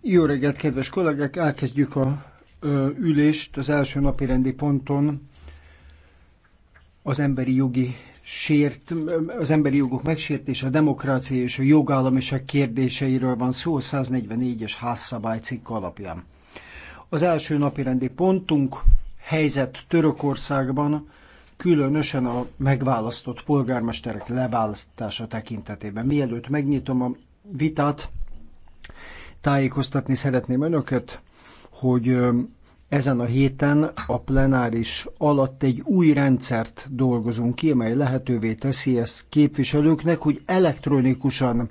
Jó reggelt, kedves kollégák! Elkezdjük a ö, ülést az első napi rendi ponton. Az emberi jogi sért, az emberi jogok megsértése, a demokrácia és a jogállamiság kérdéseiről van szó 144-es házszabálycikk alapján. Az első napi rendi pontunk helyzet Törökországban, különösen a megválasztott polgármesterek leválasztása tekintetében. Mielőtt megnyitom a vitát, tájékoztatni szeretném önöket, hogy ezen a héten a plenáris alatt egy új rendszert dolgozunk ki, amely lehetővé teszi ezt képviselőknek, hogy elektronikusan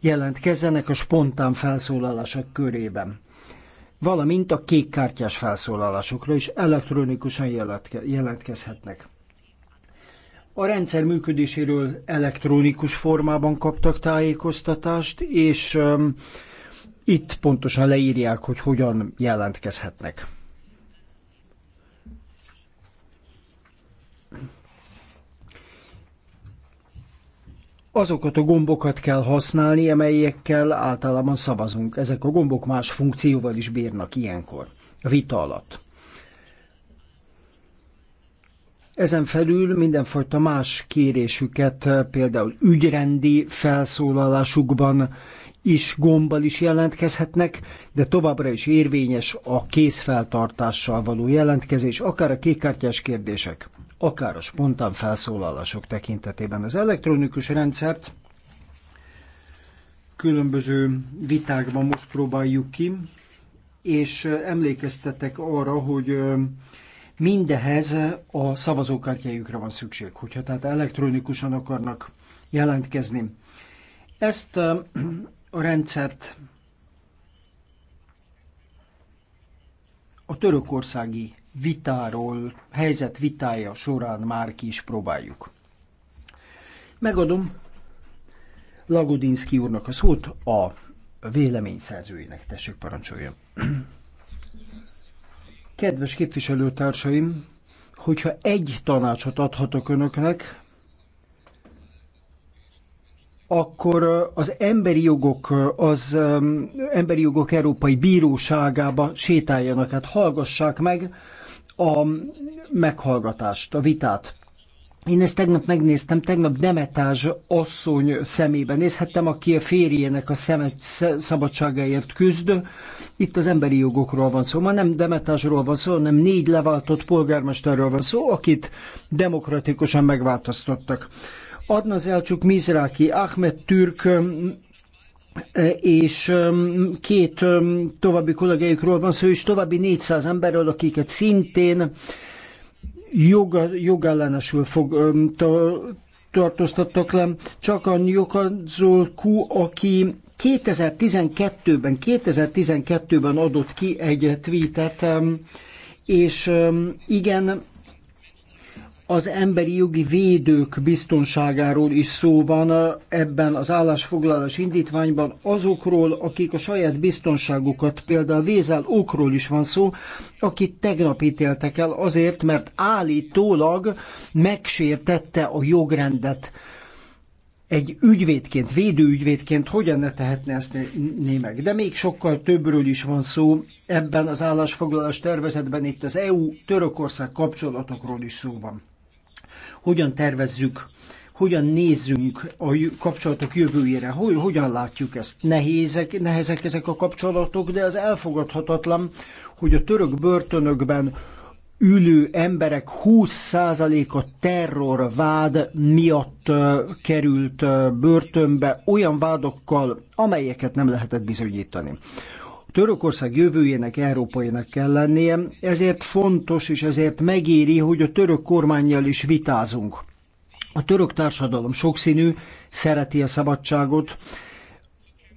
jelentkezzenek a spontán felszólalások körében valamint a kékkártyás felszólalásokra is elektronikusan jelentkezhetnek. A rendszer működéséről elektronikus formában kaptak tájékoztatást, és um, itt pontosan leírják, hogy hogyan jelentkezhetnek. azokat a gombokat kell használni, amelyekkel általában szavazunk. Ezek a gombok más funkcióval is bírnak ilyenkor, a vita alatt. Ezen felül mindenfajta más kérésüket, például ügyrendi felszólalásukban is gombbal is jelentkezhetnek, de továbbra is érvényes a kézfeltartással való jelentkezés, akár a kékkártyás kérdések akár a spontán felszólalások tekintetében az elektronikus rendszert. Különböző vitákban most próbáljuk ki, és emlékeztetek arra, hogy mindehez a szavazókártyájukra van szükség, hogyha tehát elektronikusan akarnak jelentkezni. Ezt a rendszert a törökországi vitáról, helyzet vitája során már ki is próbáljuk. Megadom Lagodinszki úrnak a szót, a vélemény szerzőjének tessék parancsolja. Kedves képviselőtársaim, hogyha egy tanácsot adhatok önöknek, akkor az emberi jogok, az um, emberi jogok Európai Bíróságába sétáljanak, hát hallgassák meg, a meghallgatást, a vitát. Én ezt tegnap megnéztem, tegnap Demetázs asszony szemében nézhettem, aki a férjének a szeme, szabadságáért küzd. Itt az emberi jogokról van szó. Ma nem Demetázsról van szó, hanem négy leváltott polgármesterről van szó, akit demokratikusan megváltoztattak. Adna Elcsuk Mizráki, Ahmed Türk, és két további kollégájukról van szó, és további 400 emberről, akiket szintén joga, jogellenesül fog, tartóztattak le. Csak a Nyokazol Q, aki 2012-ben, 2012-ben adott ki egy tweetet, és igen, az emberi jogi védők biztonságáról is szó van ebben az állásfoglalás indítványban, azokról, akik a saját biztonságukat, például Vézel okról is van szó, akit tegnap ítéltek el azért, mert állítólag megsértette a jogrendet. Egy ügyvédként, védőügyvédként hogyan ne tehetne ezt meg? De még sokkal többről is van szó, Ebben az állásfoglalás tervezetben itt az EU-Törökország kapcsolatokról is szó van hogyan tervezzük, hogyan nézzünk a kapcsolatok jövőjére, hogy, hogyan látjuk ezt. Nehézek, nehezek ezek a kapcsolatok, de az elfogadhatatlan, hogy a török börtönökben ülő emberek 20%-a terrorvád miatt került börtönbe olyan vádokkal, amelyeket nem lehetett bizonyítani. Törökország jövőjének európainak kell lennie, ezért fontos és ezért megéri, hogy a török kormányjal is vitázunk. A török társadalom sokszínű, szereti a szabadságot,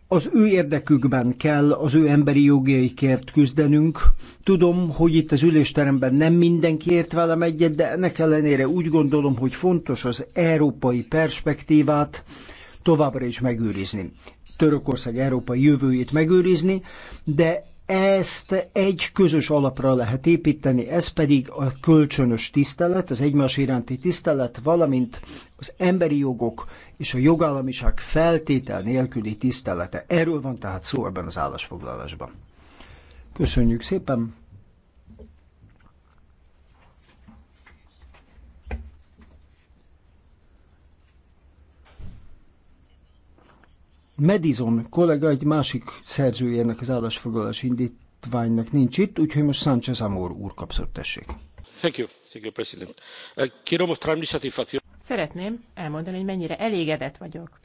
az ő érdekükben kell az ő emberi jogjaikért küzdenünk. Tudom, hogy itt az ülésteremben nem mindenki ért velem egyet, de ennek ellenére úgy gondolom, hogy fontos az európai perspektívát továbbra is megőrizni. Törökország európai jövőjét megőrizni, de ezt egy közös alapra lehet építeni, ez pedig a kölcsönös tisztelet, az egymás iránti tisztelet, valamint az emberi jogok és a jogállamiság feltétel nélküli tisztelete. Erről van tehát szó ebben az állásfoglalásban. Köszönjük szépen! Medizon kollega egy másik szerzőjének az állásfoglalás indítványnak nincs itt, úgyhogy most Sánchez Amor úr kapszott tessék. Thank you. Thank you, President. Quiero mostrar mi satisfacción. Szeretném elmondani, hogy mennyire elégedett vagyok.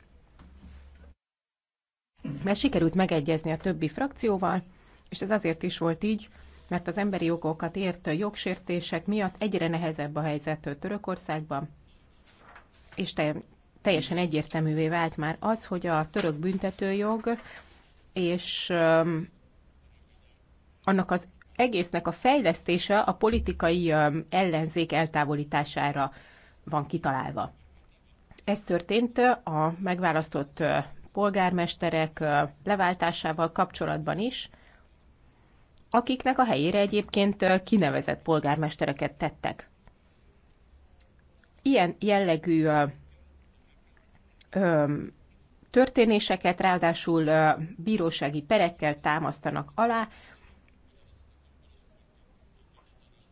Mert sikerült megegyezni a többi frakcióval, és ez azért is volt így, mert az emberi jogokat ért jogsértések miatt egyre nehezebb a helyzet Törökországban, és te teljesen egyértelművé vált már az, hogy a török büntetőjog és annak az egésznek a fejlesztése a politikai ellenzék eltávolítására van kitalálva. Ez történt a megválasztott polgármesterek leváltásával kapcsolatban is, akiknek a helyére egyébként kinevezett polgármestereket tettek. Ilyen jellegű történéseket, ráadásul bírósági perekkel támasztanak alá,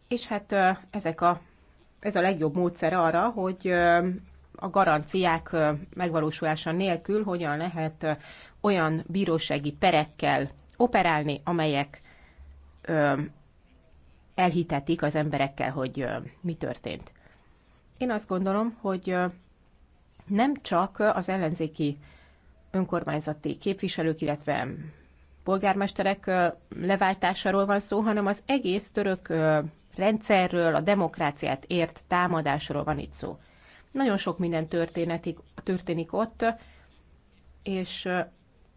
és hát ezek a, ez a legjobb módszer arra, hogy a garanciák megvalósulása nélkül hogyan lehet olyan bírósági perekkel operálni, amelyek elhitetik az emberekkel, hogy mi történt. Én azt gondolom, hogy nem csak az ellenzéki önkormányzati képviselők, illetve polgármesterek leváltásáról van szó, hanem az egész török rendszerről, a demokráciát ért támadásról van itt szó. Nagyon sok minden történetik, történik ott, és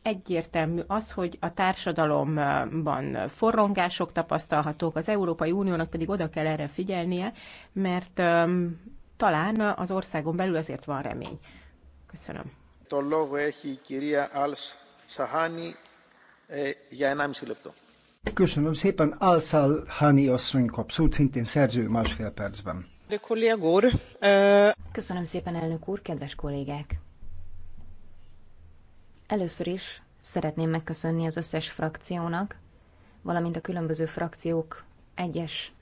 egyértelmű az, hogy a társadalomban forrongások tapasztalhatók, az Európai Uniónak pedig oda kell erre figyelnie, mert talán az országon belül ezért van remény. Köszönöm. Köszönöm szépen, Alszal Hani asszony kap szót, szintén szerző másfél percben. Köszönöm szépen, elnök úr, kedves kollégák! Először is szeretném megköszönni az összes frakciónak, valamint a különböző frakciók egyes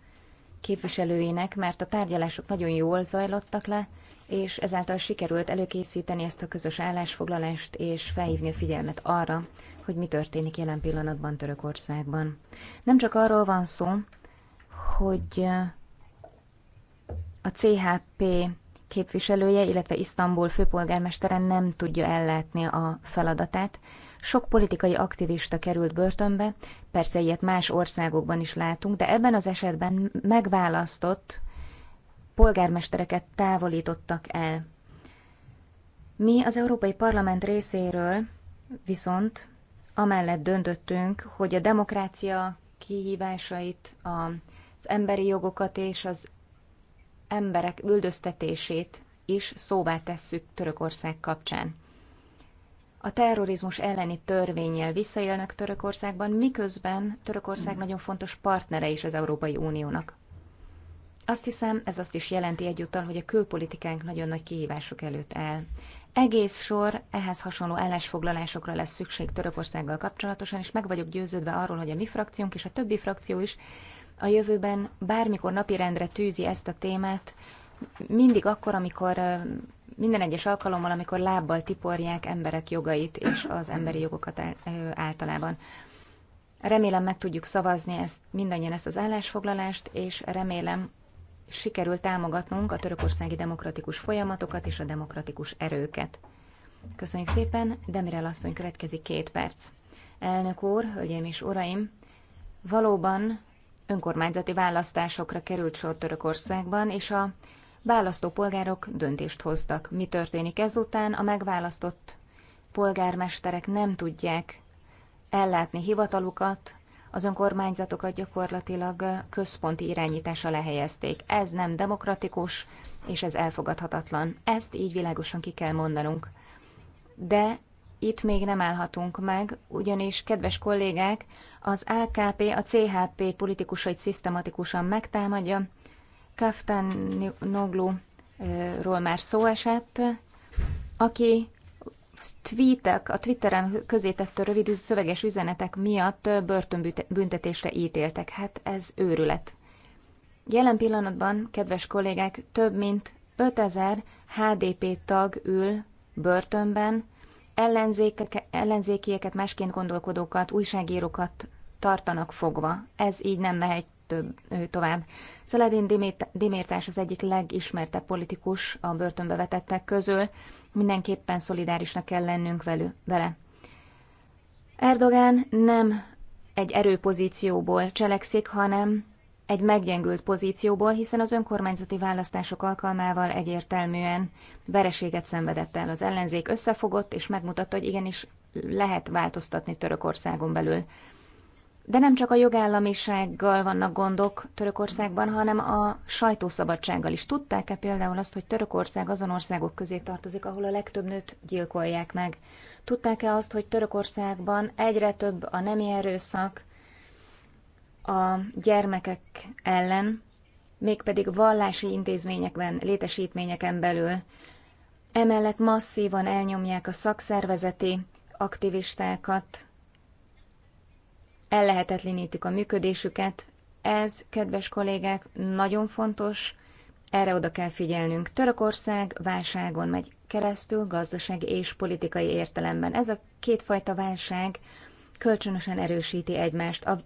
képviselőinek, mert a tárgyalások nagyon jól zajlottak le, és ezáltal sikerült előkészíteni ezt a közös állásfoglalást, és felhívni a figyelmet arra, hogy mi történik jelen pillanatban Törökországban. Nem csak arról van szó, hogy a CHP képviselője, illetve Isztambul főpolgármestere nem tudja ellátni a feladatát, sok politikai aktivista került börtönbe, persze ilyet más országokban is látunk, de ebben az esetben megválasztott polgármestereket távolítottak el. Mi az Európai Parlament részéről viszont amellett döntöttünk, hogy a demokrácia kihívásait, az emberi jogokat és az emberek üldöztetését is szóvá tesszük Törökország kapcsán a terrorizmus elleni törvényel visszaélnek Törökországban, miközben Törökország hmm. nagyon fontos partnere is az Európai Uniónak. Azt hiszem, ez azt is jelenti egyúttal, hogy a külpolitikánk nagyon nagy kihívások előtt áll. Egész sor ehhez hasonló állásfoglalásokra lesz szükség Törökországgal kapcsolatosan, és meg vagyok győződve arról, hogy a mi frakciónk és a többi frakció is a jövőben bármikor napirendre tűzi ezt a témát, mindig akkor, amikor minden egyes alkalommal, amikor lábbal tiporják emberek jogait és az emberi jogokat általában. Remélem meg tudjuk szavazni ezt, mindannyian ezt az állásfoglalást, és remélem sikerül támogatnunk a törökországi demokratikus folyamatokat és a demokratikus erőket. Köszönjük szépen, Demirel asszony következik két perc. Elnök úr, hölgyeim és uraim, valóban önkormányzati választásokra került sor Törökországban, és a választópolgárok döntést hoztak. Mi történik ezután? A megválasztott polgármesterek nem tudják ellátni hivatalukat, az önkormányzatokat gyakorlatilag központi irányítás alá helyezték. Ez nem demokratikus, és ez elfogadhatatlan. Ezt így világosan ki kell mondanunk. De itt még nem állhatunk meg, ugyanis, kedves kollégák, az AKP a CHP politikusait szisztematikusan megtámadja, Kaftán Noglu-ról már szó esett, aki tweetek, a Twitteren közétett rövid szöveges üzenetek miatt börtönbüntetésre ítéltek. Hát ez őrület. Jelen pillanatban, kedves kollégák, több mint 5000 HDP tag ül börtönben, ellenzékieket, másként gondolkodókat, újságírókat tartanak fogva. Ez így nem mehet több, tovább. Szeledin Dimértás az egyik legismertebb politikus a börtönbe vetettek közül, mindenképpen szolidárisnak kell lennünk velő, vele. Erdogán nem egy erőpozícióból cselekszik, hanem egy meggyengült pozícióból, hiszen az önkormányzati választások alkalmával egyértelműen vereséget szenvedett el. Az ellenzék összefogott, és megmutatta, hogy igenis lehet változtatni Törökországon belül. De nem csak a jogállamisággal vannak gondok Törökországban, hanem a sajtószabadsággal is. Tudták-e például azt, hogy Törökország azon országok közé tartozik, ahol a legtöbb nőt gyilkolják meg? Tudták-e azt, hogy Törökországban egyre több a nemi erőszak a gyermekek ellen, mégpedig vallási intézményekben, létesítményeken belül. Emellett masszívan elnyomják a szakszervezeti aktivistákat, ellehetetlenítik a működésüket. Ez, kedves kollégák, nagyon fontos, erre oda kell figyelnünk. Törökország válságon megy keresztül, gazdasági és politikai értelemben. Ez a kétfajta válság kölcsönösen erősíti egymást. A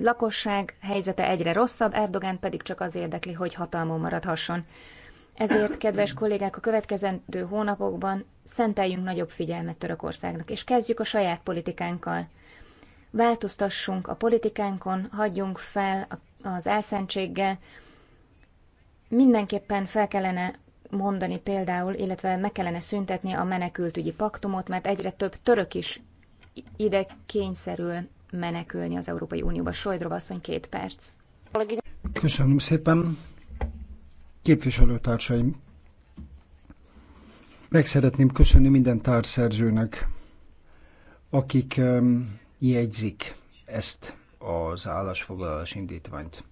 lakosság helyzete egyre rosszabb, Erdogán pedig csak az érdekli, hogy hatalmon maradhasson. Ezért, kedves kollégák, a következendő hónapokban szenteljünk nagyobb figyelmet Törökországnak, és kezdjük a saját politikánkkal változtassunk a politikánkon, hagyjunk fel az elszentséggel. Mindenképpen fel kellene mondani például, illetve meg kellene szüntetni a menekültügyi paktumot, mert egyre több török is ide kényszerül menekülni az Európai Unióba. Sojdrova asszony, két perc. Köszönöm szépen. Képviselőtársaim, meg szeretném köszönni minden társszerzőnek, akik um, jegyzik ezt az állásfoglalás indítványt.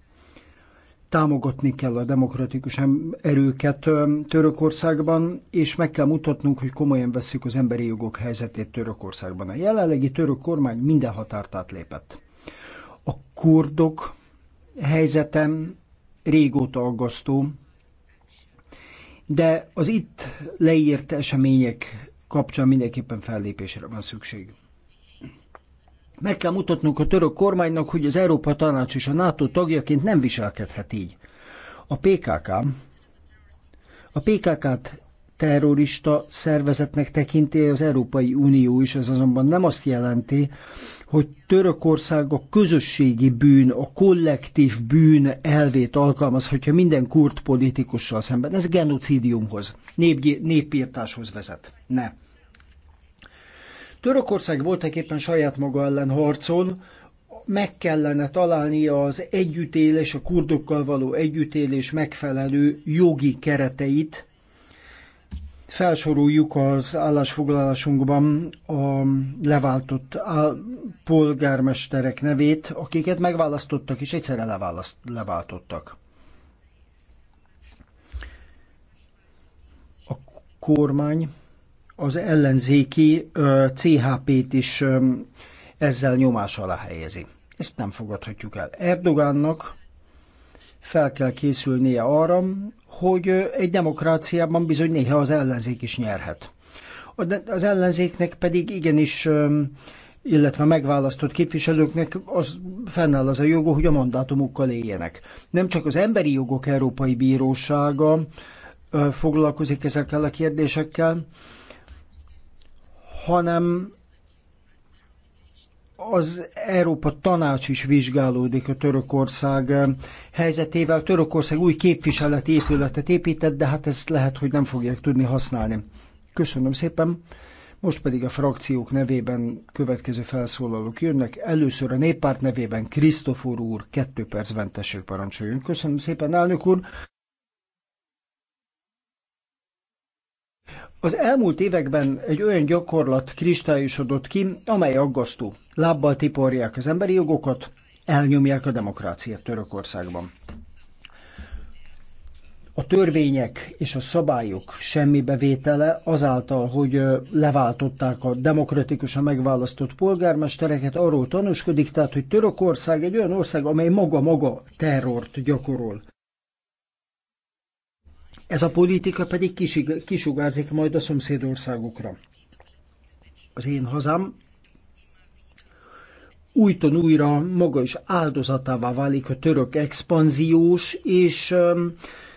Támogatni kell a demokratikus erőket Törökországban, és meg kell mutatnunk, hogy komolyan veszik az emberi jogok helyzetét Törökországban. A jelenlegi török kormány minden határt átlépett. A kurdok helyzetem régóta aggasztó, de az itt leírt események kapcsán mindenképpen fellépésre van szükség. Meg kell mutatnunk a török kormánynak, hogy az Európa Tanács és a NATO tagjaként nem viselkedhet így. A PKK a PKK-t terrorista szervezetnek tekinti az Európai Unió is, ez azonban nem azt jelenti, hogy Törökország a közösségi bűn, a kollektív bűn elvét alkalmaz, hogyha minden kurt politikussal szemben. Ez genocidiumhoz, népírtáshoz vezet. Ne. Törökország voltak éppen saját maga ellen harcol, meg kellene találnia az együttélés, a kurdokkal való együttélés megfelelő jogi kereteit. Felsoroljuk az állásfoglalásunkban a leváltott polgármesterek nevét, akiket megválasztottak és egyszerre leváltottak. A kormány az ellenzéki CHP-t is ezzel nyomás alá helyezi. Ezt nem fogadhatjuk el. Erdogánnak fel kell készülnie arra, hogy egy demokráciában bizony néha az ellenzék is nyerhet. Az ellenzéknek pedig igenis, illetve megválasztott képviselőknek az fennáll az a joga, hogy a mandátumukkal éljenek. Nem csak az Emberi Jogok Európai Bírósága foglalkozik ezekkel a kérdésekkel, hanem az Európa Tanács is vizsgálódik a Törökország eh, helyzetével. Törökország új képviselet épületet épített, de hát ezt lehet, hogy nem fogják tudni használni. Köszönöm szépen. Most pedig a frakciók nevében következő felszólalók jönnek. Először a néppárt nevében Krisztofor úr kettő percben tessék parancsoljon. Köszönöm szépen, elnök úr. Az elmúlt években egy olyan gyakorlat kristályosodott ki, amely aggasztó. Lábbal tiporják az emberi jogokat, elnyomják a demokráciát Törökországban. A törvények és a szabályok semmi bevétele azáltal, hogy leváltották a demokratikusan megválasztott polgármestereket, arról tanúskodik, tehát, hogy Törökország egy olyan ország, amely maga-maga terrort gyakorol. Ez a politika pedig kisugárzik majd a szomszédországokra. Az én hazám újton újra maga is áldozatává válik a török expanziós és um,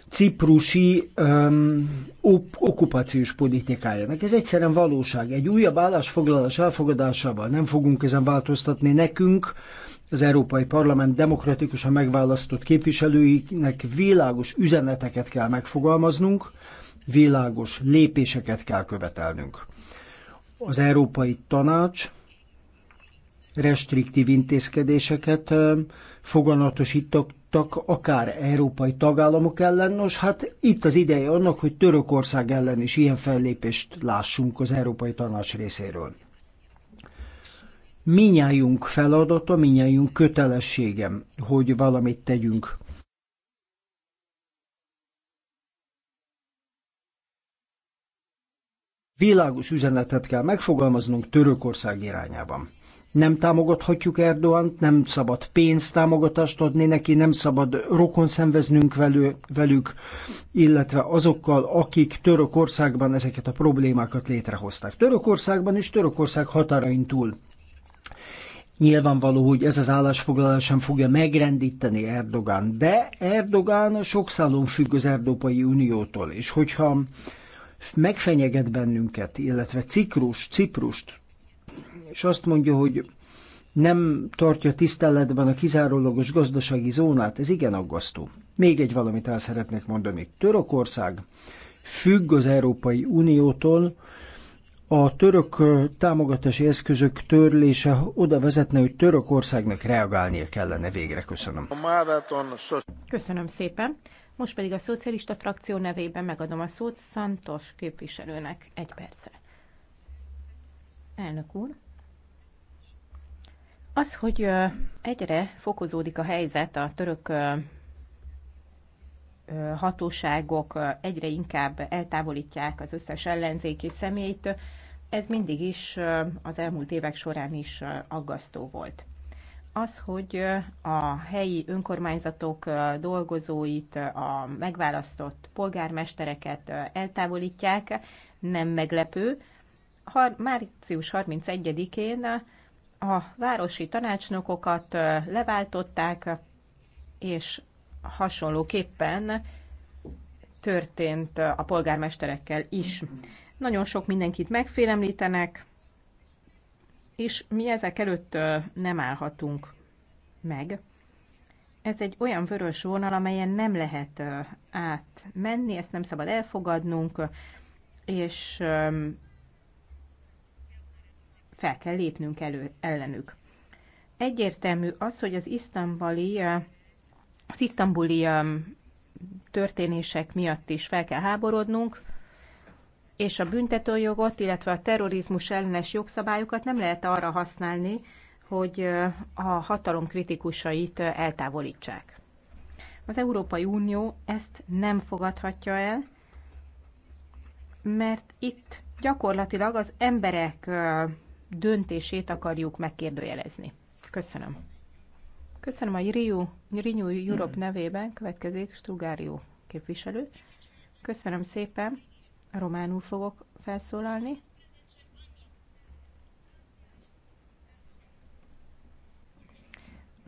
ciprusi um, op- okupációs politikájának. Ez egyszerűen valóság. Egy újabb állásfoglalás elfogadásával nem fogunk ezen változtatni nekünk, az Európai Parlament demokratikusan megválasztott képviselőinek világos üzeneteket kell megfogalmaznunk, világos lépéseket kell követelnünk. Az Európai Tanács restriktív intézkedéseket foganatosítottak akár európai tagállamok ellen. Nos, hát itt az ideje annak, hogy Törökország ellen is ilyen fellépést lássunk az Európai Tanács részéről minnyájunk feladata, minnyájunk kötelességem, hogy valamit tegyünk. Világos üzenetet kell megfogalmaznunk Törökország irányában. Nem támogathatjuk Erdoánt, nem szabad pénztámogatást adni neki, nem szabad rokon szenveznünk velő, velük, illetve azokkal, akik Törökországban ezeket a problémákat létrehozták. Törökországban és Törökország határain túl Nyilvánvaló, hogy ez az állásfoglalás sem fogja megrendíteni Erdogán, de Erdogán sok szálon függ az Európai Uniótól, és hogyha megfenyeget bennünket, illetve Ciprus, Ciprust, és azt mondja, hogy nem tartja tiszteletben a kizárólagos gazdasági zónát, ez igen aggasztó. Még egy valamit el szeretnék mondani. Törökország függ az Európai Uniótól, a török támogatási eszközök törlése oda vezetne, hogy Törökországnak reagálnia kellene végre. Köszönöm. Köszönöm szépen. Most pedig a szocialista frakció nevében megadom a szót Szantos képviselőnek egy percre. Elnök úr, az, hogy egyre fokozódik a helyzet a török hatóságok egyre inkább eltávolítják az összes ellenzéki személyt, ez mindig is az elmúlt évek során is aggasztó volt. Az, hogy a helyi önkormányzatok dolgozóit, a megválasztott polgármestereket eltávolítják, nem meglepő. Március 31-én a városi tanácsnokokat leváltották, és hasonlóképpen történt a polgármesterekkel is. Nagyon sok mindenkit megfélemlítenek, és mi ezek előtt nem állhatunk meg. Ez egy olyan vörös vonal, amelyen nem lehet átmenni, ezt nem szabad elfogadnunk, és fel kell lépnünk elő, ellenük. Egyértelmű az, hogy az isztambuli, az isztambuli történések miatt is fel kell háborodnunk, és a büntetőjogot, illetve a terrorizmus ellenes jogszabályokat nem lehet arra használni, hogy a hatalom kritikusait eltávolítsák. Az Európai Unió ezt nem fogadhatja el, mert itt gyakorlatilag az emberek döntését akarjuk megkérdőjelezni. Köszönöm. Köszönöm a Rio, Renew Europe nevében következik Strugárió képviselő. Köszönöm szépen. Románul fogok felszólalni.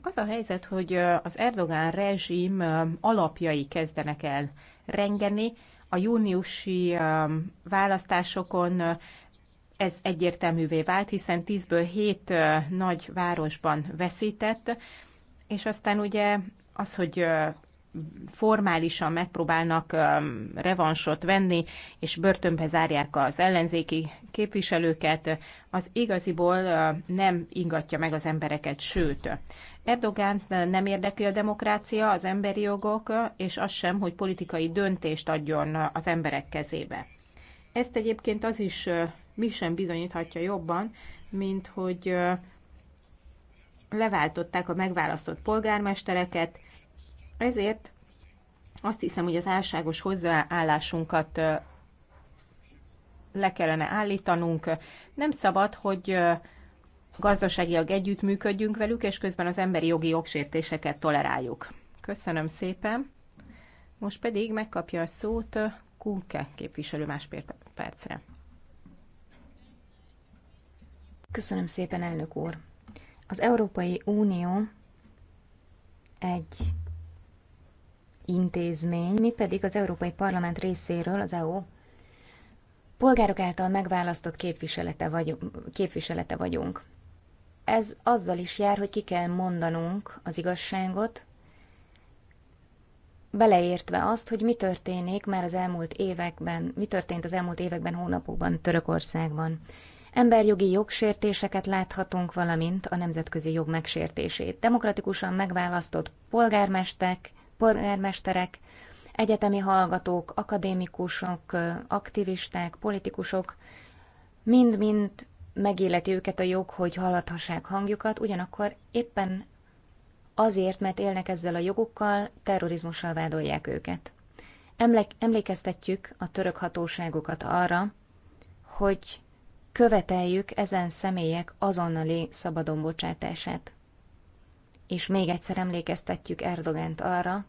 Az a helyzet, hogy az Erdogán rezsim alapjai kezdenek el rengeni. A júniusi választásokon ez egyértelművé vált, hiszen 10-ből 7 nagy városban veszített, és aztán ugye az, hogy formálisan megpróbálnak um, revansot venni, és börtönbe zárják az ellenzéki képviselőket, az igaziból uh, nem ingatja meg az embereket, sőt. Erdogán uh, nem érdekli a demokrácia, az emberi jogok, uh, és az sem, hogy politikai döntést adjon az emberek kezébe. Ezt egyébként az is mi sem bizonyíthatja jobban, mint hogy leváltották a megválasztott polgármestereket, ezért azt hiszem, hogy az álságos hozzáállásunkat le kellene állítanunk. Nem szabad, hogy gazdaságilag együttműködjünk velük, és közben az emberi jogi jogsértéseket toleráljuk. Köszönöm szépen. Most pedig megkapja a szót Kunke képviselő másfél percre. Köszönöm szépen, elnök úr. Az Európai Unió egy intézmény, mi pedig az Európai Parlament részéről az EU polgárok által megválasztott képviselete, vagy, képviselete vagyunk. Ez azzal is jár, hogy ki kell mondanunk az igazságot, beleértve azt, hogy mi történik már az elmúlt években, mi történt az elmúlt években, hónapokban Törökországban. Emberjogi jogsértéseket láthatunk, valamint a nemzetközi jog megsértését. Demokratikusan megválasztott polgármestek, polgármesterek, egyetemi hallgatók, akadémikusok, aktivisták, politikusok, mind-mind megéleti őket a jog, hogy hallathassák hangjukat, ugyanakkor éppen azért, mert élnek ezzel a jogukkal, terrorizmussal vádolják őket. Emlékeztetjük a török hatóságokat arra, hogy követeljük ezen személyek azonnali szabadonbocsátását. És még egyszer emlékeztetjük Erdogánt arra,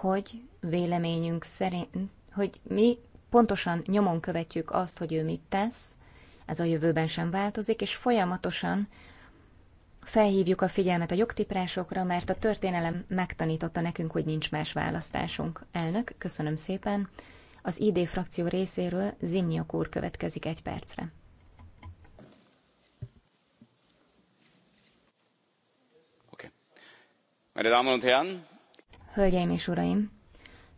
hogy véleményünk szerint, hogy mi pontosan nyomon követjük azt, hogy ő mit tesz, ez a jövőben sem változik, és folyamatosan felhívjuk a figyelmet a jogtiprásokra, mert a történelem megtanította nekünk, hogy nincs más választásunk. Elnök, köszönöm szépen. Az ID frakció részéről Zimnyok úr következik egy percre. Meine Damen und Herren, Hölgyeim és uraim!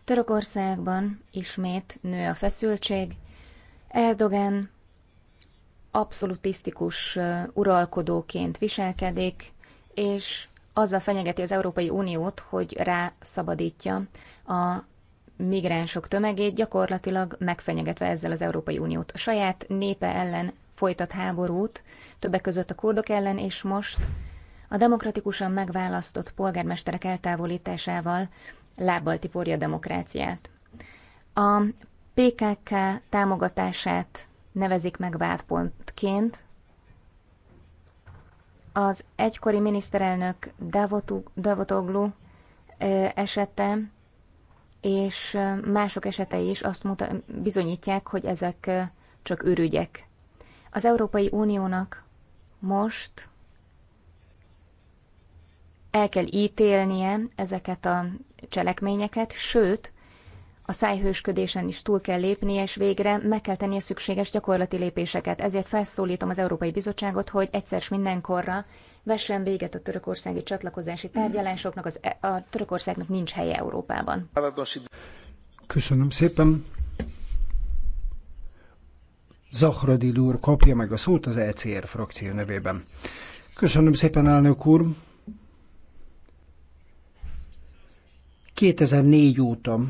Törökországban ismét nő a feszültség. Erdogan abszolutisztikus uralkodóként viselkedik, és azzal fenyegeti az Európai Uniót, hogy rászabadítja a migránsok tömegét, gyakorlatilag megfenyegetve ezzel az Európai Uniót. A saját népe ellen folytat háborút, többek között a kurdok ellen, és most a demokratikusan megválasztott polgármesterek eltávolításával lábbal tiporja a demokráciát. A PKK támogatását nevezik meg vádpontként. Az egykori miniszterelnök Davotoglu esete és mások esetei is azt muta, bizonyítják, hogy ezek csak ürügyek. Az Európai Uniónak most el kell ítélnie ezeket a cselekményeket, sőt, a szájhősködésen is túl kell lépnie, és végre meg kell tennie szükséges gyakorlati lépéseket. Ezért felszólítom az Európai Bizottságot, hogy egyszer s mindenkorra vessen véget a törökországi csatlakozási tárgyalásoknak, az, e- a Törökországnak nincs helye Európában. Köszönöm szépen. Zahradi úr kapja meg a szót az ECR frakció nevében. Köszönöm szépen, elnök úr. 2004 óta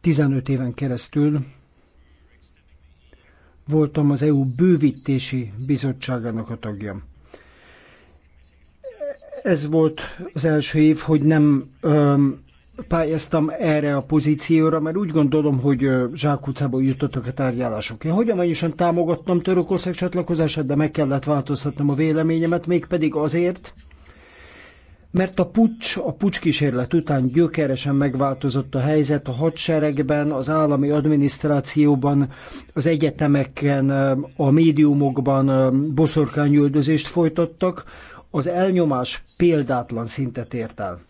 15 éven keresztül voltam az EU bővítési bizottságának a tagja. Ez volt az első év, hogy nem ö, pályáztam erre a pozícióra, mert úgy gondolom, hogy zsákutcából jutottak a tárgyalások. Én hagyományosan támogattam Törökország csatlakozását, de meg kellett változtatnom a véleményemet, mégpedig azért, mert a pucs, a pucs kísérlet után gyökeresen megváltozott a helyzet a hadseregben, az állami adminisztrációban, az egyetemeken, a médiumokban boszorkányüldözést folytattak, az elnyomás példátlan szintet ért el.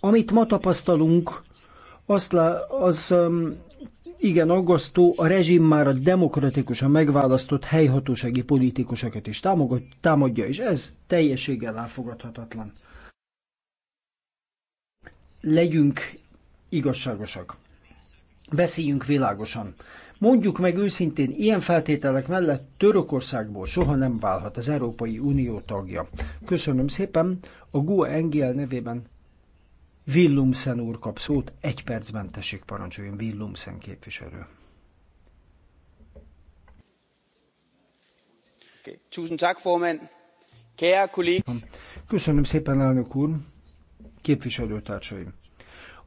Amit ma tapasztalunk, azt le, az igen aggasztó, a rezsim már a demokratikusan megválasztott helyhatósági politikusokat is támogat, támadja, és ez teljességgel elfogadhatatlan legyünk igazságosak. Beszéljünk világosan. Mondjuk meg őszintén, ilyen feltételek mellett Törökországból soha nem válhat az Európai Unió tagja. Köszönöm szépen, a GUA Engel nevében Willumsen úr kap szót, egy percben tessék parancsoljon Willumsen képviselő. Köszönöm szépen, elnök úr! Képviselőtársaim,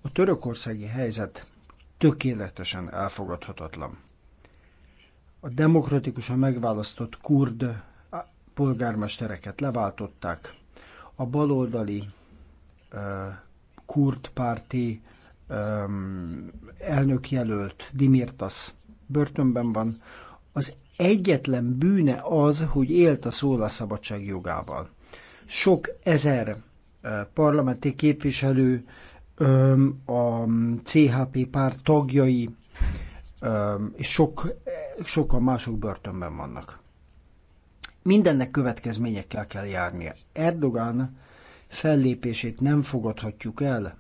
a törökországi helyzet tökéletesen elfogadhatatlan. A demokratikusan megválasztott kurd polgármestereket leváltották, a baloldali uh, kurd párti um, elnökjelölt Dimirtas börtönben van, az egyetlen bűne az, hogy élt a szólásszabadság jogával. Sok ezer parlamenti képviselő, a CHP párt tagjai, és sok, sokan mások börtönben vannak. Mindennek következményekkel kell járnia. Erdogan fellépését nem fogadhatjuk el,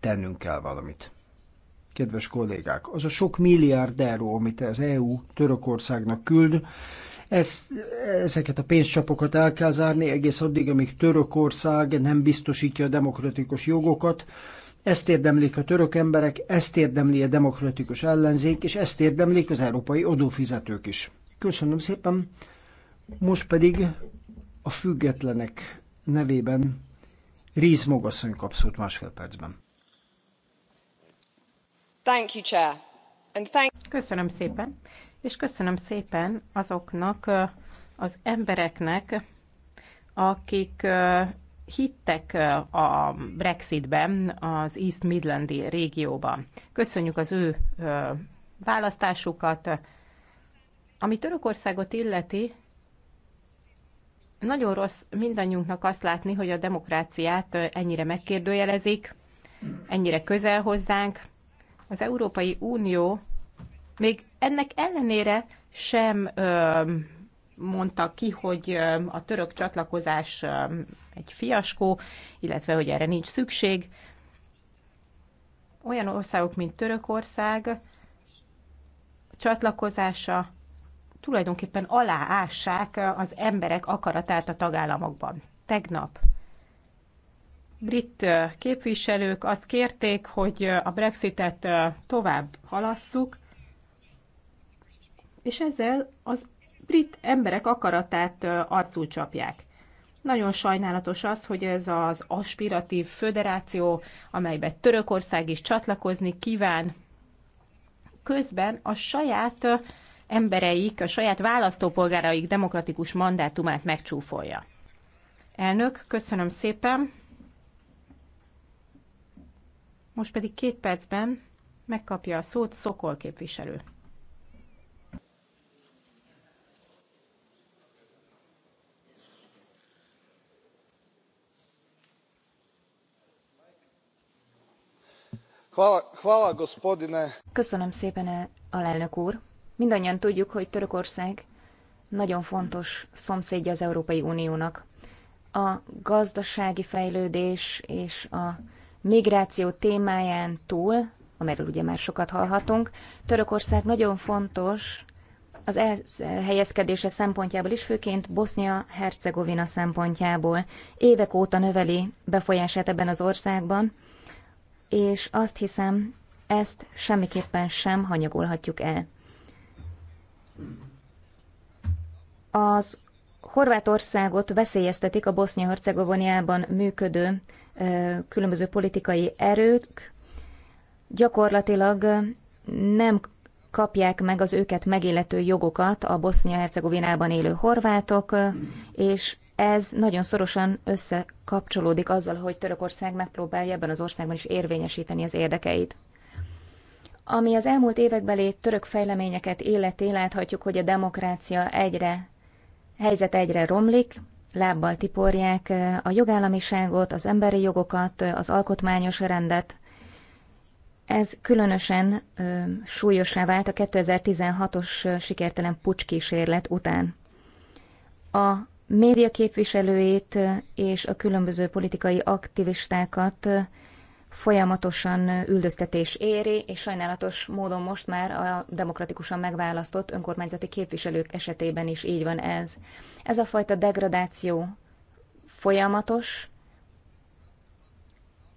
tennünk kell valamit. Kedves kollégák, az a sok milliárd euró, amit az EU Törökországnak küld, ezt, ezeket a pénzcsapokat el kell zárni egész addig, amíg Törökország nem biztosítja a demokratikus jogokat. Ezt érdemlik a török emberek, ezt érdemli a demokratikus ellenzék, és ezt érdemlik az európai adófizetők is. Köszönöm szépen. Most pedig a függetlenek nevében Ríz Mogasszony kap szót másfél percben. Thank you, Chair. And thank... Köszönöm szépen, és köszönöm szépen azoknak az embereknek, akik hittek a Brexitben az East Midlandi régióban. Köszönjük az ő választásukat. Ami Törökországot illeti, nagyon rossz mindannyiunknak azt látni, hogy a demokráciát ennyire megkérdőjelezik, ennyire közel hozzánk. Az Európai Unió még ennek ellenére sem mondta ki, hogy a török csatlakozás egy fiaskó, illetve hogy erre nincs szükség. Olyan országok, mint Törökország csatlakozása tulajdonképpen aláássák az emberek akaratát a tagállamokban. Tegnap brit képviselők azt kérték, hogy a Brexitet tovább halasszuk, és ezzel az brit emberek akaratát arcul csapják. Nagyon sajnálatos az, hogy ez az aspiratív föderáció, amelybe Törökország is csatlakozni kíván, közben a saját embereik, a saját választópolgáraik demokratikus mandátumát megcsúfolja. Elnök, köszönöm szépen. Most pedig két percben megkapja a szót Szokol képviselő. Köszönöm szépen, e, alelnök úr. Mindannyian tudjuk, hogy Törökország nagyon fontos szomszédja az Európai Uniónak. A gazdasági fejlődés és a migráció témáján túl, amiről ugye már sokat hallhatunk, Törökország nagyon fontos az elhelyezkedése szempontjából is, főként Bosznia-Hercegovina szempontjából. Évek óta növeli befolyását ebben az országban, és azt hiszem, ezt semmiképpen sem hanyagolhatjuk el. Az Horvátországot veszélyeztetik a Bosznia-Hercegoviniában működő különböző politikai erők, gyakorlatilag nem kapják meg az őket megillető jogokat a Bosznia-Hercegovinában élő horvátok, és ez nagyon szorosan összekapcsolódik azzal, hogy Törökország megpróbálja ebben az országban is érvényesíteni az érdekeit. Ami az elmúlt évekbeli török fejleményeket életé láthatjuk, hogy a demokrácia egyre, helyzet egyre romlik, lábbal tiporják eh, a jogállamiságot, az emberi jogokat, eh, az alkotmányos rendet. Ez különösen ö, eh, súlyosá vált a 2016-os sikertelen pucskísérlet után. A média képviselőit és a különböző politikai aktivistákat folyamatosan üldöztetés éri, és sajnálatos módon most már a demokratikusan megválasztott önkormányzati képviselők esetében is így van ez. Ez a fajta degradáció folyamatos,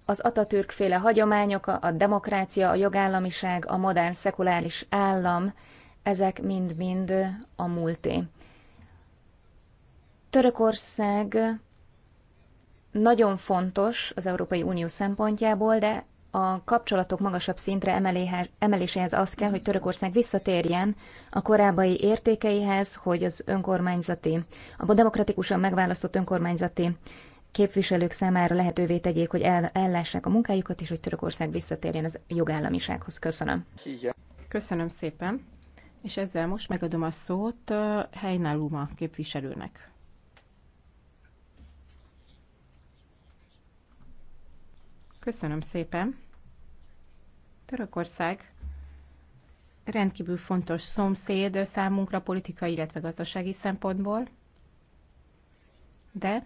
az Atatürk féle hagyományok, a demokrácia, a jogállamiság, a modern szekuláris állam, ezek mind-mind a múlté. Törökország nagyon fontos az Európai Unió szempontjából, de a kapcsolatok magasabb szintre emeléséhez az kell, hogy Törökország visszatérjen a korábbi értékeihez, hogy az önkormányzati, a demokratikusan megválasztott önkormányzati képviselők számára lehetővé tegyék, hogy ellássák a munkájukat, és hogy Törökország visszatérjen az jogállamisághoz. Köszönöm. Köszönöm szépen. És ezzel most megadom a szót uh, Heinaluma képviselőnek. Köszönöm szépen. Törökország rendkívül fontos szomszéd számunkra politikai, illetve gazdasági szempontból, de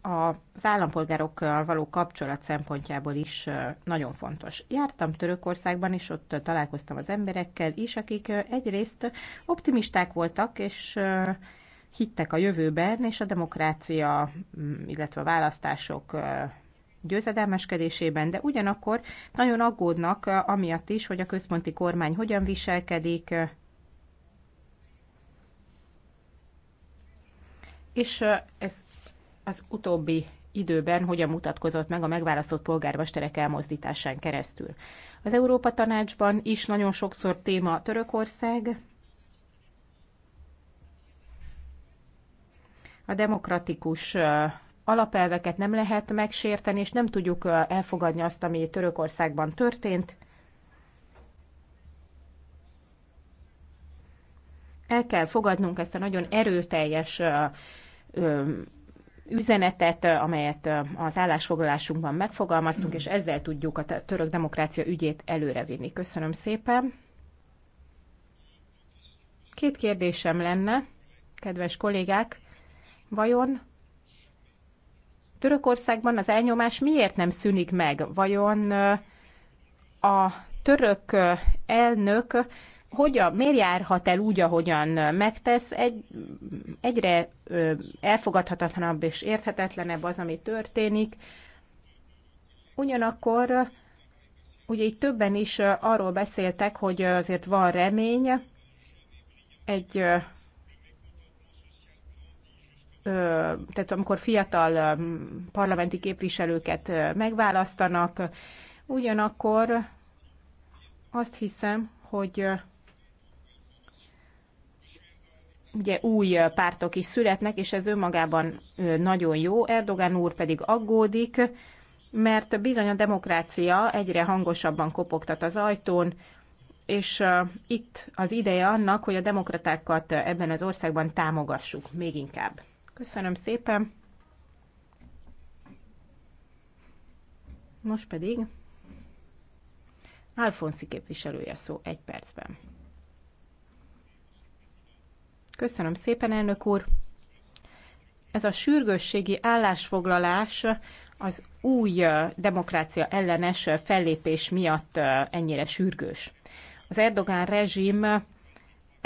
az állampolgárokkal való kapcsolat szempontjából is nagyon fontos. Jártam Törökországban, és ott találkoztam az emberekkel is, akik egyrészt optimisták voltak, és hittek a jövőben, és a demokrácia, illetve a választások győzedelmeskedésében, de ugyanakkor nagyon aggódnak eh, amiatt is, hogy a központi kormány hogyan viselkedik, és eh, ez az utóbbi időben hogyan mutatkozott meg a megválasztott polgármesterek elmozdításán keresztül. Az Európa Tanácsban is nagyon sokszor téma Törökország, a demokratikus eh, alapelveket nem lehet megsérteni, és nem tudjuk elfogadni azt, ami Törökországban történt. El kell fogadnunk ezt a nagyon erőteljes üzenetet, amelyet az állásfoglalásunkban megfogalmaztunk, és ezzel tudjuk a török demokrácia ügyét előrevinni. Köszönöm szépen. Két kérdésem lenne, kedves kollégák. Vajon Törökországban az elnyomás miért nem szűnik meg? Vajon a török elnök hogyan, miért járhat el úgy, ahogyan megtesz, egy, egyre elfogadhatatlanabb és érthetetlenebb az, ami történik. Ugyanakkor ugye itt többen is arról beszéltek, hogy azért van remény, egy tehát amikor fiatal parlamenti képviselőket megválasztanak, ugyanakkor azt hiszem, hogy ugye új pártok is születnek, és ez önmagában nagyon jó. Erdogan úr pedig aggódik, mert bizony a demokrácia egyre hangosabban kopogtat az ajtón, és itt az ideje annak, hogy a demokratákat ebben az országban támogassuk még inkább. Köszönöm szépen. Most pedig Alfonszi képviselője szó egy percben. Köszönöm szépen, elnök úr. Ez a sürgősségi állásfoglalás az új demokrácia ellenes fellépés miatt ennyire sürgős. Az Erdogán rezsim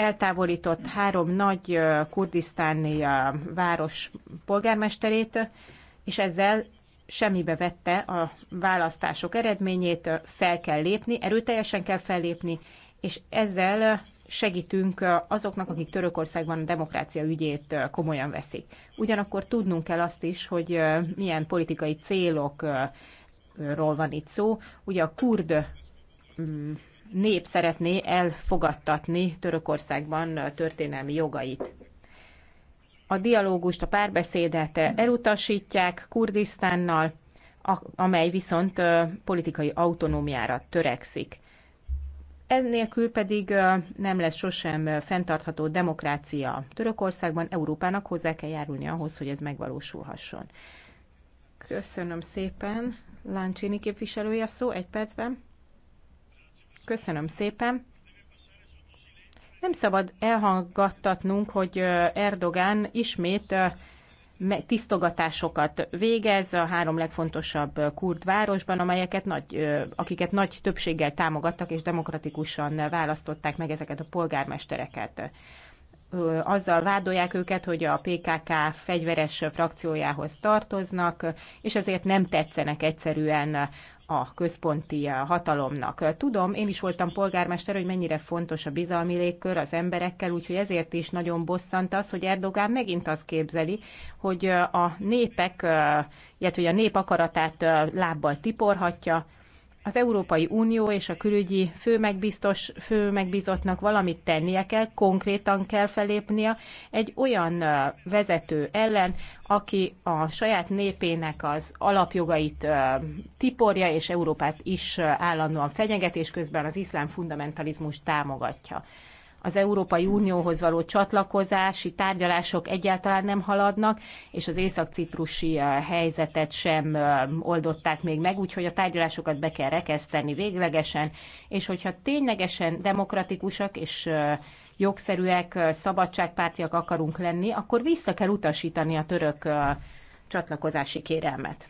eltávolított három nagy kurdisztáni város polgármesterét, és ezzel semmibe vette a választások eredményét, fel kell lépni, erőteljesen kell fellépni, és ezzel segítünk azoknak, akik Törökországban a demokrácia ügyét komolyan veszik. Ugyanakkor tudnunk kell azt is, hogy milyen politikai célokról van itt szó. Ugye a kurd mm, nép szeretné elfogadtatni Törökországban történelmi jogait. A dialógust, a párbeszédet elutasítják Kurdisztánnal, amely viszont politikai autonómiára törekszik. Ennélkül pedig nem lesz sosem fenntartható demokrácia Törökországban, Európának hozzá kell járulni ahhoz, hogy ez megvalósulhasson. Köszönöm szépen. Lancsini képviselője szó, egy percben. Köszönöm szépen. Nem szabad elhangattatnunk, hogy Erdogán ismét tisztogatásokat végez a három legfontosabb kurd városban, amelyeket nagy, akiket nagy többséggel támogattak és demokratikusan választották meg ezeket a polgármestereket. Azzal vádolják őket, hogy a PKK fegyveres frakciójához tartoznak, és ezért nem tetszenek egyszerűen a központi eh, hatalomnak. Tudom, én is voltam polgármester, hogy mennyire fontos a bizalmi légkör az emberekkel, úgyhogy ezért is nagyon bosszant az, hogy Erdogán megint azt képzeli, hogy eh, a népek, eh, illetve hogy a nép akaratát lábbal tiporhatja, az Európai Unió és a külügyi főmegbiztos, főmegbizottnak valamit tennie kell, konkrétan kell felépnie egy olyan vezető ellen, aki a saját népének az alapjogait tiporja, és Európát is állandóan fenyegetés közben az iszlám fundamentalizmus támogatja az Európai Unióhoz való csatlakozási tárgyalások egyáltalán nem haladnak, és az észak-ciprusi helyzetet sem oldották még meg, úgyhogy a tárgyalásokat be kell rekeszteni véglegesen, és hogyha ténylegesen demokratikusak és jogszerűek, szabadságpártiak akarunk lenni, akkor vissza kell utasítani a török csatlakozási kérelmet.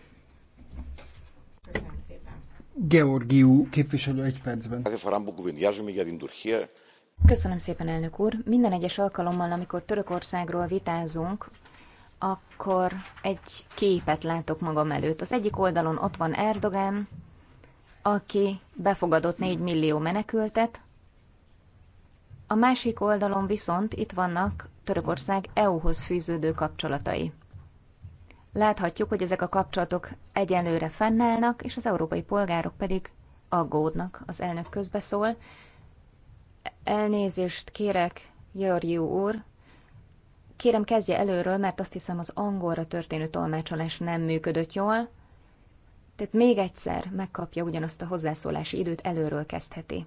Köszönöm szépen. Georgiú képviselő egy percben. Köszönöm szépen, elnök úr. Minden egyes alkalommal, amikor Törökországról vitázunk, akkor egy képet látok magam előtt. Az egyik oldalon ott van Erdogan, aki befogadott 4 millió menekültet, a másik oldalon viszont itt vannak Törökország EU-hoz fűződő kapcsolatai. Láthatjuk, hogy ezek a kapcsolatok egyenlőre fennállnak, és az európai polgárok pedig aggódnak, az elnök közbeszól. Elnézést kérek, Georgiú úr. Kérem, kezdje előről, mert azt hiszem az angolra történő tolmácsolás nem működött jól. Tehát még egyszer megkapja ugyanazt a hozzászólási időt, előről kezdheti.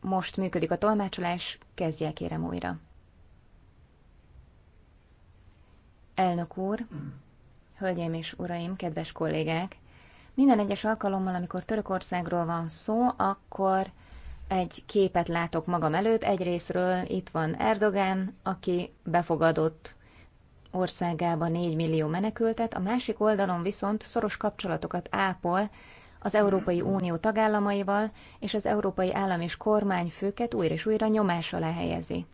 Most működik a tolmácsolás, kezdje el kérem újra. Elnök úr, hölgyeim és uraim, kedves kollégák! Minden egyes alkalommal, amikor Törökországról van szó, akkor egy képet látok magam előtt. Egy itt van Erdogan, aki befogadott országába 4 millió menekültet, a másik oldalon viszont szoros kapcsolatokat ápol az Európai Unió tagállamaival, és az európai állam és kormányfőket újra és újra nyomás alá helyezi.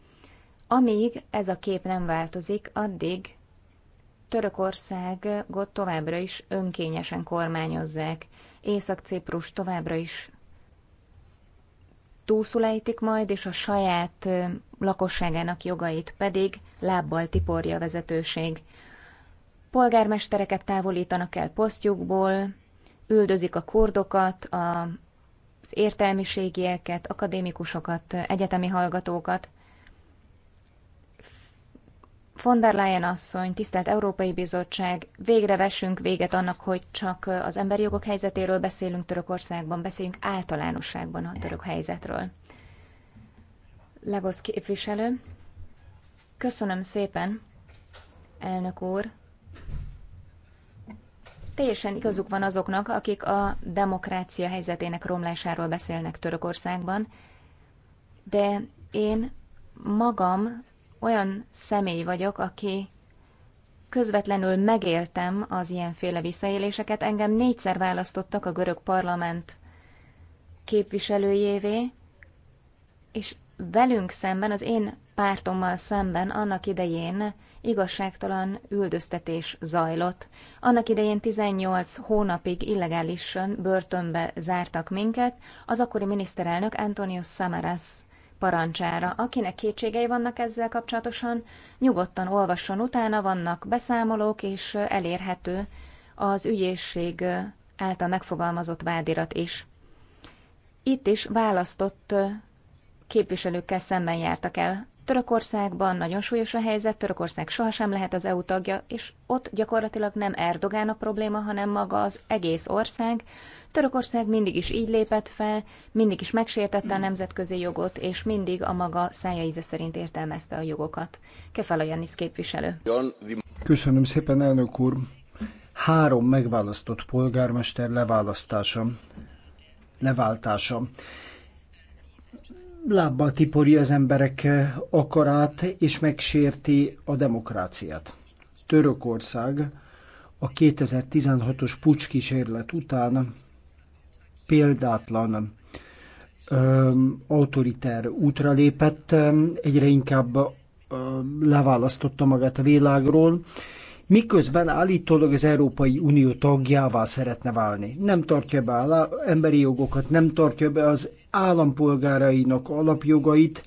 Amíg ez a kép nem változik, addig Törökországot továbbra is önkényesen kormányozzák, Észak-Ciprus továbbra is túlszulejtik majd, és a saját lakosságának jogait pedig lábbal tiporja a vezetőség. Polgármestereket távolítanak el posztjukból, üldözik a kurdokat, a az értelmiségieket, akadémikusokat, egyetemi hallgatókat. Von der Leyen asszony, tisztelt Európai Bizottság, végre vessünk véget annak, hogy csak az emberi jogok helyzetéről beszélünk Törökországban, beszéljünk általánosságban a török helyzetről. Legosz képviselő, köszönöm szépen, elnök úr. Teljesen igazuk van azoknak, akik a demokrácia helyzetének romlásáról beszélnek Törökországban, de én magam olyan személy vagyok, aki közvetlenül megéltem az ilyenféle visszaéléseket. Engem négyszer választottak a görög parlament képviselőjévé, és velünk szemben, az én pártommal szemben annak idején igazságtalan üldöztetés zajlott. Annak idején 18 hónapig illegálisan börtönbe zártak minket, az akkori miniszterelnök Antonius Samaras parancsára. Akinek kétségei vannak ezzel kapcsolatosan, nyugodtan olvasson utána, vannak beszámolók, és elérhető az ügyészség által megfogalmazott vádirat is. Itt is választott képviselőkkel szemben jártak el. Törökországban nagyon súlyos a helyzet, Törökország sohasem lehet az EU tagja, és ott gyakorlatilag nem Erdogán a probléma, hanem maga az egész ország, Törökország mindig is így lépett fel, mindig is megsértette a nemzetközi jogot, és mindig a maga szája íze szerint értelmezte a jogokat. Kefala Janis képviselő. Köszönöm szépen, elnök úr. Három megválasztott polgármester leválasztása, leváltása lábbal tipori az emberek akarát, és megsérti a demokráciát. Törökország a 2016-os pucskísérlet után példátlan autoriter útra lépett, egyre inkább leválasztotta magát a világról, miközben állítólag az Európai Unió tagjává szeretne válni. Nem tartja be emberi jogokat, nem tartja be az állampolgárainak alapjogait,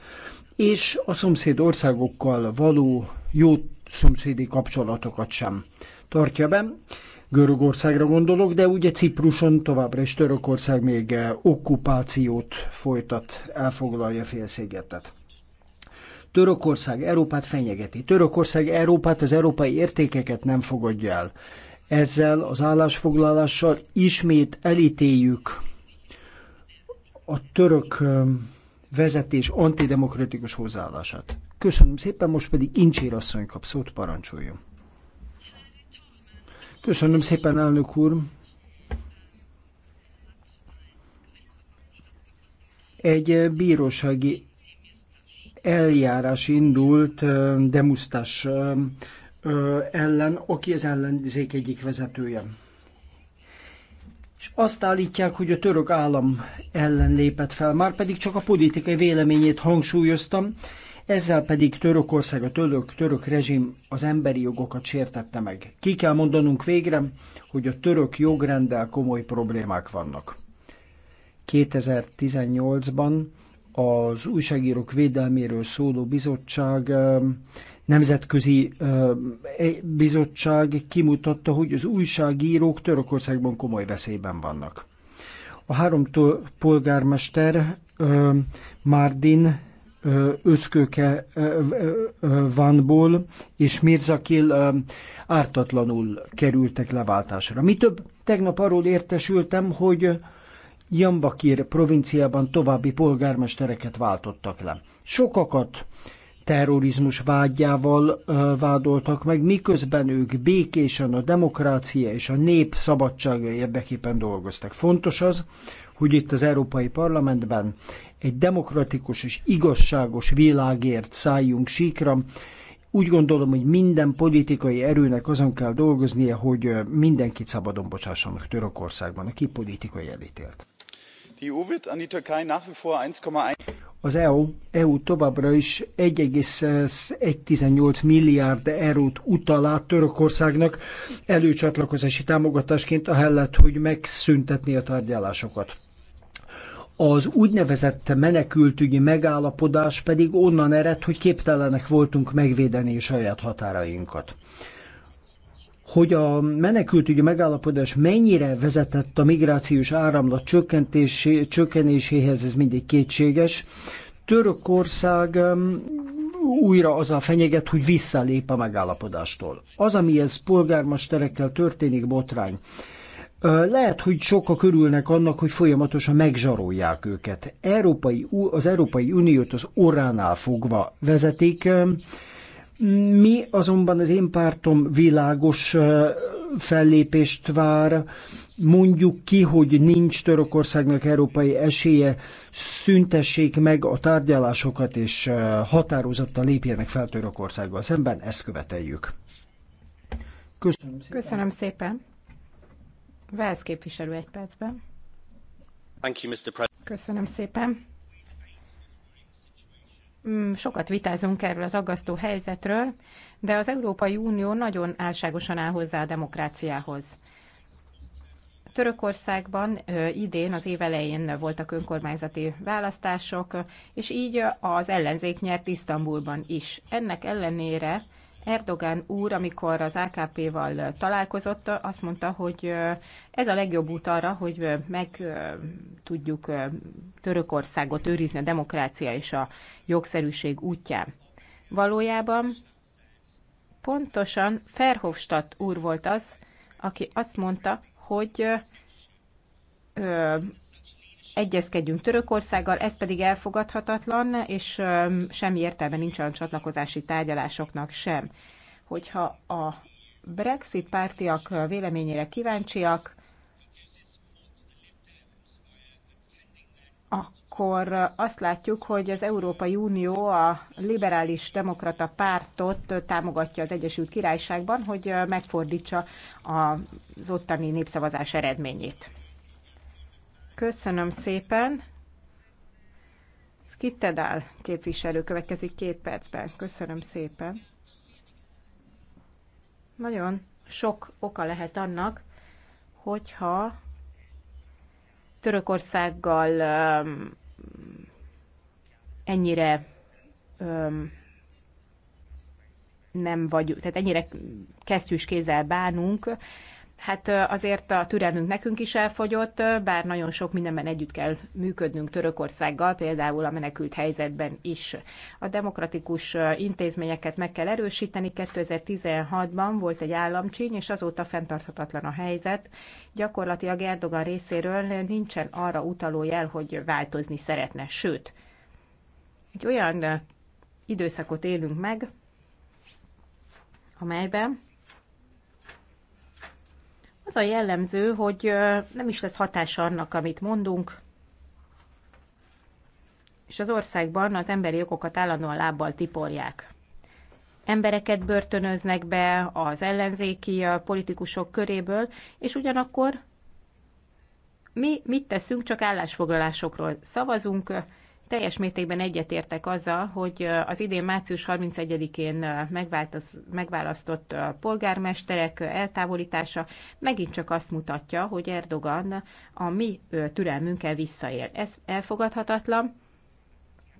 és a szomszéd országokkal való jó szomszédi kapcsolatokat sem tartja be. Görögországra gondolok, de ugye Cipruson továbbra is Törökország még eh, okkupációt folytat, elfoglalja félszigetet. Törökország Európát fenyegeti. Törökország Európát, az európai értékeket nem fogadja el. Ezzel az állásfoglalással ismét elítéljük a török eh, vezetés antidemokratikus hozzáállását. Köszönöm szépen, most pedig Incsér asszony kap szót, parancsoljon. Köszönöm szépen, elnök úr. Egy bírósági eljárás indult Demusztás ellen, aki az ellenzék egyik vezetője. És azt állítják, hogy a török állam ellen lépett fel, már pedig csak a politikai véleményét hangsúlyoztam, ezzel pedig Törökország, a török, török rezsim az emberi jogokat sértette meg. Ki kell mondanunk végre, hogy a török jogrenddel komoly problémák vannak. 2018-ban az újságírók védelméről szóló bizottság nemzetközi e, bizottság kimutatta, hogy az újságírók Törökországban komoly veszélyben vannak. A három polgármester Mardin Özköke Vanból és Mirzakil ártatlanul kerültek leváltásra. Mi több, tegnap arról értesültem, hogy Jambakir provinciában további polgármestereket váltottak le. Sokakat terrorizmus vágyával vádoltak meg, miközben ők békésen a demokrácia és a nép szabadsága érdekében dolgoztak. Fontos az, hogy itt az Európai Parlamentben egy demokratikus és igazságos világért szálljunk síkra. Úgy gondolom, hogy minden politikai erőnek azon kell dolgoznia, hogy mindenkit szabadon bocsássanak Törökországban, aki politikai elítélt. E az EU, EU továbbra is 1,18 milliárd eurót utal át Törökországnak előcsatlakozási támogatásként, ahelyett, hogy megszüntetni a tárgyalásokat. Az úgynevezett menekültügyi megállapodás pedig onnan ered, hogy képtelenek voltunk megvédeni saját határainkat hogy a menekültügyi megállapodás mennyire vezetett a migrációs áramlat csökkenéséhez, ez mindig kétséges. Törökország újra azzal fenyeget, hogy visszalép a megállapodástól. Az, ami ez polgármesterekkel történik, botrány. Lehet, hogy sokak örülnek annak, hogy folyamatosan megzsarolják őket. Európai, az Európai Uniót az orránál fogva vezetik. Mi azonban az én pártom világos fellépést vár, mondjuk ki, hogy nincs Törökországnak európai esélye, szüntessék meg a tárgyalásokat, és határozottan lépjenek fel Törökországgal szemben, ezt követeljük. Köszönöm szépen. Köszönöm szépen. Vesz képviselő egy percben. Thank you, Mr. President. Köszönöm szépen. Mm, sokat vitázunk erről az aggasztó helyzetről, de az Európai Unió nagyon álságosan áll hozzá a demokráciához. Törökországban idén az év elején voltak önkormányzati választások, és így az ellenzék nyert Isztambulban is. Ennek ellenére Erdogan úr, amikor az AKP-val találkozott, azt mondta, hogy ez a legjobb út arra, hogy meg tudjuk Törökországot őrizni a demokrácia és a jogszerűség útján. Valójában pontosan Ferhofstadt úr volt az, aki azt mondta, hogy egyezkedjünk Törökországgal, ez pedig elfogadhatatlan, és semmi értelme nincs a csatlakozási tárgyalásoknak sem. Hogyha a Brexit pártiak véleményére kíváncsiak, akkor azt látjuk, hogy az Európai Unió a liberális demokrata pártot támogatja az Egyesült Királyságban, hogy megfordítsa az ottani népszavazás eredményét. Köszönöm szépen. Skittedál képviselő következik két percben. Köszönöm szépen. Nagyon sok oka lehet annak, hogyha Törökországgal öm, ennyire öm, nem vagyunk, tehát ennyire kesztyűs kézzel bánunk, Hát azért a türelmünk nekünk is elfogyott, bár nagyon sok mindenben együtt kell működnünk Törökországgal, például a menekült helyzetben is. A demokratikus intézményeket meg kell erősíteni. 2016-ban volt egy államcsíny, és azóta fenntarthatatlan a helyzet. Gyakorlatilag Erdogan részéről nincsen arra utaló jel, hogy változni szeretne. Sőt, egy olyan időszakot élünk meg, amelyben az a jellemző, hogy nem is lesz hatása annak, amit mondunk, és az országban az emberi jogokat állandóan lábbal tiporják. Embereket börtönöznek be az ellenzéki politikusok köréből, és ugyanakkor mi mit teszünk, csak állásfoglalásokról szavazunk, teljes mértékben egyetértek azzal, hogy az idén március 31-én megválasztott polgármesterek eltávolítása megint csak azt mutatja, hogy Erdogan a mi türelmünkkel visszaél. Ez elfogadhatatlan,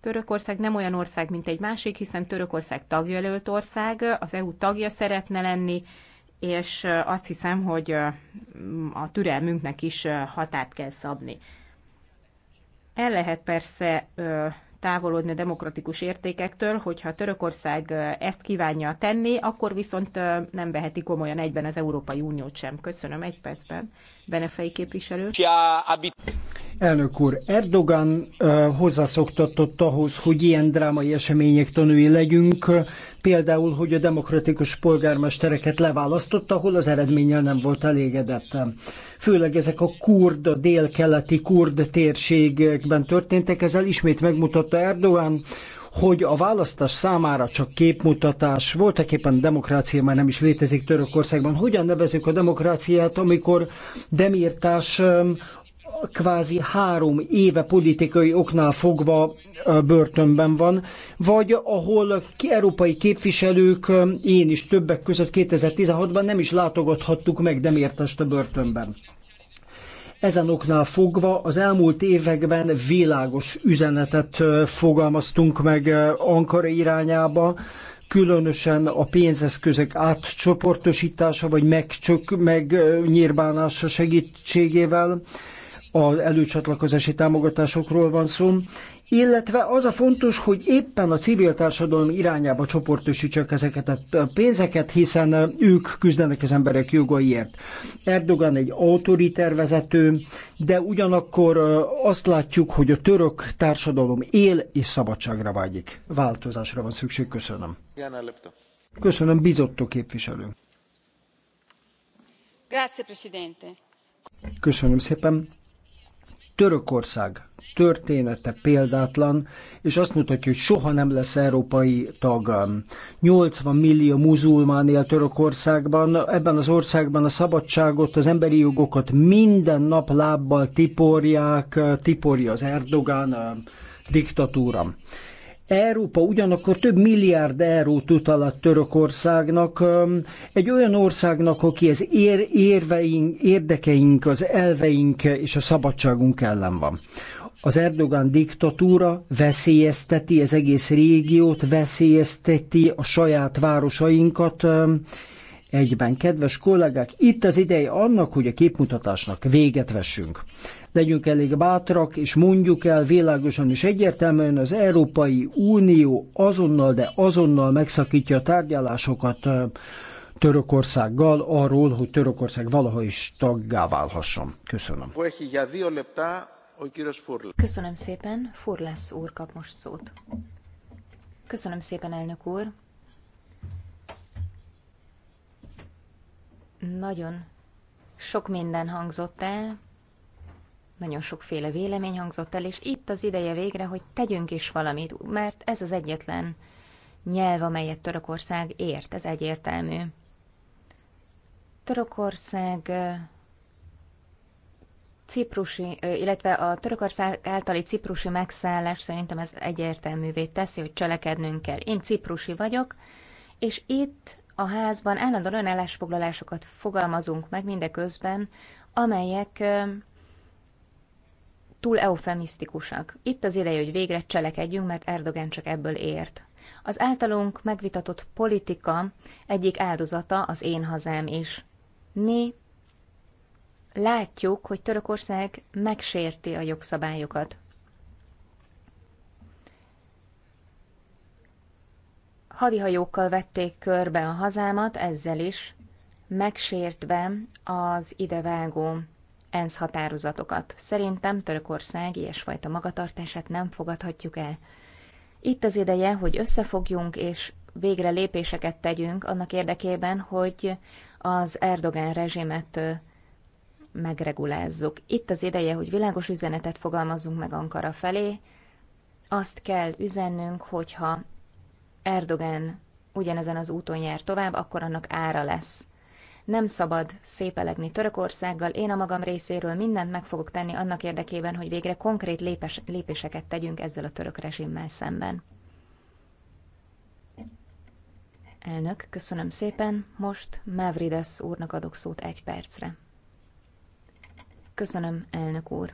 Törökország nem olyan ország, mint egy másik, hiszen Törökország tagjelölt ország, az EU tagja szeretne lenni, és azt hiszem, hogy a türelmünknek is határt kell szabni. El lehet persze távolodni a demokratikus értékektől, hogyha Törökország ezt kívánja tenni, akkor viszont nem veheti komolyan egyben az Európai Uniót sem. Köszönöm egy percben, Benefei képviselő. Elnök úr, Erdogan hozzászoktatott ahhoz, hogy ilyen drámai események tanúi legyünk, például, hogy a demokratikus polgármestereket leválasztotta, ahol az eredménnyel nem volt elégedett főleg ezek a kurd, a dél-keleti kurd térségekben történtek. Ezzel ismét megmutatta Erdogan, hogy a választás számára csak képmutatás, voltak éppen demokrácia már nem is létezik Törökországban. Hogyan nevezünk a demokráciát, amikor Demirtás kvázi három éve politikai oknál fogva börtönben van, vagy ahol európai képviselők, én is többek között 2016-ban nem is látogathattuk meg Demirtest a börtönben. Ezen oknál fogva az elmúlt években világos üzenetet fogalmaztunk meg Ankara irányába, különösen a pénzeszközök átcsoportosítása vagy megcsök, megnyírbálása segítségével, az előcsatlakozási támogatásokról van szó, illetve az a fontos, hogy éppen a civil társadalom irányába csoportosítsak ezeket a pénzeket, hiszen ők küzdenek az emberek jogaiért. Erdogan egy autoriter vezető, de ugyanakkor azt látjuk, hogy a török társadalom él és szabadságra vágyik. Változásra van szükség. Köszönöm. Köszönöm, bizottó képviselő. Grazie, Presidente. Köszönöm szépen. Törökország története példátlan, és azt mutatja, hogy soha nem lesz európai tag. 80 millió muzulmán él Törökországban, ebben az országban a szabadságot, az emberi jogokat minden nap lábbal tiporják, tiporja az Erdogán a diktatúra. Európa ugyanakkor több milliárd eurót utal a Törökországnak, egy olyan országnak, aki az ér, érveink, érdekeink, az elveink és a szabadságunk ellen van. Az Erdogan diktatúra veszélyezteti az egész régiót, veszélyezteti a saját városainkat, egyben. Kedves kollégák, itt az ideje annak, hogy a képmutatásnak véget vessünk. Legyünk elég bátrak, és mondjuk el világosan és egyértelműen az Európai Unió azonnal, de azonnal megszakítja a tárgyalásokat Törökországgal arról, hogy Törökország valaha is taggá válhasson. Köszönöm. Köszönöm szépen. Furlesz úr kap most szót. Köszönöm szépen, elnök úr. Nagyon sok minden hangzott el, nagyon sokféle vélemény hangzott el, és itt az ideje végre, hogy tegyünk is valamit, mert ez az egyetlen nyelv, amelyet Törökország ért, ez egyértelmű. Törökország ciprusi, illetve a Törökország általi ciprusi megszállás szerintem ez egyértelművé teszi, hogy cselekednünk kell. Én ciprusi vagyok, és itt a házban állandóan önállásfoglalásokat fogalmazunk meg mindeközben, amelyek túl eufemisztikusak. Itt az ideje, hogy végre cselekedjünk, mert Erdogan csak ebből ért. Az általunk megvitatott politika egyik áldozata az én hazám is. Mi látjuk, hogy Törökország megsérti a jogszabályokat. Hadihajókkal vették körbe a hazámat, ezzel is megsértve az idevágó ENSZ határozatokat. Szerintem Törökország ilyesfajta magatartását nem fogadhatjuk el. Itt az ideje, hogy összefogjunk és végre lépéseket tegyünk annak érdekében, hogy az Erdogán rezsimet megregulázzuk. Itt az ideje, hogy világos üzenetet fogalmazunk meg Ankara felé. Azt kell üzennünk, hogyha Erdogan ugyanezen az úton jár tovább, akkor annak ára lesz. Nem szabad szépelegni Törökországgal, én a magam részéről mindent meg fogok tenni annak érdekében, hogy végre konkrét lépes, lépéseket tegyünk ezzel a török rezsimmel szemben. Elnök, köszönöm szépen, most Mavrides úrnak adok szót egy percre. Köszönöm, elnök úr.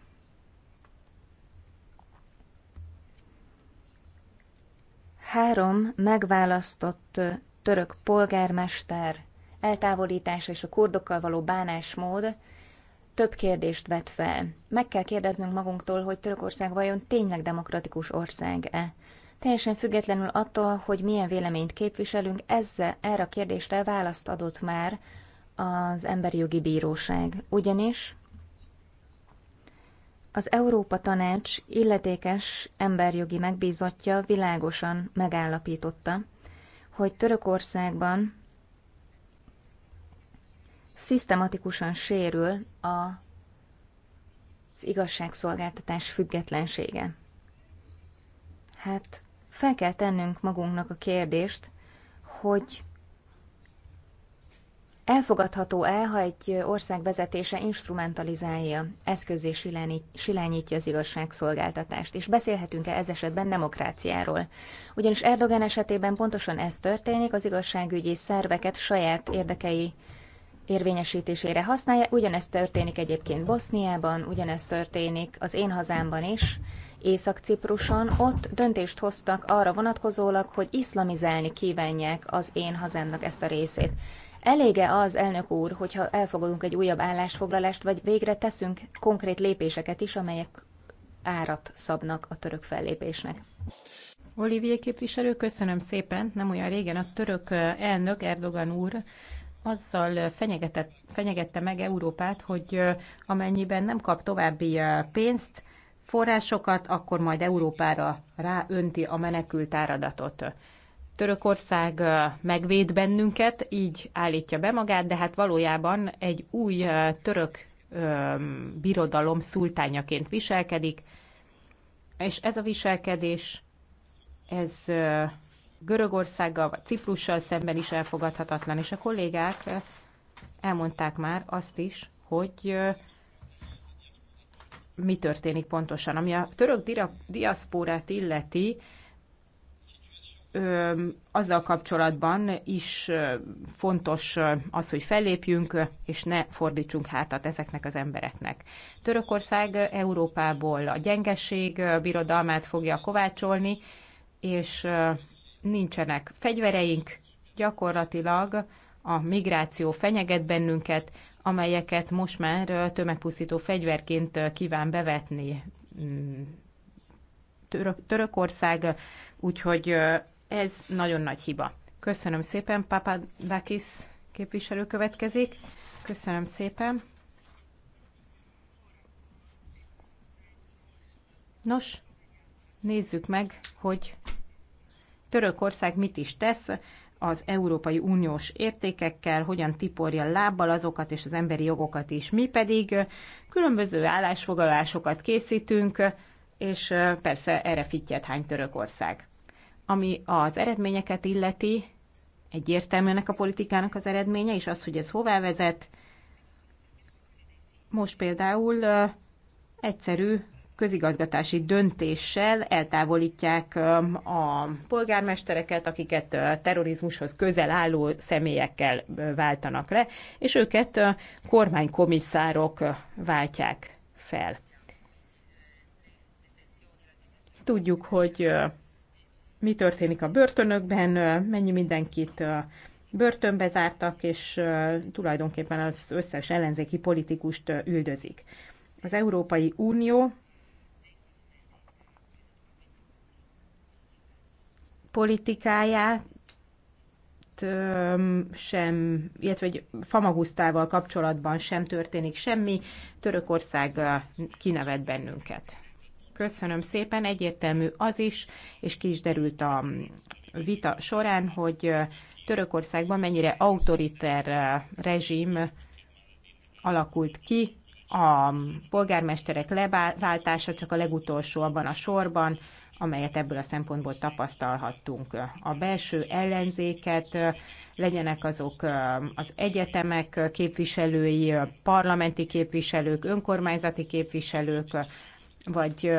Három megválasztott török polgármester eltávolítása és a kurdokkal való bánásmód több kérdést vet fel. Meg kell kérdeznünk magunktól, hogy Törökország vajon tényleg demokratikus ország-e. Teljesen függetlenül attól, hogy milyen véleményt képviselünk, ezzel erre a kérdésre választ adott már az Emberi Jogi Bíróság. Ugyanis az Európa Tanács illetékes emberjogi megbízottja világosan megállapította, hogy Törökországban szisztematikusan sérül a, az igazságszolgáltatás függetlensége. Hát fel kell tennünk magunknak a kérdést, hogy elfogadható-e, ha egy ország vezetése instrumentalizálja, eszközé silányítja az igazságszolgáltatást, és beszélhetünk-e ez esetben demokráciáról? Ugyanis Erdogan esetében pontosan ez történik, az igazságügyi szerveket saját érdekei érvényesítésére használja. Ugyanezt történik egyébként Boszniában, ugyanezt történik az én hazámban is, Észak-Cipruson. Ott döntést hoztak arra vonatkozólag, hogy iszlamizálni kívánják az én hazámnak ezt a részét. Elége az, elnök úr, hogyha elfogadunk egy újabb állásfoglalást, vagy végre teszünk konkrét lépéseket is, amelyek árat szabnak a török fellépésnek. Olivier képviselő, köszönöm szépen. Nem olyan régen a török eh, elnök Erdogan úr azzal fenyegette meg Európát, hogy amennyiben nem kap további pénzt, forrásokat, akkor majd Európára ráönti a menekült áradatot. Törökország megvéd bennünket, így állítja be magát, de hát valójában egy új török birodalom szultányaként viselkedik, és ez a viselkedés, ez Görögországgal vagy Ciprussal szemben is elfogadhatatlan. És a kollégák eh, elmondták már azt is, hogy eh, mi történik pontosan. Ami a török diaszpórát illeti, azzal kapcsolatban is eh, fontos az, hogy fellépjünk, és ne fordítsunk hátat ezeknek az embereknek. Törökország Európából a gyengeség birodalmát fogja kovácsolni, és nincsenek fegyvereink, gyakorlatilag a migráció fenyeget bennünket, amelyeket most már tömegpusztító fegyverként kíván bevetni mm, Török, Törökország, úgyhogy ez nagyon nagy hiba. Köszönöm szépen, Papadakis képviselő következik. Köszönöm szépen. Nos, nézzük meg, hogy Törökország mit is tesz az Európai Uniós értékekkel, hogyan tiporja lábbal azokat és az emberi jogokat is. Mi pedig különböző állásfoglalásokat készítünk, és persze erre fittyet hány Törökország. Ami az eredményeket illeti, egyértelműnek a politikának az eredménye, és az, hogy ez hová vezet. Most például egyszerű közigazgatási döntéssel eltávolítják um, a polgármestereket, akiket uh, terrorizmushoz közel álló személyekkel uh, váltanak le, és őket uh, kormánykomisszárok váltják fel. Tudjuk, hogy mi történik a börtönökben, mennyi mindenkit börtönbe zártak, és tulajdonképpen az összes ellenzéki politikust üldözik. Az Európai Unió politikáját sem, illetve hogy famagusztával kapcsolatban sem történik semmi. Törökország kinevet bennünket. Köszönöm szépen, egyértelmű az is, és ki is derült a vita során, hogy Törökországban mennyire autoriter rezsim alakult ki, a polgármesterek leváltása csak a legutolsó abban a sorban, amelyet ebből a szempontból tapasztalhattunk. A belső ellenzéket, legyenek azok az egyetemek képviselői, parlamenti képviselők, önkormányzati képviselők, vagy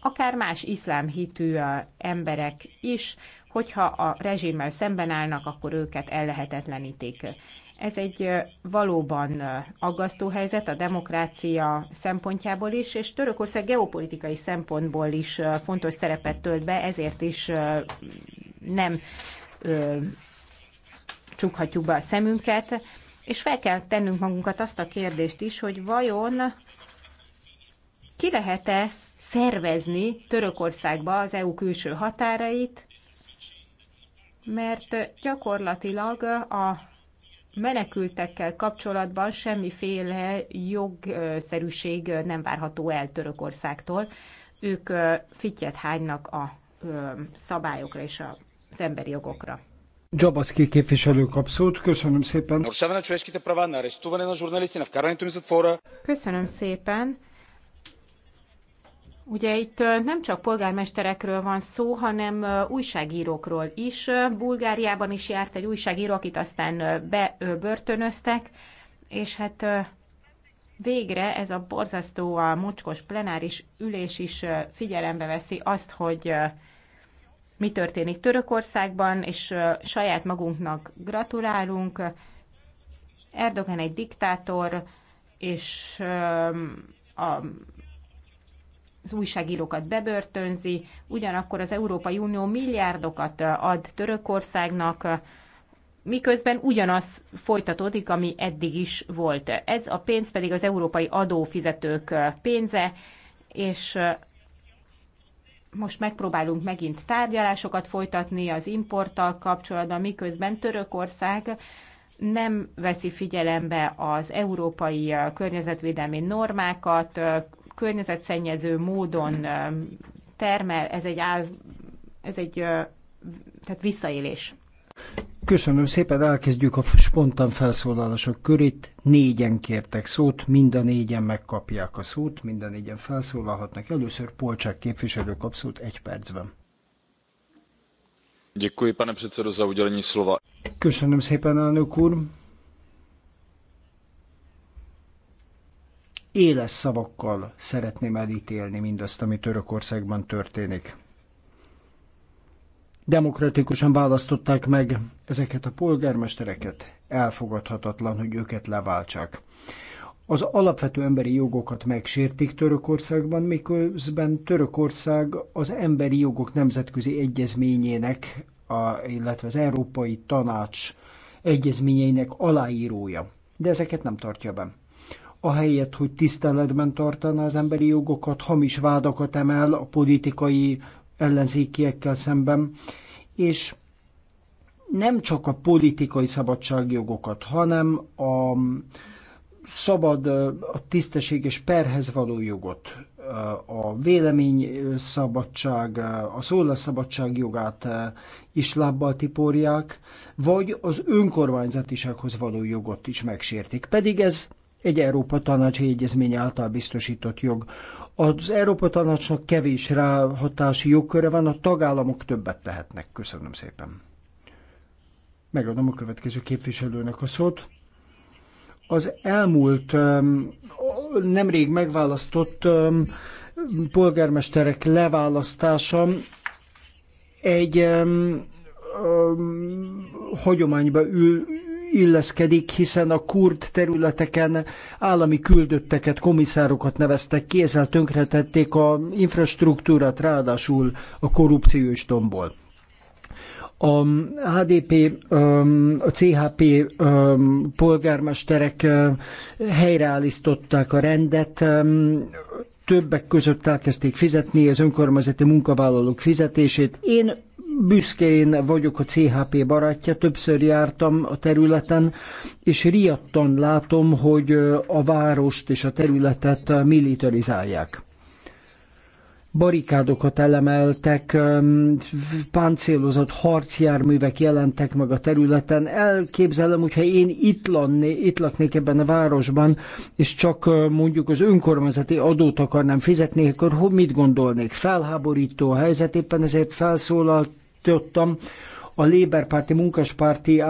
akár más iszlám hitű emberek is, hogyha a rezsimmel szemben állnak, akkor őket ellehetetlenítik. Ez egy valóban aggasztó helyzet a demokrácia szempontjából is, és Törökország geopolitikai szempontból is fontos szerepet tölt be, ezért is nem csukhatjuk be a szemünket, és fel kell tennünk magunkat azt a kérdést is, hogy vajon ki lehet-e szervezni Törökországba az EU külső határait, mert gyakorlatilag a menekültekkel kapcsolatban semmiféle jogszerűség nem várható el Törökországtól. Ők fityet hánynak a szabályokra és az emberi jogokra. Джабаски képviselő kap szót. Köszönöm szépen. Köszönöm szépen. Ugye itt nem csak polgármesterekről van szó, hanem újságírókról is. Bulgáriában is járt egy újságíró, akit aztán bebörtönöztek, és hát végre ez a borzasztó, a mocskos plenáris ülés is figyelembe veszi azt, hogy mi történik Törökországban, és saját magunknak gratulálunk. Erdogan egy diktátor, és a az újságírókat bebörtönzi, ugyanakkor az Európai Unió milliárdokat ad Törökországnak, miközben ugyanaz folytatódik, ami eddig is volt. Ez a pénz pedig az európai adófizetők pénze, és most megpróbálunk megint tárgyalásokat folytatni az importtal kapcsolatban, miközben Törökország nem veszi figyelembe az európai környezetvédelmi normákat, környezetszennyező módon termel, ez egy, áz, ez egy tehát visszaélés. Köszönöm szépen, elkezdjük a spontán felszólalások körét. Négyen kértek szót, mind a négyen megkapják a szót, mind a négyen felszólalhatnak. Először Polcsák képviselő kap szót egy percben. Děkuji, pane předsedo, za udělení slova. Köszönöm szépen, elnök úr. éles szavakkal szeretném elítélni mindazt, ami Törökországban történik. Demokratikusan választották meg ezeket a polgármestereket, elfogadhatatlan, hogy őket leváltsák. Az alapvető emberi jogokat megsértik Törökországban, miközben Törökország az emberi jogok nemzetközi egyezményének, a, illetve az Európai Tanács egyezményeinek aláírója, de ezeket nem tartja be ahelyett, hogy tiszteletben tartaná az emberi jogokat, hamis vádakat emel a politikai ellenzékiekkel szemben, és nem csak a politikai szabadságjogokat, hanem a szabad, a tisztességes perhez való jogot, a vélemény szabadság, a szólásszabadság jogát is lábbal tiporják, vagy az önkormányzatisághoz való jogot is megsértik. Pedig ez egy Európa Tanácsi Egyezmény által biztosított jog. Az Európa Tanácsnak kevés ráhatási jogköre van, a tagállamok többet tehetnek. Köszönöm szépen. Megadom a következő képviselőnek a szót. Az elmúlt, nemrég megválasztott polgármesterek leválasztása egy hagyományba ül, illeszkedik, hiszen a kurd területeken állami küldötteket, komiszárokat neveztek ki, ezzel tönkretették a infrastruktúrát, ráadásul a korrupció is tombol. A HDP, a CHP polgármesterek helyreállították a rendet, többek között elkezdték fizetni az önkormányzati munkavállalók fizetését. Én büszkén vagyok a CHP barátja, többször jártam a területen, és riadtan látom, hogy a várost és a területet militarizálják barikádokat elemeltek, páncélozott harcjárművek jelentek meg a területen. Elképzelem, hogyha én itt, lanné, itt laknék ebben a városban, és csak mondjuk az önkormányzati adót akarnám fizetni, akkor mit gondolnék? Felháborító a helyzet, éppen ezért felszólalt a Léberpárti, munkaspárti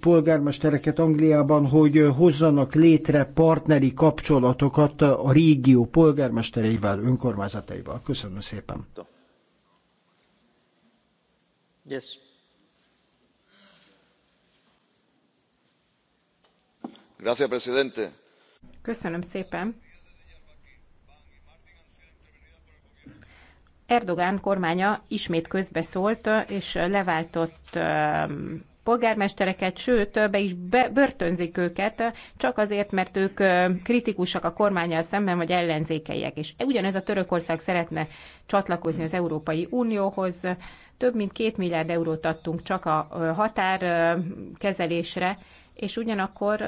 polgármestereket Angliában, hogy hozzanak létre partneri kapcsolatokat a régió polgármestereivel, önkormányzataival. Köszönöm szépen. Yes. Gracias, presidente. Köszönöm szépen. Erdogán kormánya ismét közbeszólt és leváltott polgármestereket, sőt, be is be, börtönzik őket, csak azért, mert ők kritikusak a kormányjal szemben, vagy ellenzékeiek. És ugyanez a Törökország szeretne csatlakozni az Európai Unióhoz. Több mint két milliárd eurót adtunk csak a határkezelésre, és ugyanakkor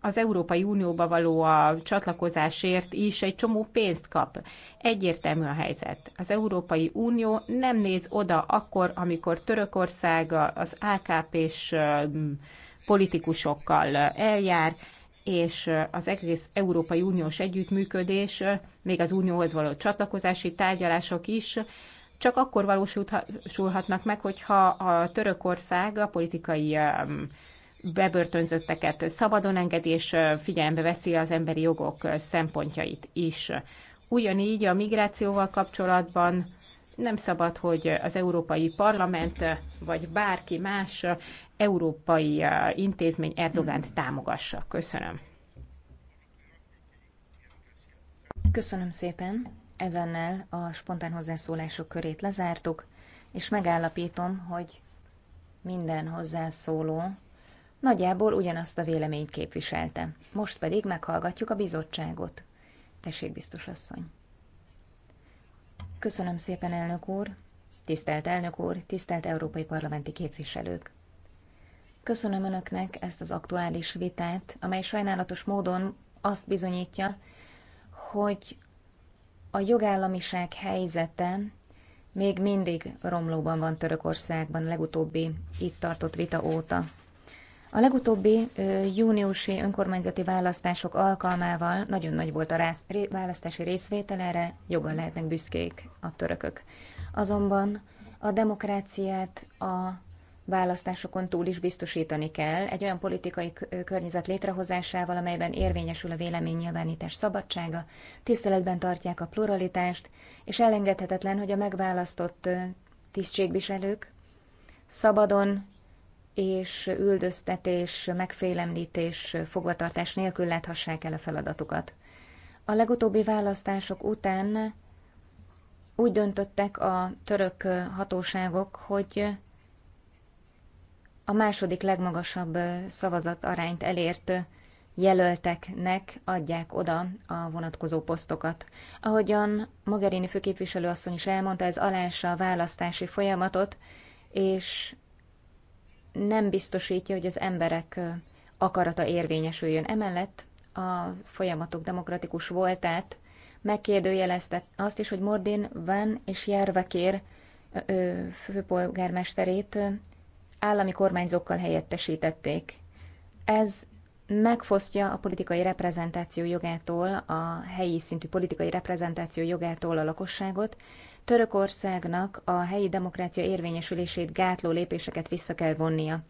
az Európai Unióba való a csatlakozásért is egy csomó pénzt kap. Egyértelmű a helyzet. Az Európai Unió nem néz oda akkor, amikor Törökország az AKP-s politikusokkal eljár, és az egész Európai Uniós együttműködés, még az Unióhoz való csatlakozási tárgyalások is csak akkor valósulhatnak meg, hogyha a Törökország a politikai bebörtönzötteket szabadon engedi, és figyelembe veszi az emberi jogok szempontjait is. Ugyanígy a migrációval kapcsolatban nem szabad, hogy az Európai Parlament vagy bárki más európai intézmény Erdogánt támogassa. Köszönöm. Köszönöm szépen. Ezennel a spontán hozzászólások körét lezártuk, és megállapítom, hogy minden hozzászóló nagyjából ugyanazt a véleményt képviselte. Most pedig meghallgatjuk a bizottságot. Tessék, biztos asszony. Köszönöm szépen, elnök úr. Tisztelt elnök úr, tisztelt európai parlamenti képviselők. Köszönöm önöknek ezt az aktuális vitát, amely sajnálatos módon azt bizonyítja, hogy a jogállamiság helyzete még mindig romlóban van Törökországban legutóbbi itt tartott vita óta. A legutóbbi júniusi önkormányzati választások alkalmával nagyon nagy volt a rász, ré, választási részvétel, erre joggal lehetnek büszkék a törökök. Azonban a demokráciát a választásokon túl is biztosítani kell, egy olyan politikai környezet létrehozásával, amelyben érvényesül a véleménynyilvánítás szabadsága, tiszteletben tartják a pluralitást, és elengedhetetlen, hogy a megválasztott tisztségviselők szabadon és üldöztetés, megfélemlítés, fogvatartás nélkül láthassák el a feladatukat. A legutóbbi választások után úgy döntöttek a török hatóságok, hogy a második legmagasabb szavazat arányt elért jelölteknek adják oda a vonatkozó posztokat. Ahogyan Mogherini főképviselő asszony is elmondta, ez alássa a választási folyamatot, és nem biztosítja, hogy az emberek akarata érvényesüljön. Emellett a folyamatok demokratikus voltát megkérdőjelezte azt is, hogy Mordin Van és Járvekér főpolgármesterét állami kormányzókkal helyettesítették. Ez megfosztja a politikai reprezentáció jogától, a helyi szintű politikai reprezentáció jogától a lakosságot, Törökországnak a helyi demokrácia érvényesülését gátló lépéseket vissza kell vonnia.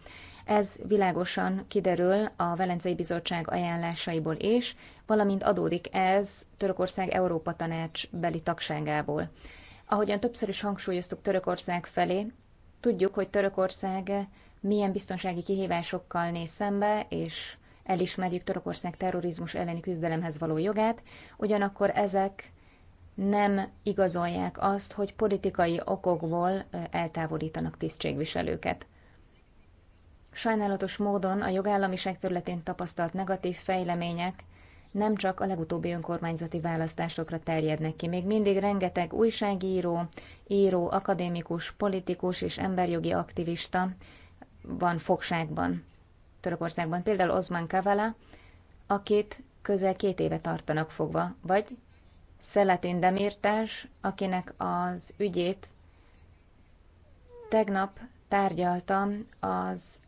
Ez világosan kiderül a Velencei Bizottság ajánlásaiból is, valamint adódik ez Törökország Európa Tanács beli tagságából. Ahogyan többször is hangsúlyoztuk Törökország felé, tudjuk, hogy Törökország milyen biztonsági kihívásokkal néz szembe, és elismerjük Törökország terrorizmus elleni küzdelemhez való jogát, ugyanakkor ezek nem igazolják azt, hogy politikai okokból eltávolítanak tisztségviselőket. Sajnálatos módon a jogállamiság területén tapasztalt negatív fejlemények nem csak a legutóbbi önkormányzati választásokra terjednek ki. Még mindig rengeteg újságíró, író, akadémikus, politikus és emberjogi aktivista van fogságban Törökországban. Például Osman Kavala, akit közel két éve tartanak fogva, vagy Szeletin Demirtás, akinek az ügyét tegnap tárgyalta az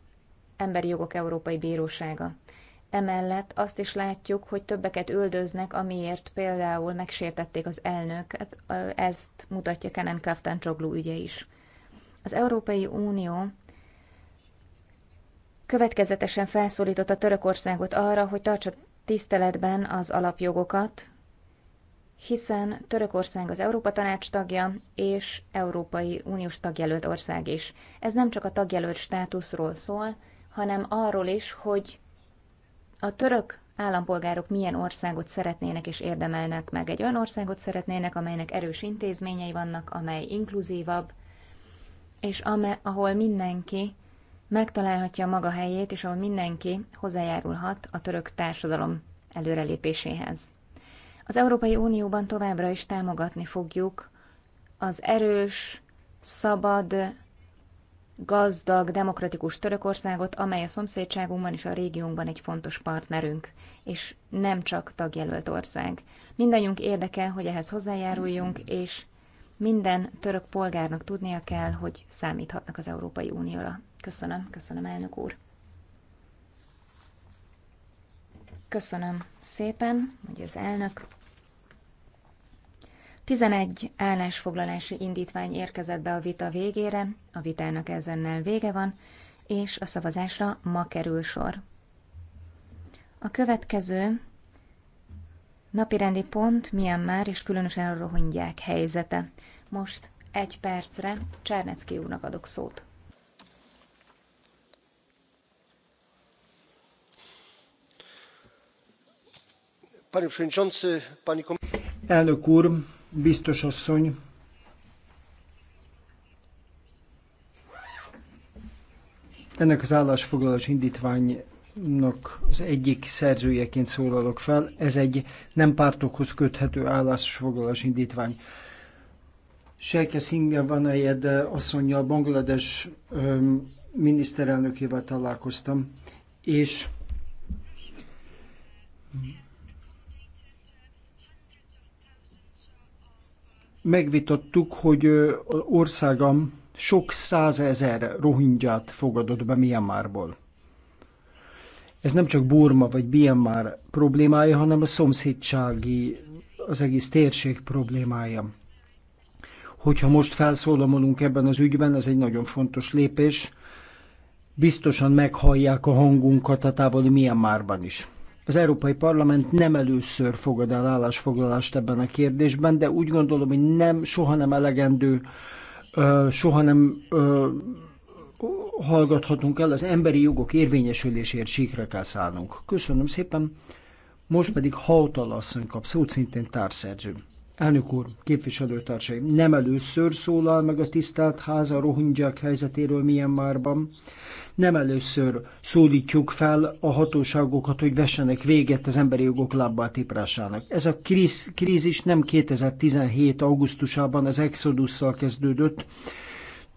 Emberi Jogok Európai Bírósága. Emellett azt is látjuk, hogy többeket üldöznek, amiért például megsértették az elnöket, ezt mutatja Kenen Kaftancsoglú ügye is. Az Európai Unió következetesen felszólította Törökországot arra, hogy tartsa tiszteletben az alapjogokat, hiszen Törökország az Európa Tanács tagja és Európai Uniós tagjelölt ország is. Ez nem csak a tagjelölt státuszról szól, hanem arról is, hogy a török állampolgárok milyen országot szeretnének és érdemelnek meg. Egy olyan országot szeretnének, amelynek erős intézményei vannak, amely inkluzívabb, és ame, ahol mindenki megtalálhatja maga helyét, és ahol mindenki hozzájárulhat a török társadalom előrelépéséhez. Az Európai Unióban továbbra is támogatni fogjuk az erős, szabad, gazdag, demokratikus Törökországot, amely a szomszédságunkban és a régiónkban egy fontos partnerünk, és nem csak tagjelölt ország. Mindenjünk érdeke, hogy ehhez hozzájáruljunk, és minden török polgárnak tudnia kell, hogy számíthatnak az Európai Unióra. Köszönöm, köszönöm elnök úr. Köszönöm szépen, hogy az elnök. 11 állásfoglalási indítvány érkezett be a vita végére, a vitának ezennel vége van, és a szavazásra ma kerül sor. A következő napirendi pont már, és különösen a rohingyák helyzete. Most egy percre Csernecki úrnak adok szót. Elnök úr, biztos asszony, ennek az állásfoglalás indtványnak az egyik szerzőjeként szólalok fel. Ez egy nem pártokhoz köthető állásfoglalás indítvány. Sejke van egyed asszonynal Banglades miniszterelnökével találkoztam, és megvitattuk, hogy országam sok százezer rohingyát fogadott be Myanmarból. Ez nem csak Burma vagy Myanmar problémája, hanem a szomszédsági, az egész térség problémája. Hogyha most felszólalunk ebben az ügyben, ez egy nagyon fontos lépés. Biztosan meghallják a hangunkat a távoli Myanmarban is. Az Európai Parlament nem először fogad el állásfoglalást ebben a kérdésben, de úgy gondolom, hogy nem, soha nem elegendő, soha nem hallgathatunk el, az emberi jogok érvényesülésért síkra kell szállnunk. Köszönöm szépen, most pedig Hautala asszony kap szót, szintén társszerző. Elnök úr, képviselőtársaim, nem először szólal meg a tisztelt ház a rohingyák helyzetéről márban. Nem először szólítjuk fel a hatóságokat, hogy vessenek véget az emberi jogok lábbal Ez a kríz, krízis nem 2017. augusztusában az Exodusszal kezdődött,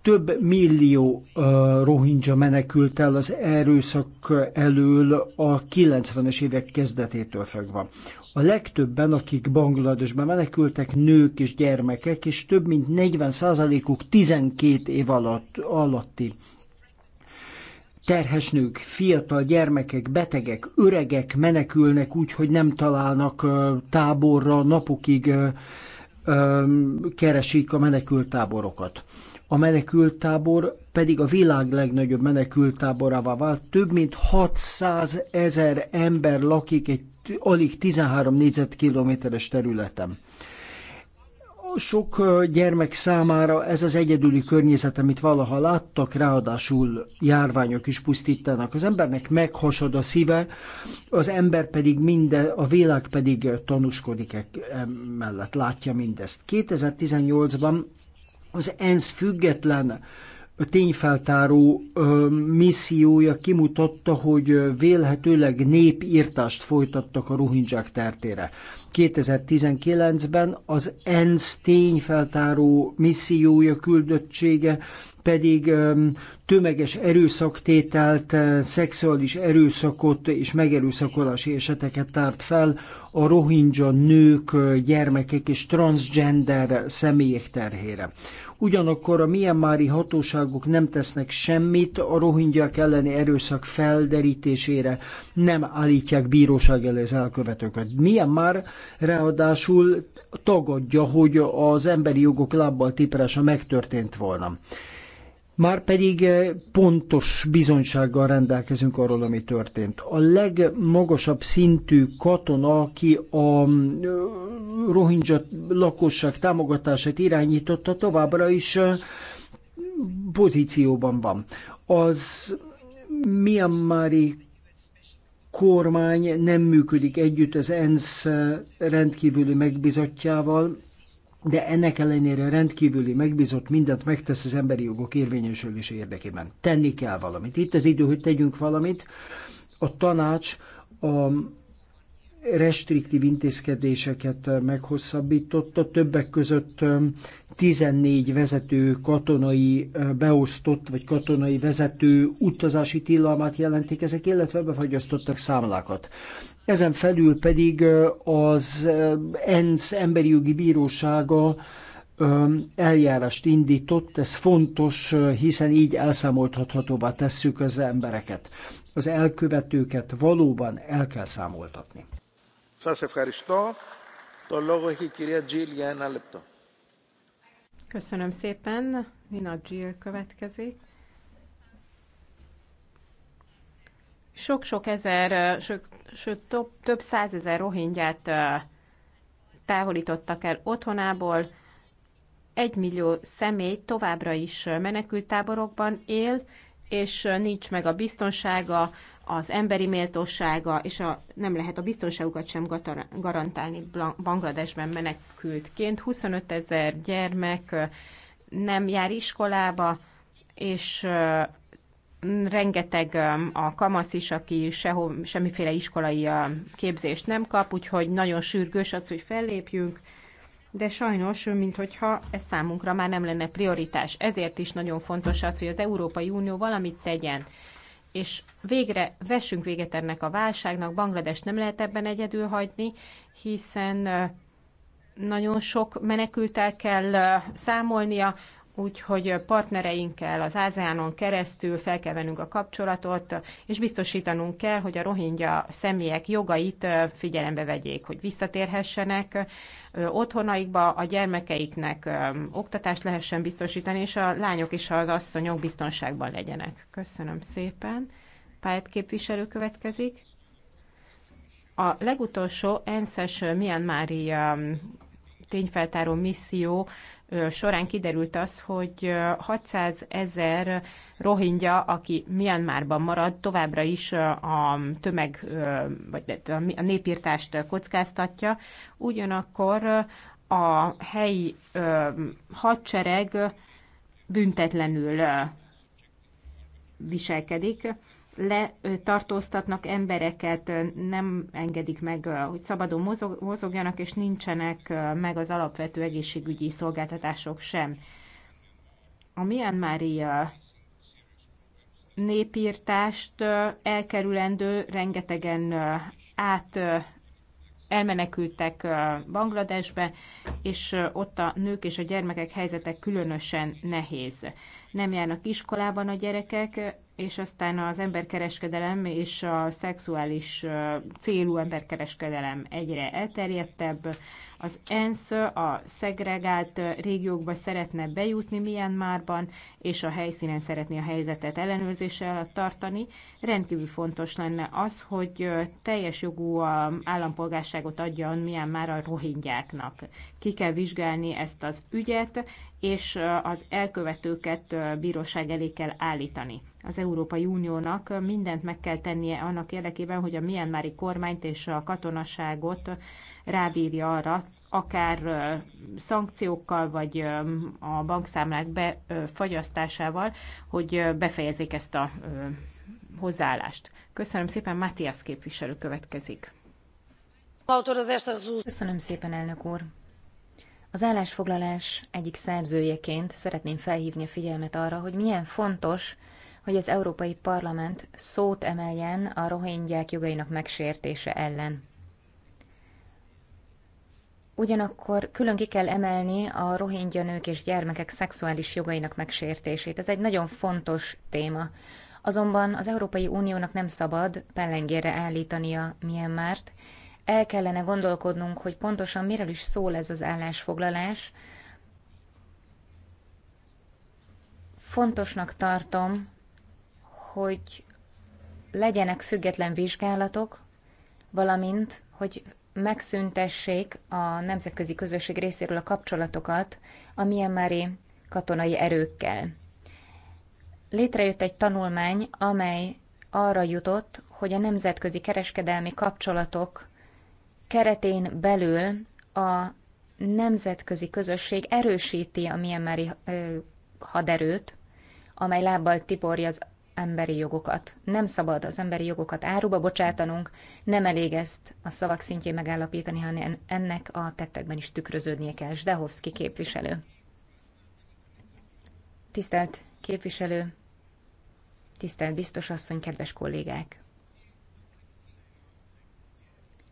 több millió uh, rohingya menekült el az erőszak elől a 90-es évek kezdetétől fogva. A legtöbben, akik Bangladesbe menekültek, nők és gyermekek, és több mint 40%-uk 12 év alatt, alatti terhes nők, fiatal gyermekek, betegek, öregek menekülnek úgy, hogy nem találnak táborra, napokig keresik a menekültáborokat. A menekültábor pedig a világ legnagyobb menekültáborává vált. Több mint 600 ezer ember lakik egy alig 13 négyzetkilométeres területen. Sok gyermek számára ez az egyedüli környezet, amit valaha láttak, ráadásul járványok is pusztítanak. Az embernek meghasad a szíve, az ember pedig minden, a világ pedig tanúskodik e- mellett, látja mindezt. 2018-ban az ENSZ független tényfeltáró missziója kimutatta, hogy vélhetőleg népírtást folytattak a rohingyák tertére. 2019-ben az ENSZ tényfeltáró missziója küldöttsége pedig tömeges erőszaktételt, szexuális erőszakot és megerőszakolási eseteket tárt fel a rohingya nők, gyermekek és transgender személyek terhére. Ugyanakkor a Myanmari hatóságok nem tesznek semmit a rohingyák elleni erőszak felderítésére, nem állítják bíróság elé az elkövetőket. Myanmar ráadásul tagadja, hogy az emberi jogok lábbal tiprása megtörtént volna már pedig eh, pontos bizonysággal rendelkezünk arról, ami történt. A legmagasabb szintű katona, aki a mm, rohingya lakosság támogatását irányította, továbbra is eh, pozícióban van. Az Myanmari kormány nem működik együtt az ENSZ eh, rendkívüli megbizatjával, de ennek ellenére rendkívüli megbízott mindent megtesz az emberi jogok érvényesülése érdekében. Tenni kell valamit. Itt az idő, hogy tegyünk valamit. A tanács a restriktív intézkedéseket meghosszabbította, többek között 14 vezető katonai beosztott, vagy katonai vezető utazási tilalmát jelentik ezek, illetve befagyasztottak számlákat. Ezen felül pedig az ENSZ emberi jogi bírósága eljárást indított, ez fontos, hiszen így elszámoltathatóvá tesszük az embereket. Az elkövetőket valóban el kell számoltatni. Köszönöm szépen. Nina Gill következik. sok-sok ezer, sőt, több, több százezer rohingyát távolítottak el otthonából, egy millió személy továbbra is menekültáborokban él, és nincs meg a biztonsága, az emberi méltósága, és a, nem lehet a biztonságukat sem garantálni Bangladesben menekültként. 25 ezer gyermek nem jár iskolába, és rengeteg um, a kamasz is, aki seho, semmiféle iskolai um, képzést nem kap, úgyhogy nagyon sürgős az, hogy fellépjünk, de sajnos, mintha ez számunkra már nem lenne prioritás. Ezért is nagyon fontos az, hogy az Európai Unió valamit tegyen, és végre vessünk véget ennek a válságnak, Banglades nem lehet ebben egyedül hagyni, hiszen uh, nagyon sok menekültel kell uh, számolnia, úgyhogy partnereinkkel az ázeánon keresztül fel kell vennünk a kapcsolatot, és biztosítanunk kell, hogy a rohingya személyek jogait figyelembe vegyék, hogy visszatérhessenek otthonaikba, a gyermekeiknek oktatást lehessen biztosítani, és a lányok és az asszonyok biztonságban legyenek. Köszönöm szépen. Pályát képviselő következik. A legutolsó ENSZ-es e Myanmari tényfeltáró misszió során kiderült az, hogy 600 ezer rohingya, aki Myanmarban marad, továbbra is a tömeg, vagy a népírtást kockáztatja. Ugyanakkor a helyi hadsereg büntetlenül viselkedik letartóztatnak embereket, nem engedik meg, hogy szabadon mozogjanak, és nincsenek meg az alapvető egészségügyi szolgáltatások sem. A Myanmari népírtást elkerülendő rengetegen át elmenekültek Bangladesbe, és ott a nők és a gyermekek helyzete különösen nehéz. Nem járnak iskolában a gyerekek, és aztán az emberkereskedelem és a szexuális célú emberkereskedelem egyre elterjedtebb, az ENSZ a szegregált régiókba szeretne bejutni Myanmarban, és a helyszínen szeretné a helyzetet ellenőrzése alatt tartani. Rendkívül fontos lenne az, hogy teljes jogú állampolgárságot adjon Myanmar a rohingyáknak. Ki kell vizsgálni ezt az ügyet, és az elkövetőket bíróság elé kell állítani. Az Európai Uniónak mindent meg kell tennie annak érdekében, hogy a Myanmari kormányt és a katonaságot rábírja arra, akár szankciókkal, vagy a bankszámlák befagyasztásával, hogy befejezik ezt a hozzáállást. Köszönöm szépen, Matthias képviselő következik. Köszönöm szépen, elnök úr. Az állásfoglalás egyik szerzőjeként szeretném felhívni a figyelmet arra, hogy milyen fontos, hogy az Európai Parlament szót emeljen a rohingyák jogainak megsértése ellen. Ugyanakkor külön ki kell emelni a rohingya nők és gyermekek szexuális jogainak megsértését. Ez egy nagyon fontos téma. Azonban az Európai Uniónak nem szabad pellengére állítania Myanmart, el kellene gondolkodnunk, hogy pontosan miről is szól ez az állásfoglalás. Fontosnak tartom, hogy legyenek független vizsgálatok, valamint, hogy megszüntessék a nemzetközi közösség részéről a kapcsolatokat a Myanmari katonai erőkkel. Létrejött egy tanulmány, amely arra jutott, hogy a nemzetközi kereskedelmi kapcsolatok keretén belül a nemzetközi közösség erősíti a Myanmari haderőt, amely lábbal tiporja az emberi jogokat. Nem szabad az emberi jogokat áruba bocsátanunk, nem elég ezt a szavak szintjén megállapítani, hanem ennek a tettekben is tükröződnie kell. Zdehovszki képviselő. Tisztelt képviselő, tisztelt biztos asszony, kedves kollégák!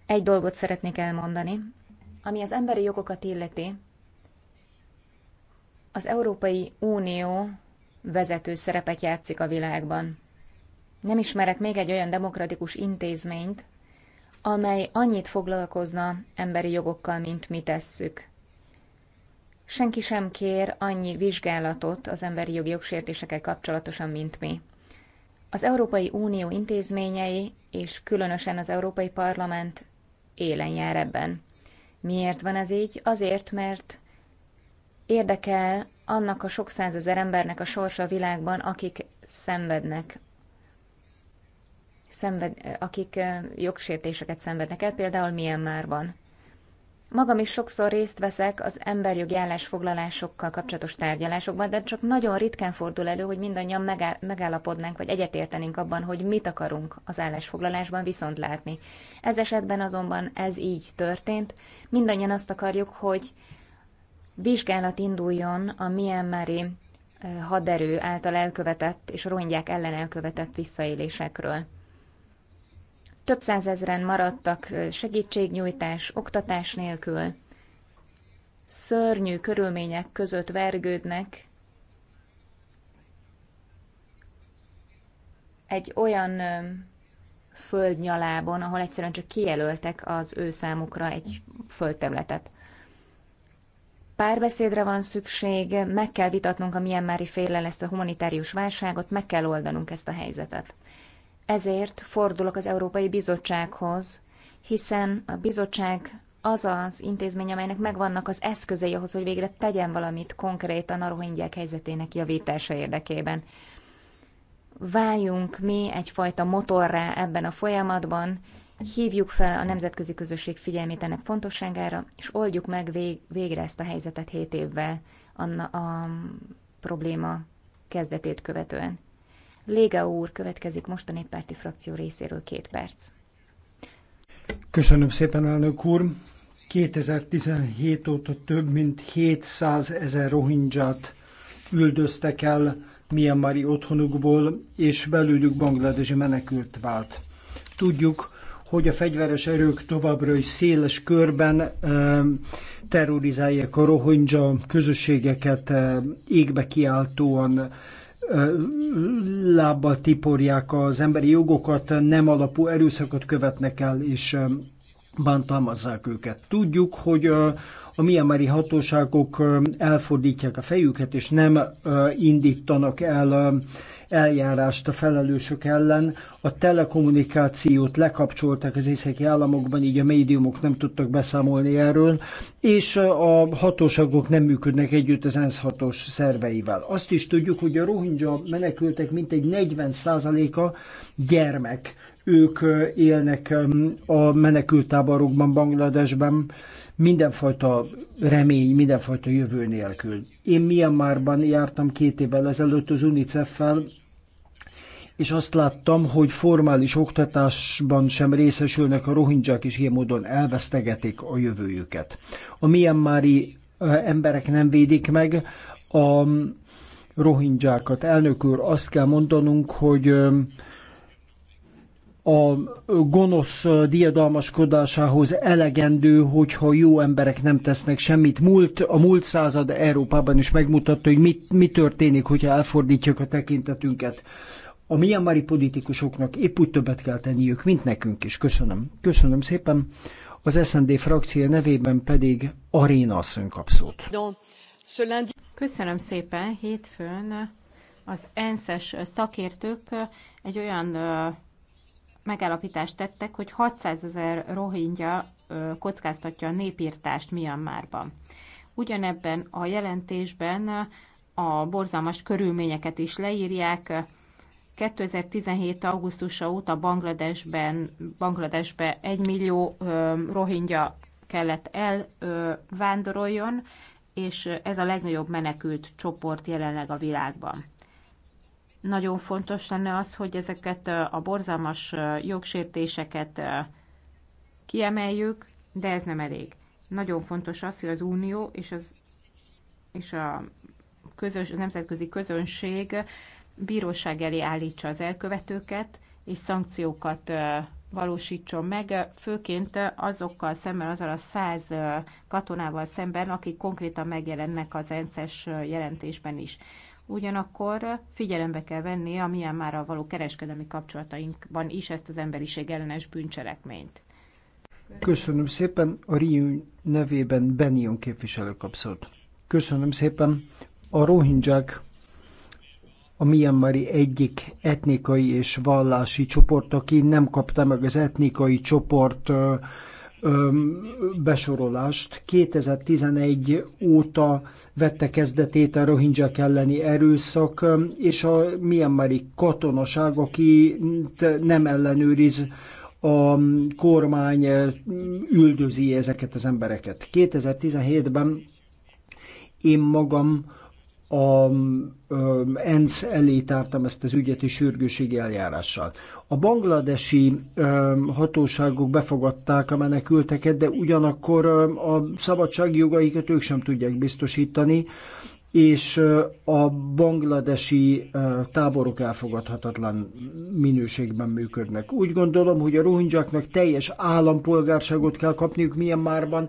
Egy dolgot szeretnék elmondani. Ami az emberi jogokat illeti, az Európai Unió vezető szerepet játszik a világban. Nem ismerek még egy olyan demokratikus intézményt, amely annyit foglalkozna emberi jogokkal, mint mi tesszük. Senki sem kér annyi vizsgálatot az emberi jogi jogsértésekkel kapcsolatosan, mint mi. Az Európai Unió intézményei, és különösen az Európai Parlament élen jár ebben. Miért van ez így? Azért, mert érdekel annak a sok százezer embernek a sorsa a világban, akik szenvednek, szenved, akik jogsértéseket szenvednek el, például Myanmarban. Magam is sokszor részt veszek az emberjogi állásfoglalásokkal kapcsolatos tárgyalásokban, de csak nagyon ritkán fordul elő, hogy mindannyian megállapodnánk, vagy egyetértenénk abban, hogy mit akarunk az állásfoglalásban viszont látni. Ez esetben azonban ez így történt. Mindannyian azt akarjuk, hogy vizsgálat induljon a Myanmari eh, haderő által elkövetett és rongyák ellen elkövetett visszaélésekről. Több százezren maradtak segítségnyújtás, oktatás nélkül. Szörnyű körülmények között vergődnek egy olyan földnyalábon, ahol egyszerűen csak kijelöltek az ő számukra egy földterületet. Párbeszédre van szükség, meg kell vitatnunk a Myanmari félel ezt a humanitárius válságot, meg kell oldanunk ezt a helyzetet. Ezért fordulok az Európai Bizottsághoz, hiszen a bizottság az az intézmény, amelynek megvannak az eszközei ahhoz, hogy végre tegyen valamit konkrétan a rohingyák helyzetének javítása érdekében. Váljunk mi egyfajta motorrá ebben a folyamatban, hívjuk fel a nemzetközi közösség figyelmét ennek fontosságára, és oldjuk meg vég, végre ezt a helyzetet 7 évvel a, a probléma kezdetét követően. Léga úr következik most a néppárti frakció részéről két perc. Köszönöm szépen, elnök úr! 2017 óta több mint 700 ezer rohingyát üldöztek el Myanmari otthonukból, és belőlük bangladesi menekült vált. Tudjuk, hogy a fegyveres erők továbbra is széles körben e, terrorizálják a rohingya közösségeket, e, égbe kiáltóan lábbal tiporják az emberi jogokat, nem alapú erőszakot követnek el, és bántalmazzák őket. Tudjuk, hogy a miamari hatóságok elfordítják a fejüket, és nem indítanak el eljárást a felelősök ellen. A telekommunikációt lekapcsolták az északi államokban, így a médiumok nem tudtak beszámolni erről, és a hatóságok nem működnek együtt az ENSZ hatós szerveivel. Azt is tudjuk, hogy a rohingya menekültek mintegy 40%-a gyermek. Ők élnek a menekültáborokban, Bangladesben, mindenfajta remény, mindenfajta jövő nélkül. Én Myanmarban jártam két évvel ezelőtt az UNICEF-fel, és azt láttam, hogy formális oktatásban sem részesülnek a rohingyák, és ilyen módon elvesztegetik a jövőjüket. A Myanmari emberek nem védik meg a rohingyákat. Elnök úr, azt kell mondanunk, hogy a gonosz diadalmaskodásához elegendő, hogyha jó emberek nem tesznek semmit. Múlt, a múlt század Európában is megmutatta, hogy mit, mi történik, hogyha elfordítjuk a tekintetünket. A mianmari politikusoknak épp úgy többet kell tenniük, mint nekünk is. Köszönöm. Köszönöm szépen. Az SND frakció nevében pedig Aréna asszony kapszót. Köszönöm szépen. Hétfőn az ENSZ-es szakértők egy olyan megállapítást tettek, hogy 600 ezer rohingya kockáztatja a népírtást Myanmarban. Ugyanebben a jelentésben a borzalmas körülményeket is leírják. 2017. augusztusa óta Bangladesben, Bangladesbe 1 millió rohingya kellett elvándoroljon, és ez a legnagyobb menekült csoport jelenleg a világban. Nagyon fontos lenne az, hogy ezeket a borzalmas jogsértéseket kiemeljük, de ez nem elég. Nagyon fontos az, hogy az Unió és, az, és a, közös, a nemzetközi közönség bíróság elé állítsa az elkövetőket, és szankciókat valósítson meg, főként azokkal szemben, azzal a száz katonával szemben, akik konkrétan megjelennek az ensz jelentésben is ugyanakkor figyelembe kell venni a a való kereskedelmi kapcsolatainkban is ezt az emberiség ellenes bűncselekményt. Köszönöm szépen, a Riu nevében Benion képviselő kapszott. Köszönöm szépen, a rohingyák a Myanmari egyik etnikai és vallási csoport, aki nem kapta meg az etnikai csoport besorolást. 2011 óta vette kezdetét a rohingyák elleni erőszak, és a Myanmari katonaság, aki nem ellenőriz a kormány üldözi ezeket az embereket. 2017-ben én magam a um, um, ENSZ elé tártam ezt az ügyet és sürgőségi eljárással. A bangladesi um, hatóságok befogadták a menekülteket, de ugyanakkor um, a jogaikat ők sem tudják biztosítani, és uh, a bangladesi uh, táborok elfogadhatatlan minőségben működnek. Úgy gondolom, hogy a rohingyáknak teljes állampolgárságot kell kapniuk milyen márban?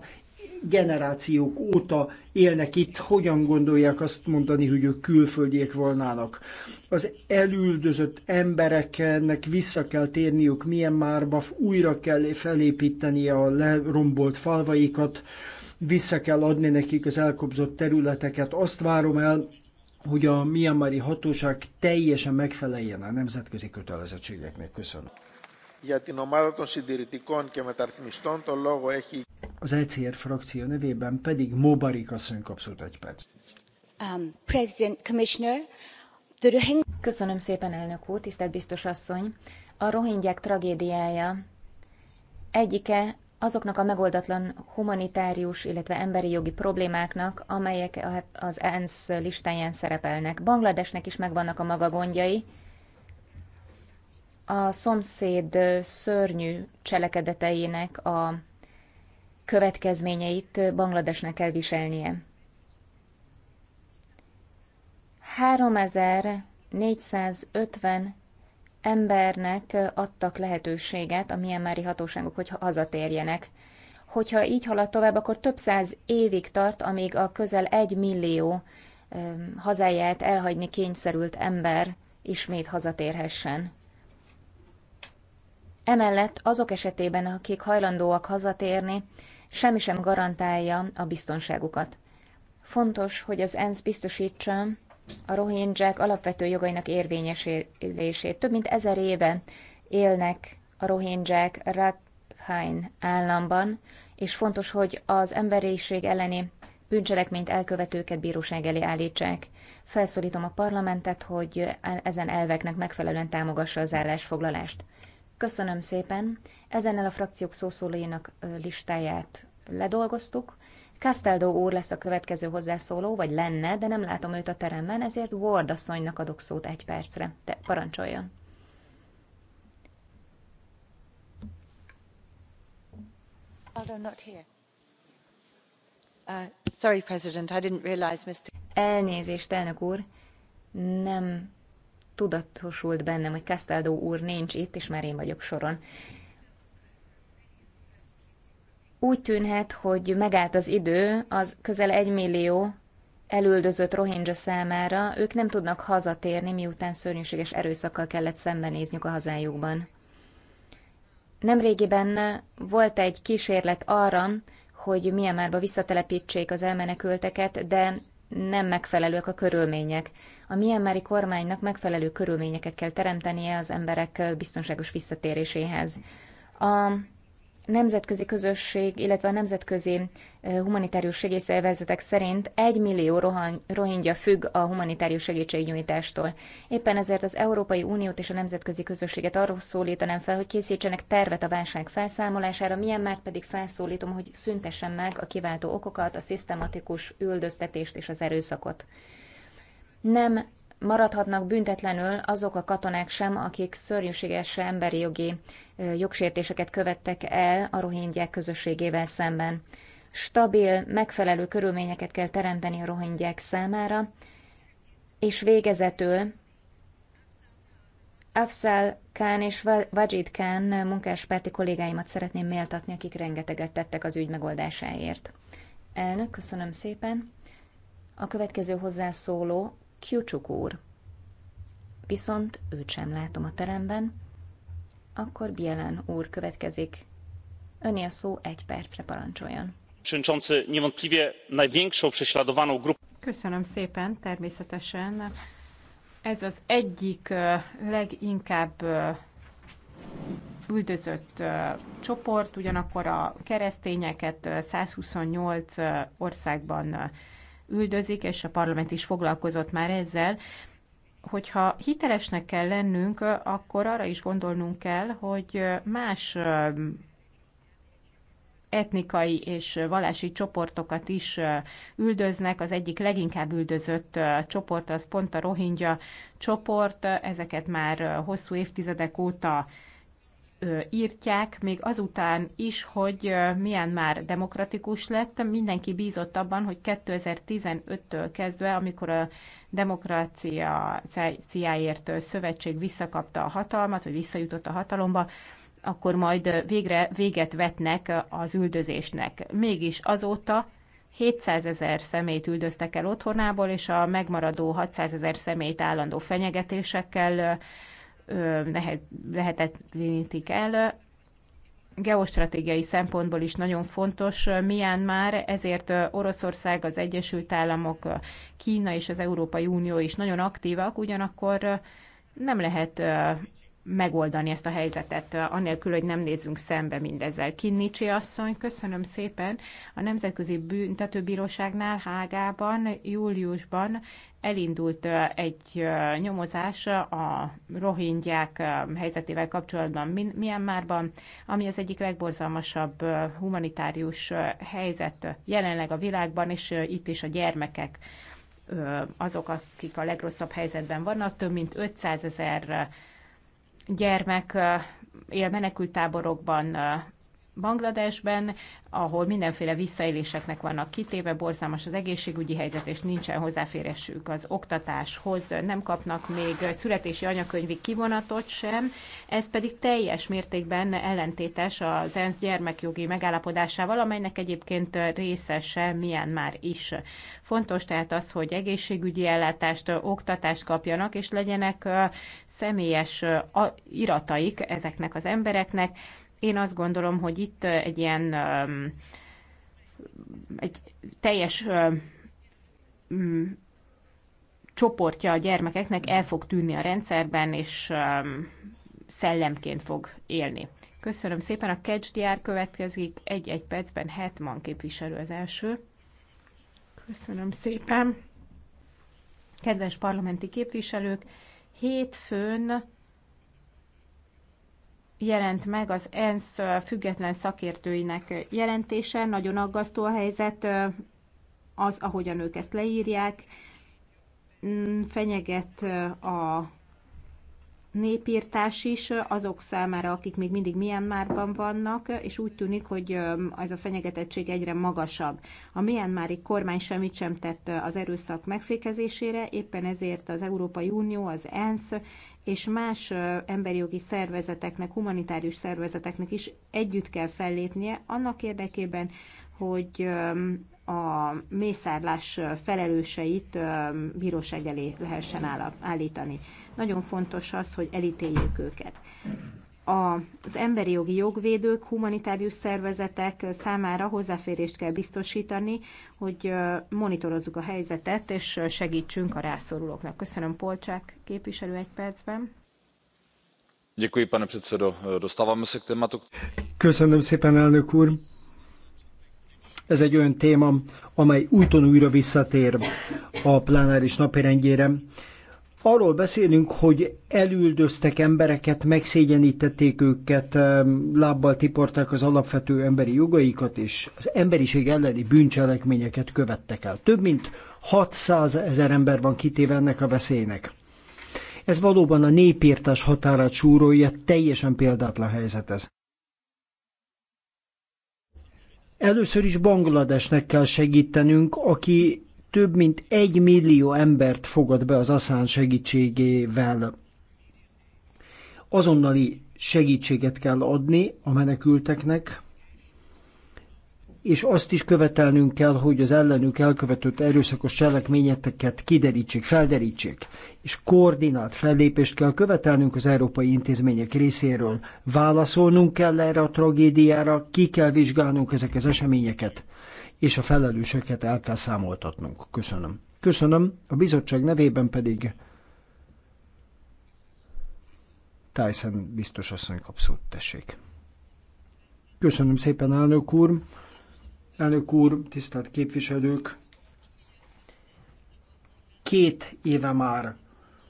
generációk óta élnek itt, hogyan gondolják azt mondani, hogy ők külföldiek volnának. Az elüldözött embereknek vissza kell térniük márba, újra kell felépítenie a lerombolt falvaikat, vissza kell adni nekik az elkobzott területeket. Azt várom el, hogy a Myanmari hatóság teljesen megfeleljen a nemzetközi kötelezettségeknek. Köszönöm. Για την ομάδα των συντηρητικών και μεταρρυθμιστών το λόγο έχει... Az ECR frakció nevében pedig Móbari asszony kapszott egy perc. Um, President Commissioner, the Rohing... Köszönöm szépen, elnök úr, tisztelt biztos asszony. A rohingyák tragédiája egyike azoknak a megoldatlan humanitárius, illetve emberi jogi problémáknak, amelyek az ENSZ listáján szerepelnek. Bangladesnek is megvannak a maga gondjai, a szomszéd szörnyű cselekedeteinek a következményeit Bangladesnek kell viselnie. 3450 embernek adtak lehetőséget a Myanmari hatóságok, hogy hazatérjenek. Hogyha így halad tovább, akkor több száz évig tart, amíg a közel egy millió hazáját elhagyni kényszerült ember ismét hazatérhessen. Emellett azok esetében, akik hajlandóak hazatérni, semmi sem garantálja a biztonságukat. Fontos, hogy az ENSZ biztosítsa a rohingyák alapvető jogainak érvényesülését. Több mint ezer éve élnek a rohingyák Rakhine államban, és fontos, hogy az emberiség elleni bűncselekményt elkövetőket bíróság elé állítsák. Felszólítom a parlamentet, hogy ezen elveknek megfelelően támogassa az állásfoglalást. Köszönöm szépen. Ezennel a frakciók szószólóinak listáját ledolgoztuk. Castaldo úr lesz a következő hozzászóló, vagy lenne, de nem látom őt a teremben, ezért Ward asszonynak adok szót egy percre. Te parancsoljon. Uh, Elnézést, elnök úr, nem tudatosult bennem, hogy Castaldo úr nincs itt, és már én vagyok soron. Úgy tűnhet, hogy megállt az idő, az közel egy millió elüldözött rohingya számára, ők nem tudnak hazatérni, miután szörnyűséges erőszakkal kellett szembenézniük a hazájukban. Nemrégiben volt egy kísérlet arra, hogy Myanmarba visszatelepítsék az elmenekülteket, de nem megfelelőek a körülmények. A Myanmari kormánynak megfelelő körülményeket kell teremtenie az emberek biztonságos visszatéréséhez. A nemzetközi közösség, illetve a nemzetközi humanitárius segélyszervezetek szerint 1 millió rohingya függ a humanitárius segítségnyújtástól. Éppen ezért az Európai Uniót és a nemzetközi közösséget arról szólítanám fel, hogy készítsenek tervet a válság felszámolására, milyen már pedig felszólítom, hogy szüntessen meg a kiváltó okokat, a szisztematikus üldöztetést és az erőszakot. Nem maradhatnak büntetlenül azok a katonák sem, akik szörnyűséges emberi jogi jogsértéseket követtek el a rohingyák közösségével szemben. Stabil, megfelelő körülményeket kell teremteni a rohingyák számára, és végezetül Afzal Khan és Vajid Khan munkáspárti kollégáimat szeretném méltatni, akik rengeteget tettek az ügy megoldásáért. Elnök, köszönöm szépen. A következő hozzászóló Kyucsuk úr. Viszont őt sem látom a teremben. Akkor Bielen úr következik. Öné a szó egy percre parancsoljon. Köszönöm szépen, természetesen. Ez az egyik leginkább üldözött csoport, ugyanakkor a keresztényeket 128 országban üldözik, és a parlament is foglalkozott már ezzel, hogyha hitelesnek kell lennünk, akkor arra is gondolnunk kell, hogy más etnikai és valási csoportokat is üldöznek. Az egyik leginkább üldözött csoport az pont a rohingya csoport. Ezeket már hosszú évtizedek óta írtják, még azután is, hogy milyen már demokratikus lett. Mindenki bízott abban, hogy 2015-től kezdve, amikor a demokrácia demokráciáért szövetség visszakapta a hatalmat, vagy visszajutott a hatalomba, akkor majd végre véget vetnek az üldözésnek. Mégis azóta 700 ezer szemét üldöztek el otthonából, és a megmaradó 600 ezer szemét állandó fenyegetésekkel lehetetlenítik el. Geostratégiai szempontból is nagyon fontos milyen már, ezért Oroszország, az Egyesült Államok, Kína és az Európai Unió is nagyon aktívak, ugyanakkor nem lehet megoldani ezt a helyzetet, anélkül, hogy nem nézzünk szembe mindezzel. Kinnicsi asszony, köszönöm szépen. A Nemzetközi Büntetőbíróságnál Hágában júliusban elindult egy nyomozás a rohingyák helyzetével kapcsolatban Myanmarban, ami az egyik legborzalmasabb humanitárius helyzet jelenleg a világban, és itt is a gyermekek azok, akik a legrosszabb helyzetben vannak, több mint 500 ezer gyermek él menekültáborokban Bangladesben, ahol mindenféle visszaéléseknek vannak kitéve, borzalmas az egészségügyi helyzet, és nincsen hozzáférésük az oktatáshoz, nem kapnak még születési anyakönyvi kivonatot sem, ez pedig teljes mértékben ellentétes az ENSZ gyermekjogi megállapodásával, amelynek egyébként részese milyen már is. Fontos tehát az, hogy egészségügyi ellátást, oktatást kapjanak, és legyenek személyes irataik ezeknek az embereknek. Én azt gondolom, hogy itt egy ilyen egy teljes csoportja a gyermekeknek el fog tűnni a rendszerben, és szellemként fog élni. Köszönöm szépen, a kecsdiár következik, egy-egy percben Hetman képviselő az első. Köszönöm szépen. Kedves parlamenti képviselők, hétfőn jelent meg az ENSZ független szakértőinek jelentése. Nagyon aggasztó a helyzet, az, ahogyan ők ezt leírják, mm, fenyeget a népírtás is azok számára, akik még mindig Myanmarban vannak, és úgy tűnik, hogy ez a fenyegetettség egyre magasabb. A Myanmari kormány semmit sem tett az erőszak megfékezésére, éppen ezért az Európai Unió, az ENSZ és más emberi jogi szervezeteknek, humanitárius szervezeteknek is együtt kell fellépnie annak érdekében, hogy a mészárlás felelőseit bíróság elé lehessen állítani. Nagyon fontos az, hogy elítéljük őket. Az emberi jogi jogvédők, humanitárius szervezetek számára hozzáférést kell biztosítani, hogy monitorozzuk a helyzetet, és segítsünk a rászorulóknak. Köszönöm, Polcsák képviselő egy percben. Děkuji, pane předsedo. Dostáváme se k tématu. Köszönöm szépen, elnök úr. Ez egy olyan téma, amely újton újra visszatér a plenáris napirendjére. Arról beszélünk, hogy elüldöztek embereket, megszégyenítették őket, lábbal tiporták az alapvető emberi jogaikat, és az emberiség elleni bűncselekményeket követtek el. Több mint 600 ezer ember van kitéve ennek a veszélynek. Ez valóban a népírtás határát súrolja, teljesen példátlan helyzet ez. Először is Bangladesnek kell segítenünk, aki több mint egy millió embert fogad be az aszán segítségével. Azonnali segítséget kell adni a menekülteknek, és azt is követelnünk kell, hogy az ellenük elkövetett erőszakos cselekményeket kiderítsék, felderítsék, és koordinált fellépést kell követelnünk az európai intézmények részéről. Válaszolnunk kell erre a tragédiára, ki kell vizsgálnunk ezek az eseményeket, és a felelőseket el kell számoltatnunk. Köszönöm. Köszönöm, a bizottság nevében pedig Tyson biztos asszony kap tessék. Köszönöm szépen, elnök úr. Elnök úr, tisztelt képviselők! Két éve már,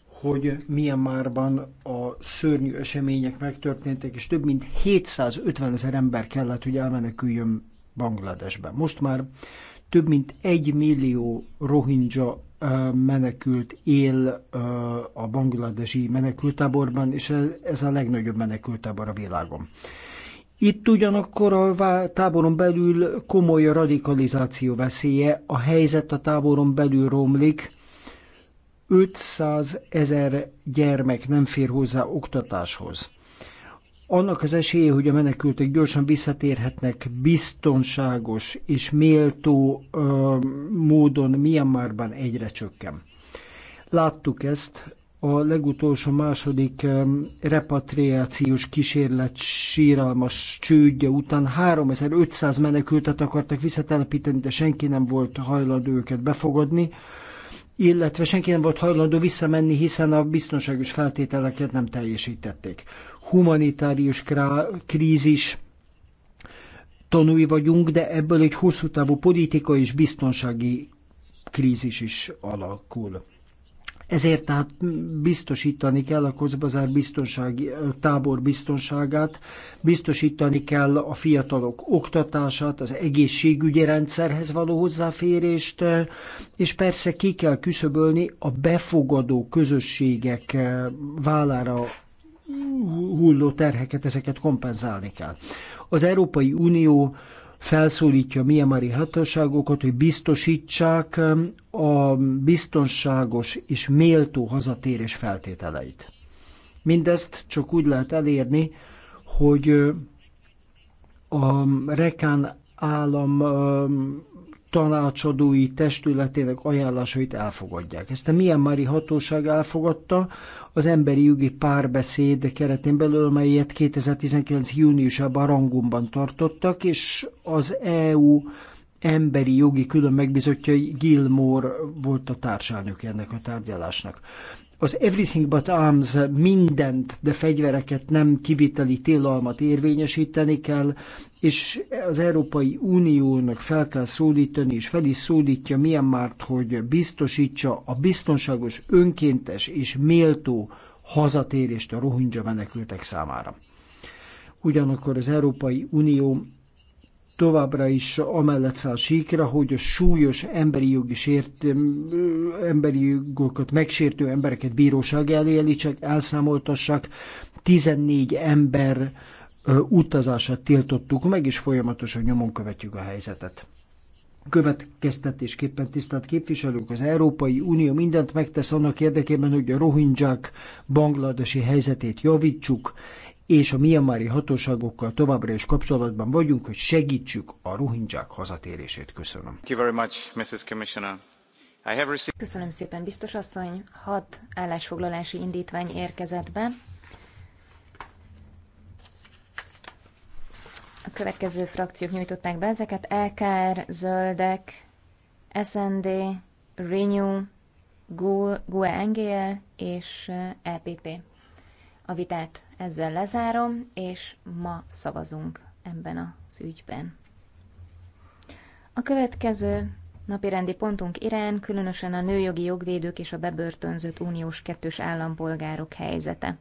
hogy márban a szörnyű események megtörténtek, és több mint 750 ezer ember kellett, hogy elmeneküljön Bangladesbe. Most már több mint egy millió rohingya menekült él a bangladesi menekültáborban, és ez a legnagyobb menekültábor a világon. Itt ugyanakkor a táboron belül komoly radikalizáció veszélye, a helyzet a táboron belül romlik, 500 ezer gyermek nem fér hozzá oktatáshoz. Annak az esélye, hogy a menekültek gyorsan visszatérhetnek biztonságos és méltó ö, módon Myanmarban egyre csökken. Láttuk ezt a legutolsó második repatriációs kísérlet síralmas csődje után 3500 menekültet akartak visszatelepíteni, de senki nem volt hajlandó őket befogadni, illetve senki nem volt hajlandó visszamenni, hiszen a biztonságos feltételeket nem teljesítették. Humanitárius krá- krízis tanúi vagyunk, de ebből egy hosszú távú politikai és biztonsági krízis is alakul ezért tehát biztosítani kell a Kozbazár biztonsági, tábor biztonságát, biztosítani kell a fiatalok oktatását, az egészségügyi rendszerhez való hozzáférést, és persze ki kell küszöbölni a befogadó közösségek vállára hulló terheket, ezeket kompenzálni kell. Az Európai Unió felszólítja a miamari hatóságokat, hogy biztosítsák um, a biztonságos és méltó hazatérés feltételeit. Mindezt csak úgy lehet elérni, hogy um, a Rekán állam um, tanácsadói testületének ajánlásait elfogadják. Ezt a milyen Myanmari hatóság elfogadta az emberi jogi párbeszéd keretén belül, amelyet 2019. júniusában Rangumban tartottak, és az EU emberi jogi külön megbizotja Gilmore volt a társelnök ennek a tárgyalásnak az Everything But Arms mindent, de fegyvereket nem kiviteli tilalmat érvényesíteni kell, és az Európai Uniónak fel kell szólítani, és fel is szólítja Myanmart, hogy biztosítsa a biztonságos, önkéntes és méltó hazatérést a rohingya menekültek számára. Ugyanakkor az Európai Unió továbbra is amellett száll síkra, hogy a súlyos emberi jogi sért, emberi jogokat megsértő embereket bíróság elé elítsek, elszámoltassak. 14 ember utazását tiltottuk meg, és folyamatosan nyomon követjük a helyzetet. Következtetésképpen tisztelt képviselők, az Európai Unió mindent megtesz annak érdekében, hogy a rohingyák bangladesi helyzetét javítsuk, és a Myanmari hatóságokkal továbbra is kapcsolatban vagyunk, hogy segítsük a ruhincsák hazatérését. Köszönöm. Köszönöm szépen, biztos asszony. Hat állásfoglalási indítvány érkezett be. A következő frakciók nyújtották be ezeket. LKR, Zöldek, SND, Renew, GUE, GUE NGL és EPP. Eh, e a vitát ezzel lezárom, és ma szavazunk ebben az ügyben. A következő napirendi pontunk Irán, különösen a nőjogi jogvédők és a bebörtönzött uniós kettős állampolgárok helyzete.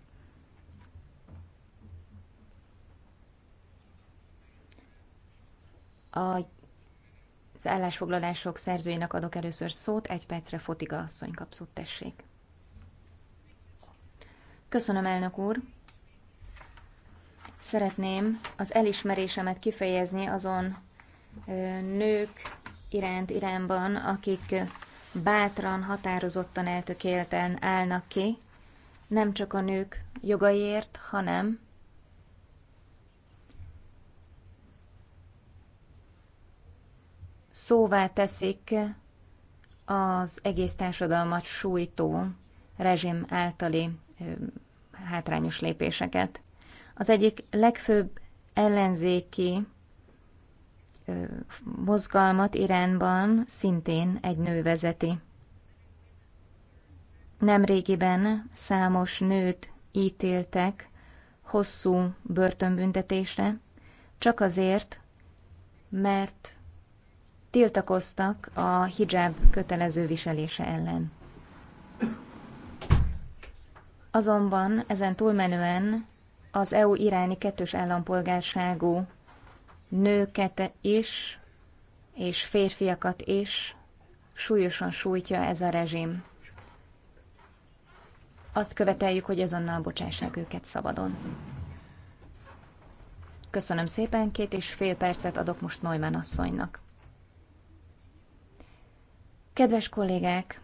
A az állásfoglalások szerzőinek adok először szót, egy percre Fotiga asszony kapszott tessék. Köszönöm, elnök úr! Szeretném az elismerésemet kifejezni azon nők iránt Iránban, akik bátran, határozottan, eltökélten állnak ki, nem csak a nők jogaiért, hanem szóvá teszik az egész társadalmat sújtó rezsim általi hátrányos lépéseket. Az egyik legfőbb ellenzéki mozgalmat Iránban szintén egy nő vezeti. Nemrégiben számos nőt ítéltek hosszú börtönbüntetésre, csak azért, mert tiltakoztak a hijab kötelező viselése ellen. Azonban ezen túlmenően az EU iráni kettős állampolgárságú nőket is, és férfiakat is súlyosan sújtja ez a rezsim. Azt követeljük, hogy azonnal bocsássák őket szabadon. Köszönöm szépen, két és fél percet adok most Neumann asszonynak. Kedves kollégák!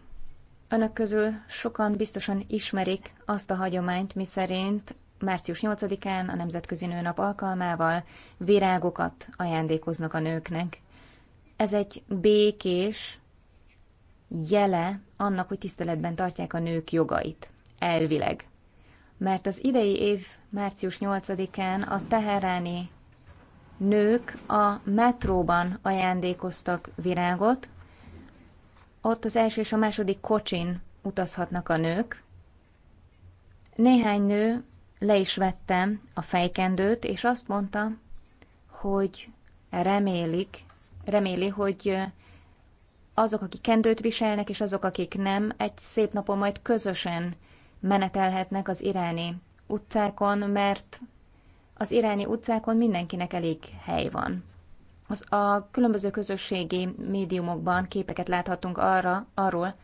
Önök közül sokan biztosan ismerik azt a hagyományt, miszerint március 8-án a Nemzetközi Nőnap alkalmával virágokat ajándékoznak a nőknek. Ez egy békés jele annak, hogy tiszteletben tartják a nők jogait. Elvileg. Mert az idei év március 8-án a teheráni nők a metróban ajándékoztak virágot, ott az első és a második kocsin utazhatnak a nők. Néhány nő le is vette a fejkendőt, és azt mondta, hogy remélik, reméli, hogy azok, akik kendőt viselnek, és azok, akik nem, egy szép napon majd közösen menetelhetnek az iráni utcákon, mert az iráni utcákon mindenkinek elég hely van. Az a különböző közösségi médiumokban képeket láthatunk arra, arról,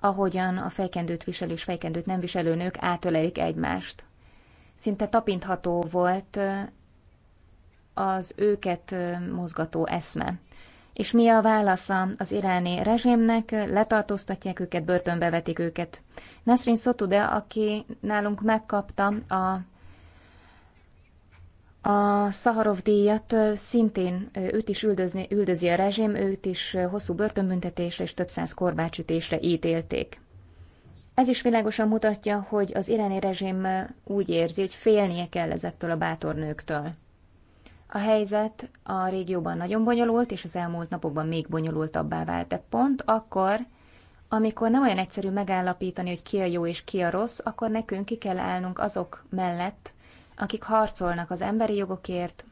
ahogyan a fejkendőt viselő és fejkendőt nem viselő nők átölelik egymást. Szinte tapintható volt az őket mozgató eszme. És mi a válasza az iráni rezsémnek? Letartóztatják őket, börtönbe vetik őket. Nasrin Sotude, aki nálunk megkapta a a Szaharov díjat szintén őt is üldözni, üldözi a rezsim, őt is hosszú börtönbüntetésre és több száz korbácsütésre ítélték. Ez is világosan mutatja, hogy az iráni rezsim úgy érzi, hogy félnie kell ezektől a bátor nőktől. A helyzet a régióban nagyon bonyolult, és az elmúlt napokban még bonyolultabbá vált, de pont akkor, amikor nem olyan egyszerű megállapítani, hogy ki a jó és ki a rossz, akkor nekünk ki kell állnunk azok mellett, akik harcolnak az emberi jogokért,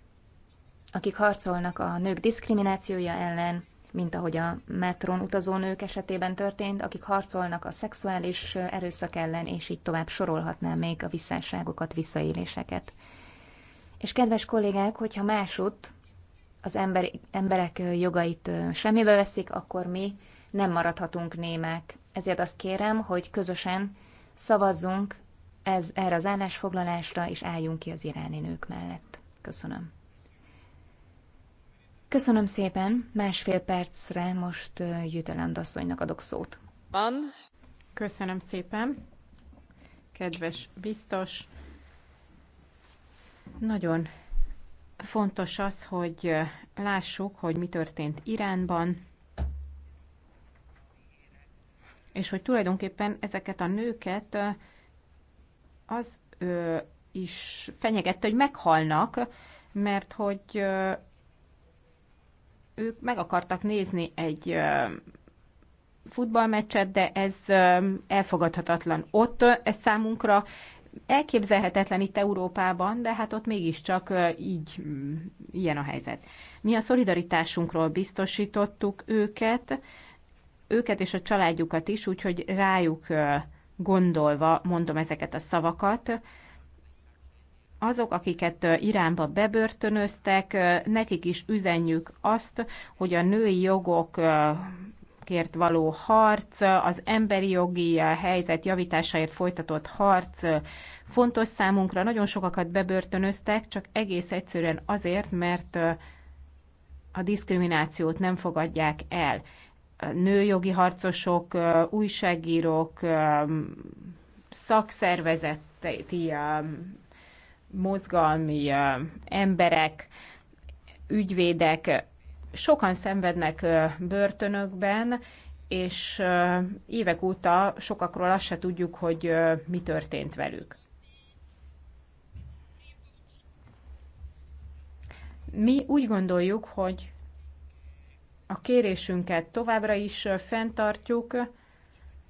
akik harcolnak a nők diszkriminációja ellen, mint ahogy a metron utazó nők esetében történt, akik harcolnak a szexuális erőszak ellen, és így tovább sorolhatnám még a visszáságokat, visszaéléseket. És kedves kollégák, hogyha másút az emberi, emberek jogait semmibe veszik, akkor mi nem maradhatunk némák. Ezért azt kérem, hogy közösen szavazzunk ez, erre az állásfoglalásra, és álljunk ki az iráni nők mellett. Köszönöm. Köszönöm szépen, másfél percre most Jüteland asszonynak adok szót. Van. Köszönöm szépen, kedves biztos. Nagyon fontos az, hogy lássuk, hogy mi történt Iránban, és hogy tulajdonképpen ezeket a nőket az ö, is fenyegette, hogy meghalnak, mert hogy ö, ők meg akartak nézni egy ö, futballmeccset, de ez ö, elfogadhatatlan. Ott ö, ez számunkra elképzelhetetlen itt Európában, de hát ott mégiscsak így ilyen a helyzet. Mi a szolidaritásunkról biztosítottuk őket, őket és a családjukat is, úgyhogy rájuk gondolva mondom ezeket a szavakat. Azok, akiket Iránba bebörtönöztek, nekik is üzenjük azt, hogy a női jogok kért való harc, az emberi jogi helyzet javításáért folytatott harc fontos számunkra. Nagyon sokakat bebörtönöztek, csak egész egyszerűen azért, mert a diszkriminációt nem fogadják el nőjogi harcosok, újságírók, szakszervezeti mozgalmi emberek, ügyvédek, sokan szenvednek börtönökben, és évek óta sokakról azt se tudjuk, hogy mi történt velük. Mi úgy gondoljuk, hogy a kérésünket továbbra is fenntartjuk,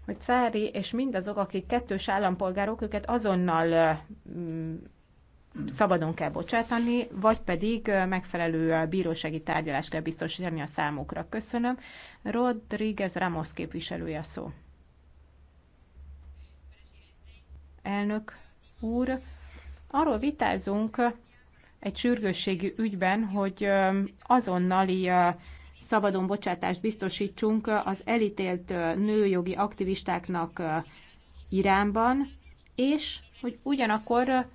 hogy Cári és mindazok, akik kettős állampolgárok, őket azonnal szabadon kell bocsátani, vagy pedig megfelelő bírósági tárgyalást kell biztosítani a számukra. Köszönöm. Rodríguez Ramos képviselője a szó. Elnök úr, arról vitázunk egy sürgősségi ügyben, hogy azonnali szabadon bocsátást biztosítsunk az elítélt nőjogi aktivistáknak Iránban, és hogy ugyanakkor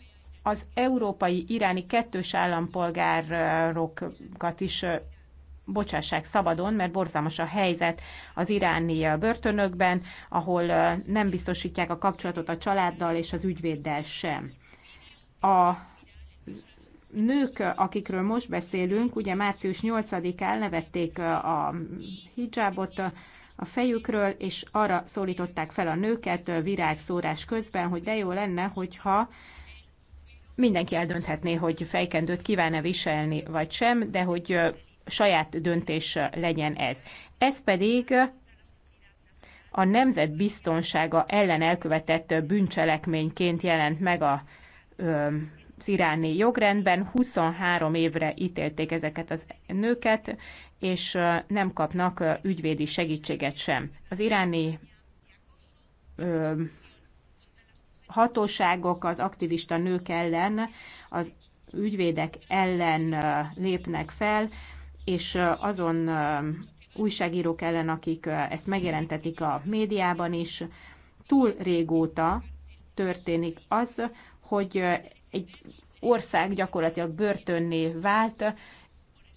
az európai iráni kettős állampolgárokat is bocsássák szabadon, mert borzalmas a helyzet az iráni börtönökben, ahol nem biztosítják a kapcsolatot a családdal és az ügyvéddel sem. A nők, akikről most beszélünk, ugye március 8-án levették a hijabot a fejükről, és arra szólították fel a nőket virágszórás közben, hogy de jó lenne, hogyha mindenki eldönthetné, hogy fejkendőt kíván-e viselni, vagy sem, de hogy saját döntés legyen ez. Ez pedig a nemzet biztonsága ellen elkövetett bűncselekményként jelent meg a iráni jogrendben 23 évre ítélték ezeket az nőket, és nem kapnak ügyvédi segítséget sem. Az iráni hatóságok az aktivista nők ellen, az ügyvédek ellen lépnek fel, és azon újságírók ellen, akik ezt megjelentetik a médiában is, túl régóta történik az, hogy egy ország gyakorlatilag börtönné vált.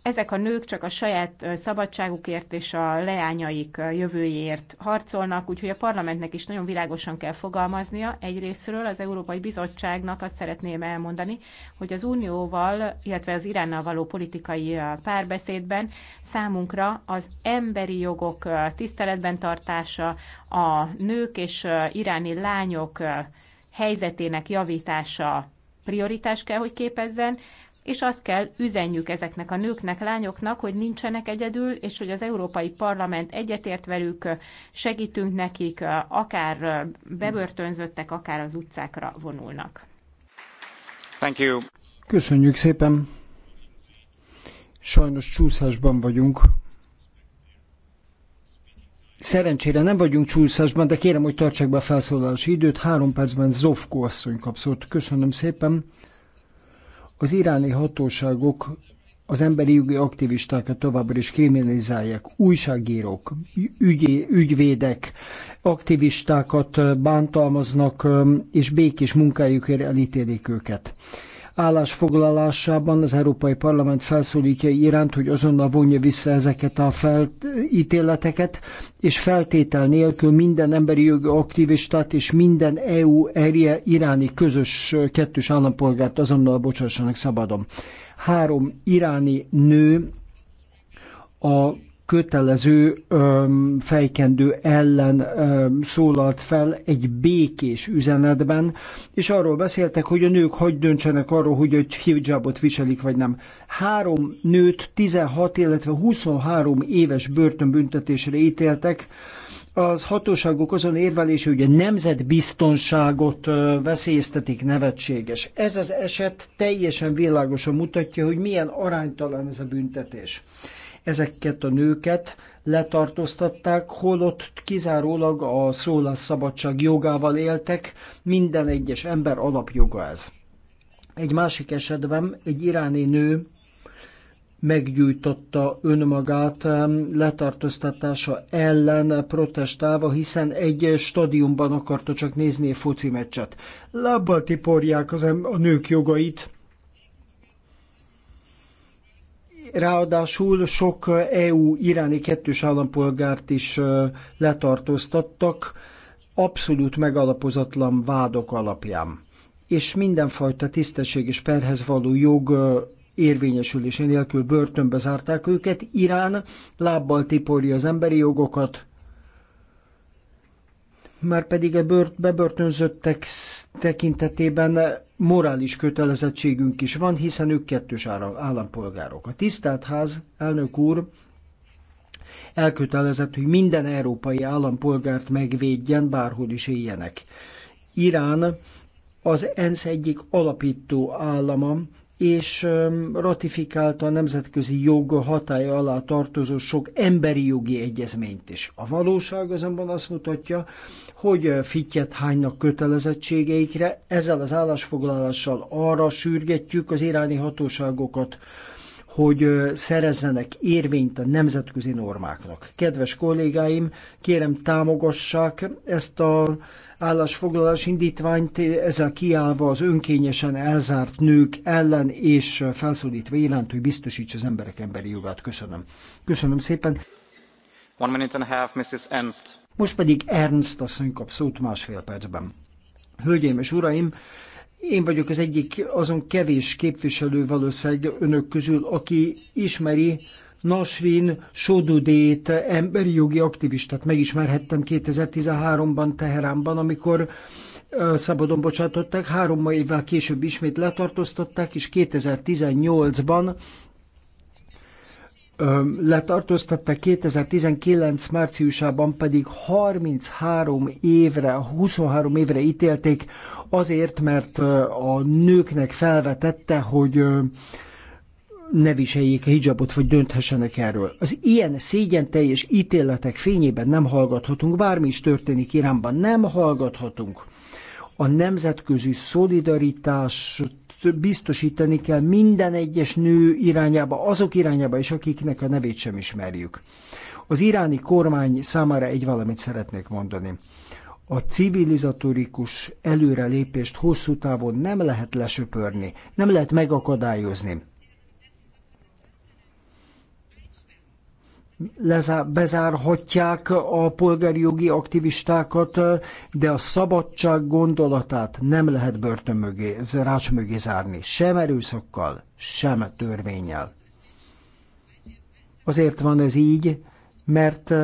Ezek a nők csak a saját szabadságukért és a leányaik jövőjéért harcolnak, úgyhogy a parlamentnek is nagyon világosan kell fogalmaznia. Egyrésztről az Európai Bizottságnak azt szeretném elmondani, hogy az Unióval, illetve az Iránnal való politikai párbeszédben számunkra az emberi jogok tiszteletben tartása, a nők és iráni lányok helyzetének javítása prioritás kell, hogy képezzen, és azt kell üzenjük ezeknek a nőknek, lányoknak, hogy nincsenek egyedül, és hogy az Európai Parlament egyetért velük, segítünk nekik, akár bebörtönzöttek, akár az utcákra vonulnak. Thank you. Köszönjük szépen! Sajnos csúszásban vagyunk, Szerencsére nem vagyunk csúszásban, de kérem, hogy tartsák be a felszólalási időt. Három percben Zofko asszony kapszott. Köszönöm szépen. Az iráni hatóságok az emberi jogi aktivistákat továbbra is kriminalizálják. Újságírók, ügyi, ügyvédek, aktivistákat bántalmaznak, és békés munkájukért elítélik őket állásfoglalásában az Európai Parlament felszólítja iránt, hogy azonnal vonja vissza ezeket a ítéleteket, és feltétel nélkül minden emberi jogi aktivistát és minden EU erje iráni közös kettős állampolgárt azonnal bocsássanak szabadon. Három iráni nő a kötelező fejkendő ellen szólalt fel egy békés üzenetben, és arról beszéltek, hogy a nők hogy döntsenek arról, hogy egy hijabot viselik vagy nem. Három nőt 16, illetve 23 éves börtönbüntetésre ítéltek, az hatóságok azon érvelése, hogy a nemzetbiztonságot veszélyeztetik nevetséges. Ez az eset teljesen világosan mutatja, hogy milyen aránytalan ez a büntetés ezeket a nőket letartóztatták, holott kizárólag a szólásszabadság jogával éltek, minden egyes ember alapjoga ez. Egy másik esetben egy iráni nő meggyújtotta önmagát letartóztatása ellen protestálva, hiszen egy stadionban akarta csak nézni a foci meccset. Lábbal tiporják az em- a nők jogait, Ráadásul sok EU-iráni kettős állampolgárt is letartóztattak, abszolút megalapozatlan vádok alapján. És mindenfajta tisztességes perhez való jog érvényesülése nélkül börtönbe zárták őket. Irán lábbal tiporja az emberi jogokat, már pedig a bört, bebörtönzöttek tekintetében morális kötelezettségünk is van, hiszen ők kettős állampolgárok. A tisztelt ház, elnök úr, elkötelezett, hogy minden európai állampolgárt megvédjen, bárhol is éljenek. Irán az ENSZ egyik alapító állama, és ratifikálta a nemzetközi jog hatája alá tartozó sok emberi jogi egyezményt is. A valóság azonban azt mutatja, hogy fittyet hánynak kötelezettségeikre, ezzel az állásfoglalással arra sürgetjük az iráni hatóságokat, hogy szerezzenek érvényt a nemzetközi normáknak. Kedves kollégáim, kérem támogassák ezt a állásfoglalás indítványt, ezzel kiállva az önkényesen elzárt nők ellen, és felszólítva iránt, hogy biztosíts az emberek emberi jogát. Köszönöm. Köszönöm szépen. One minute and a half, Mrs. Ernst. Most pedig Ernst asszony kap szót másfél percben. Hölgyeim és uraim, én vagyok az egyik azon kevés képviselő valószínűleg önök közül, aki ismeri Nasvin Sodudét, emberi jogi aktivistát megismerhettem 2013-ban Teheránban, amikor szabadon bocsátották, három évvel később ismét letartóztatták, és 2018-ban letartóztatták, 2019 márciusában pedig 33 évre, 23 évre ítélték azért, mert a nőknek felvetette, hogy ne viseljék a hijabot, vagy dönthessenek erről. Az ilyen szégyen teljes ítéletek fényében nem hallgathatunk, bármi is történik Iránban, nem hallgathatunk. A nemzetközi szolidaritást biztosítani kell minden egyes nő irányába, azok irányába is, akiknek a nevét sem ismerjük. Az iráni kormány számára egy valamit szeretnék mondani. A civilizatorikus előrelépést hosszú távon nem lehet lesöpörni, nem lehet megakadályozni. bezárhatják a polgári jogi aktivistákat, de a szabadság gondolatát nem lehet börtön mögé, rács mögé zárni, sem erőszakkal, sem törvényel. Azért van ez így, mert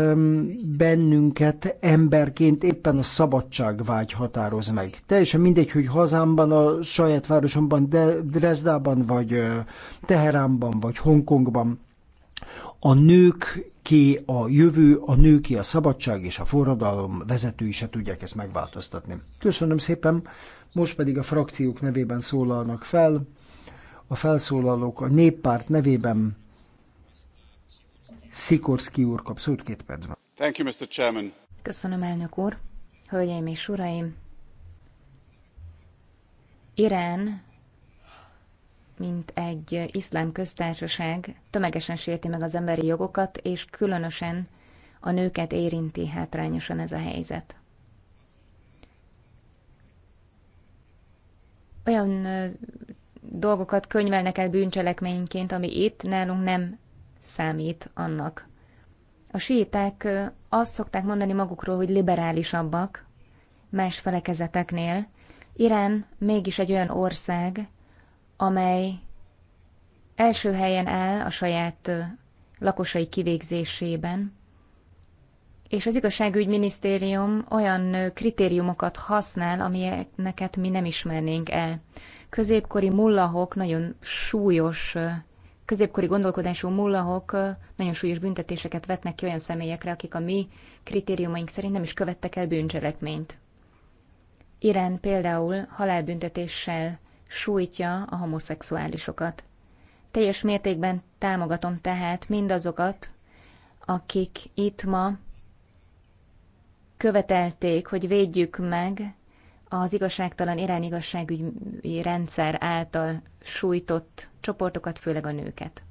bennünket emberként éppen a szabadság vágy határoz meg. Teljesen mindegy, hogy hazámban, a saját városomban, Dresdában, vagy Teheránban, vagy Hongkongban a nők ki a jövő, a nő ki a szabadság és a forradalom vezetői se tudják ezt megváltoztatni. Köszönöm szépen, most pedig a frakciók nevében szólalnak fel. A felszólalók a néppárt nevében Szikorszki úr kap szót két percben. Thank you, Mr. Chairman. Köszönöm, elnök úr. Hölgyeim és uraim! Irán mint egy iszlám köztársaság tömegesen sérti meg az emberi jogokat, és különösen a nőket érinti hátrányosan ez a helyzet. Olyan dolgokat könyvelnek el bűncselekményként, ami itt nálunk nem számít annak. A síták azt szokták mondani magukról, hogy liberálisabbak más felekezeteknél. Irán mégis egy olyan ország, amely első helyen áll a saját lakosai kivégzésében, és az igazságügyminisztérium olyan kritériumokat használ, amilyeneket mi nem ismernénk el. Középkori mullahok nagyon súlyos, középkori gondolkodású mullahok nagyon súlyos büntetéseket vetnek ki olyan személyekre, akik a mi kritériumaink szerint nem is követtek el bűncselekményt. Irán például halálbüntetéssel sújtja a homoszexuálisokat. Teljes mértékben támogatom tehát mindazokat, akik itt ma követelték, hogy védjük meg az igazságtalan irányigazságügyi rendszer által sújtott csoportokat, főleg a nőket.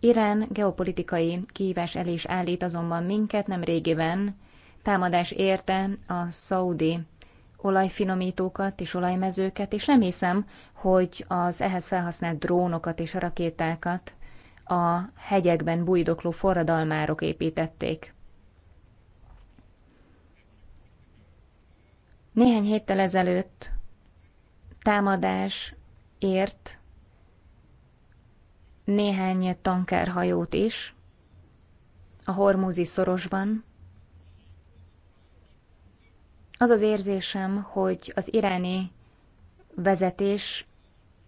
Irán geopolitikai kihívás elé is állít azonban minket nem régiben, támadás érte a szaudi olajfinomítókat és olajmezőket, és nem hiszem, hogy az ehhez felhasznált drónokat és rakétákat a hegyekben bujdokló forradalmárok építették. Néhány héttel ezelőtt támadás ért néhány tankerhajót is a hormúzi szorosban, az az érzésem, hogy az iráni vezetés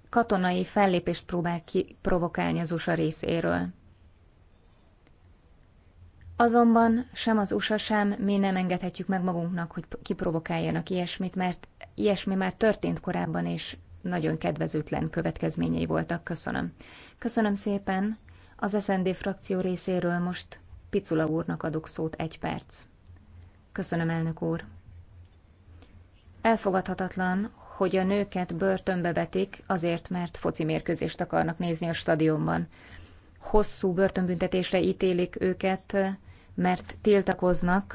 katonai fellépést próbál ki provokálni az USA részéről. Azonban sem az USA, sem mi nem engedhetjük meg magunknak, hogy kiprovokáljanak ilyesmit, mert ilyesmi már történt korábban, és nagyon kedvezőtlen következményei voltak. Köszönöm. Köszönöm szépen. Az SND frakció részéről most Picula úrnak adok szót egy perc. Köszönöm, elnök úr. Elfogadhatatlan, hogy a nőket börtönbe vetik azért, mert foci mérkőzést akarnak nézni a stadionban. Hosszú börtönbüntetésre ítélik őket, mert tiltakoznak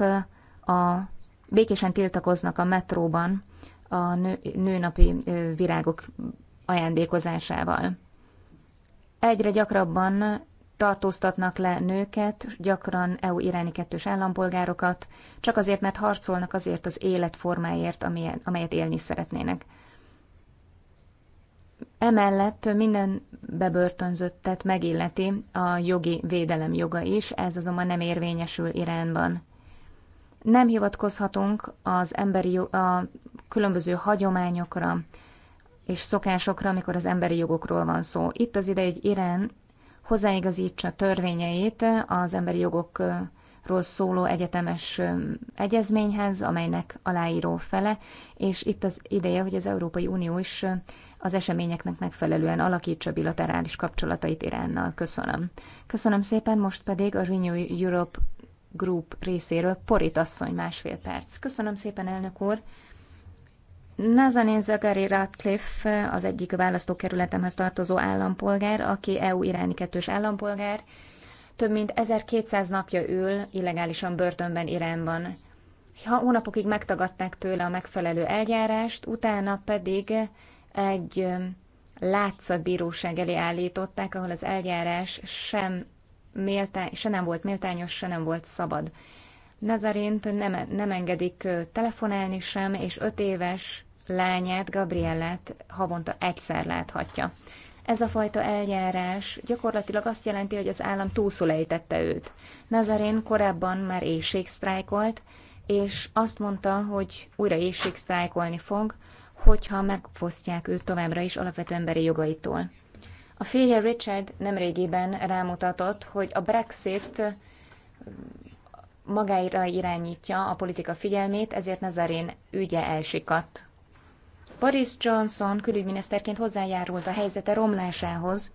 a békésen tiltakoznak a metróban a nő, nőnapi virágok ajándékozásával. Egyre gyakrabban tartóztatnak le nőket, gyakran EU iráni kettős állampolgárokat, csak azért, mert harcolnak azért az életformáért, amelyet élni szeretnének. Emellett minden bebörtönzöttet megilleti a jogi védelem joga is, ez azonban nem érvényesül Iránban. Nem hivatkozhatunk az emberi a különböző hagyományokra és szokásokra, amikor az emberi jogokról van szó. Itt az ide hogy Irán hozzáigazítsa törvényeit az emberi jogokról szóló egyetemes egyezményhez, amelynek aláíró fele, és itt az ideje, hogy az Európai Unió is az eseményeknek megfelelően alakítsa bilaterális kapcsolatait Iránnal. Köszönöm. Köszönöm szépen, most pedig a Renew Europe Group részéről Porit asszony másfél perc. Köszönöm szépen, elnök úr! Nazanin Zakari Radcliffe az egyik választókerületemhez tartozó állampolgár, aki EU iráni kettős állampolgár, több mint 1200 napja ül illegálisan börtönben Iránban. Ha hónapokig megtagadták tőle a megfelelő eljárást, utána pedig egy um, látszatbíróság elé állították, ahol az eljárás sem, méltá- se nem volt méltányos, se nem volt szabad. Nazarint nem, nem engedik telefonálni sem, és öt éves lányát, Gabriellát havonta egyszer láthatja. Ez a fajta eljárás gyakorlatilag azt jelenti, hogy az állam túlszulejtette őt. Nazarén korábban már éjségsztrájkolt, és azt mondta, hogy újra éjségsztrájkolni fog, hogyha megfosztják őt továbbra is alapvető emberi jogaitól. A férje Richard nemrégiben rámutatott, hogy a Brexit magáira irányítja a politika figyelmét, ezért Nazarén ügye elsikadt. Boris Johnson külügyminiszterként hozzájárult a helyzete romlásához,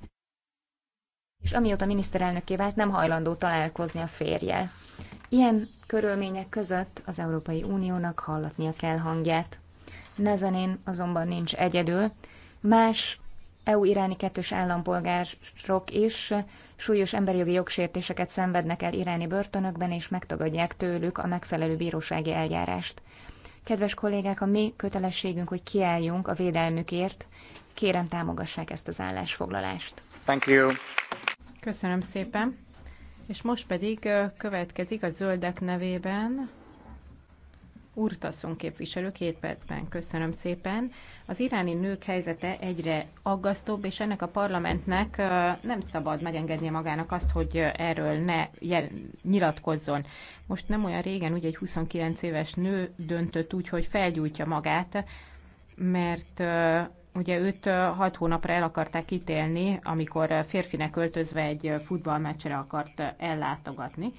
és amióta miniszterelnöké vált, nem hajlandó találkozni a férjel. Ilyen körülmények között az Európai Uniónak hallatnia kell hangját. Nezenén azonban nincs egyedül. Más EU-iráni kettős állampolgárok is súlyos emberi jogsértéseket szenvednek el iráni börtönökben, és megtagadják tőlük a megfelelő bírósági eljárást. Kedves kollégák, a mi kötelességünk, hogy kiálljunk a védelmükért. Kérem, támogassák ezt az állásfoglalást. Thank you. Köszönöm szépen. És most pedig következik a zöldek nevében Úrtasszon képviselő, két percben köszönöm szépen. Az iráni nők helyzete egyre aggasztóbb, és ennek a parlamentnek nem szabad megengednie magának azt, hogy erről ne nyilatkozzon. Most nem olyan régen, ugye egy 29 éves nő döntött úgy, hogy felgyújtja magát, mert ugye őt 6 hónapra el akarták ítélni, amikor férfinek öltözve egy futballmeccsre akart ellátogatni.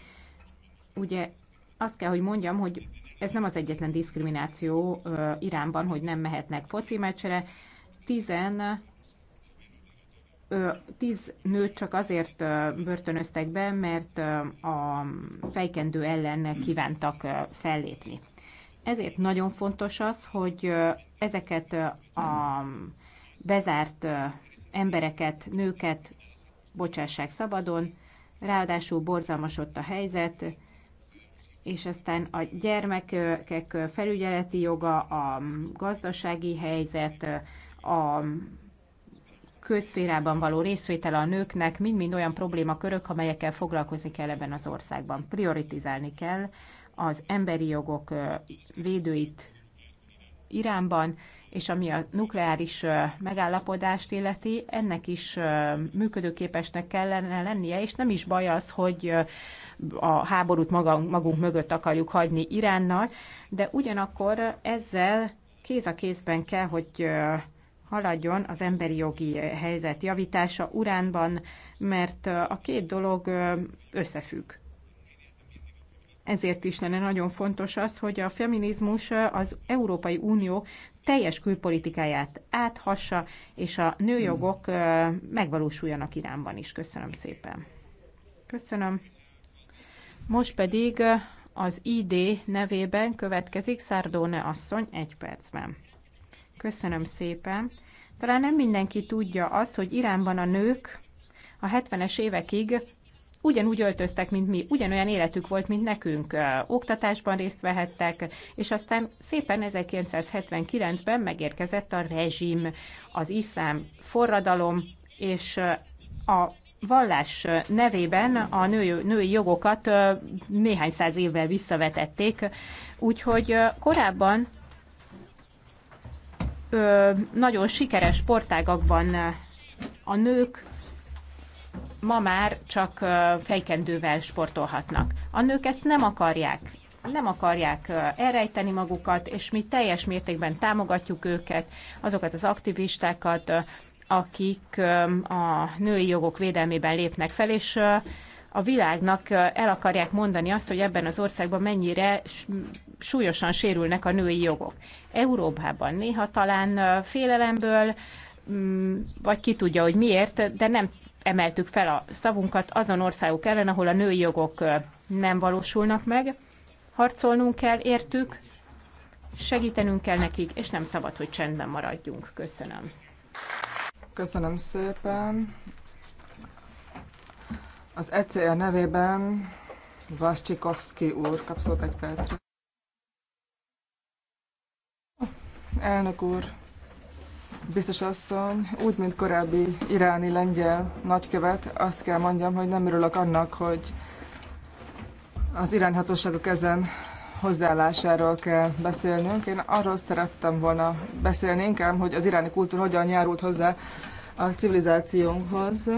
Ugye azt kell, hogy mondjam, hogy ez nem az egyetlen diszkrimináció Iránban, hogy nem mehetnek foci meccsere. Tizen tíz nőt csak azért börtönöztek be, mert a fejkendő ellen kívántak fellépni. Ezért nagyon fontos az, hogy ezeket a bezárt embereket, nőket bocsássák szabadon, ráadásul borzalmas ott a helyzet, és aztán a gyermekek felügyeleti joga, a gazdasági helyzet, a közférában való részvétel a nőknek mind-mind olyan problémakörök, amelyekkel foglalkozni kell ebben az országban. Prioritizálni kell az emberi jogok védőit Iránban, és ami a nukleáris megállapodást illeti, ennek is működőképesnek kellene lennie, és nem is baj az, hogy a háborút magunk mögött akarjuk hagyni Iránnal, de ugyanakkor ezzel kéz a kézben kell, hogy haladjon az emberi jogi helyzet javítása uránban, mert a két dolog összefügg. Ezért is lenne nagyon fontos az, hogy a feminizmus az Európai Unió teljes külpolitikáját áthassa, és a nőjogok megvalósuljanak Iránban is. Köszönöm szépen. Köszönöm. Most pedig az ID nevében következik Szárdóne asszony egy percben. Köszönöm szépen. Talán nem mindenki tudja azt, hogy Iránban a nők a 70-es évekig ugyanúgy öltöztek, mint mi, ugyanolyan életük volt, mint nekünk, oktatásban részt vehettek, és aztán szépen 1979-ben megérkezett a rezsim, az iszlám forradalom, és a vallás nevében a női jogokat néhány száz évvel visszavetették, úgyhogy korábban nagyon sikeres sportágakban a nők ma már csak fejkendővel sportolhatnak. A nők ezt nem akarják nem akarják elrejteni magukat, és mi teljes mértékben támogatjuk őket, azokat az aktivistákat, akik a női jogok védelmében lépnek fel, és a világnak el akarják mondani azt, hogy ebben az országban mennyire súlyosan sérülnek a női jogok. Európában néha talán félelemből, mm, vagy ki tudja, hogy miért, de nem emeltük fel a szavunkat azon országok ellen, ahol a női jogok nem valósulnak meg. Harcolnunk kell, értük, segítenünk kell nekik, és nem szabad, hogy csendben maradjunk. Köszönöm. Köszönöm szépen. Az ECR nevében Vascsikovszki úr kapszolt egy percre. Elnök úr, Biztos asszony, úgy, mint korábbi iráni lengyel nagykövet, azt kell mondjam, hogy nem örülök annak, hogy az iráni hatóságok ezen hozzáállásáról kell beszélnünk. Én arról szerettem volna beszélni inkább, hogy az iráni kultúra hogyan járult hozzá a civilizációnkhoz.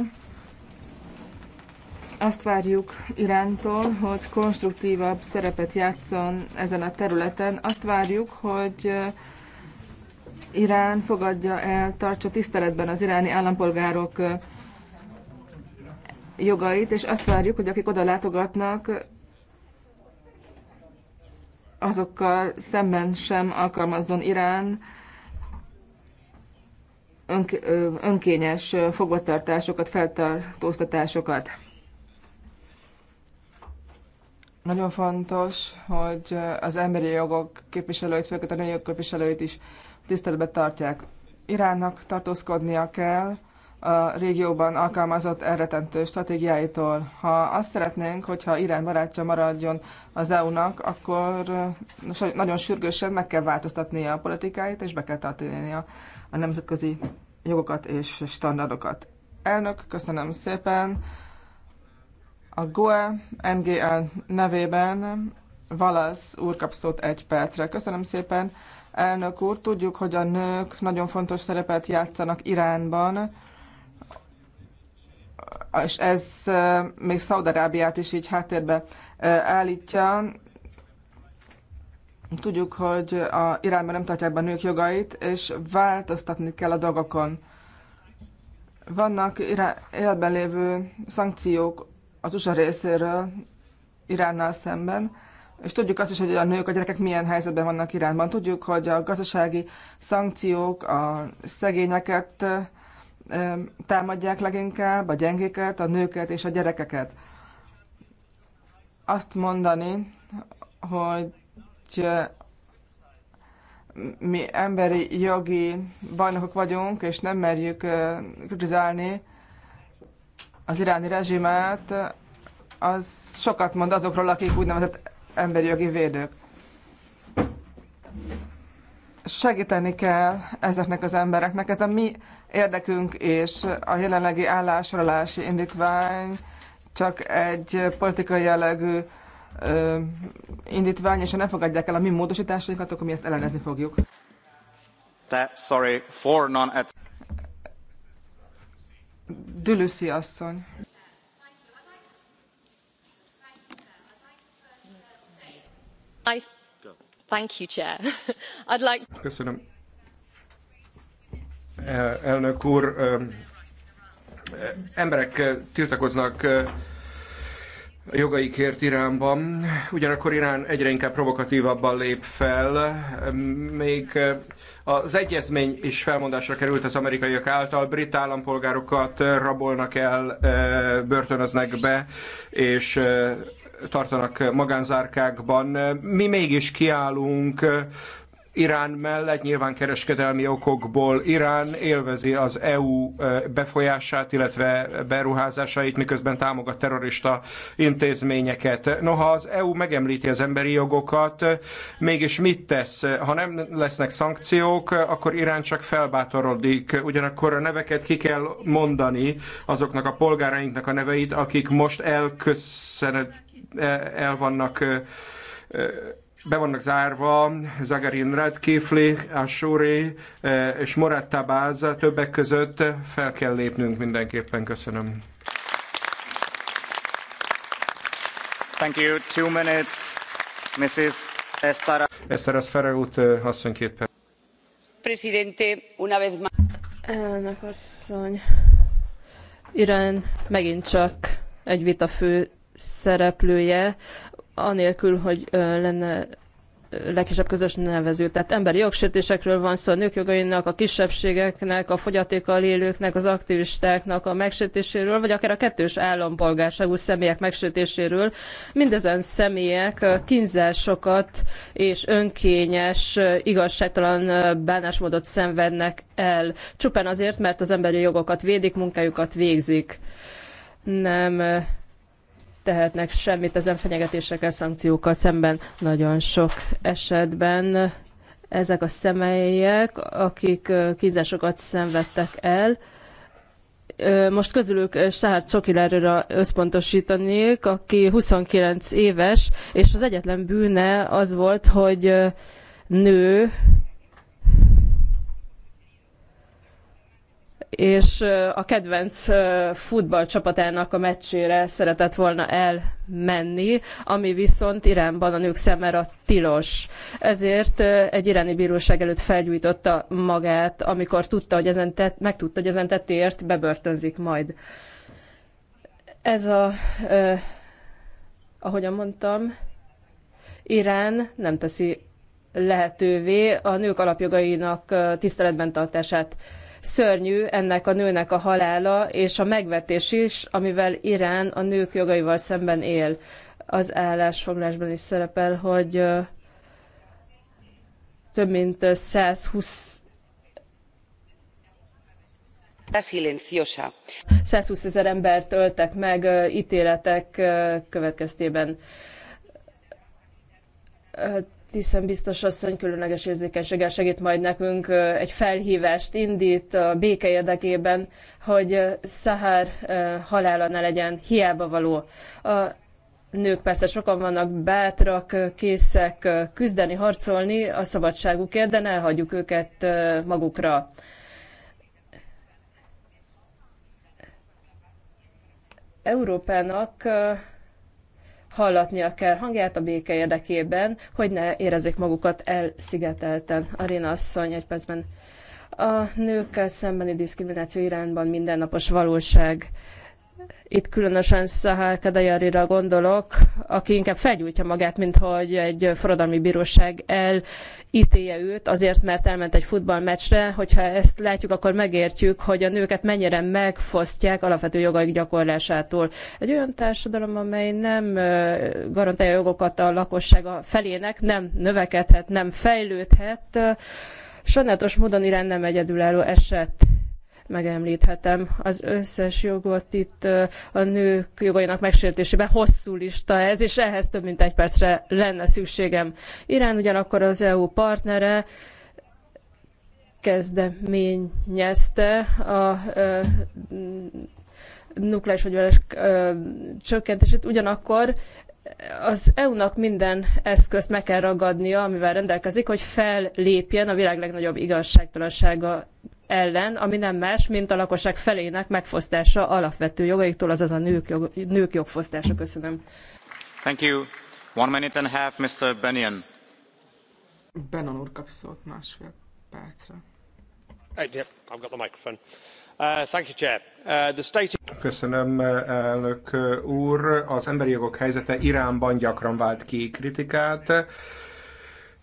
Azt várjuk Irántól, hogy konstruktívabb szerepet játszon ezen a területen. Azt várjuk, hogy Irán fogadja el, tartsa tiszteletben az iráni állampolgárok jogait, és azt várjuk, hogy akik oda látogatnak, azokkal szemben sem alkalmazzon Irán önk, önkényes fogvatartásokat, feltartóztatásokat. Nagyon fontos, hogy az emberi jogok képviselőit, főként a női képviselőit is tiszteletbe tartják. Iránnak tartózkodnia kell a régióban alkalmazott elretentő stratégiáitól. Ha azt szeretnénk, hogyha Irán barátja maradjon az EU-nak, akkor eh, nagyon sürgősen meg kell változtatnia a politikáit, és be kell tartania a nemzetközi jogokat és standardokat. Elnök, köszönöm szépen! A GOE NGL nevében Valasz úr egy percre. Köszönöm szépen! elnök úr. Tudjuk, hogy a nők nagyon fontos szerepet játszanak Iránban, és ez még Szaudarábiát is így háttérbe állítja. Tudjuk, hogy a Iránban nem tartják be a nők jogait, és változtatni kell a dolgokon. Vannak életben lévő szankciók az USA részéről Iránnal szemben, és tudjuk azt is, hogy a nők, a gyerekek milyen helyzetben vannak Iránban. Tudjuk, hogy a gazdasági szankciók a szegényeket támadják leginkább, a gyengéket, a nőket és a gyerekeket. Azt mondani, hogy mi emberi jogi bajnokok vagyunk, és nem merjük kritizálni az iráni rezsimet, az sokat mond azokról, akik úgynevezett emberi jogi védők. Segíteni kell ezeknek az embereknek, ez a mi érdekünk, és a jelenlegi állásolási indítvány csak egy politikai jellegű ö, indítvány, és ha nem fogadják el a mi módosításainkat, akkor mi ezt ellenezni fogjuk. Te, sorry, for non et... Dülüszi asszony. E, elnök úr, emberek tiltakoznak jogaikért Iránban, ugyanakkor Irán egyre inkább provokatívabban lép fel, még az egyezmény is felmondásra került az amerikaiak által, brit állampolgárokat rabolnak el, börtönöznek be, és tartanak magánzárkákban. Mi mégis kiállunk Irán mellett, nyilván kereskedelmi okokból Irán élvezi az EU e, befolyását, illetve beruházásait, miközben támogat terrorista intézményeket. Noha az EU megemlíti az emberi jogokat, mégis mit tesz? Ha nem lesznek szankciók, akkor Irán csak felbátorodik. Ugyanakkor a neveket ki kell mondani azoknak a polgárainknak a neveit, akik most elköszönhetnek el vannak be vannak zárva Zagarin Radkifli, Ashuri és Morat Tabáz többek között fel kell lépnünk mindenképpen. Köszönöm. Thank you. Two minutes, Mrs. Estara. Estaras Ferragut, asszony két perc. Presidente, una vez más. Elnök asszony, Irán megint csak egy vita fő szereplője, anélkül, hogy lenne legkisebb közös nevező. Tehát emberi jogsértésekről van szó, a nők jogainak, a kisebbségeknek, a fogyatékkal élőknek, az aktivistáknak a megsértéséről, vagy akár a kettős állampolgárságú személyek megsértéséről. Mindezen személyek kínzásokat és önkényes, igazságtalan bánásmódot szenvednek el, csupán azért, mert az emberi jogokat védik, munkájukat végzik. Nem tehetnek semmit ezen fenyegetésekkel, szankciókkal szemben. Nagyon sok esetben ezek a személyek, akik kínzásokat szenvedtek el, most közülük Sár Csokilerőre összpontosítanék, aki 29 éves, és az egyetlen bűne az volt, hogy nő, és a kedvenc futballcsapatának a meccsére szeretett volna elmenni, ami viszont Iránban a nők számára tilos. Ezért egy iráni bíróság előtt felgyújtotta magát, amikor tudta, hogy ezen tett, megtudta, hogy ezen tettért bebörtönzik majd. Ez a, eh, ahogyan mondtam, Irán nem teszi lehetővé a nők alapjogainak tiszteletben tartását. Szörnyű ennek a nőnek a halála és a megvetés is, amivel Irán a nők jogaival szemben él. Az állásfoglásban is szerepel, hogy több mint 120 120 ezer embert öltek meg ítéletek következtében hiszen biztos asszony különleges érzékenységgel segít majd nekünk egy felhívást indít a béke érdekében, hogy Szahár halála ne legyen hiába való. A nők persze sokan vannak bátrak, készek küzdeni, harcolni a szabadságukért, de ne hagyjuk őket magukra. Európának hallatnia kell hangját a béke érdekében, hogy ne érezzék magukat elszigetelten. Aréna asszony, egy percben. A nőkkel szembeni diszkrimináció irányban mindennapos valóság. Itt különösen Szahár Kadajarira gondolok, aki inkább felgyújtja magát, mint hogy egy forradalmi bíróság elítélje őt, azért, mert elment egy futballmeccsre. Hogyha ezt látjuk, akkor megértjük, hogy a nőket mennyire megfosztják alapvető jogaik gyakorlásától. Egy olyan társadalom, amely nem garantálja jogokat a lakossága felének, nem növekedhet, nem fejlődhet, sajnálatos módon Irán nem egyedülálló eset megemlíthetem. Az összes jogot itt a nők jogainak megsértésében hosszú lista ez, és ehhez több mint egy percre lenne szükségem. Irán ugyanakkor az EU partnere, kezdeményezte a nukleáris fegyveres csökkentését, ugyanakkor az EU-nak minden eszközt meg kell ragadnia, amivel rendelkezik, hogy fellépjen a világ legnagyobb igazságtalansága ellen, ami nem más, mint a lakosság felének megfosztása alapvető jogaiktól, azaz a nők, jog, nők jogfosztása. Köszönöm. Thank you. One minute and a half, Mr. Bennion. Bennon úr kap szót másfél percre. I've got the microphone. Uh, thank you, Chair. Uh, the Köszönöm, elnök úr. Az emberi jogok helyzete Iránban gyakran vált ki kritikát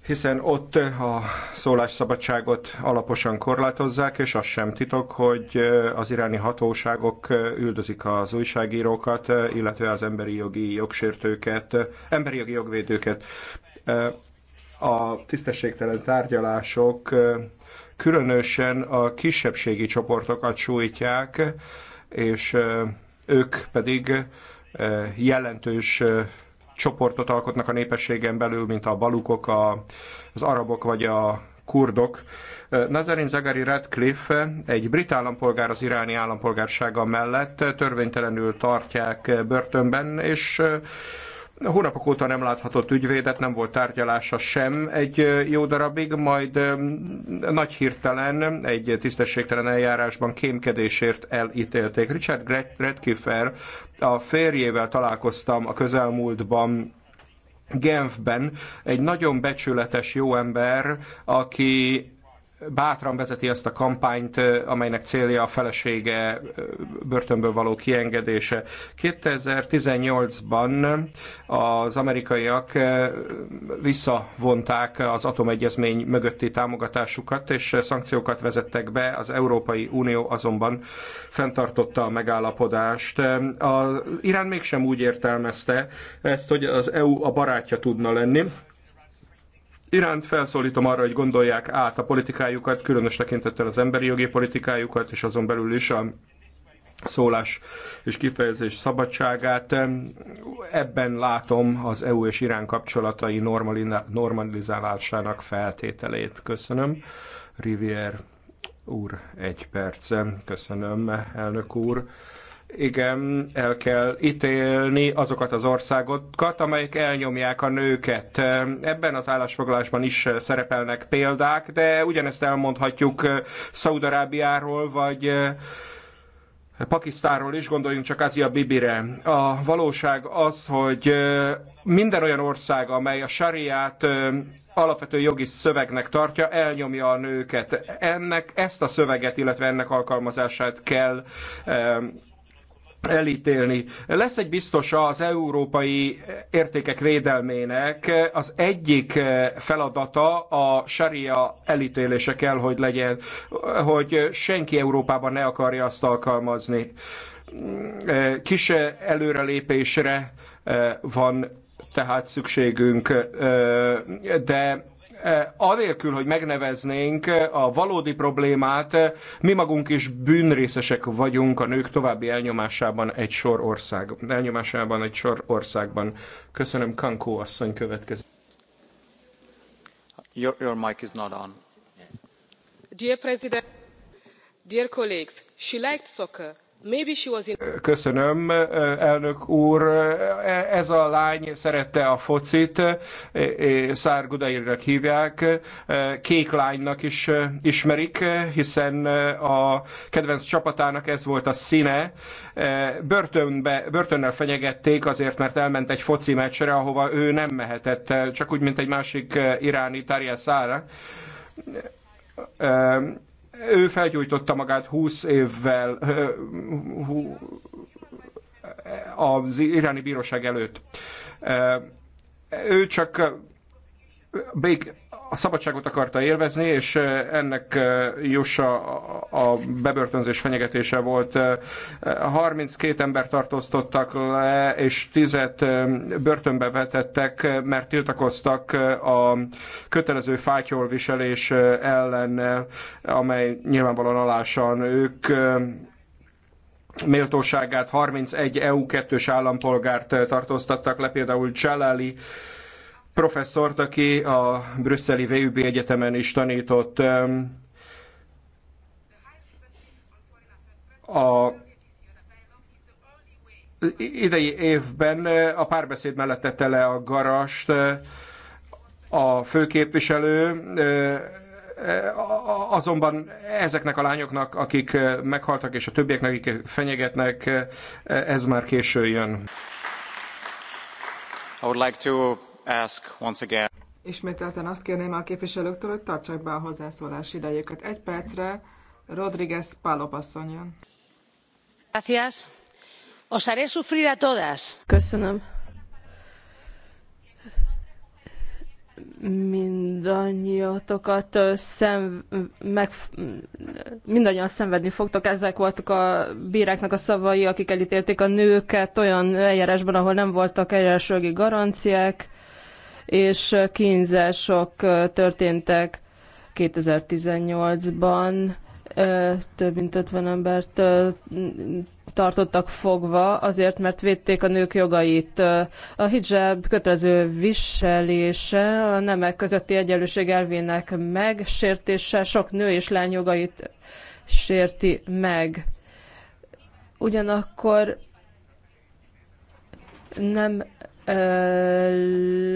hiszen ott a szólásszabadságot alaposan korlátozzák, és az sem titok, hogy az iráni hatóságok üldözik az újságírókat, illetve az emberi jogi jogsértőket, emberi jogi jogvédőket. A tisztességtelen tárgyalások különösen a kisebbségi csoportokat sújtják, és ők pedig jelentős csoportot alkotnak a népességen belül, mint a balukok, a, az arabok vagy a kurdok. Nazarin Zagari Radcliffe egy brit állampolgár az iráni állampolgársága mellett törvénytelenül tartják börtönben, és Hónapok óta nem láthatott ügyvédet, nem volt tárgyalása sem egy jó darabig, majd nagy hirtelen egy tisztességtelen eljárásban kémkedésért elítélték. Richard Redkiffer a férjével találkoztam a közelmúltban Genfben egy nagyon becsületes jó ember, aki bátran vezeti azt a kampányt, amelynek célja a felesége börtönből való kiengedése. 2018-ban az amerikaiak visszavonták az atomegyezmény mögötti támogatásukat, és szankciókat vezettek be, az Európai Unió azonban fenntartotta a megállapodást. A Irán mégsem úgy értelmezte ezt, hogy az EU a barátja tudna lenni, iránt felszólítom arra, hogy gondolják át a politikájukat, különös tekintettel az emberi jogi politikájukat, és azon belül is a szólás és kifejezés szabadságát. Ebben látom az EU és Irán kapcsolatai normalizálásának feltételét. Köszönöm. Rivier úr, egy perc. Köszönöm, elnök úr igen, el kell ítélni azokat az országokat, amelyek elnyomják a nőket. Ebben az állásfoglalásban is szerepelnek példák, de ugyanezt elmondhatjuk Szaudarábiáról, vagy eh, Pakisztánról is, gondoljunk csak Azia Bibire. A valóság az, hogy eh, minden olyan ország, amely a sariát eh, alapvető jogi szövegnek tartja, elnyomja a nőket. Ennek ezt a szöveget, illetve ennek alkalmazását kell elítélni. Lesz egy biztos az európai értékek védelmének az egyik feladata a saria elítélése kell, hogy legyen, hogy senki Európában ne akarja azt alkalmazni. Kis előrelépésre van tehát szükségünk, de Eh, anélkül, hogy megneveznénk eh, a valódi problémát, eh, mi magunk is bűnrészesek vagyunk a nők további elnyomásában egy sor ország, elnyomásában egy sor országban. Köszönöm, Kankó asszony következik. Your, your mic is not on. Dear President, dear colleagues, she liked soccer Köszönöm, elnök úr. Ez a lány szerette a focit, Szárgudairnak hívják, kék lánynak is ismerik, hiszen a kedvenc csapatának ez volt a színe. Börtönbe, börtönnel fenyegették azért, mert elment egy foci meccsre, ahova ő nem mehetett, csak úgy, mint egy másik iráni Tarja Szára ő felgyújtotta magát 20 évvel az iráni bíróság előtt. Ő csak a szabadságot akarta élvezni, és ennek jussa a bebörtönzés fenyegetése volt. 32 ember tartóztottak le, és 10 börtönbe vetettek, mert tiltakoztak a kötelező fátyolviselés ellen, amely nyilvánvalóan alásan ők méltóságát 31 EU2-s állampolgárt tartóztattak le, például Cselali, professzort, aki a brüsszeli VUB egyetemen is tanított. Um, a idei évben uh, a párbeszéd mellett tette le a garast uh, a főképviselő, uh, azonban ezeknek a lányoknak, akik meghaltak, és a többieknek, akik fenyegetnek, ez már késő jön. I would like to Ismételten azt kérném a képviselőktől, hogy tartsák be a hozzászólás idejéket. Egy percre Rodríguez Palop asszony jön. Gracias. Os haré sufrir a todas. Köszönöm. mindannyiatokat szem, meg, mindannyian szenvedni fogtok. Ezek voltak a bíráknak a szavai, akik elítélték a nőket olyan eljárásban, ahol nem voltak eljárásjogi garanciák és kínzások történtek 2018-ban. Több mint 50 embert tartottak fogva, azért, mert védték a nők jogait. A hijab kötelező viselése, a nemek közötti egyenlőség elvének megsértése sok nő és lány jogait sérti meg. Ugyanakkor nem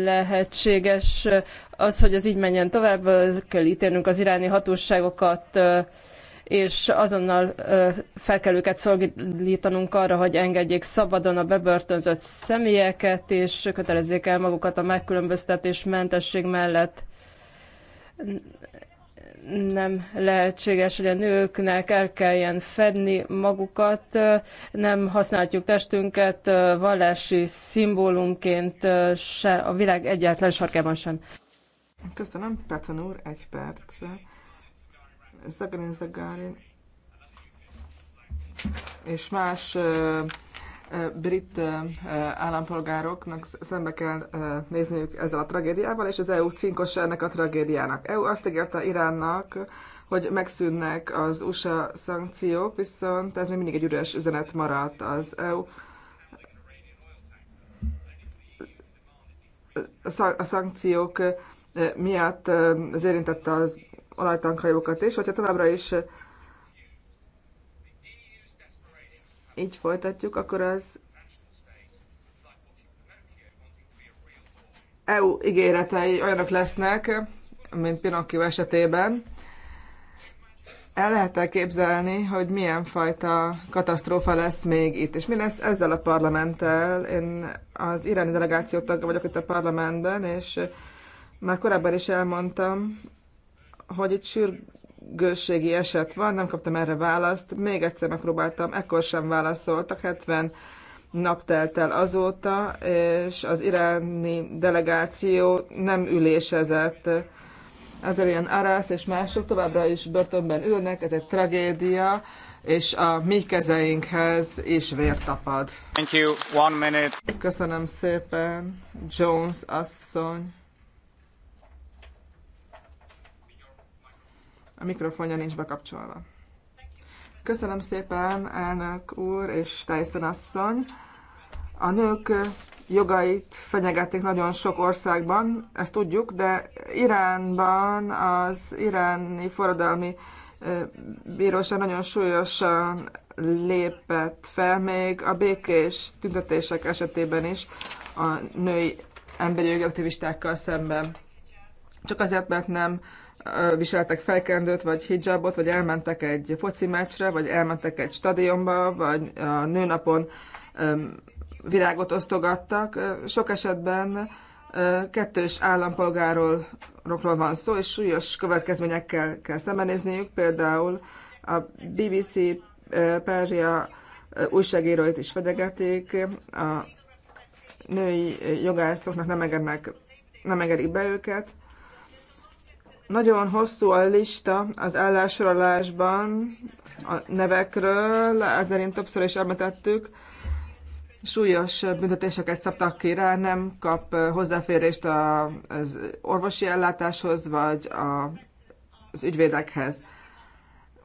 lehetséges az, hogy ez így menjen tovább, kell ítélnünk az iráni hatóságokat, és azonnal fel kell őket szolgítanunk arra, hogy engedjék szabadon a bebörtönzött személyeket, és kötelezzék el magukat a megkülönböztetés mentesség mellett nem lehetséges, hogy a nőknek el kelljen fedni magukat, nem használhatjuk testünket vallási szimbólumként se a világ egyáltalán sarkában sem. Köszönöm, Petan úr, egy perc. Zagarin Zagarin és más brit állampolgároknak szembe kell nézniük ezzel a tragédiával, és az EU cinkos ennek a tragédiának. EU azt ígérte Iránnak, hogy megszűnnek az USA szankciók, viszont ez még mindig egy üres üzenet maradt az EU. A szankciók miatt az érintette az olajtankajókat is, hogyha továbbra is így folytatjuk, akkor az EU ígéretei olyanok lesznek, mint Pinocchio esetében. El lehet -e képzelni, hogy milyen fajta katasztrófa lesz még itt, és mi lesz ezzel a parlamenttel? Én az iráni delegáció tagja vagyok itt a parlamentben, és már korábban is elmondtam, hogy itt sür- sürgősségi eset van, nem kaptam erre választ, még egyszer megpróbáltam, ekkor sem válaszoltak, 70 nap telt el azóta, és az iráni delegáció nem ülésezett. Az ilyen Arász és mások továbbra is börtönben ülnek, ez egy tragédia, és a mi kezeinkhez is vértapad. Thank you. One minute. Köszönöm szépen, Jones asszony. A mikrofonja nincs bekapcsolva. Köszönöm szépen, elnök úr és Tyson asszony. A nők jogait fenyegették nagyon sok országban, ezt tudjuk, de Iránban az iráni forradalmi bíróság nagyon súlyosan lépett fel, még a békés tüntetések esetében is a női emberi jogi aktivistákkal szemben. Csak azért, mert nem viseltek fejkendőt, vagy hijabot, vagy elmentek egy foci meccsre, vagy elmentek egy stadionba, vagy a nőnapon virágot osztogattak. Sok esetben kettős állampolgáról van szó, és súlyos következményekkel kell szembenézniük, például a BBC Perzsia újságíróit is fenyegetik, a női jogászoknak nem engednek nem engedik be őket, nagyon hosszú a lista az állásolásban a nevekről, ezerint többször is említettük, súlyos büntetéseket szabtak ki rá, nem kap hozzáférést az orvosi ellátáshoz, vagy a, az ügyvédekhez.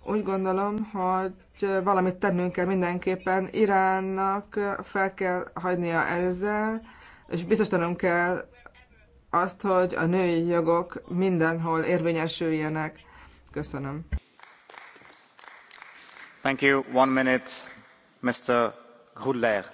Úgy gondolom, hogy valamit tennünk kell mindenképpen. Iránnak fel kell hagynia ezzel, és biztosítanunk kell azt, hogy a női jogok mindenhol érvényesüljenek. Köszönöm. Thank you. One minute, Mr. Grudler.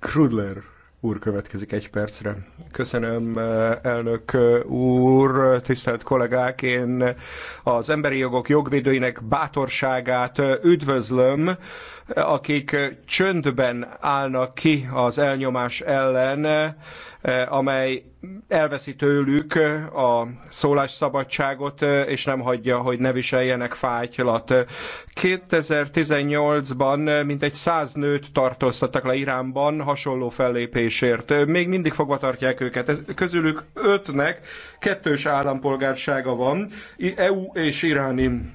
Grudler úr következik egy percre. Köszönöm, elnök úr, tisztelt kollégák, én az emberi jogok jogvédőinek bátorságát üdvözlöm, akik csöndben állnak ki az elnyomás ellen, Eh, amely elveszi tőlük eh, a szólásszabadságot, eh, és nem hagyja, hogy ne viseljenek fájtylat. 2018-ban mintegy száz nőt tartóztattak le Iránban hasonló fellépésért. Még mindig fogva tartják őket. Ez, közülük ötnek kettős állampolgársága van, EU és iráni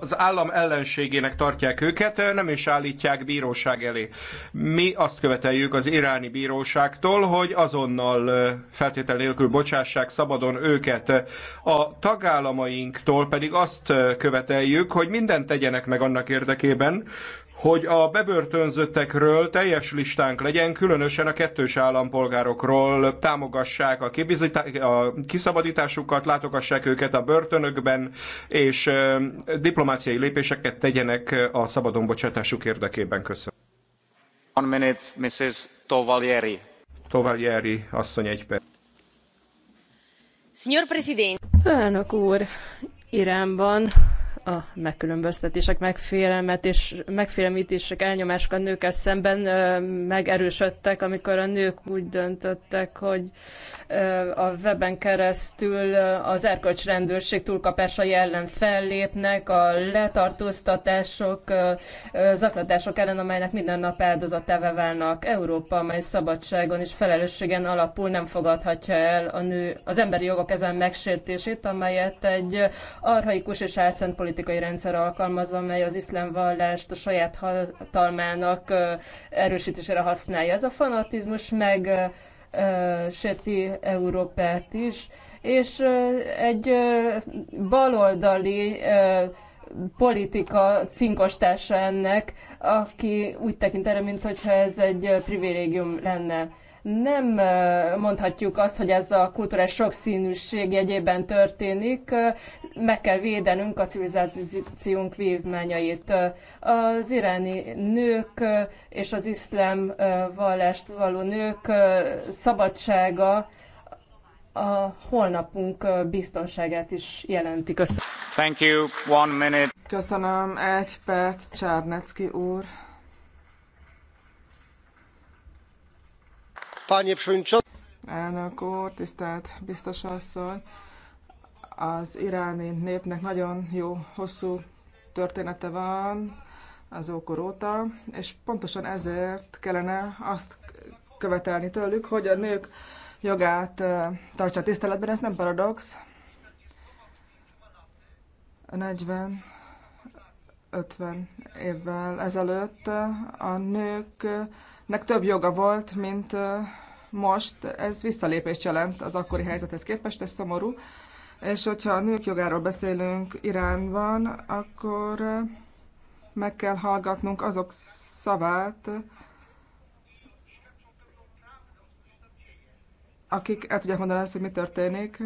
az állam ellenségének tartják őket, nem is állítják bíróság elé. Mi azt követeljük az iráni bíróságtól, hogy azonnal feltétel nélkül bocsássák szabadon őket. A tagállamainktól pedig azt követeljük, hogy mindent tegyenek meg annak érdekében, hogy a bebörtönzöttekről teljes listánk legyen, különösen a kettős állampolgárokról támogassák a, a kiszabadításukat, látogassák őket a börtönökben, és diplomáciai lépéseket tegyenek a szabadon bocsátásuk érdekében. Köszönöm. One minute, Mrs. Tovalieri. Tovalieri, asszony egy perc. Signor Presidente. Elnök úr, Iránban a megkülönböztetések, megfélemet és megfélemítések, elnyomások a nőkkel szemben megerősödtek, amikor a nők úgy döntöttek, hogy a weben keresztül az erkölcsrendőrség túlkapásai ellen fellépnek, a letartóztatások, zaklatások ellen, amelynek minden nap áldozatává válnak. Európa, amely szabadságon és felelősségen alapul nem fogadhatja el a nő, az emberi jogok ezen megsértését, amelyet egy arhaikus és elszent politikai politikai rendszer alkalmaz, amely az iszlám vallást a saját hatalmának erősítésére használja. Ez a fanatizmus meg sérti Európát is, és egy baloldali politika cinkostársa ennek, aki úgy tekint erre, mintha ez egy privilégium lenne nem mondhatjuk azt, hogy ez a kulturális sokszínűség jegyében történik, meg kell védenünk a civilizációnk vívmányait. Az iráni nők és az iszlám vallást való nők szabadsága a holnapunk biztonságát is jelenti. Köszönöm. Thank you. One minute. Köszönöm. Egy perc, Csárnecki úr. Elnök úr, tisztelt biztos asszony! Az iráni népnek nagyon jó, hosszú története van az ókor óta, és pontosan ezért kellene azt követelni tőlük, hogy a nők jogát eh, tartsa tiszteletben, ez nem paradox. 40 50 évvel ezelőtt eh, a nők eh, nek több joga volt, mint most. Ez visszalépést jelent az akkori helyzethez képest, ez szomorú. És hogyha a nők jogáról beszélünk Iránban, akkor meg kell hallgatnunk azok szavát, akik el tudják mondani azt, hogy mi történik.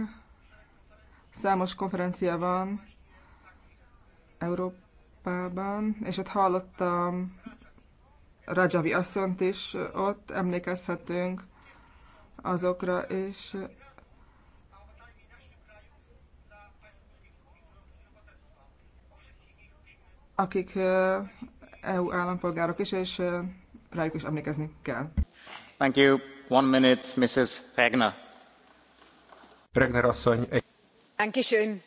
Számos konferencia van Európában, és ott hallottam Rajavi asszonyt is ott, emlékezhetünk azokra, és akik EU állampolgárok is, és rájuk is emlékezni kell. Thank you. One minute, Mrs. Regner. Regner asszony. Thank you.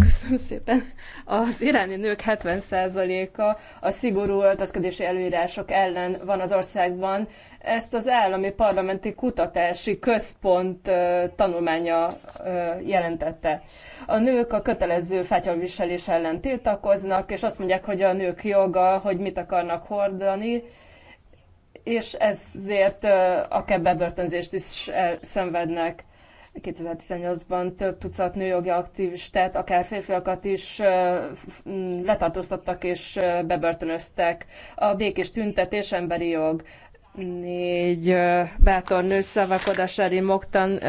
Köszönöm szépen. Az iráni nők 70%-a a szigorú öltözködési előírások ellen van az országban. Ezt az állami parlamenti kutatási központ tanulmánya jelentette. A nők a kötelező fátyolviselés ellen tiltakoznak, és azt mondják, hogy a nők joga, hogy mit akarnak hordani, és ezért akár bebörtönzést is szenvednek 2018-ban több tucat nőjogi aktivistát, akár férfiakat is letartóztattak és bebörtönöztek. A békés tüntetés emberi jog. Négy bátor nő szavakodásari Moktan,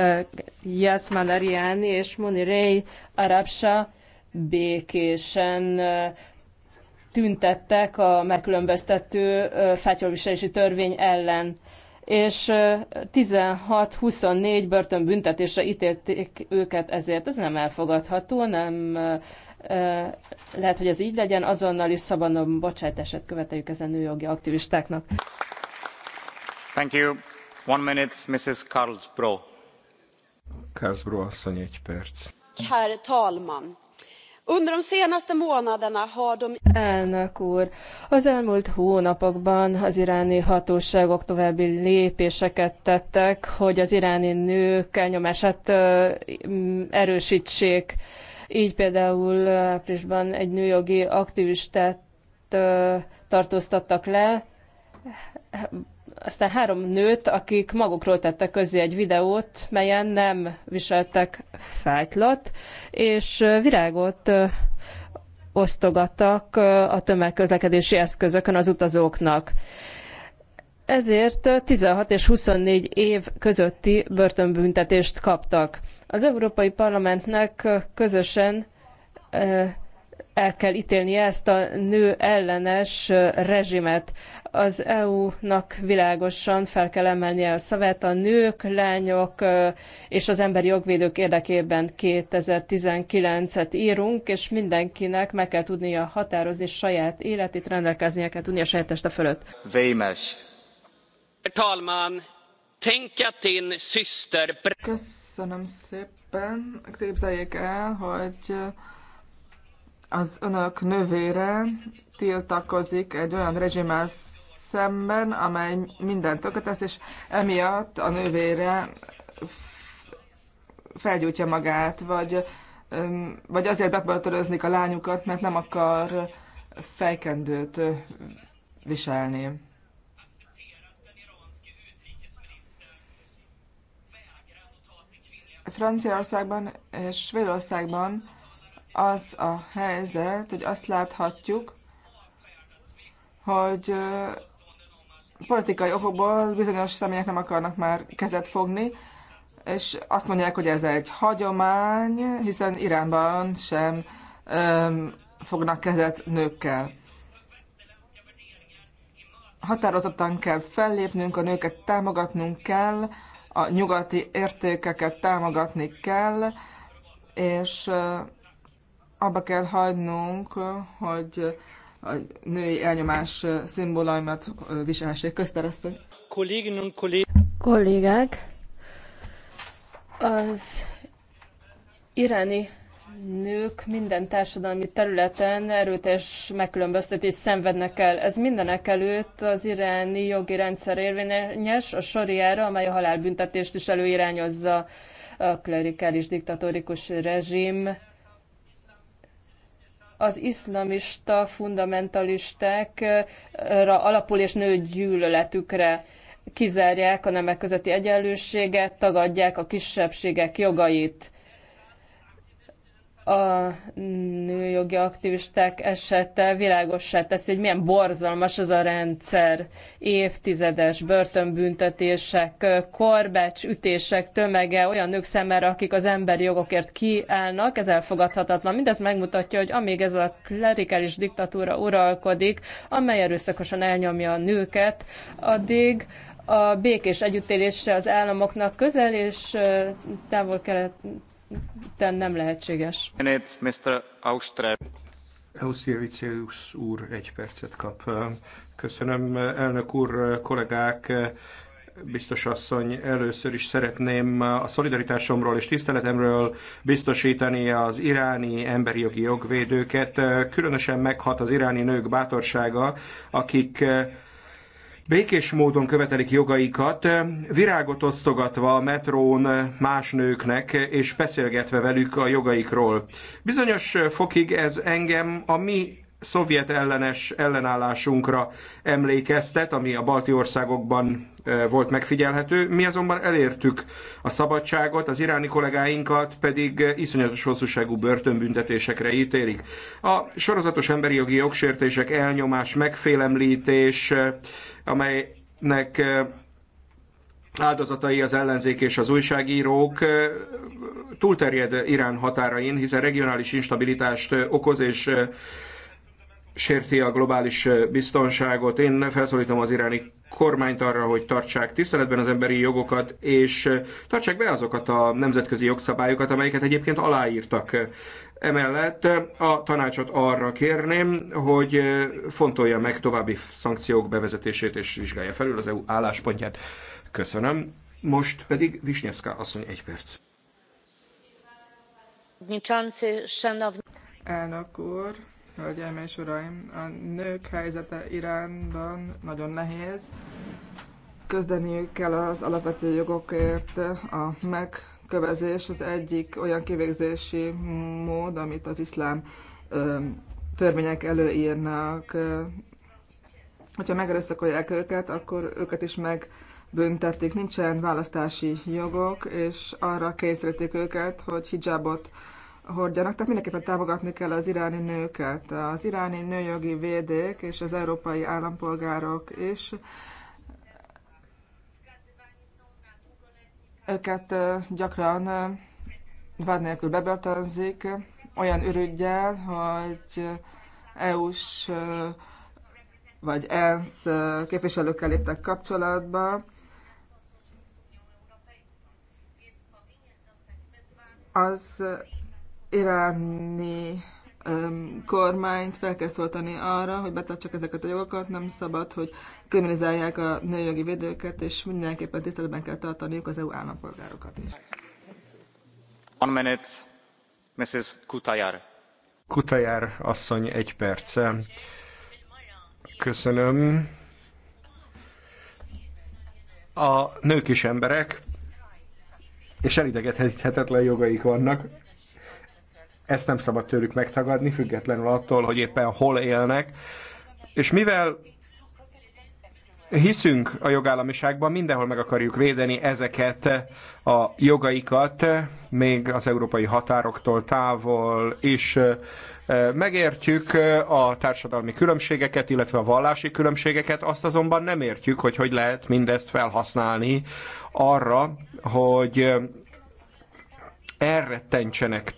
Yasman Ariani és Moni Rey Arabsa békésen tüntettek a megkülönböztető fátyolviselési törvény ellen és 16-24 börtönbüntetésre ítélték őket ezért. Ez nem elfogadható, nem lehet, hogy ez így legyen, azonnal is szabadon bocsátását követeljük ezen nőjogi aktivistáknak. Thank you. One minute, Mrs. Karlsbro. Karlsbro asszony, egy perc. Herr talman! Under de senaste månaderna har de... Elnök úr, az elmúlt hónapokban az iráni hatóságok további lépéseket tettek, hogy az iráni nők elnyomását mm, erősítsék. Így például áprilisban egy nőjogi aktivistát tartóztattak le, aztán három nőt, akik magukról tettek közé egy videót, melyen nem viseltek fájtlat, és virágot osztogattak a tömegközlekedési eszközökön az utazóknak. Ezért 16 és 24 év közötti börtönbüntetést kaptak. Az Európai Parlamentnek közösen el kell ítélni ezt a nő ellenes rezsimet. Az EU-nak világosan fel kell emelnie a szavát a nők, lányok és az emberi jogvédők érdekében 2019-et írunk, és mindenkinek meg kell tudnia határozni saját életét, rendelkeznie kell tudnia saját teste fölött. Vémes. Talman, tänk szüster. Köszönöm szépen. Képzeljék el, hogy az önök nővére tiltakozik egy olyan rezsimmel szemben, amely mindent tökretesz, és emiatt a nővére felgyújtja magát, vagy, vagy azért bebörtönöznik a lányukat, mert nem akar fejkendőt viselni. Franciaországban és Svédországban az a helyzet, hogy azt láthatjuk, hogy politikai okokból bizonyos személyek nem akarnak már kezet fogni, és azt mondják, hogy ez egy hagyomány, hiszen Iránban sem öm, fognak kezet nőkkel. Határozottan kell fellépnünk, a nőket támogatnunk kell, a nyugati értékeket támogatni kell, és abba kell hagynunk, hogy a női elnyomás szimbólaimat viselhessék. Közterasszony. Kollégák, az iráni nők minden társadalmi területen erőtes megkülönböztetést szenvednek el. Ez mindenek előtt az iráni jogi rendszer érvényes a soriára, amely a halálbüntetést is előirányozza a klerikális diktatórikus rezsim az iszlamista fundamentalistákra alapul és gyűlöletükre kizárják a nemek közötti egyenlőséget, tagadják a kisebbségek jogait a nőjogi aktivisták esete világossá teszi, hogy milyen borzalmas az a rendszer. Évtizedes börtönbüntetések, korbács ütések tömege olyan nők szemére, akik az emberi jogokért kiállnak, ez elfogadhatatlan. Mindez megmutatja, hogy amíg ez a klerikális diktatúra uralkodik, amely erőszakosan elnyomja a nőket, addig a békés együttélésre az államoknak közel és távol-kelet de nem lehetséges. Mr. úr egy percet kap. Köszönöm, elnök úr, kollégák, biztos asszony, először is szeretném a szolidaritásomról és tiszteletemről biztosítani az iráni emberi jogi jogvédőket. Különösen meghat az iráni nők bátorsága, akik békés módon követelik jogaikat, virágot osztogatva a metrón más nőknek, és beszélgetve velük a jogaikról. Bizonyos fokig ez engem a mi szovjet ellenes ellenállásunkra emlékeztet, ami a balti országokban volt megfigyelhető. Mi azonban elértük a szabadságot, az iráni kollégáinkat pedig iszonyatos hosszúságú börtönbüntetésekre ítélik. A sorozatos emberi jogi jogsértések, elnyomás, megfélemlítés, amelynek eh, áldozatai az ellenzék és az újságírók eh, túlterjed Irán határain, hiszen regionális instabilitást eh, okoz és sérti a globális biztonságot. Én felszólítom az iráni kormányt arra, hogy tartsák tiszteletben az emberi jogokat, és tartsák be azokat a nemzetközi jogszabályokat, amelyeket egyébként aláírtak. Emellett a tanácsot arra kérném, hogy fontolja meg további szankciók bevezetését és vizsgálja felül az EU álláspontját. Köszönöm. Most pedig Visnyevská asszony egy perc. Elnök úr, hölgyeim és uraim, a nők helyzete Iránban nagyon nehéz. Közdeniük kell az alapvető jogokért, a meg kövezés az egyik olyan kivégzési mód, amit az iszlám törvények előírnak. Hogyha megerőszakolják őket, akkor őket is megbüntetik. Nincsen választási jogok, és arra kényszerítik őket, hogy hijabot hordjanak, tehát mindenképpen támogatni kell az iráni nőket. Az iráni nőjogi védék és az európai állampolgárok is Őket gyakran vád nélkül bebörtönzik, olyan ürügyjel, hogy EU-s vagy ENSZ képviselőkkel léptek kapcsolatba. Az iráni kormányt fel kell szóltani arra, hogy betartsák ezeket a jogokat, nem szabad, hogy kriminalizálják a nőjogi védőket, és mindenképpen tiszteletben kell tartaniuk az EU állampolgárokat is. One minute, Mrs. Kutajár. Kutajár asszony, egy perce. Köszönöm. A nők is emberek, és elidegethetetlen jogaik vannak ezt nem szabad tőlük megtagadni, függetlenül attól, hogy éppen hol élnek. És mivel hiszünk a jogállamiságban, mindenhol meg akarjuk védeni ezeket a jogaikat, még az európai határoktól távol is megértjük a társadalmi különbségeket, illetve a vallási különbségeket, azt azonban nem értjük, hogy hogy lehet mindezt felhasználni arra, hogy elrettentsenek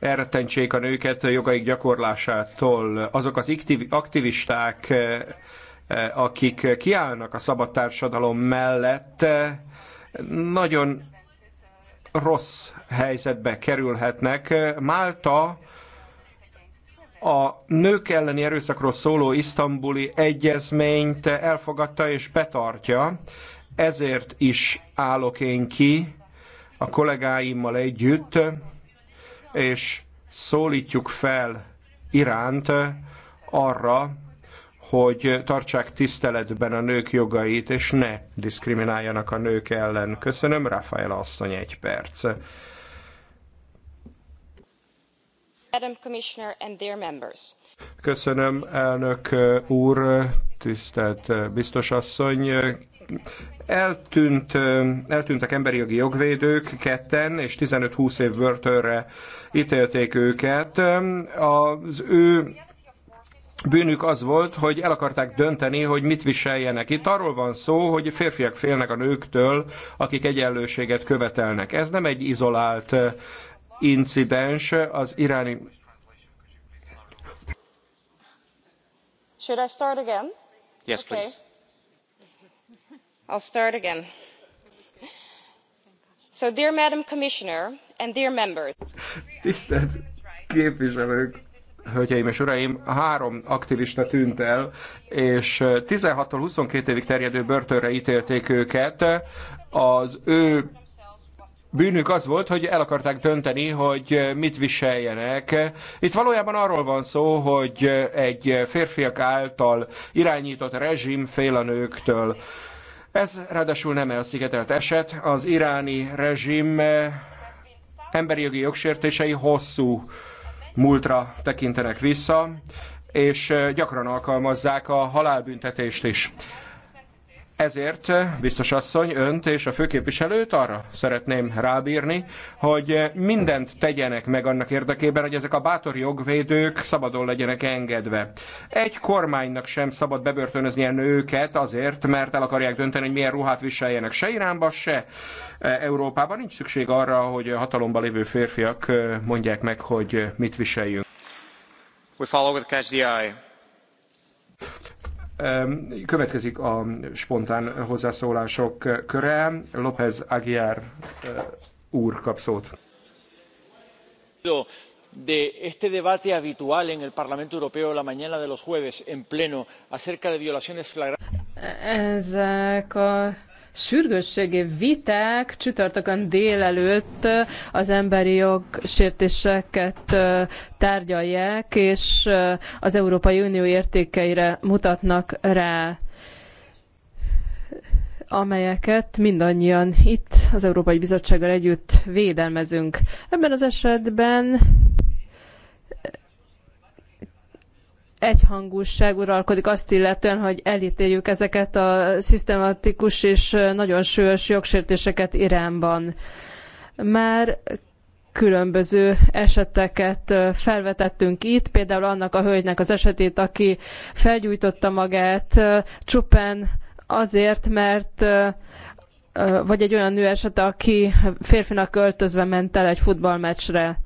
elrettentsék a nőket a jogaik gyakorlásától. Azok az aktivisták, eh, eh, akik kiállnak a szabad társadalom mellett, eh, nagyon rossz helyzetbe kerülhetnek. Málta a nők elleni erőszakról szóló isztambuli egyezményt elfogadta és betartja. Ezért is állok én ki a kollégáimmal együtt és szólítjuk fel Iránt arra, hogy tartsák tiszteletben a nők jogait, és ne diszkrimináljanak a nők ellen. Köszönöm, Rafael asszony, egy perc. Köszönöm, elnök úr, tisztelt biztos asszony. Eltűnt, eltűntek emberi jogi jogvédők ketten, és 15-20 év börtönre ítélték őket. Az ő bűnük az volt, hogy el akarták dönteni, hogy mit viseljenek. Itt arról van szó, hogy férfiak félnek a nőktől, akik egyenlőséget követelnek. Ez nem egy izolált incidens az iráni... Should I start again? Yes, okay. please tisztelt képviselők hölgyeim és uraim három aktivista tűnt el és 16-tól 22 évig terjedő börtönre ítélték őket az ő bűnük az volt, hogy el akarták dönteni, hogy mit viseljenek. Itt valójában arról van szó, hogy egy férfiak által irányított rezsim fél a nőktől. Ez ráadásul nem elszigetelt eset, az iráni rezsim eh, emberi jogi jogsértései hosszú múltra tekintenek vissza, és eh, gyakran alkalmazzák a halálbüntetést is. Ezért, biztos asszony, önt és a főképviselőt arra szeretném rábírni, hogy mindent tegyenek meg annak érdekében, hogy ezek a bátor jogvédők szabadon legyenek engedve. Egy kormánynak sem szabad bebörtönözni a nőket azért, mert el akarják dönteni, hogy milyen ruhát viseljenek se Iránba, se Európában. Nincs szükség arra, hogy hatalomban lévő férfiak mondják meg, hogy mit viseljünk. We follow with catch the eye. Következik a spontán hozzászólások köre. López Aguiar eh, úr kap szót. de este debate habitual en el Parlamento Europeo la mañana de los jueves en pleno acerca de violaciones flagrantes. Ezek a sürgősségi viták csütörtökön délelőtt az emberi jog sértéseket tárgyalják, és az Európai Unió értékeire mutatnak rá amelyeket mindannyian itt az Európai Bizottsággal együtt védelmezünk. Ebben az esetben egyhangúság uralkodik azt illetően, hogy elítéljük ezeket a szisztematikus és nagyon súlyos jogsértéseket Iránban. Már különböző eseteket felvetettünk itt, például annak a hölgynek az esetét, aki felgyújtotta magát csupán azért, mert vagy egy olyan nő esete, aki férfinak öltözve ment el egy futballmeccsre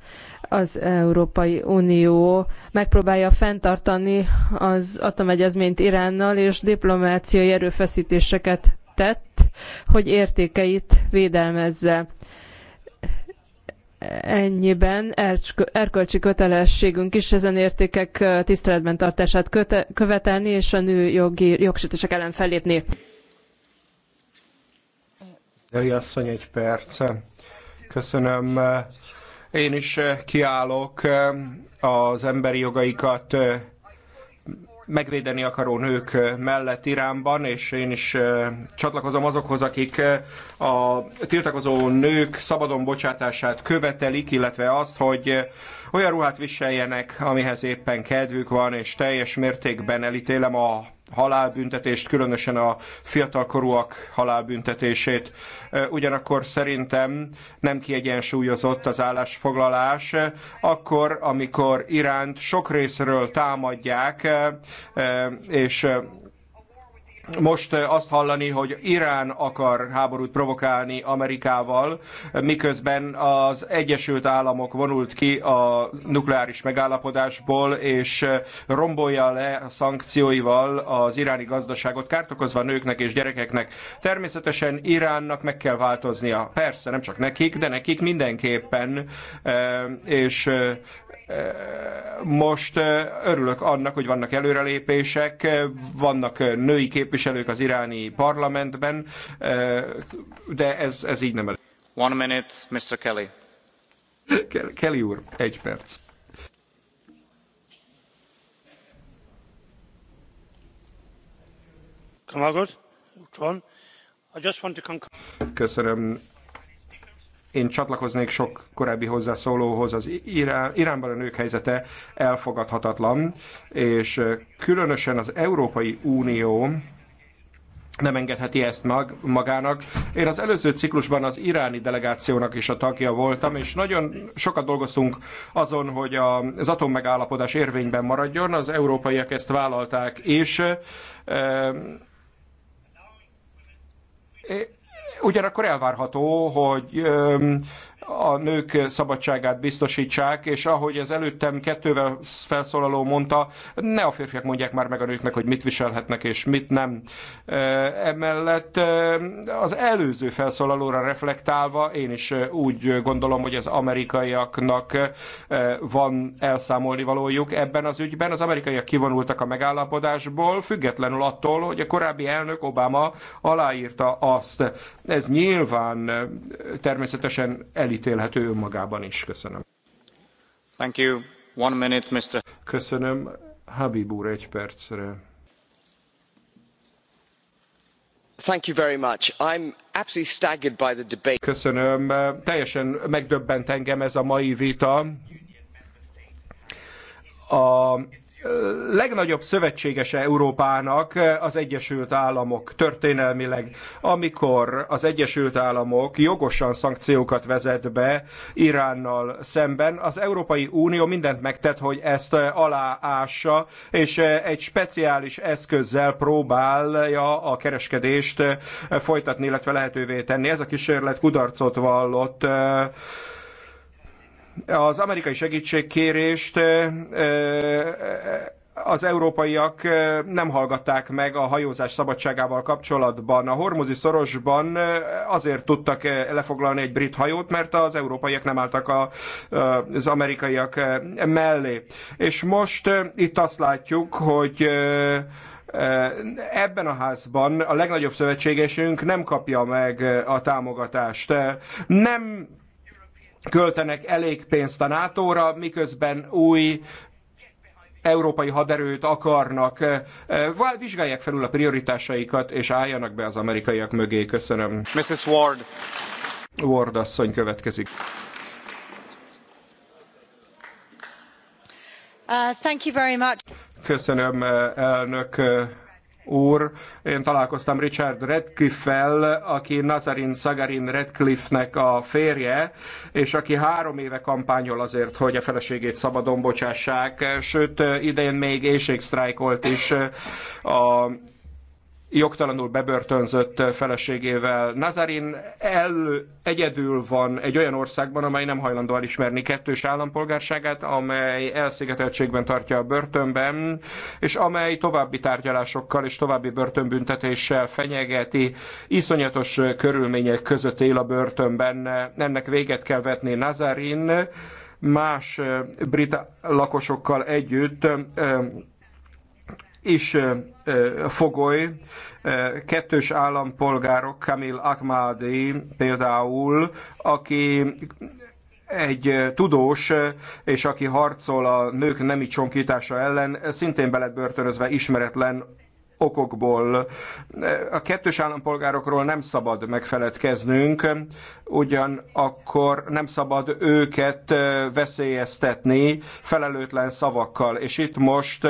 az Európai Unió megpróbálja fenntartani az atomegyezményt Iránnal, és diplomáciai erőfeszítéseket tett, hogy értékeit védelmezze. Ennyiben erkölcsi kötelességünk is ezen értékek tiszteletben tartását követelni, és a jogi jogsütések ellen fellépni. Jaj, asszony, egy perc. Köszönöm én is eh, kiállok eh, az emberi jogaikat eh, megvédeni akaró nők mellett Iránban, és én is csatlakozom azokhoz, akik a tiltakozó nők szabadon bocsátását követelik, illetve azt, hogy olyan ruhát viseljenek, amihez éppen kedvük van, és teljes mértékben elítélem a halálbüntetést, különösen a fiatalkorúak halálbüntetését. Ugyanakkor szerintem nem kiegyensúlyozott az állásfoglalás, akkor, amikor Iránt sok részről támadják, és most azt hallani, hogy Irán akar háborút provokálni Amerikával, miközben az Egyesült Államok vonult ki a nukleáris megállapodásból, és rombolja le a szankcióival az iráni gazdaságot, kárt okozva nőknek és gyerekeknek. Természetesen Iránnak meg kell változnia. Persze, nem csak nekik, de nekik mindenképpen. És most örülök annak, hogy vannak előrelépések, vannak női képviselők az iráni parlamentben, de ez, ez így nem elég. One minute, Mr. Kelly. Kelly úr, egy perc. Köszönöm, én csatlakoznék sok korábbi hozzászólóhoz, az Irán, Iránban a nők helyzete elfogadhatatlan, és különösen az Európai Unió nem engedheti ezt mag, magának. Én az előző ciklusban az iráni delegációnak is a tagja voltam, és nagyon sokat dolgoztunk azon, hogy az atommegállapodás érvényben maradjon. Az európaiak ezt vállalták, és Ugyanakkor elvárható, hogy a nők szabadságát biztosítsák, és ahogy az előttem kettővel felszólaló mondta, ne a férfiak mondják már meg a nőknek, hogy mit viselhetnek és mit nem. Emellett az előző felszólalóra reflektálva, én is úgy gondolom, hogy az amerikaiaknak van elszámolni valójuk ebben az ügyben. Az amerikaiak kivonultak a megállapodásból, függetlenül attól, hogy a korábbi elnök Obama aláírta azt. Ez nyilván természetesen elég elítélhető önmagában is. Köszönöm. Thank you. One minute, Mr. Köszönöm. Habib úr, egy percre. Thank you very much. I'm absolutely staggered by the debate. Köszönöm. Teljesen megdöbbent engem ez a mai vita. A legnagyobb szövetségese Európának az Egyesült Államok történelmileg, amikor az Egyesült Államok jogosan szankciókat vezet be Iránnal szemben, az Európai Unió mindent megtett, hogy ezt aláássa, és egy speciális eszközzel próbálja a kereskedést folytatni, illetve lehetővé tenni. Ez a kísérlet kudarcot vallott az amerikai segítségkérést az európaiak nem hallgatták meg a hajózás szabadságával kapcsolatban. A hormuzi szorosban azért tudtak lefoglalni egy brit hajót, mert az európaiak nem álltak a, az amerikaiak mellé. És most itt azt látjuk, hogy ebben a házban a legnagyobb szövetségesünk nem kapja meg a támogatást. Nem költenek elég pénzt a NATO-ra, miközben új európai haderőt akarnak. Vizsgálják felül a prioritásaikat, és álljanak be az amerikaiak mögé. Köszönöm. Mrs. Ward. Ward asszony következik. Uh, thank you very much. Köszönöm, elnök úr. Én találkoztam Richard redcliffe fel aki Nazarin Sagarin redcliffe nek a férje, és aki három éve kampányol azért, hogy a feleségét szabadon bocsássák, sőt idén még éjségsztrájkolt is a jogtalanul bebörtönzött feleségével. Nazarin el, egyedül van egy olyan országban, amely nem hajlandó elismerni kettős állampolgárságát, amely elszigeteltségben tartja a börtönben, és amely további tárgyalásokkal és további börtönbüntetéssel fenyegeti. Iszonyatos körülmények között él a börtönben. Ennek véget kell vetni Nazarin más brit lakosokkal együtt is fogoly. Kettős állampolgárok, Kamil Akmádi például, aki egy tudós, és aki harcol a nők nemi csonkítása ellen, szintén belet börtönözve ismeretlen okokból. A kettős állampolgárokról nem szabad megfeledkeznünk, ugyanakkor nem szabad őket veszélyeztetni felelőtlen szavakkal. És itt most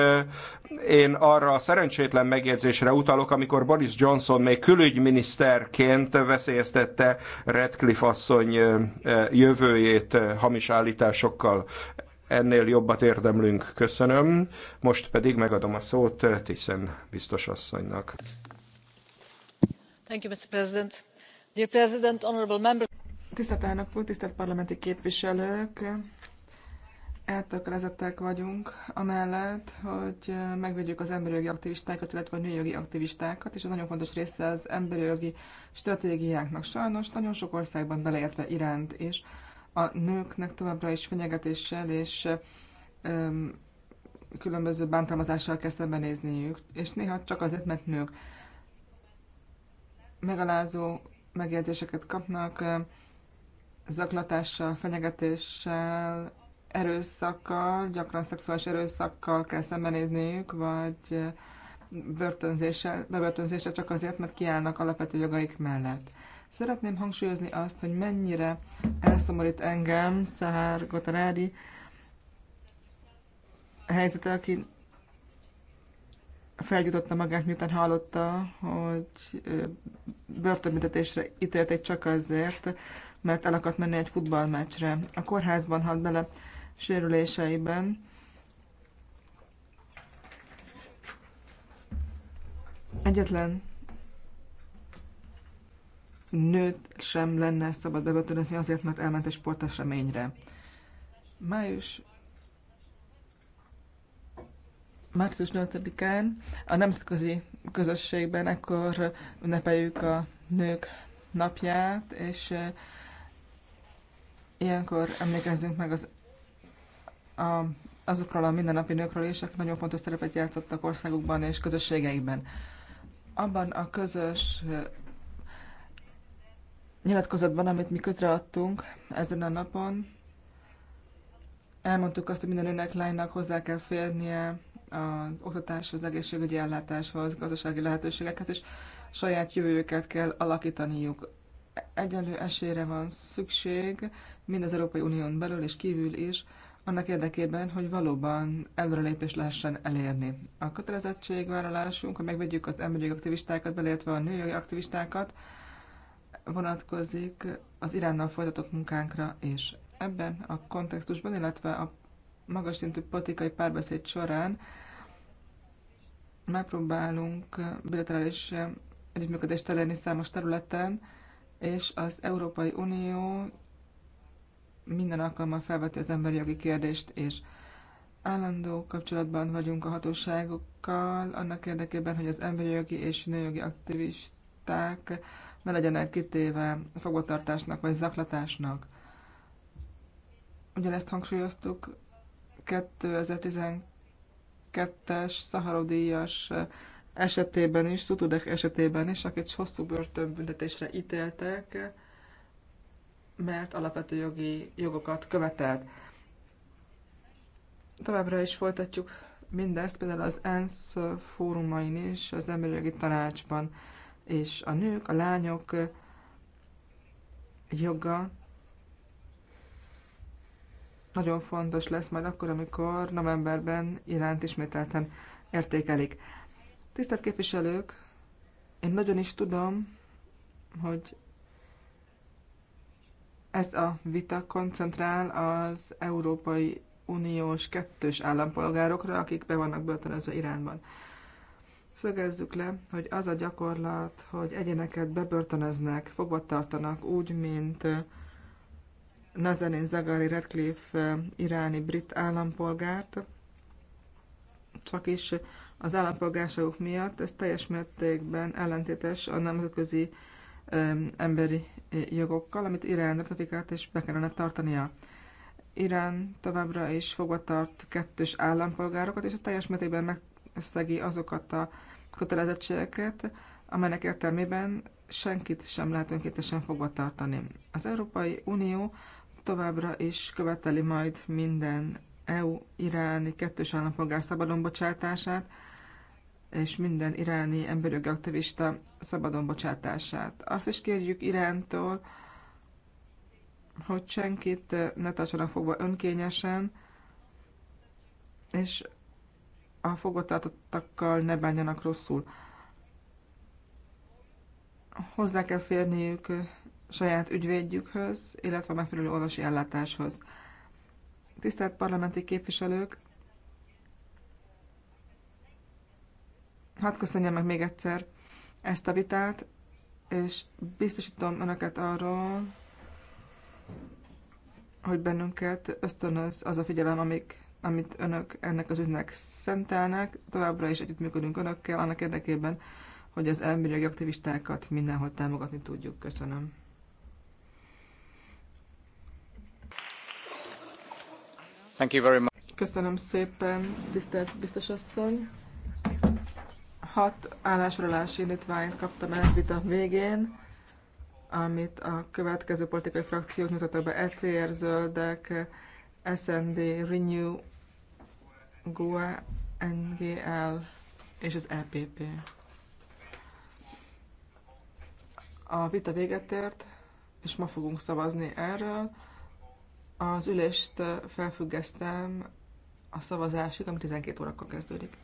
én arra a szerencsétlen megjegyzésre utalok, amikor Boris Johnson még külügyminiszterként veszélyeztette Redcliffe asszony jövőjét hamis állításokkal ennél jobbat érdemlünk. Köszönöm. Most pedig megadom a szót Tiszen biztos asszonynak. Thank you, Mr. President. Dear President, honorable members. Tisztelt elnök úr, tisztelt parlamenti képviselők! Eltökelezettek vagyunk amellett, hogy megvédjük az emberi jogi aktivistákat, illetve a női jogi aktivistákat, és ez nagyon fontos része az emberi jogi stratégiáknak sajnos, nagyon sok országban beleértve Iránt is. És a nőknek továbbra is fenyegetéssel és öm, különböző bántalmazással kell szembenézniük, és néha csak azért, mert nők megalázó megjegyzéseket kapnak, zaklatással, fenyegetéssel, erőszakkal, gyakran szexuális erőszakkal kell szembenézniük, vagy börtönzéssel, bebörtönzéssel csak azért, mert kiállnak alapvető jogaik mellett. Szeretném hangsúlyozni azt, hogy mennyire elszomorít engem Szahár Gotarádi helyzete, aki felgyújtotta magát, miután hallotta, hogy börtönbüntetésre ítélték csak azért, mert el akart menni egy futballmeccsre. A kórházban halt bele sérüléseiben. Egyetlen nőt sem lenne szabad bebörtönözni azért, mert elment egy sporteseményre. Május március 8-án a nemzetközi közösségben ekkor ünnepeljük a nők napját, és eh, ilyenkor emlékezzünk meg az, a, azokról a mindennapi nőkről is, akik nagyon fontos szerepet játszottak országukban és közösségeikben. Abban a közös nyilatkozatban, amit mi közreadtunk ezen a napon, elmondtuk azt, hogy minden önnek lánynak hozzá kell férnie az oktatáshoz, egészségügyi ellátáshoz, gazdasági lehetőségekhez, és saját jövőjüket kell alakítaniuk. Egyenlő esélyre van szükség, mind az Európai Unión belül és kívül is, annak érdekében, hogy valóban előrelépést lehessen elérni. A kötelezettségvállalásunk, hogy megvegyük az emberi aktivistákat, beleértve a női aktivistákat, vonatkozik az Iránnal folytatott munkánkra és ebben a kontextusban, illetve a magas szintű politikai párbeszéd során megpróbálunk bilaterális együttműködést elérni számos területen, és az Európai Unió minden alkalommal felveti az emberi jogi kérdést, és állandó kapcsolatban vagyunk a hatóságokkal, annak érdekében, hogy az emberi jogi és nőjogi aktivisták ne legyenek kitéve fogvatartásnak vagy zaklatásnak. Ugyanezt hangsúlyoztuk 2012-es szaharodíjas esetében is, Szutudek esetében is, akit hosszú börtönbüntetésre ítéltek, mert alapvető jogi jogokat követelt. Továbbra is folytatjuk mindezt, például az ENSZ fórumain is, az emberi jogi tanácsban és a nők, a lányok joga nagyon fontos lesz majd akkor, amikor novemberben Iránt ismételten értékelik. Tisztelt képviselők, én nagyon is tudom, hogy ez a vita koncentrál az Európai Uniós kettős állampolgárokra, akik be vannak börtönözve Iránban. Szögezzük le, hogy az a gyakorlat, hogy egyeneket bebörtönöznek, fogva tartanak úgy, mint Nazanin Zagari Radcliffe iráni brit állampolgárt, csak is az állampolgárságuk miatt, ez teljes mértékben ellentétes a nemzetközi emberi jogokkal, amit Irán ratifikált és be kellene tartania. Irán továbbra is fogva tart kettős állampolgárokat, és ez teljes mértékben meg összegi azokat a kötelezettségeket, amelynek értelmében senkit sem lehet önkéntesen fogva tartani. Az Európai Unió továbbra is követeli majd minden EU-iráni kettős állampolgár szabadon bocsátását, és minden iráni emberjogi aktivista szabadon bocsátását. Azt is kérjük Irántól, hogy senkit ne tartsanak fogva önkényesen, és a fogvatartottakkal ne bánjanak rosszul. Hozzá kell férniük saját ügyvédjükhöz, illetve a megfelelő orvosi ellátáshoz. Tisztelt parlamenti képviselők, hadd köszönjem meg még egyszer ezt a vitát, és biztosítom önöket arról, hogy bennünket ösztönöz az a figyelem, amik amit önök ennek az ügynek szentelnek. Továbbra is együttműködünk önökkel annak érdekében, hogy az emberi aktivistákat mindenhol támogatni tudjuk. Köszönöm. Thank you very much. Köszönöm szépen, tisztelt biztos asszony. Hat állásrólási indítványt kaptam el vita végén, amit a következő politikai frakciók nyújtottak be, ECR, Zöldek, SND, Renew, GUE, NGL és az EPP. A vita véget ért, és ma fogunk szavazni erről. Az ülést felfüggesztem a szavazásig, ami 12 órakor kezdődik.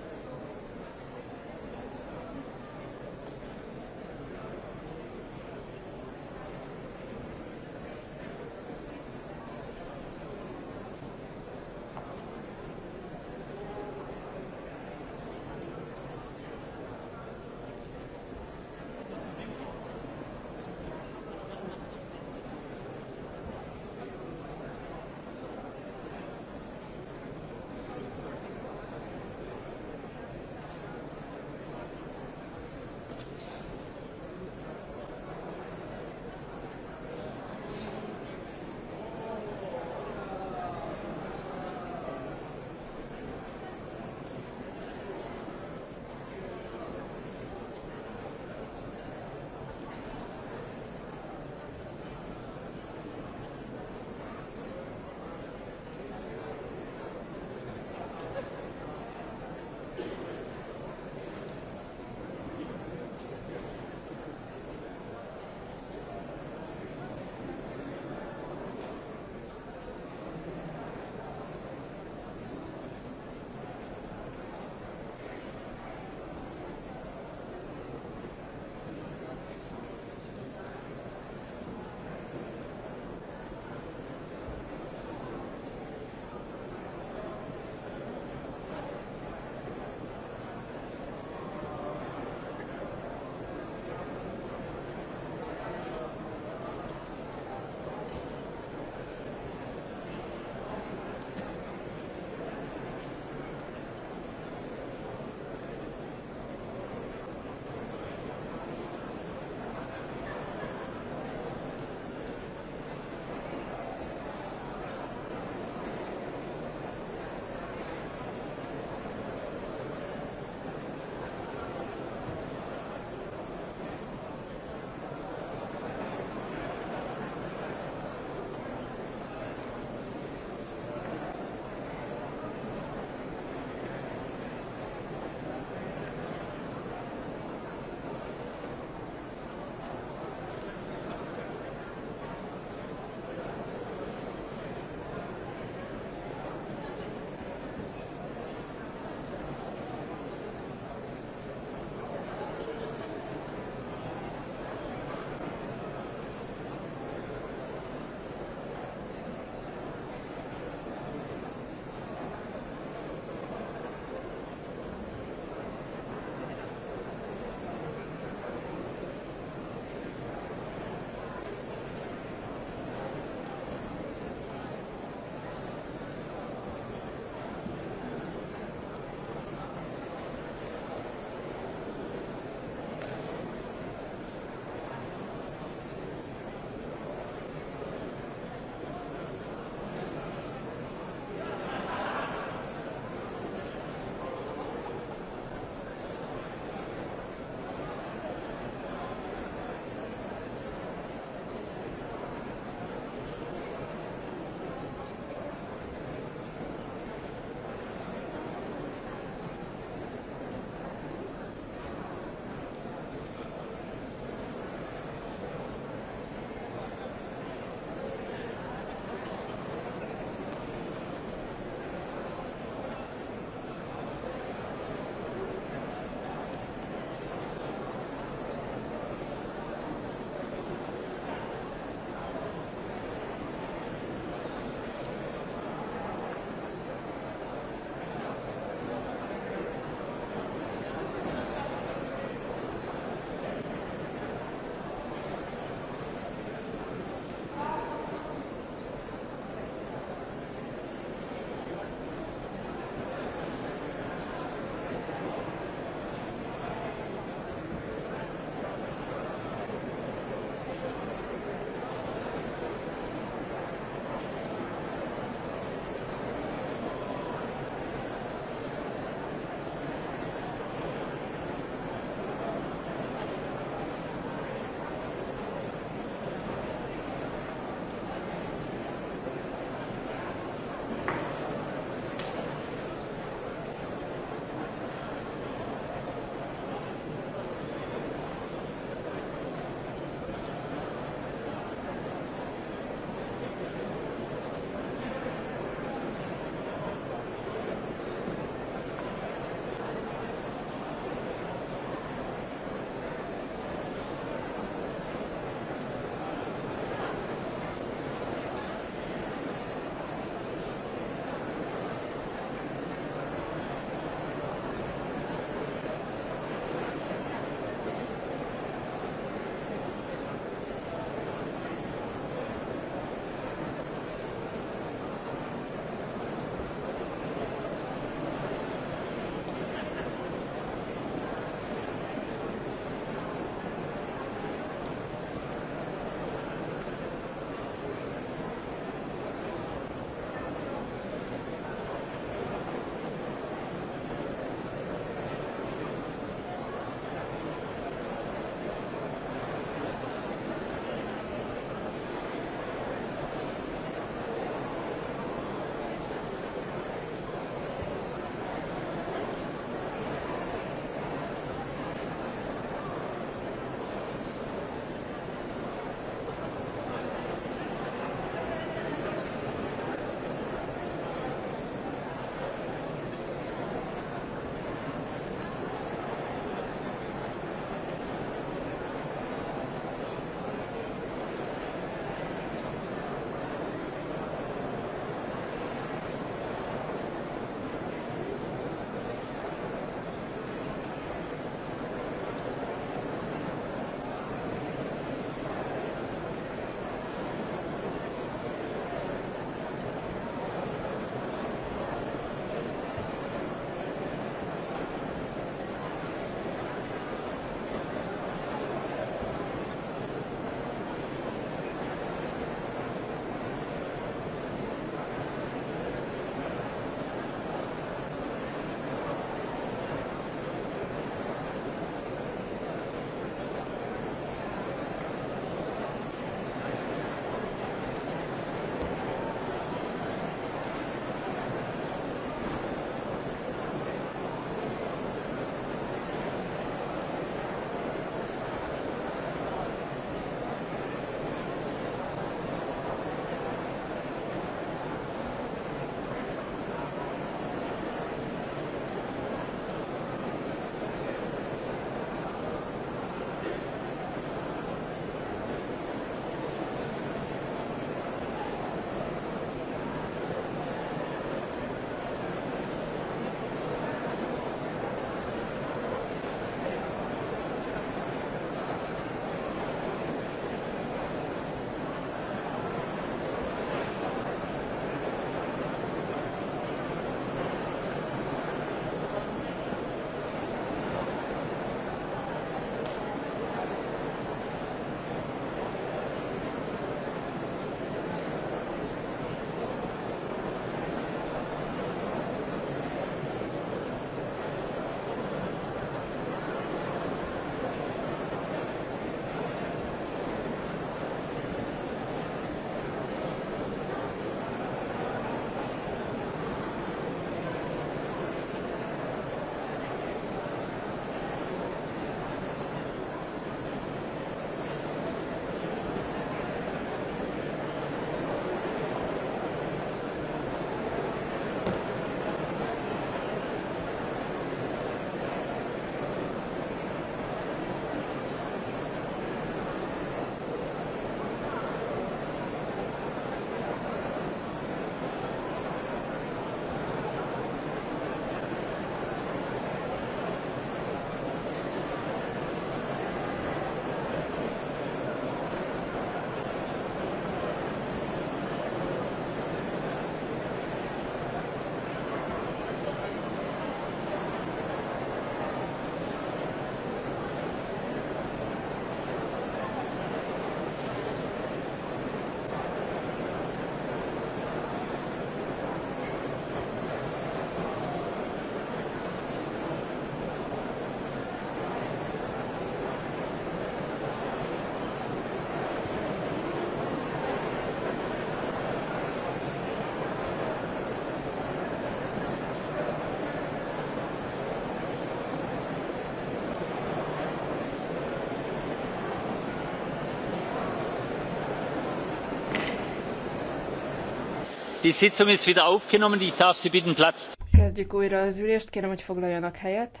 Kezdjük újra az ülést, kérem, hogy foglaljanak helyet.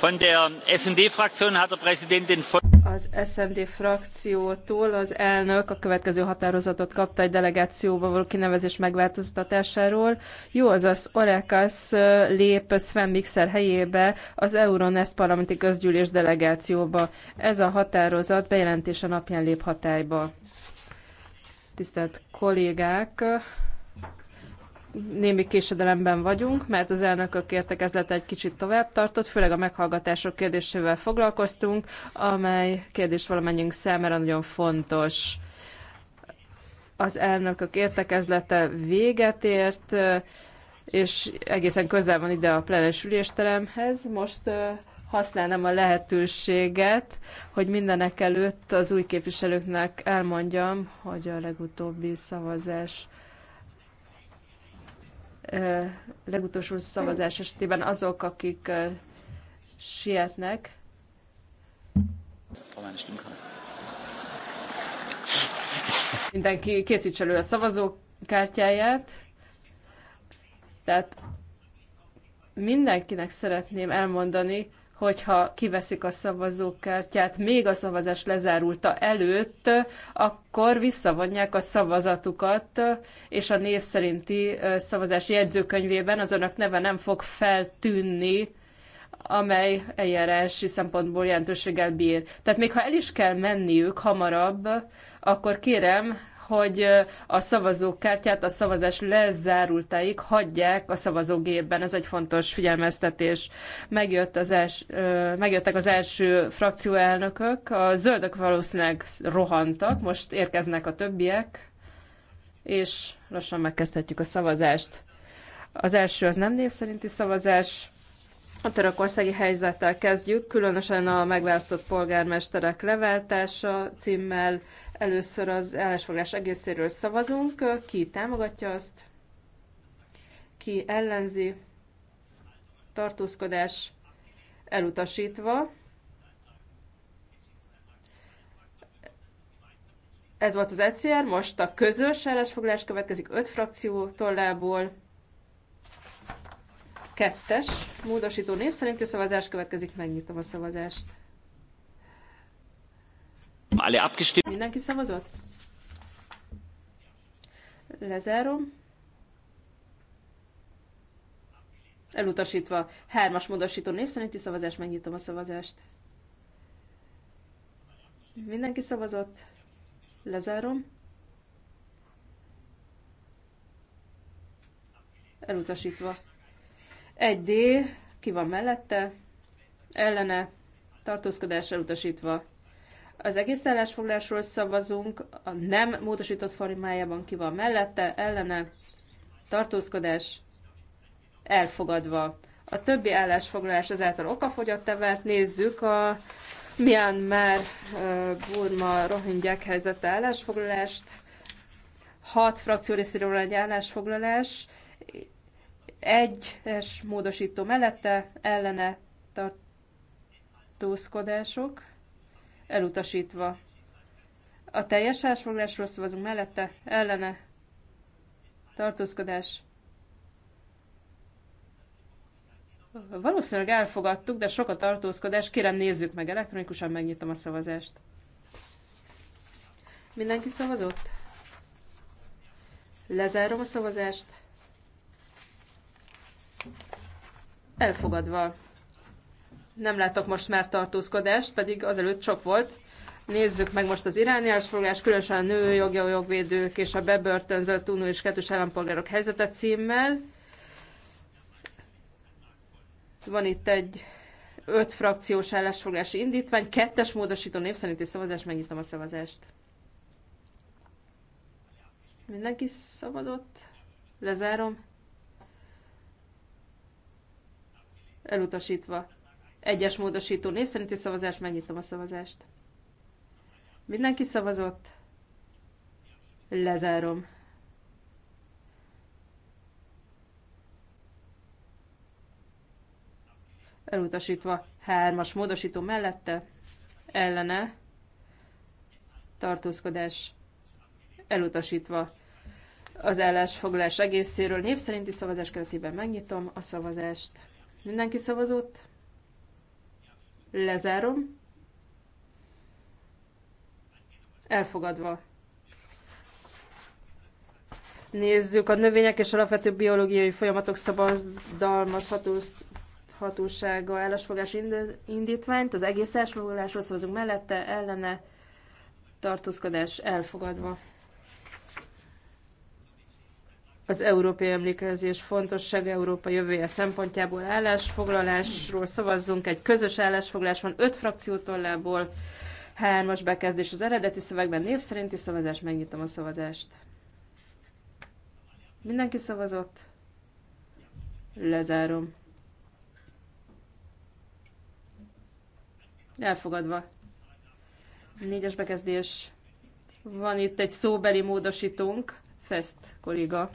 Von der SD-Fraktion hat der Präsident den SND frakciótól az elnök a következő határozatot kapta egy delegációba való kinevezés megváltoztatásáról. Jó, azaz Olekas lép Sven Mixer helyébe az Euronest parlamenti közgyűlés delegációba. Ez a határozat bejelentése napján lép hatályba. Tisztelt kollégák! némi késedelemben vagyunk, mert az elnökök értekezlete egy kicsit tovább tartott, főleg a meghallgatások kérdésével foglalkoztunk, amely kérdés valamennyiünk számára nagyon fontos. Az elnökök értekezlete véget ért, és egészen közel van ide a plenes ülésteremhez. Most használnám a lehetőséget, hogy mindenek előtt az új képviselőknek elmondjam, hogy a legutóbbi szavazás legutolsó szavazás esetében azok, akik sietnek. Mindenki készíts elő a szavazókártyáját. Tehát mindenkinek szeretném elmondani, hogyha kiveszik a szavazókártyát még a szavazás lezárulta előtt, akkor visszavonják a szavazatukat, és a név szerinti szavazás jegyzőkönyvében az önök neve nem fog feltűnni, amely eljárási szempontból jelentőséggel bír. Tehát még ha el is kell menniük hamarabb, akkor kérem, hogy a szavazókártyát a szavazás lezárultáig hagyják a szavazógépben. Ez egy fontos figyelmeztetés. Megjött az els, megjöttek az első frakcióelnökök, a zöldök valószínűleg rohantak, most érkeznek a többiek, és lassan megkezdhetjük a szavazást. Az első az nem név szerinti szavazás, a törökországi helyzettel kezdjük, különösen a megválasztott polgármesterek leváltása címmel Először az állásfoglás egészéről szavazunk. Ki támogatja azt? Ki ellenzi? Tartózkodás elutasítva. Ez volt az ECR, most a közös állásfoglalás következik öt frakció tollából. Kettes módosító név szerinti szavazás következik, megnyitom a szavazást. Alle abgestimmt. Mindenki szavazott? Lezárom. Elutasítva. Hármas módosító név szerinti szavazás, megnyitom a szavazást. Mindenki szavazott? Lezárom. Elutasítva. 1D, ki van mellette? Ellene, tartózkodás elutasítva. Az egész állásfoglásról szavazunk, a nem módosított formájában ki van mellette, ellene, tartózkodás, elfogadva. A többi állásfoglalás ezáltal okafogyott evelt. Nézzük a Myanmar, Burma, Rohingyák helyzete állásfoglalást. Hat frakció részéről egy állásfoglalás. Egyes módosító mellette ellene tartózkodások elutasítva. A teljes állásfoglalásról szavazunk mellette, ellene, tartózkodás. Valószínűleg elfogadtuk, de sok a tartózkodás. Kérem nézzük meg elektronikusan, megnyitom a szavazást. Mindenki szavazott? Lezárom a szavazást. Elfogadva. Nem látok most már tartózkodást, pedig azelőtt sok volt. Nézzük meg most az iráni elsfoglalás, különösen a a jogvédők és a bebörtönzött unió és kettős állampolgárok helyzete címmel. Van itt egy öt frakciós állásfoglási indítvány, kettes módosító név szerinti szavazás, megnyitom a szavazást. Mindenki szavazott? Lezárom. Elutasítva. Egyes módosító név szerinti szavazást, megnyitom a szavazást. Mindenki szavazott? Lezárom. Elutasítva hármas módosító mellette, ellene, tartózkodás, elutasítva az állásfoglalás egészéről. Név szerinti szavazás keretében megnyitom a szavazást. Mindenki szavazott? Lezárom. Elfogadva. Nézzük a növények és alapvető biológiai folyamatok szabadalmazhatósága állásfogás indítványt. Az egész állásfoglalásról szavazunk mellette, ellene tartózkodás elfogadva az európai emlékezés fontosság Európa jövője szempontjából állásfoglalásról szavazzunk. Egy közös állásfoglalás van öt frakció tollából, hármas bekezdés az eredeti szövegben, név szerinti szavazás, megnyitom a szavazást. Mindenki szavazott? Lezárom. Elfogadva. Négyes bekezdés. Van itt egy szóbeli módosítónk. Fest kolléga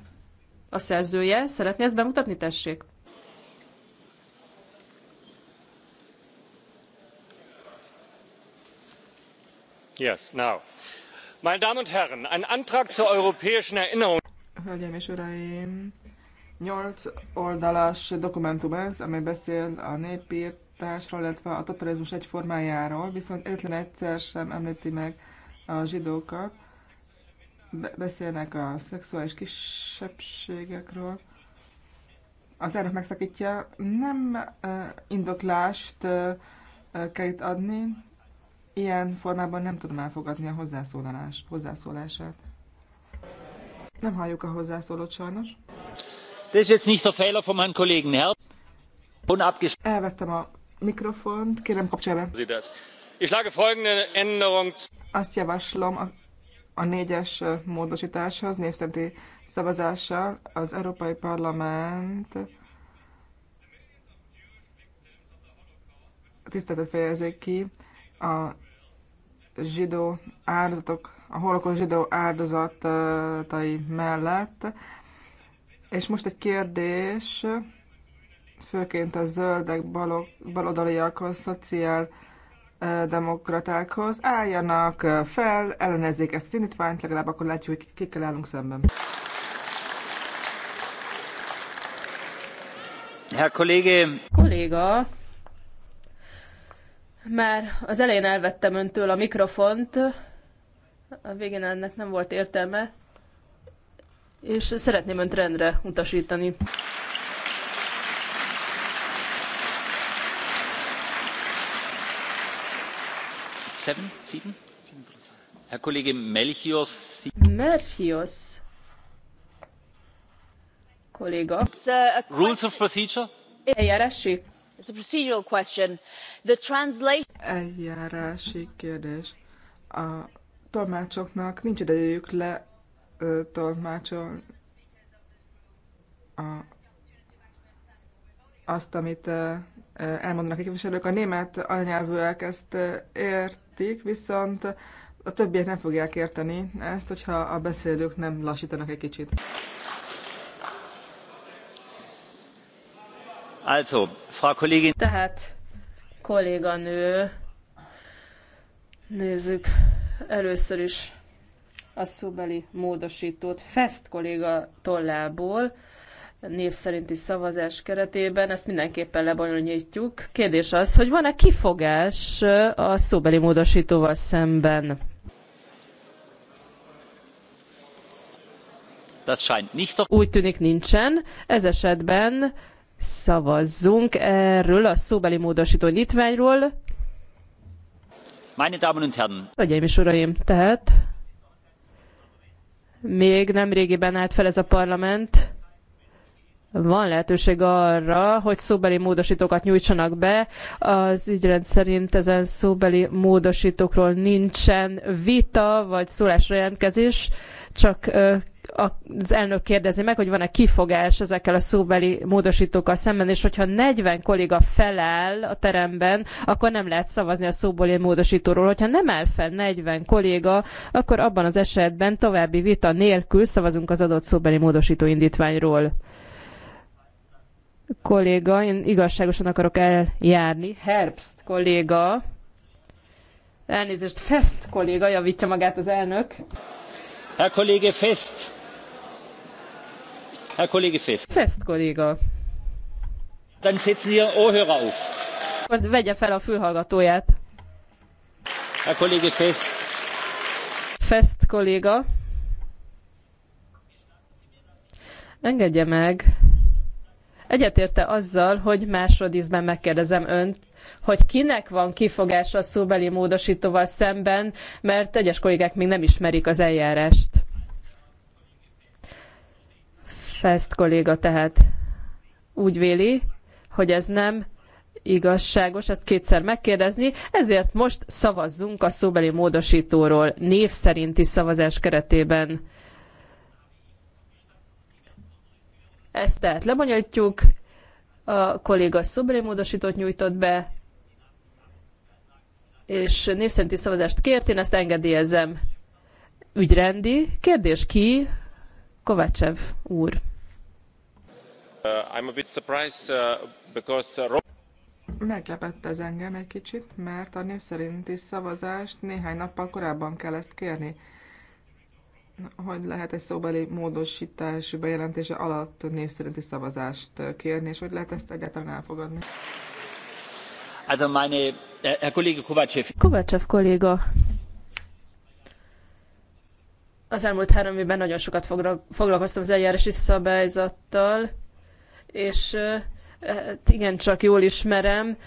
a szerzője. Szeretné ezt bemutatni, tessék? Yes, now. Meine Damen und Herren, ein Antrag zur europäischen Erinnerung. Hölgyeim és Uraim, nyolc oldalas dokumentum ez, amely beszél a népírtásról, illetve a totalizmus egy formájáról, viszont egyetlen egyszer sem említi meg a zsidókat beszélnek a szexuális kisebbségekről, az elnök megszakítja, nem indoklást kell itt adni, ilyen formában nem tudom elfogadni a hozzászólás, hozzászólását. Nem halljuk a hozzászólót sajnos. Das ist jetzt nicht der Fehler vom Herrn Kollegen Herr. Elvettem a mikrofont, kérem kapcsolja be. Azt javaslom, a négyes módosításhoz, név szerinti szavazással az Európai Parlament tiszteletet fejezik ki a zsidó áldozatok, a holokos zsidó áldozatai mellett. És most egy kérdés, főként a zöldek, balok, a szociál demokratákhoz. Álljanak fel, ellenezzék ezt az indítványt, legalább akkor látjuk, hogy kikkel állunk szemben. Herr Kollege! Kolléga! Már az elején elvettem öntől a mikrofont, a végén ennek nem volt értelme, és szeretném önt rendre utasítani. herr kollege rules of procedure eljárási It's a procedural question. The translation... Eljárási kérdés. A tolmácsoknak nincs idejük le tolmácsolni azt, amit Eh, elmondanak a képviselők. A német anyanyelvűek ezt eh, értik, viszont a többiek nem fogják érteni ezt, hogyha a beszélők nem lassítanak egy kicsit. Also, Frau Kollegin. Tehát, kolléganő, nézzük először is a szóbeli módosítót Fest kolléga tollából név szerinti szavazás keretében, ezt mindenképpen lebonyolítjuk. Kérdés az, hogy van-e kifogás a szóbeli módosítóval szemben? Úgy tűnik nincsen. Ez esetben szavazzunk erről a szóbeli módosító nyitványról. Meine Damen und Herren. és uraim, tehát még nem régiben állt fel ez a parlament van lehetőség arra, hogy szóbeli módosítókat nyújtsanak be. Az ügyrend szerint ezen szóbeli módosítókról nincsen vita vagy szólásra jelentkezés, csak az elnök kérdezi meg, hogy van-e kifogás ezekkel a szóbeli módosítókkal szemben, és hogyha 40 kolléga feláll a teremben, akkor nem lehet szavazni a szóbeli módosítóról. Hogyha nem áll fel 40 kolléga, akkor abban az esetben további vita nélkül szavazunk az adott szóbeli módosító indítványról kolléga, én igazságosan akarok eljárni, Herbst kolléga, elnézést, Fest kolléga, javítja magát az elnök. Herr kollége Fest. Herr kollége Fest. Fest kolléga. Dann setzen Sie Ohrhörer auf. Akkor vegye fel a fülhallgatóját. Herr kollége Fest. Fest kolléga. Engedje meg, Egyetérte azzal, hogy másodízben megkérdezem önt, hogy kinek van kifogása a szóbeli módosítóval szemben, mert egyes kollégák még nem ismerik az eljárást. Fest kolléga tehát úgy véli, hogy ez nem igazságos ezt kétszer megkérdezni, ezért most szavazzunk a szóbeli módosítóról név szerinti szavazás keretében. Ezt tehát lebonyolítjuk, a kolléga szobré módosítót nyújtott be, és népszerinti szavazást kért, én ezt engedélyezem. Ügyrendi. Kérdés ki? Kovácsev úr. Uh, I'm a bit surprised, uh, because, uh, Meglepett ez engem egy kicsit, mert a név szerinti szavazást néhány nappal korábban kell ezt kérni hogy lehet egy szóbeli módosítás bejelentése alatt név szerinti szavazást kérni, és hogy lehet ezt egyáltalán elfogadni? Also meine, äh, Herr Kollege Kovácsev. Kovácsev kolléga, az elmúlt három évben nagyon sokat foglalkoztam az eljárási szabályzattal, és hát igen, csak jól ismerem,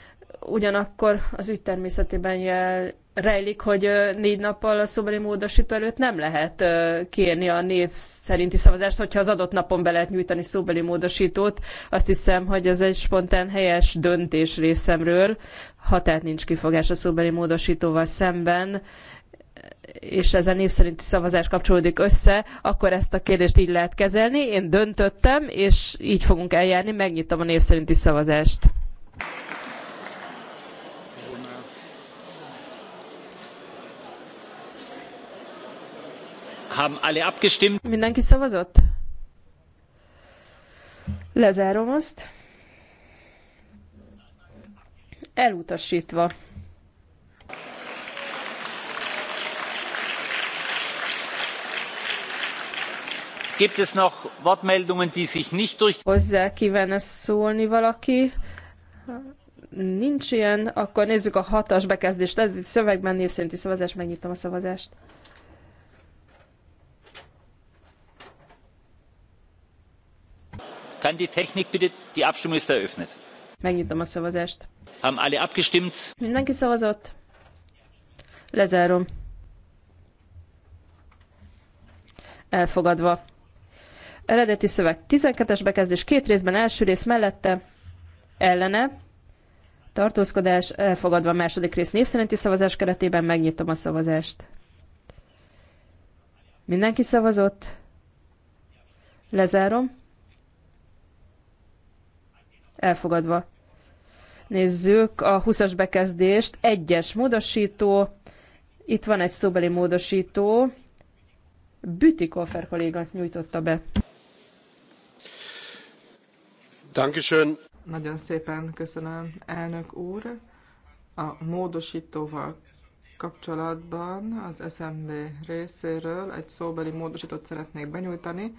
ugyanakkor az ügy természetében jel, rejlik, hogy négy nappal a szobori módosító előtt nem lehet kérni a név szerinti szavazást, hogyha az adott napon be lehet nyújtani szóbeli módosítót. Azt hiszem, hogy ez egy spontán helyes döntés részemről, ha tehát nincs kifogás a szóbeli módosítóval szemben, és ez a név szerinti szavazás kapcsolódik össze, akkor ezt a kérdést így lehet kezelni. Én döntöttem, és így fogunk eljárni, megnyitom a név szerinti szavazást. Haben alle abgestimmt? Mindenki szavazott? Lezárom azt. Elutasítva. Gibt es noch Wortmeldungen, die sich nicht durch... Hozzá kívánna szólni valaki? Nincs ilyen. Akkor nézzük a hatas bekezdést. Szövegben név szerinti szavazást. Megnyitom a szavazást. kann die technik bitte die abstimmung ist eröffnet. megnyitom a szavazást. haben alle abgestimmt? mindenki szavazott? lezárom. elfogadva. Eredeti szöveg 12-es bekezdés két részben, első rész mellette, ellene, tartózkodás, elfogadva a második rész név szerinti szavazás keretében megnyitom a szavazást. Mindenki szavazott? Lezárom. Elfogadva. Nézzük a 20-as bekezdést. Egyes módosító. Itt van egy szóbeli módosító. Koffer kolléga nyújtotta be. Dankeschön. Nagyon szépen köszönöm, elnök úr. A módosítóval kapcsolatban az SND részéről egy szóbeli módosítót szeretnék benyújtani,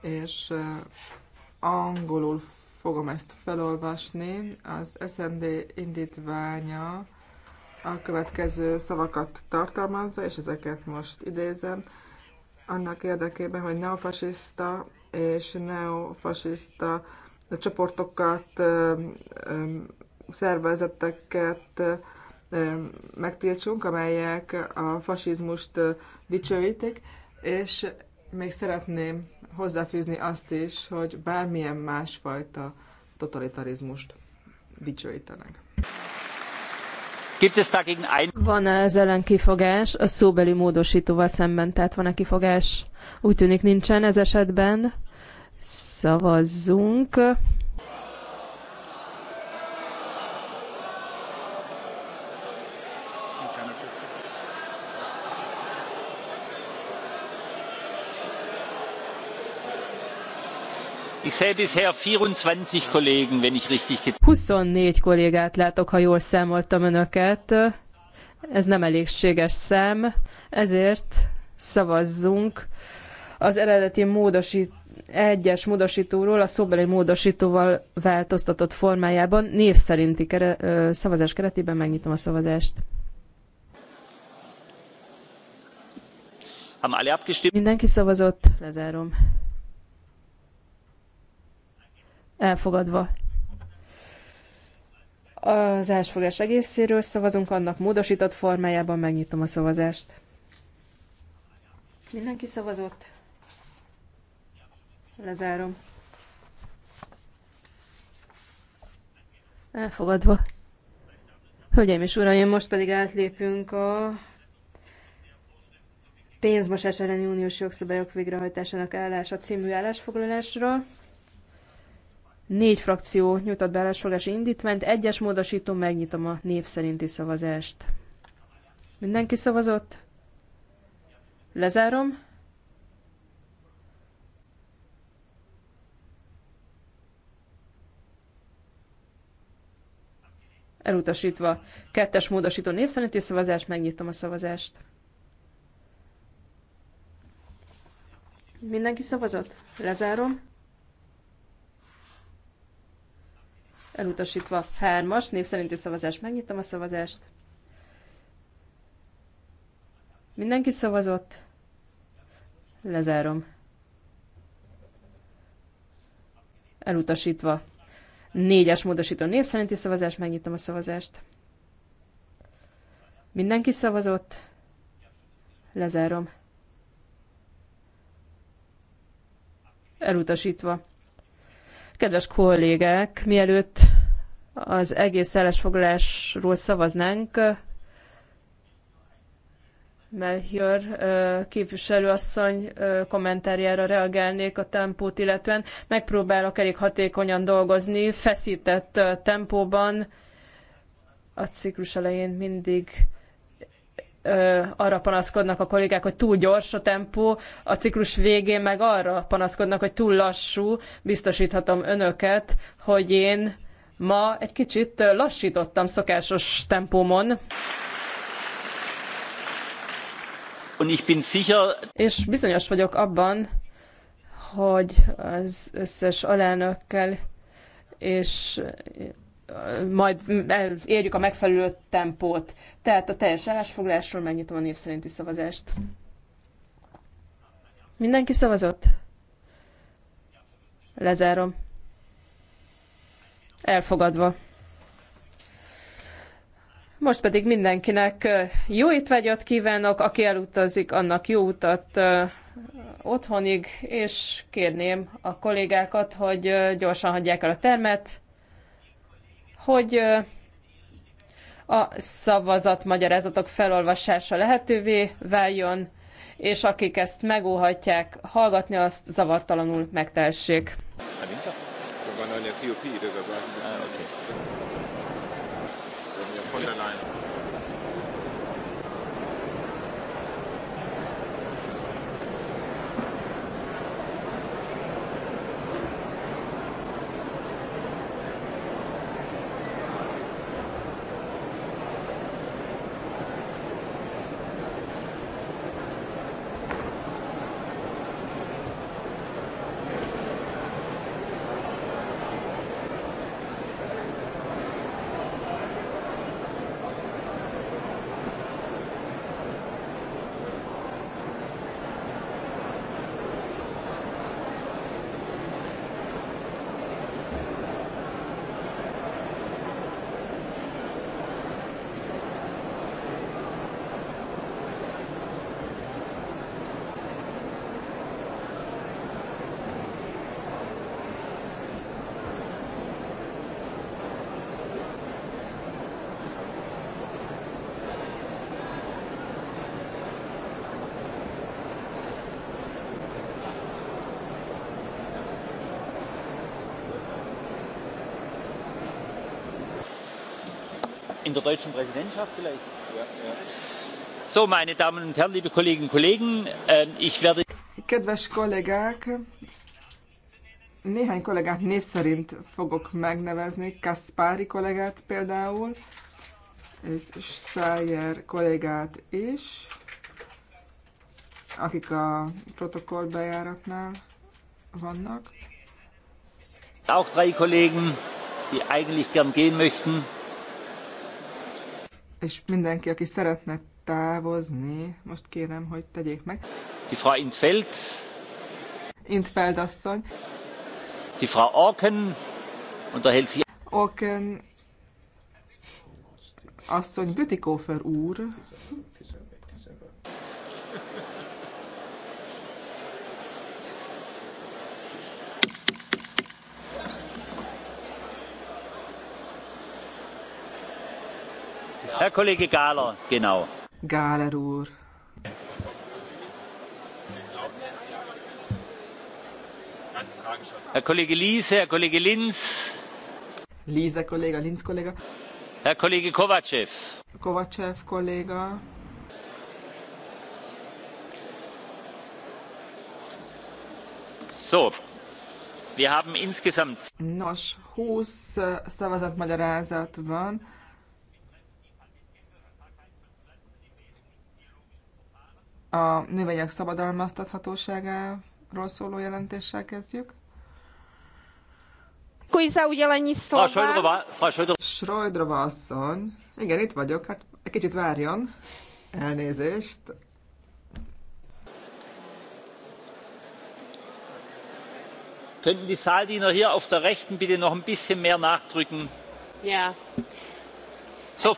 és eh, angolul fogom ezt felolvasni. Az SND indítványa a következő szavakat tartalmazza, és ezeket most idézem, annak érdekében, hogy neofasiszta és neofasiszta csoportokat, szervezeteket megtiltsunk, amelyek a fasizmust dicsőítik, és még szeretném hozzáfűzni azt is, hogy bármilyen másfajta totalitarizmust dicsőítenek. Van-e ez ellen kifogás a szóbeli módosítóval szemben? Tehát van-e kifogás? Úgy tűnik nincsen ez esetben. Szavazzunk. 24 24 kollégát látok, ha jól számoltam önöket. Ez nem elégséges szám, ezért szavazzunk az eredeti módosít, egyes módosítóról a szóbeli módosítóval változtatott formájában név szerinti kere, ö, szavazás keretében megnyitom a szavazást. Mindenki szavazott, lezárom elfogadva. Az elsfogás egészéről szavazunk, annak módosított formájában megnyitom a szavazást. Mindenki szavazott? Lezárom. Elfogadva. Hölgyeim és uraim, most pedig átlépünk a pénzmosás elleni uniós jogszabályok végrehajtásának állása című állásfoglalásra. Négy frakció nyújtott be állásfoglási indítványt, egyes módosító, megnyitom a név szerinti szavazást. Mindenki szavazott? Lezárom. Elutasítva. Kettes módosító név szerinti szavazást, megnyitom a szavazást. Mindenki szavazott? Lezárom. elutasítva hármas név szerinti szavazás, megnyitom a szavazást. Mindenki szavazott? Lezárom. Elutasítva. Négyes módosító név szerinti szavazás, megnyitom a szavazást. Mindenki szavazott? Lezárom. Elutasítva. Kedves kollégák, mielőtt az egész állásfoglalásról szavaznánk, Melchior képviselőasszony kommentárjára reagálnék a tempót, illetően megpróbálok elég hatékonyan dolgozni, feszített tempóban, a ciklus elején mindig arra panaszkodnak a kollégák, hogy túl gyors a tempó, a ciklus végén meg arra panaszkodnak, hogy túl lassú. Biztosíthatom önöket, hogy én ma egy kicsit lassítottam szokásos tempómon. Sicher... És bizonyos vagyok abban, hogy az összes alelnökkel és majd érjük a megfelelő tempót. Tehát a teljes állásfoglalásról megnyitom a név szerinti szavazást. Mindenki szavazott? Lezárom. Elfogadva. Most pedig mindenkinek jó étvágyat kívánok, aki elutazik, annak jó utat otthonig, és kérném a kollégákat, hogy gyorsan hagyják el a termet hogy a szavazat magyarázatok felolvasása lehetővé váljon, és akik ezt megóhatják hallgatni, azt zavartalanul megtehessék. Van, ah, in der deutschen präsidentschaft vielleicht? Ja, ja. So, meine Damen und Herren, liebe Kolleginnen und Kollegen, äh, ich werde. Kedves kollégák, néhány kollégát név szerint fogok megnevezni, Kaspári kollégát például, és Steyer kollégát is, akik a bejáratnál vannak. Auch drei Kollegen, die eigentlich gern gehen möchten és mindenki, aki szeretne távozni, most kérem, hogy tegyék meg. Die Frau Intfeld. Intfeld asszony. Die Frau Orken unterhält sie. Orken asszony, Bütikofer úr. Tizen, tizen. Herr Kollege Gahler, genau. Gáler úr. Herr Kollege Liese, Herr Kollege Linz. Liese kolléga, Linz kolléga. Herr Kollege Kovacev. Kovacev kolléga. So, wir haben insgesamt... Nos, 20 szavazatmagyarázat van. a növények szabadalmaztathatóságáról szóló jelentéssel kezdjük. Děkuji ugyanannyi szó. slova. A asszony. Igen, itt vagyok. Hát egy kicsit várjon. Elnézést. Könnten die Saaldiener hier auf der rechten bitte noch ein bisschen mehr nachdrücken? Ja. So.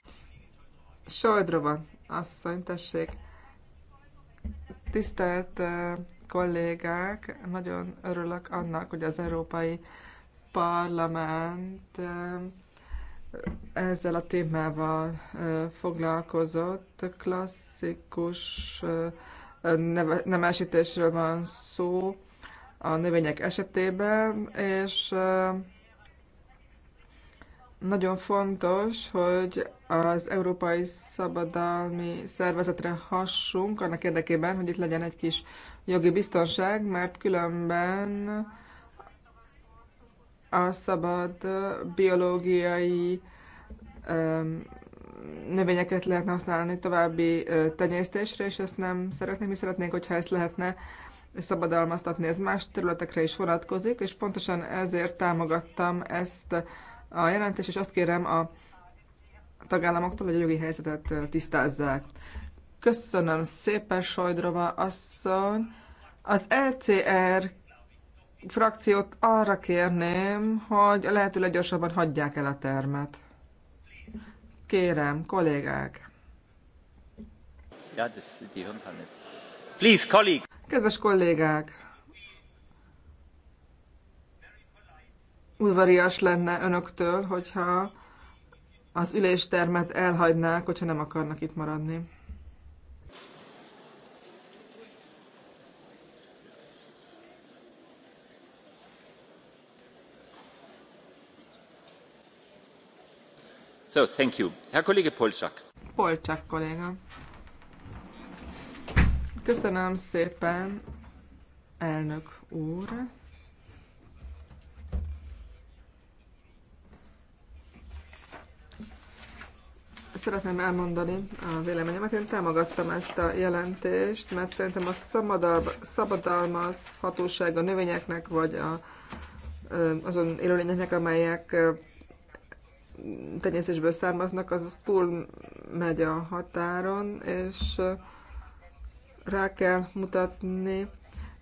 Sojdrova, asszony, tessék. Tisztelt kollégák, nagyon örülök annak, hogy az Európai Parlament ezzel a témával foglalkozott. Klasszikus nemesítésről van szó a növények esetében, és nagyon fontos, hogy az Európai Szabadalmi Szervezetre hassunk, annak érdekében, hogy itt legyen egy kis jogi biztonság, mert különben a szabad biológiai növényeket lehetne használni további tenyésztésre, és ezt nem szeretnénk. Mi szeretnénk, hogyha ezt lehetne szabadalmaztatni. Ez más területekre is vonatkozik, és pontosan ezért támogattam ezt a jelentés, és azt kérem a tagállamoktól, hogy a jogi helyzetet tisztázzák. Köszönöm szépen, Sajdrova asszony. Az LCR e frakciót arra kérném, hogy a lehető leggyorsabban hagyják el a termet. Kérem, kollégák. Please, colleague. Kedves kollégák! udvarias lenne önöktől, hogyha az üléstermet elhagynák, hogyha nem akarnak itt maradni. So, thank you. Herr Kollege Polcsak. Polcsak kolléga. Köszönöm szépen, elnök úr. szeretném elmondani a véleményemet. Én támogattam ezt a jelentést, mert szerintem a szabadal, szabadalmazhatóság a növényeknek, vagy a, azon élőlényeknek, amelyek tenyésztésből származnak, az túl megy a határon, és rá kell mutatni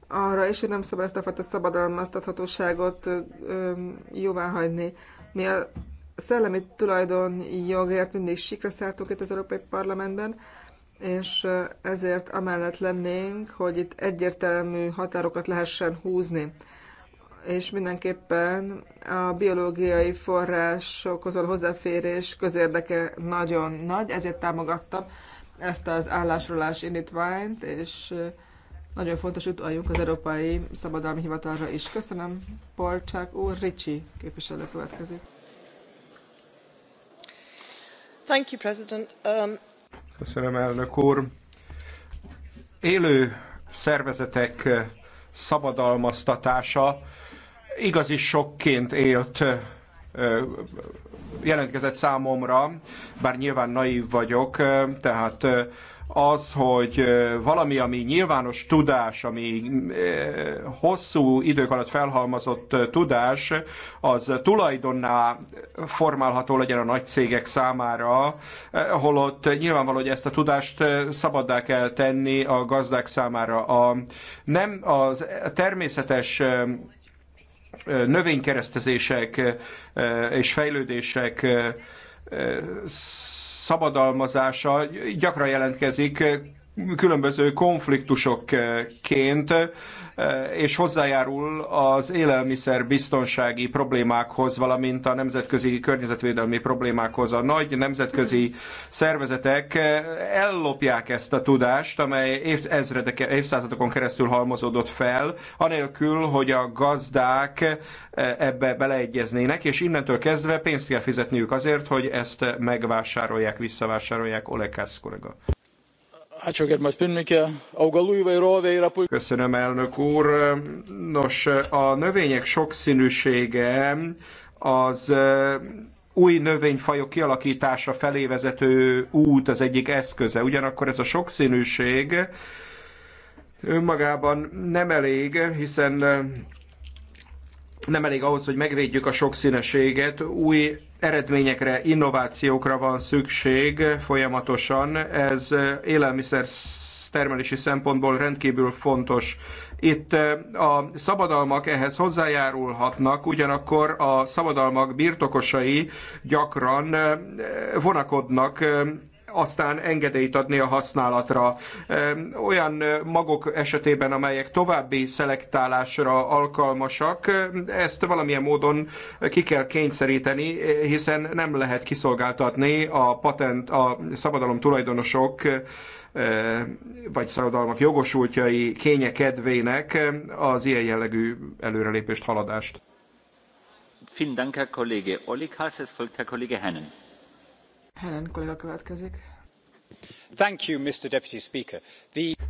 arra is, hogy nem szabad ezt a fajta szabadalmaztathatóságot jóvá hagyni. Mi a szellemi jogért mindig sikra szálltunk itt az Európai Parlamentben, és ezért amellett lennénk, hogy itt egyértelmű határokat lehessen húzni. És mindenképpen a biológiai forrásokhoz való hozzáférés közérdeke nagyon nagy, ezért támogattam ezt az állásrólás indítványt, és nagyon fontos, utaljunk az Európai Szabadalmi Hivatalra is. Köszönöm, Polcsák úr, Ricsi képviselő következik. Thank you, President. Um... Köszönöm, elnök úr. Élő szervezetek szabadalmaztatása igazi sokként élt jelentkezett számomra, bár nyilván naív vagyok, tehát az, hogy valami, ami nyilvános tudás, ami hosszú idők alatt felhalmazott tudás, az tulajdonná formálható legyen a nagy cégek számára, holott nyilvánvaló, hogy ezt a tudást szabaddá kell tenni a gazdák számára. A, nem az természetes növénykeresztezések és fejlődések szabadalmazása gyakran jelentkezik különböző konfliktusokként, eh, és hozzájárul az élelmiszer biztonsági problémákhoz, valamint a nemzetközi környezetvédelmi problémákhoz. A nagy nemzetközi szervezetek eh, ellopják ezt a tudást, amely évszázadokon keresztül halmozódott fel, anélkül, hogy a gazdák eh, ebbe beleegyeznének, és innentől kezdve pénzt kell fizetniük azért, hogy ezt megvásárolják, visszavásárolják. Olekász kollega. Köszönöm, elnök úr. Nos, a növények sokszínűsége az új növényfajok kialakítása felé vezető út az egyik eszköze. Ugyanakkor ez a sokszínűség önmagában nem elég, hiszen nem elég ahhoz, hogy megvédjük a sokszíneséget, új eredményekre, innovációkra van szükség folyamatosan. Ez élelmiszer termelési szempontból rendkívül fontos. Itt a szabadalmak ehhez hozzájárulhatnak, ugyanakkor a szabadalmak birtokosai gyakran vonakodnak aztán engedélyt adni a használatra. Olyan magok esetében, amelyek további szelektálásra alkalmasak, ezt valamilyen módon ki kell kényszeríteni, hiszen nem lehet kiszolgáltatni a patent, a szabadalom tulajdonosok vagy szabadalmak jogosultjai kénye kedvének az ilyen jellegű előrelépést, haladást. Vielen Dank, Herr Kollege Olikas. Es folgt Herr Kollege Hennen következik.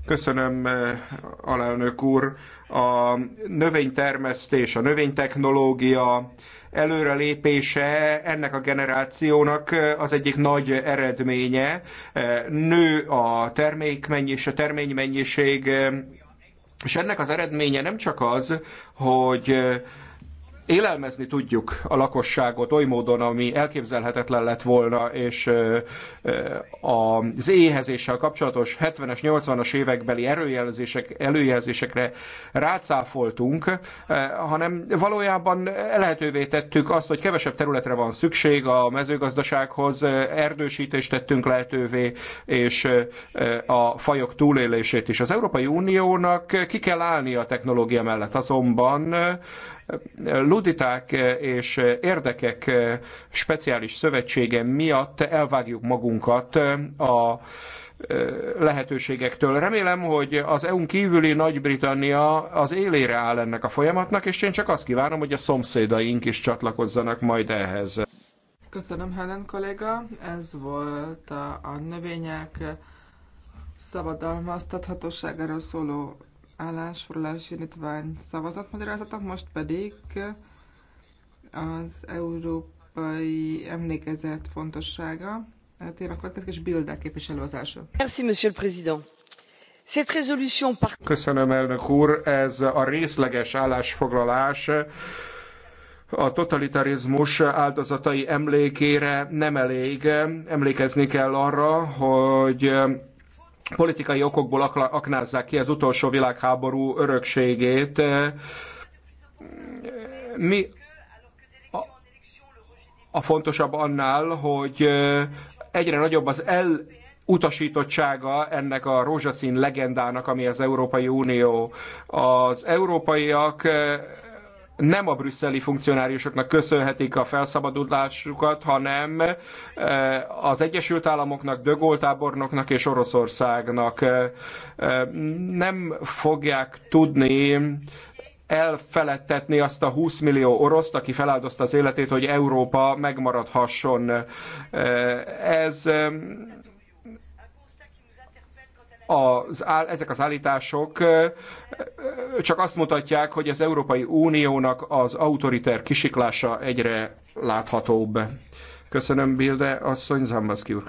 Köszönöm, eh, alelnök úr. A növénytermesztés, a növénytechnológia, előrelépése ennek a generációnak eh, az egyik nagy eredménye. Eh, nő a termékmennyiség, a terménymennyiség, és ennek az eredménye nem csak az, hogy élelmezni tudjuk a lakosságot oly módon, ami elképzelhetetlen lett volna, és az éhezéssel kapcsolatos 70-es, 80-as évekbeli erőjelzések, előjelzésekre rácáfoltunk, hanem valójában lehetővé tettük azt, hogy kevesebb területre van szükség a mezőgazdasághoz, erdősítést tettünk lehetővé, és a fajok túlélését is. Az Európai Uniónak ki kell állni a technológia mellett, azonban luditák és érdekek speciális szövetsége miatt elvágjuk magunkat a lehetőségektől. Remélem, hogy az EU-n kívüli Nagy-Britannia az élére áll ennek a folyamatnak, és én csak azt kívánom, hogy a szomszédaink is csatlakozzanak majd ehhez. Köszönöm, Helen kolléga. Ez volt a, a növények szabadalmaztathatóságáról szóló állásfoglalási indítvány szavazatmagyarázata, most pedig az európai emlékezet fontossága. A téma következik, és Bilde képviselő az első. Merci, monsieur le président. Köszönöm, elnök úr. Ez a részleges állásfoglalás a totalitarizmus áldozatai emlékére nem elég. Emlékezni kell arra, hogy politikai okokból aknázzák ki az utolsó világháború örökségét. Mi a fontosabb annál, hogy egyre nagyobb az el utasítottsága ennek a rózsaszín legendának, ami az Európai Unió. Az európaiak nem a brüsszeli funkcionáriusoknak köszönhetik a felszabadulásukat, hanem eh, az Egyesült Államoknak, Dögoltábornoknak és Oroszországnak eh, eh, nem fogják tudni elfeledtetni azt a 20 millió oroszt, aki feláldozta az életét, hogy Európa megmaradhasson. Ez az, ezek az állítások csak azt mutatják, hogy az Európai Uniónak az autoriter kisiklása egyre láthatóbb. Köszönöm, Bilde asszony, Zambaszki úr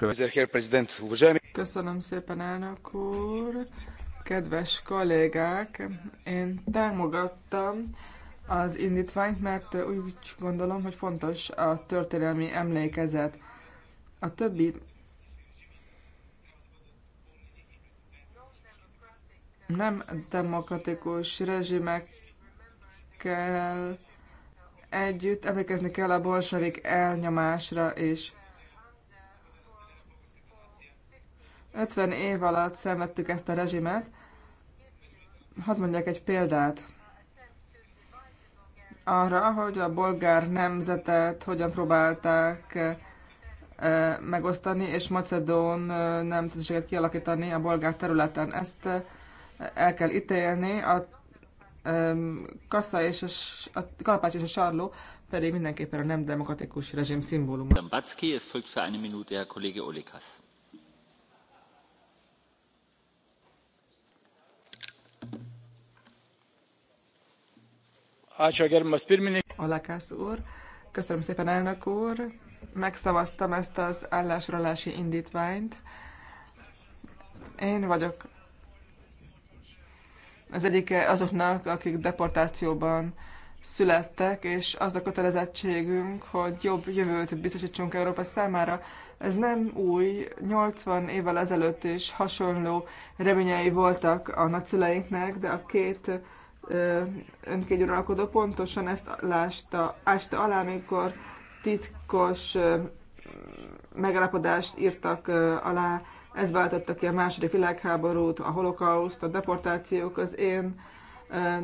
Köszönöm szépen, elnök úr. Kedves kollégák, én támogattam az indítványt, mert úgy gondolom, hogy fontos a történelmi emlékezet. A többi nem demokratikus rezsimekkel együtt emlékezni kell a bolsevik elnyomásra is. 50 év alatt szenvedtük ezt a rezsimet. Hadd mondjak egy példát arra, hogy a bolgár nemzetet hogyan próbálták eh, megosztani, és macedón eh, nemzetiséget kialakítani a bolgár területen. Ezt eh, el kell ítélni, a kassa és a, a kalapács és a sarló pedig mindenképpen a nem demokratikus rezsim szimbóluma. Zambacki, ez folyt fel egy Minute a Kollege Olikas. Alakász úr, köszönöm szépen elnök úr, megszavaztam ezt az állásrólási indítványt. Én vagyok az egyike azoknak, akik deportációban születtek, és az a kötelezettségünk, hogy jobb jövőt biztosítsunk Európa számára. Ez nem új, 80 évvel ezelőtt is hasonló reményei voltak a nagyszüleinknek, de a két önkégyuralkodó pontosan ezt lásta, ásta alá, amikor titkos megállapodást írtak alá ez váltotta ki a második világháborút, a holokauszt, a deportációk, az én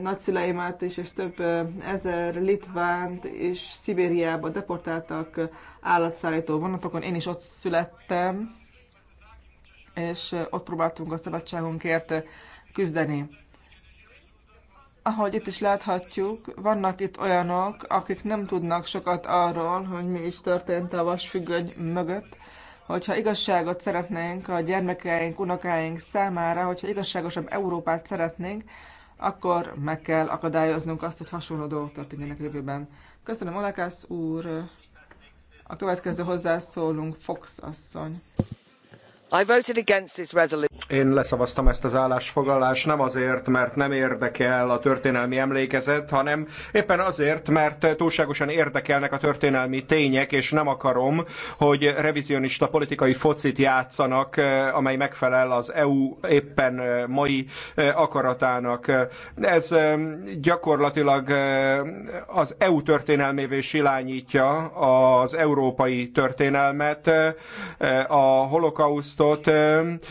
nagyszüleimet is, és több ezer Litvánt és Szibériába deportáltak állatszállító vonatokon. Én is ott születtem, és ott próbáltunk a szabadságunkért küzdeni. Ahogy itt is láthatjuk, vannak itt olyanok, akik nem tudnak sokat arról, hogy mi is történt a vasfüggöny mögött, Hogyha igazságot szeretnénk a gyermekeink, unokáink számára, hogyha igazságosabb Európát szeretnénk, akkor meg kell akadályoznunk azt, hogy hasonló dolgok történjenek jövőben. Köszönöm, Olekász úr! A következő hozzászólunk Fox asszony. I voted against this resolution. Én leszavaztam ezt az állásfoglalást nem azért, mert nem érdekel a történelmi emlékezet, hanem éppen azért, mert túlságosan érdekelnek a történelmi tények, és nem akarom, hogy revizionista politikai focit játszanak, amely megfelel az EU éppen mai akaratának. Ez gyakorlatilag az EU történelmévé silányítja az európai történelmet, a holokausztot, csoportot,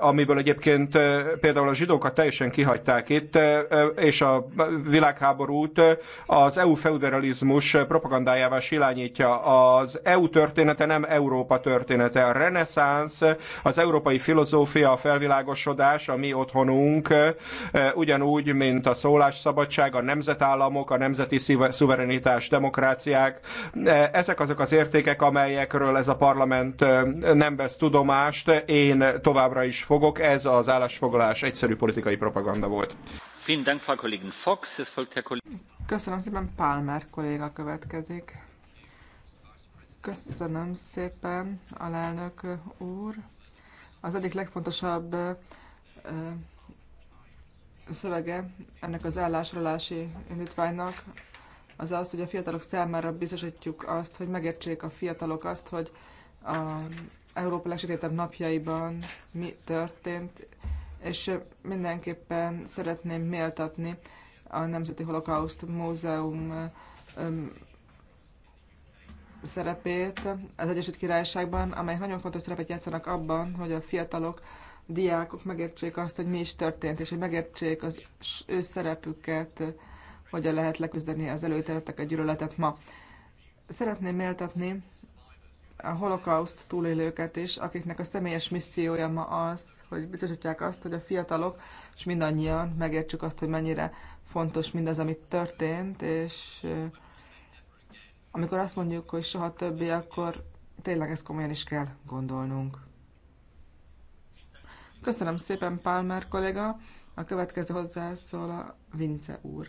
amiből egyébként például a zsidókat teljesen kihagyták itt, és a világháborút az EU feudalizmus propagandájával silányítja. Az EU története nem Európa története. A reneszánsz, az európai filozófia, a felvilágosodás, a mi otthonunk, ugyanúgy, mint a szólásszabadság, a nemzetállamok, a nemzeti szuverenitás, demokráciák. Ezek azok az értékek, amelyekről ez a parlament nem vesz tudomást, én továbbra is fogok. Ez az állásfoglalás egyszerű politikai propaganda volt. Köszönöm szépen, Palmer kolléga következik. Köszönöm szépen, alelnök úr. Az egyik legfontosabb szövege ennek az állásolási indítványnak az az, hogy a fiatalok számára biztosítjuk azt, hogy megértsék a fiatalok azt, hogy a Európa legsötétebb napjaiban mi történt, és mindenképpen szeretném méltatni a Nemzeti Holokauszt Múzeum szerepét az Egyesült Királyságban, amely nagyon fontos szerepet játszanak abban, hogy a fiatalok, diákok megértsék azt, hogy mi is történt, és hogy megértsék az ő szerepüket, hogyan lehet leküzdeni az a gyűlöletet ma. Szeretném méltatni a holokauszt túlélőket is, akiknek a személyes missziója ma az, hogy biztosítják azt, hogy a fiatalok, és mindannyian megértsük azt, hogy mennyire fontos mindaz, amit történt, és amikor azt mondjuk, hogy soha többi, akkor tényleg ezt komolyan is kell gondolnunk. Köszönöm szépen, Palmer kolléga. A következő hozzászól a Vince úr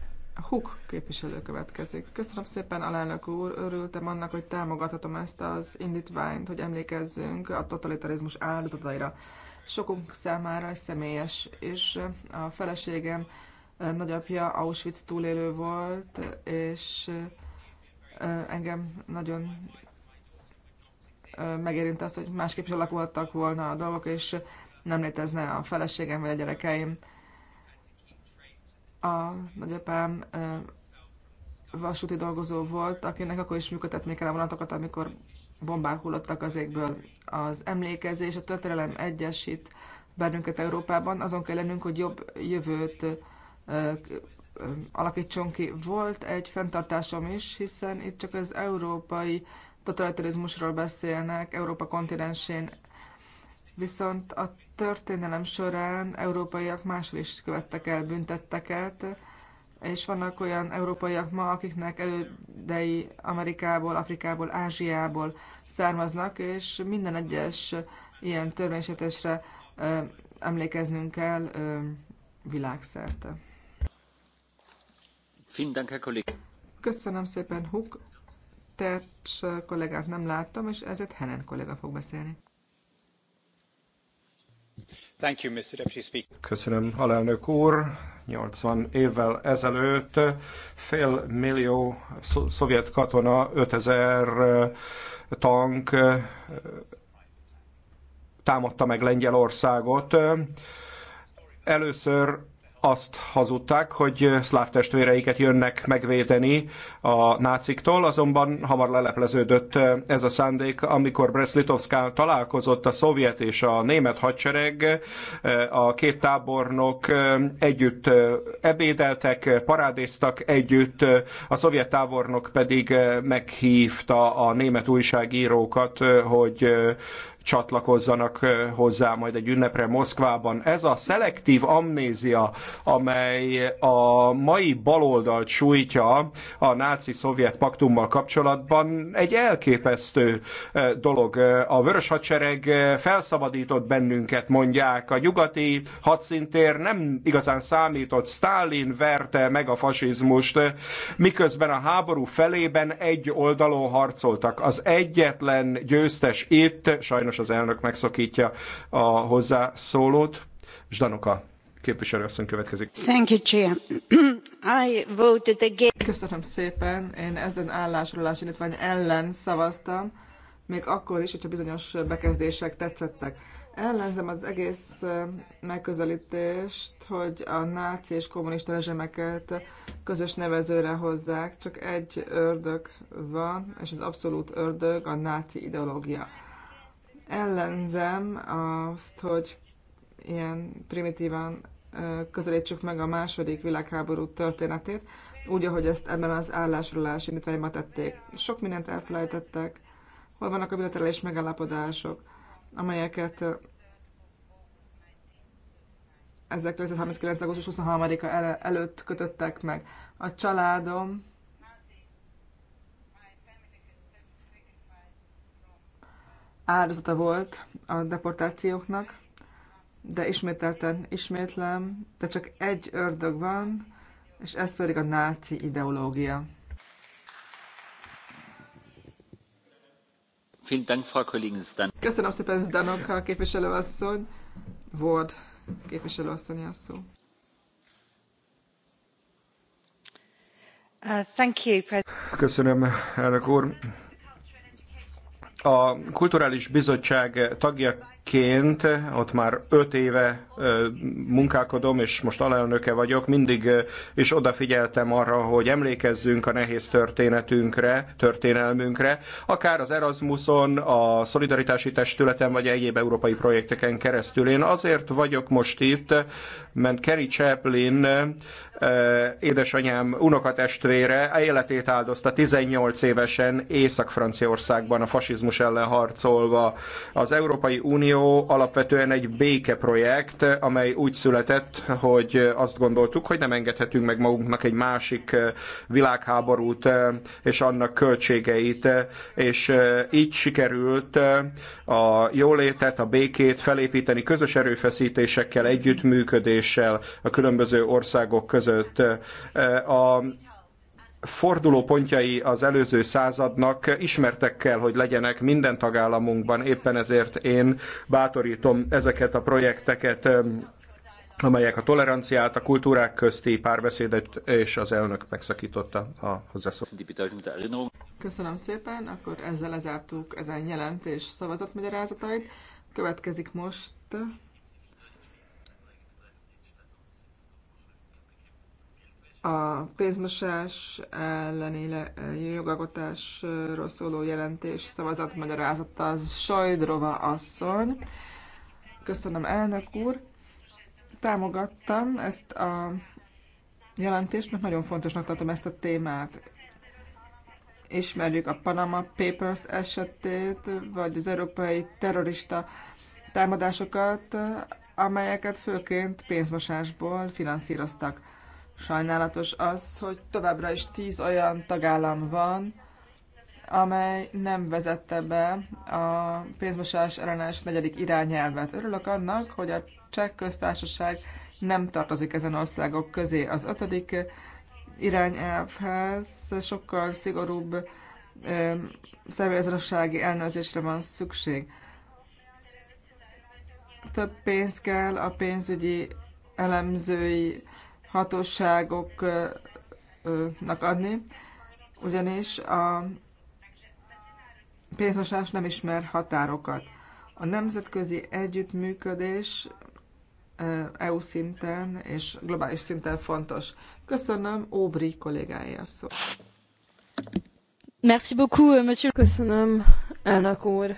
Huk képviselő következik. Köszönöm szépen, alelnök úr, örültem annak, hogy támogathatom ezt az indítványt, hogy emlékezzünk a totalitarizmus áldozataira. Sokunk számára ez személyes, és a feleségem eh, nagyapja Auschwitz túlélő volt, és eh, engem nagyon eh, megérint az, hogy másképp is alakulhattak volna a dolgok, és nem létezne a feleségem vagy a gyerekeim a nagyapám vasúti dolgozó volt, akinek akkor is működtetni kell a vonatokat, amikor bombák hullottak az égből. Az emlékezés, a történelem egyesít bennünket Európában, azon kell lennünk, hogy jobb jövőt alakítson ki. Volt egy fenntartásom is, hiszen itt csak az európai totalitarizmusról beszélnek, Európa kontinensén. Viszont a történelem során európaiak máshol is követtek el büntetteket, és vannak olyan európaiak ma, akiknek elődei Amerikából, Afrikából, Ázsiából származnak, és minden egyes ilyen törvénysetesre emlékeznünk kell világszerte. Köszönöm szépen, Huk. Tercs kollégát nem láttam, és ezért Henen kollega fog beszélni. Köszönöm, alelnök úr. 80 évvel ezelőtt fél millió szovjet katona, 5000 tank támadta meg Lengyelországot. Először azt hazudták, hogy szláv testvéreiket jönnek megvédeni a náciktól, azonban hamar lelepleződött eh, ez a szándék, amikor Breslitovská találkozott a szovjet és a német hadsereg, eh, a két tábornok eh, együtt ebédeltek, parádéztak együtt, a szovjet tábornok pedig meghívta a német újságírókat, hogy csatlakozzanak hozzá majd egy ünnepre Moszkvában. Ez a szelektív amnézia, amely a mai baloldalt sújtja a náci szovjet paktummal kapcsolatban, egy elképesztő dolog. A Vörös Hadsereg felszabadított bennünket, mondják. A nyugati hadszintér nem igazán számított. Stalin verte meg a fasizmust, miközben a háború felében egy oldalon harcoltak. Az egyetlen győztes itt, sajnos Sajnos az elnök megszakítja a hozzászólót. Zsdanuka képviselőasszony következik. Thank you, Chair. I voted again. Köszönöm szépen. Én ezen állásrólás indítvány ellen szavaztam, még akkor is, hogyha bizonyos bekezdések tetszettek. Ellenzem az egész megközelítést, hogy a náci és kommunista rezsemeket közös nevezőre hozzák. Csak egy ördög van, és az abszolút ördög a náci ideológia ellenzem azt, hogy ilyen primitívan közelítsük meg a második világháború történetét, úgy, ahogy ezt ebben az állásolás indítványban tették. Sok mindent elfelejtettek, hol vannak a bilaterális megállapodások, amelyeket 1939. augusztus 23-a előtt kötöttek meg. A családom áldozata volt a deportációknak, de ismételten ismétlem, de csak egy ördög van, és ez pedig a náci ideológia. Köszönöm szépen a képviselőasszony. Volt képviselőasszony a szó. Uh, Köszönöm, elnök úr. A Kulturális Bizottság tagjaként ott már öt éve munkálkodom, és most alelnöke vagyok, mindig is odafigyeltem arra, hogy emlékezzünk a nehéz történetünkre, történelmünkre, akár az Erasmuson, a Szolidaritási Testületen, vagy egyéb európai projekteken keresztül. Én azért vagyok most itt, mert Kerry Chaplin édesanyám unokatestvére életét áldozta 18 évesen Észak-Franciaországban a fasizmus ellen harcolva. Az Európai Unió alapvetően egy békeprojekt, amely úgy született, hogy azt gondoltuk, hogy nem engedhetünk meg magunknak egy másik világháborút és annak költségeit, és így sikerült a jólétet, a békét felépíteni közös erőfeszítésekkel, együttműködéssel a különböző országok között között. A fordulópontjai az előző századnak ismertek kell, hogy legyenek minden tagállamunkban, éppen ezért én bátorítom ezeket a projekteket amelyek a toleranciát, a kultúrák közti párbeszédet és az elnök megszakította a hozzászólást. Köszönöm szépen, akkor ezzel lezártuk ezen jelentés szavazatmagyarázatait. Következik most a pénzmosás elleni jogalkotásról szóló jelentés szavazatmagyarázata az Sajdrova asszony. Köszönöm, elnök úr. Támogattam ezt a jelentést, mert nagyon fontosnak tartom ezt a témát. Ismerjük a Panama Papers esetét, vagy az európai terrorista támadásokat, amelyeket főként pénzmosásból finanszíroztak Sajnálatos az, hogy továbbra is tíz olyan tagállam van, amely nem vezette be a pénzmosás ellenes negyedik irányelvet. Örülök annak, hogy a cseh köztársaság nem tartozik ezen országok közé. Az ötödik irányelvhez sokkal szigorúbb személyazonossági ellenőrzésre van szükség. Több pénz kell a pénzügyi elemzői hatóságoknak adni, ugyanis a pénzmosás nem ismer határokat. A nemzetközi együttműködés EU szinten és globális szinten fontos. Köszönöm, Óbri kollégája szó. Merci beaucoup, euh, monsieur. Köszönöm, elnök úr.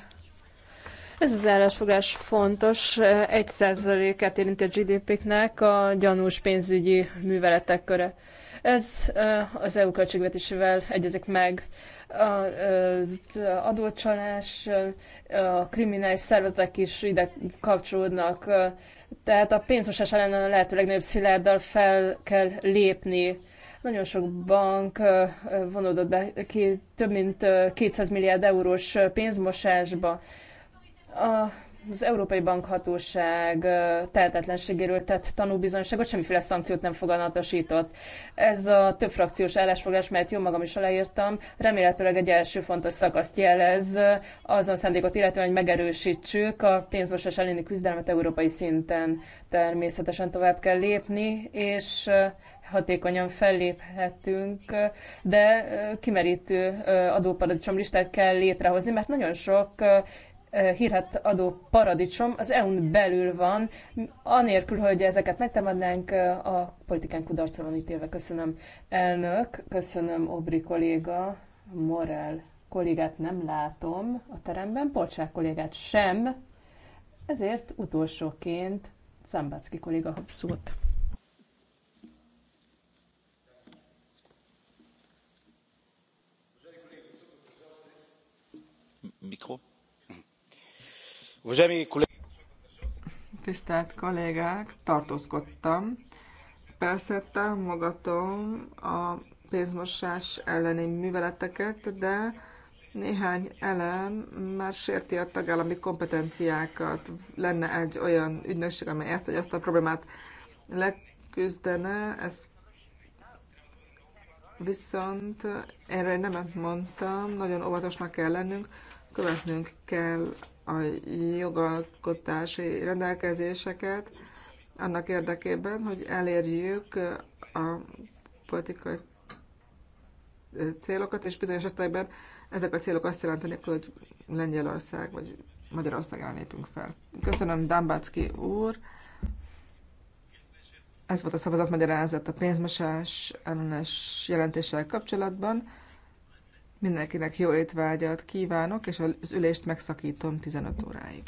Ez az állásfogás fontos. 1%-át érinti a GDP-knek a gyanús pénzügyi műveletek köre. Ez az EU költségvetésével egyezik meg az adócsalás, a kriminális szervezetek is ide kapcsolódnak. Tehát a pénzmosás ellen a lehető legnagyobb szilárddal fel kell lépni. Nagyon sok bank vonódott be ki, több mint 200 milliárd eurós pénzmosásba az Európai Bankhatóság tehetetlenségéről tett tanúbizonyságot, semmiféle szankciót nem fogalmatosított. Ez a több frakciós állásfoglalás, mert jó magam is aláírtam, remélhetőleg egy első fontos szakaszt jelez azon szándékot illetően, hogy megerősítsük a pénzmosás elleni küzdelmet európai szinten. Természetesen tovább kell lépni, és hatékonyan felléphetünk, de kimerítő adóparadicsom listát kell létrehozni, mert nagyon sok hírhet adó paradicsom az EU-n belül van, anélkül, hogy ezeket megtámadnánk, a politikán kudarcra van ítélve. Köszönöm elnök, köszönöm Obri kolléga, Morel kollégát nem látom a teremben, Polcsák kollégát sem, ezért utolsóként Szambacki kolléga kap szót. Mikro. Tisztelt kollégák, tartózkodtam. Persze támogatom a pénzmosás elleni műveleteket, de néhány elem már sérti a tagállami kompetenciákat. Lenne egy olyan ügynökség, amely ezt vagy azt a problémát leküzdene, ez viszont erre nemet mondtam, nagyon óvatosnak kell lennünk, követnünk kell a jogalkotási rendelkezéseket annak érdekében, hogy elérjük a politikai célokat, és bizonyos esetekben ezek a célok azt jelentenek, hogy Lengyelország vagy Magyarország ellen lépünk fel. Köszönöm Dambácki úr. Ez volt a szavazatmagyarázat a pénzmosás ellenes jelentéssel kapcsolatban. Mindenkinek jó étvágyat kívánok, és az ülést megszakítom 15 óráig.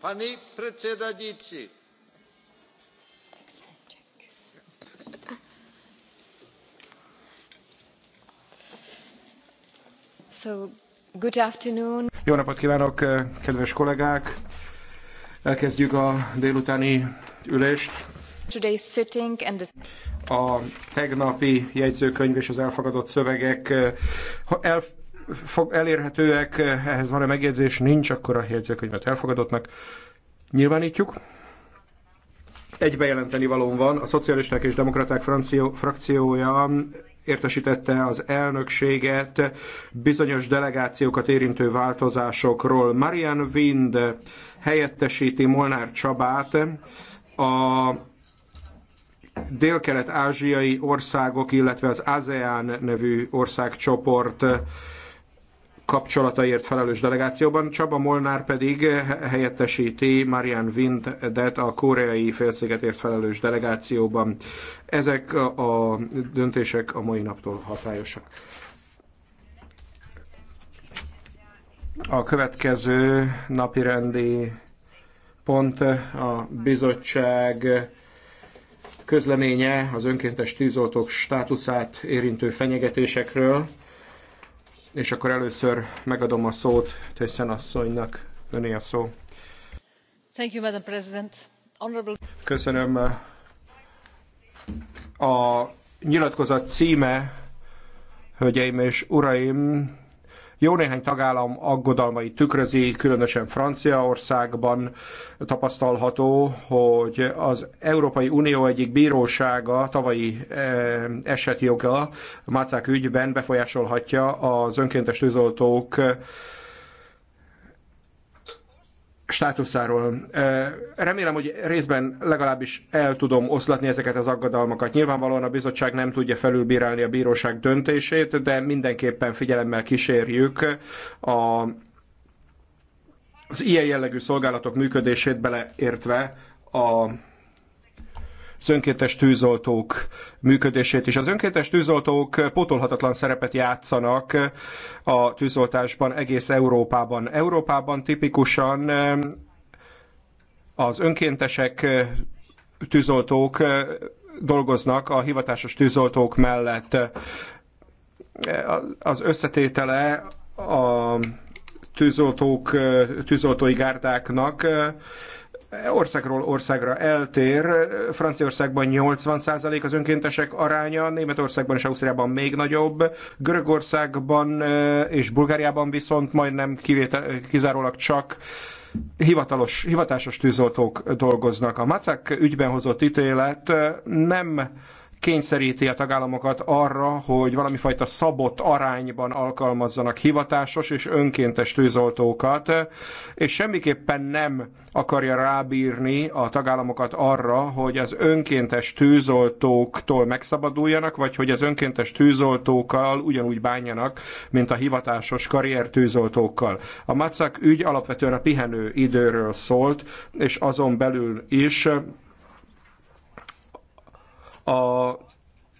pani predsedajúca jó napot kívánok kedves kollégák elkezdjük a délutáni ülést a tegnapi jegyzőkönyv és az elfogadott szövegek elf elérhetőek, ehhez van-e megjegyzés, nincs, akkor a jegyzőkönyvet elfogadottnak nyilvánítjuk. Egy bejelenteni valón van, a szocialisták és demokraták franció, frakciója értesítette az elnökséget bizonyos delegációkat érintő változásokról. Marian Wind helyettesíti Molnár Csabát a délkelet-ázsiai országok, illetve az ASEAN nevű országcsoport kapcsolataért felelős delegációban, Csaba Molnár pedig helyettesíti Marian Windet a koreai félszigetért felelős delegációban. Ezek a döntések a mai naptól hatályosak. A következő napirendi pont a bizottság közleménye az önkéntes tűzoltók státuszát érintő fenyegetésekről. És akkor először megadom a szót Tessen asszonynak. Öné a szó. Thank you, Madam President. Honorable... Köszönöm. A nyilatkozat címe, hölgyeim és uraim, jó néhány tagállam aggodalmai tükrözi, különösen Franciaországban tapasztalható, hogy az Európai Unió egyik bírósága tavalyi e, esetjoga Mácák ügyben befolyásolhatja az önkéntes tűzoltók státuszáról. Remélem, hogy részben legalábbis el tudom oszlatni ezeket az aggodalmakat. Nyilvánvalóan a bizottság nem tudja felülbírálni a bíróság döntését, de mindenképpen figyelemmel kísérjük a, az ilyen jellegű szolgálatok működését beleértve a az önkéntes tűzoltók működését is. Az önkéntes tűzoltók pótolhatatlan szerepet játszanak a tűzoltásban egész Európában. Európában tipikusan eh, az önkéntesek eh, tűzoltók eh, dolgoznak a hivatásos tűzoltók mellett. Az összetétele a tűzoltók, tűzoltói gárdáknak országról országra eltér. Franciaországban 80% az önkéntesek aránya, Németországban és Ausztriában még nagyobb, Görögországban eh, és Bulgáriában viszont majdnem kivétel, kizárólag csak hivatalos, hivatásos tűzoltók dolgoznak. A macák ügyben hozott ítélet eh, nem kényszeríti a tagállamokat arra, hogy valami fajta szabott arányban alkalmazzanak hivatásos és önkéntes tűzoltókat, és semmiképpen nem akarja rábírni a tagállamokat arra, hogy az önkéntes tűzoltóktól megszabaduljanak, vagy hogy az önkéntes tűzoltókkal ugyanúgy bánjanak, mint a hivatásos karriertűzoltókkal. A Macak ügy alapvetően a pihenő időről szólt, és azon belül is a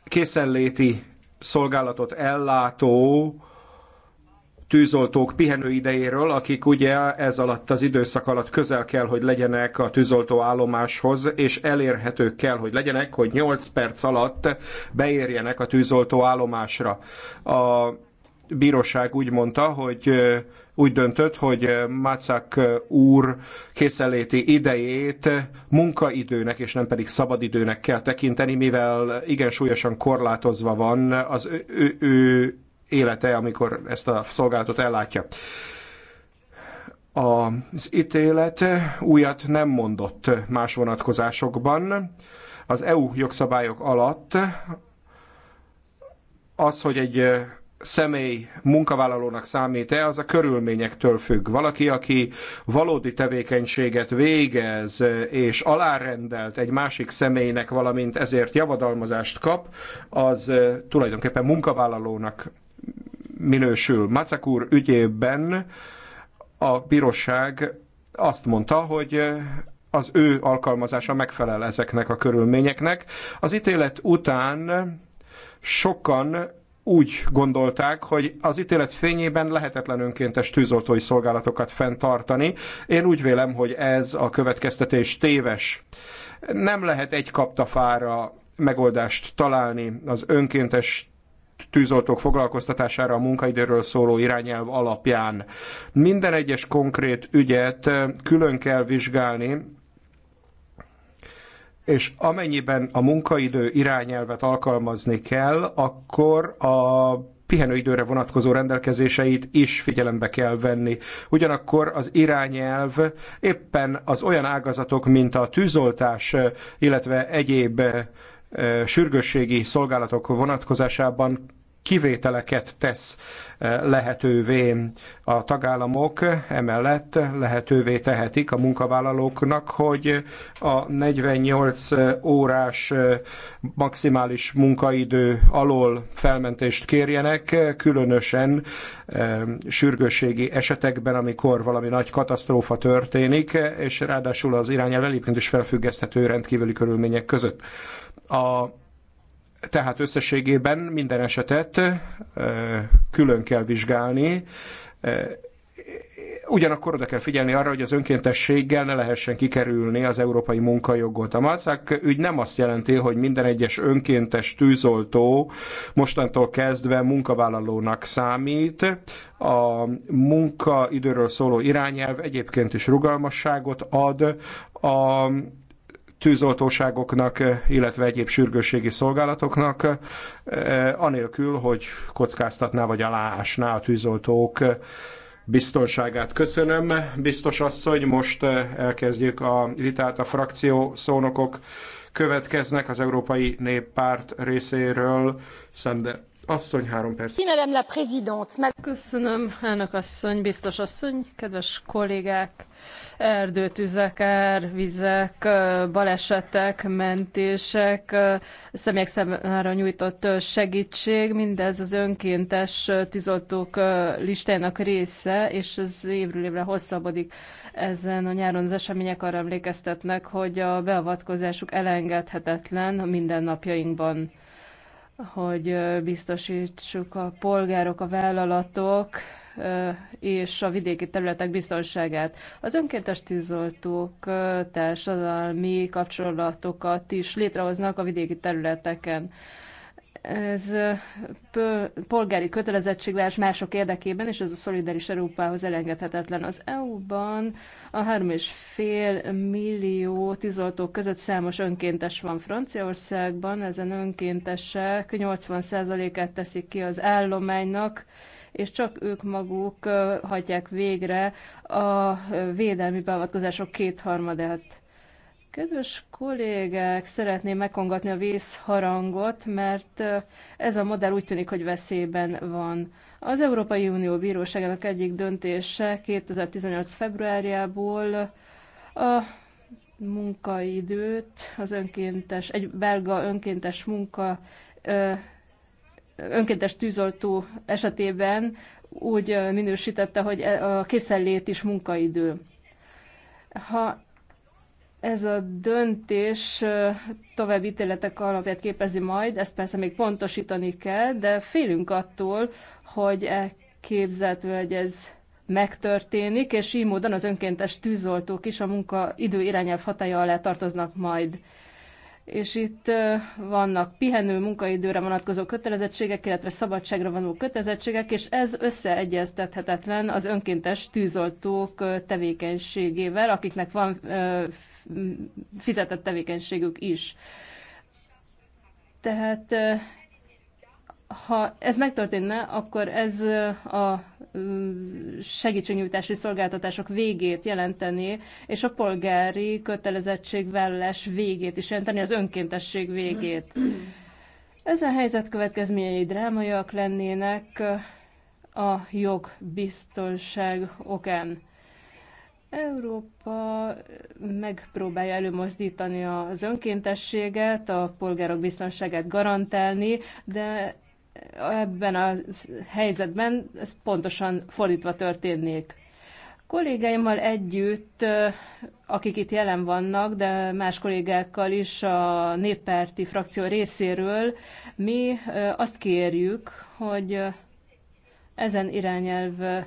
készenléti szolgálatot ellátó tűzoltók pihenőidejéről, akik ugye ez alatt az időszak alatt közel kell, hogy legyenek a tűzoltó állomáshoz, és elérhetők kell, hogy legyenek, hogy 8 perc alatt beérjenek a tűzoltó állomásra. A bíróság úgy mondta, hogy úgy döntött, hogy eh, Mácák eh, úr készenléti idejét munkaidőnek és nem pedig szabadidőnek kell tekinteni, mivel igen súlyosan korlátozva van az ő, ő, ő élete, amikor ezt a szolgálatot ellátja. Az ítélet újat nem mondott más vonatkozásokban. Az EU jogszabályok alatt az, hogy egy eh, személy munkavállalónak számít-e, az a körülményektől függ. Valaki, aki valódi tevékenységet végez és alárendelt egy másik személynek, valamint ezért javadalmazást kap, az eh, tulajdonképpen munkavállalónak minősül. Macak úr ügyében a bíróság azt mondta, hogy eh, az ő alkalmazása megfelel ezeknek a körülményeknek. Az ítélet után sokan úgy gondolták, hogy az ítélet fényében lehetetlen önkéntes tűzoltói szolgálatokat fenntartani. Én úgy vélem, hogy ez a következtetés téves. Nem lehet egy kaptafára megoldást találni az önkéntes tűzoltók foglalkoztatására a munkaidőről szóló irányelv alapján. Minden egyes konkrét ügyet külön kell vizsgálni, és amennyiben a munkaidő irányelvet alkalmazni kell, akkor a pihenőidőre vonatkozó rendelkezéseit is figyelembe kell venni. Ugyanakkor az irányelv éppen az olyan ágazatok, mint a tűzoltás, illetve egyéb sürgősségi szolgálatok vonatkozásában kivételeket tesz eh, lehetővé a tagállamok, emellett lehetővé tehetik a munkavállalóknak, hogy a 48 eh, órás eh, maximális munkaidő alól felmentést kérjenek, különösen sürgősségi esetekben, amikor valami nagy katasztrófa történik, és ráadásul az irányelv egyébként is felfüggeszthető rendkívüli körülmények között. A tehát összességében minden esetet külön kell vizsgálni, ugyanakkor oda kell figyelni arra, hogy az önkéntességgel ne lehessen kikerülni az európai munkajogot. A Malcák ügy nem azt jelenti, hogy minden egyes önkéntes tűzoltó mostantól kezdve munkavállalónak számít. A munkaidőről szóló irányelv egyébként is rugalmasságot ad a tűzoltóságoknak, eh, illetve egyéb sürgősségi szolgálatoknak, eh, anélkül, hogy kockáztatná vagy aláásná a tűzoltók eh, biztonságát. Köszönöm, biztos asszony, most elkezdjük a vitát. A frakció szónokok következnek az Európai Néppárt részéről. Szender Asszony, három perc. Köszönöm, elnök asszony, biztos asszony, kedves kollégák, erdőtüzek, árvizek, balesetek, mentések, személyek számára nyújtott segítség, mindez az önkéntes tűzoltók listájának része, és ez évről évre hosszabbodik. Ezen a nyáron az események arra emlékeztetnek, hogy a beavatkozásuk elengedhetetlen a mindennapjainkban hogy biztosítsuk a polgárok, a vállalatok és a vidéki területek biztonságát. Az önkéntes tűzoltók társadalmi kapcsolatokat is létrehoznak a vidéki területeken ez polgári vers mások érdekében, és ez a szolidaris Európához elengedhetetlen. Az EU-ban a 3,5 millió tűzoltók között számos önkéntes van Franciaországban, ezen önkéntesek 80%-át teszik ki az állománynak, és csak ők maguk hagyják végre a védelmi beavatkozások kétharmadát. Kedves kollégák, szeretném megkongatni a vészharangot, mert ez a modell úgy tűnik, hogy veszélyben van. Az Európai Unió Bíróságának egyik döntése 2018. februárjából a munkaidőt, az önkéntes, egy belga önkéntes munka, önkéntes tűzoltó esetében úgy minősítette, hogy e, a készenlét is munkaidő. Ha ez a döntés további ítéletek alapját képezi majd, ezt persze még pontosítani kell, de félünk attól, hogy képzelt, hogy ez megtörténik, és így módon az önkéntes tűzoltók is a munkaidő irányelv hatája alá tartoznak majd. És itt vannak pihenő munkaidőre vonatkozó kötelezettségek, illetve szabadságra vonó kötelezettségek, és ez összeegyeztethetetlen az önkéntes tűzoltók tevékenységével, akiknek van fizetett tevékenységük is. Tehát ha ez megtörténne, akkor ez a segítségnyújtási szolgáltatások végét jelenteni, és a polgári kötelezettségvállalás végét is jelenteni, az önkéntesség végét. Ezen helyzet következményei drámaiak lennének a jogbiztonság okán. Európa megpróbálja előmozdítani az önkéntességet, a polgárok biztonságát garantálni, de ebben a helyzetben ez pontosan fordítva történnék. Kollégáimmal együtt, akik itt jelen vannak, de más kollégákkal is a néppárti frakció részéről, mi azt kérjük, hogy ezen irányelv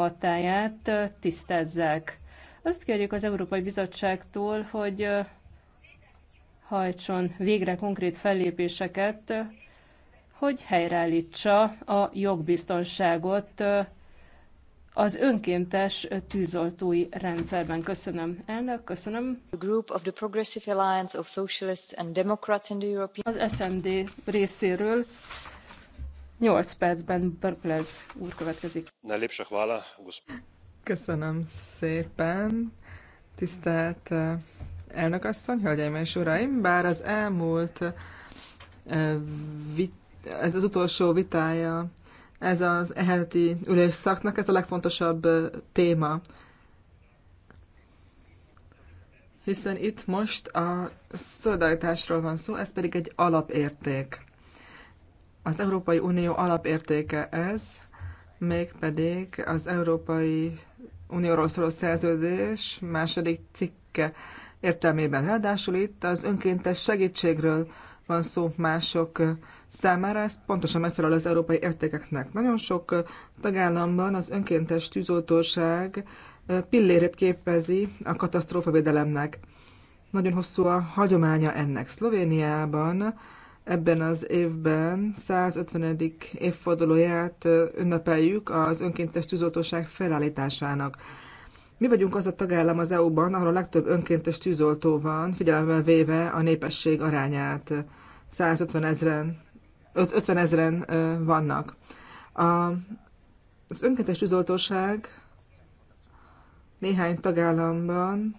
hatáját tisztázzák. Azt kérjük az Európai Bizottságtól, hogy hajtson végre konkrét fellépéseket, hogy helyreállítsa a jogbiztonságot az önkéntes tűzoltói rendszerben. Köszönöm, elnök, köszönöm. A group of the Progressive Alliance of Socialists and Democrats in the European... Az SMD részéről 8 percben Berkulez úr következik. Ne lépsek vála. Köszönöm szépen, tisztelt elnökasszony, hölgyeim és uraim, bár az elmúlt ez az utolsó vitája, ez az eheti ülésszaknak, ez a legfontosabb téma. Hiszen itt most a szolidaritásról van szó, ez pedig egy alapérték. Az Európai Unió alapértéke ez, mégpedig az Európai Unióról szóló szerződés második cikke értelmében. Ráadásul itt az önkéntes segítségről van szó mások számára, ez pontosan megfelel az európai értékeknek. Nagyon sok tagállamban az önkéntes tűzoltóság pillérét képezi a katasztrófavédelemnek. Nagyon hosszú a hagyománya ennek. Szlovéniában ebben az évben 150. évfordulóját ünnepeljük az önkéntes tűzoltóság felállításának. Mi vagyunk az a tagállam az EU-ban, ahol a legtöbb önkéntes tűzoltó van, figyelembe véve a népesség arányát. 150 ezeren, 50 ezeren vannak. A, az önkéntes tűzoltóság néhány tagállamban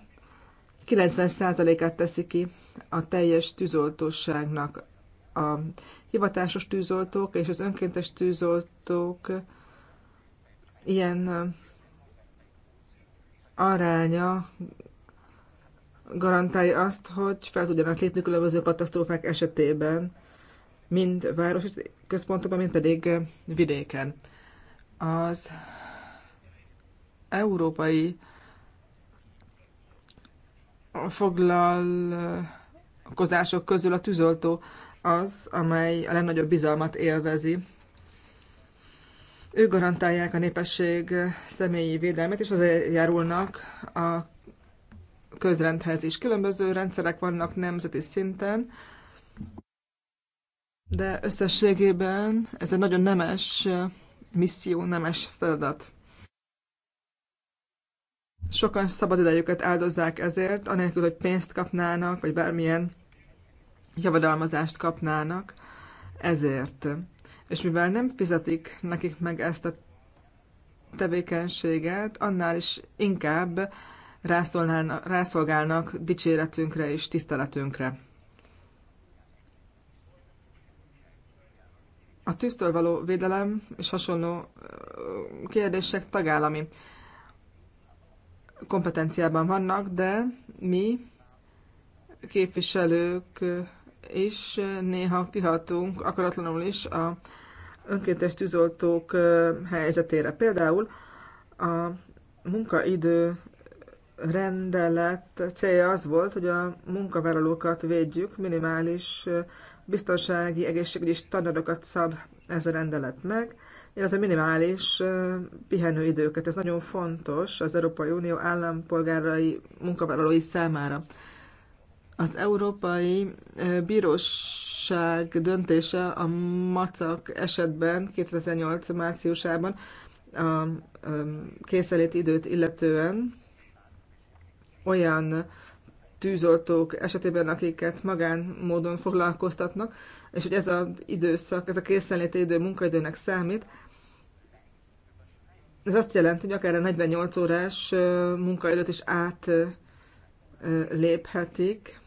90%-át teszi ki a teljes tűzoltóságnak a hivatásos tűzoltók és az önkéntes tűzoltók ilyen aránya garantálja azt, hogy fel tudjanak lépni különböző katasztrófák esetében, mind városi központokban, mind pedig vidéken. Az európai foglalkozások közül a tűzoltó az, amely a legnagyobb bizalmat élvezi. Ők garantálják a népesség személyi védelmet, és járulnak a közrendhez is. Különböző rendszerek vannak nemzeti szinten, de összességében ez egy nagyon nemes misszió, nemes feladat. Sokan szabad idejüket áldozzák ezért, anélkül, hogy pénzt kapnának, vagy bármilyen javadalmazást kapnának ezért. És mivel nem fizetik nekik meg ezt a tevékenységet, annál is inkább rászolgálnak, rászolgálnak dicséretünkre és tiszteletünkre. A tűztől való védelem és hasonló kérdések tagállami kompetenciában vannak, de mi képviselők is néha kihatunk akaratlanul is a önkéntes tűzoltók helyzetére. Például a munkaidő rendelet célja az volt, hogy a munkavállalókat védjük, minimális biztonsági egészségügyi standardokat szab ez a rendelet meg, illetve minimális pihenőidőket. Ez nagyon fontos az Európai Unió állampolgárai munkavállalói számára. Az Európai Bíróság döntése a macak esetben 2008. márciusában a készeléti időt illetően olyan tűzoltók esetében, akiket magán módon foglalkoztatnak, és hogy ez az időszak, ez a készenléti idő munkaidőnek számít, ez azt jelenti, hogy akár a 48 órás munkaidőt is átléphetik,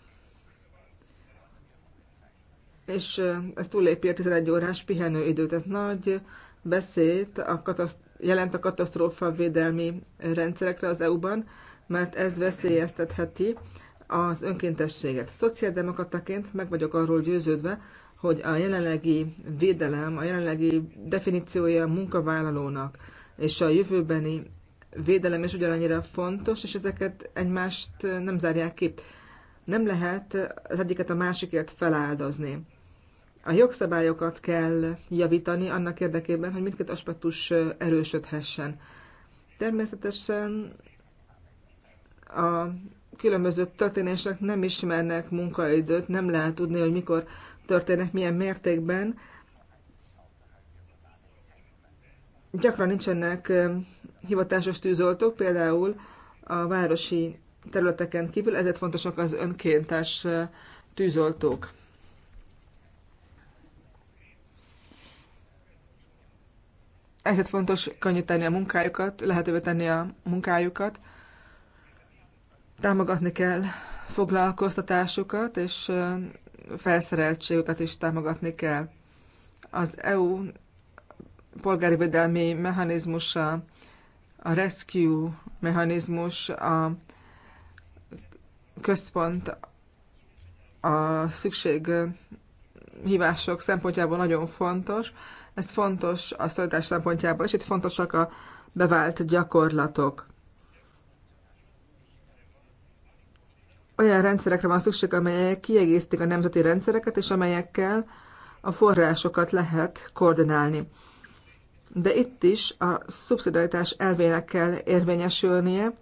és ez túllépi a 11 órás pihenőidőt. Ez nagy beszéd a kataszt- jelent a katasztrófa védelmi rendszerekre az EU-ban, mert ez veszélyeztetheti az önkéntességet. Szociáldemokrataként meg vagyok arról győződve, hogy a jelenlegi védelem, a jelenlegi definíciója a munkavállalónak és a jövőbeni védelem is ugyanannyira fontos, és ezeket egymást nem zárják ki. Nem lehet az egyiket a másikért feláldozni. A jogszabályokat kell javítani annak érdekében, hogy mindkét aspektus erősödhessen. Természetesen a különböző történések nem ismernek munkaidőt, nem lehet tudni, hogy mikor történnek, milyen mértékben. Gyakran nincsenek hivatásos tűzoltók, például a városi területeken kívül, ezért fontosak az önkéntes tűzoltók. ezért fontos könnyíteni a munkájukat, lehetővé tenni a munkájukat, támogatni kell foglalkoztatásukat, és felszereltségüket is támogatni kell. Az EU polgári védelmi mechanizmusa, a rescue mechanizmus, a központ a szükség hívások szempontjából nagyon fontos, ez fontos a szolidás szempontjából, és itt fontosak a bevált gyakorlatok. Olyan rendszerekre van szükség, amelyek kiegészítik a nemzeti rendszereket, és amelyekkel a forrásokat lehet koordinálni. De itt is a szubszidaritás elvének kell érvényesülnie,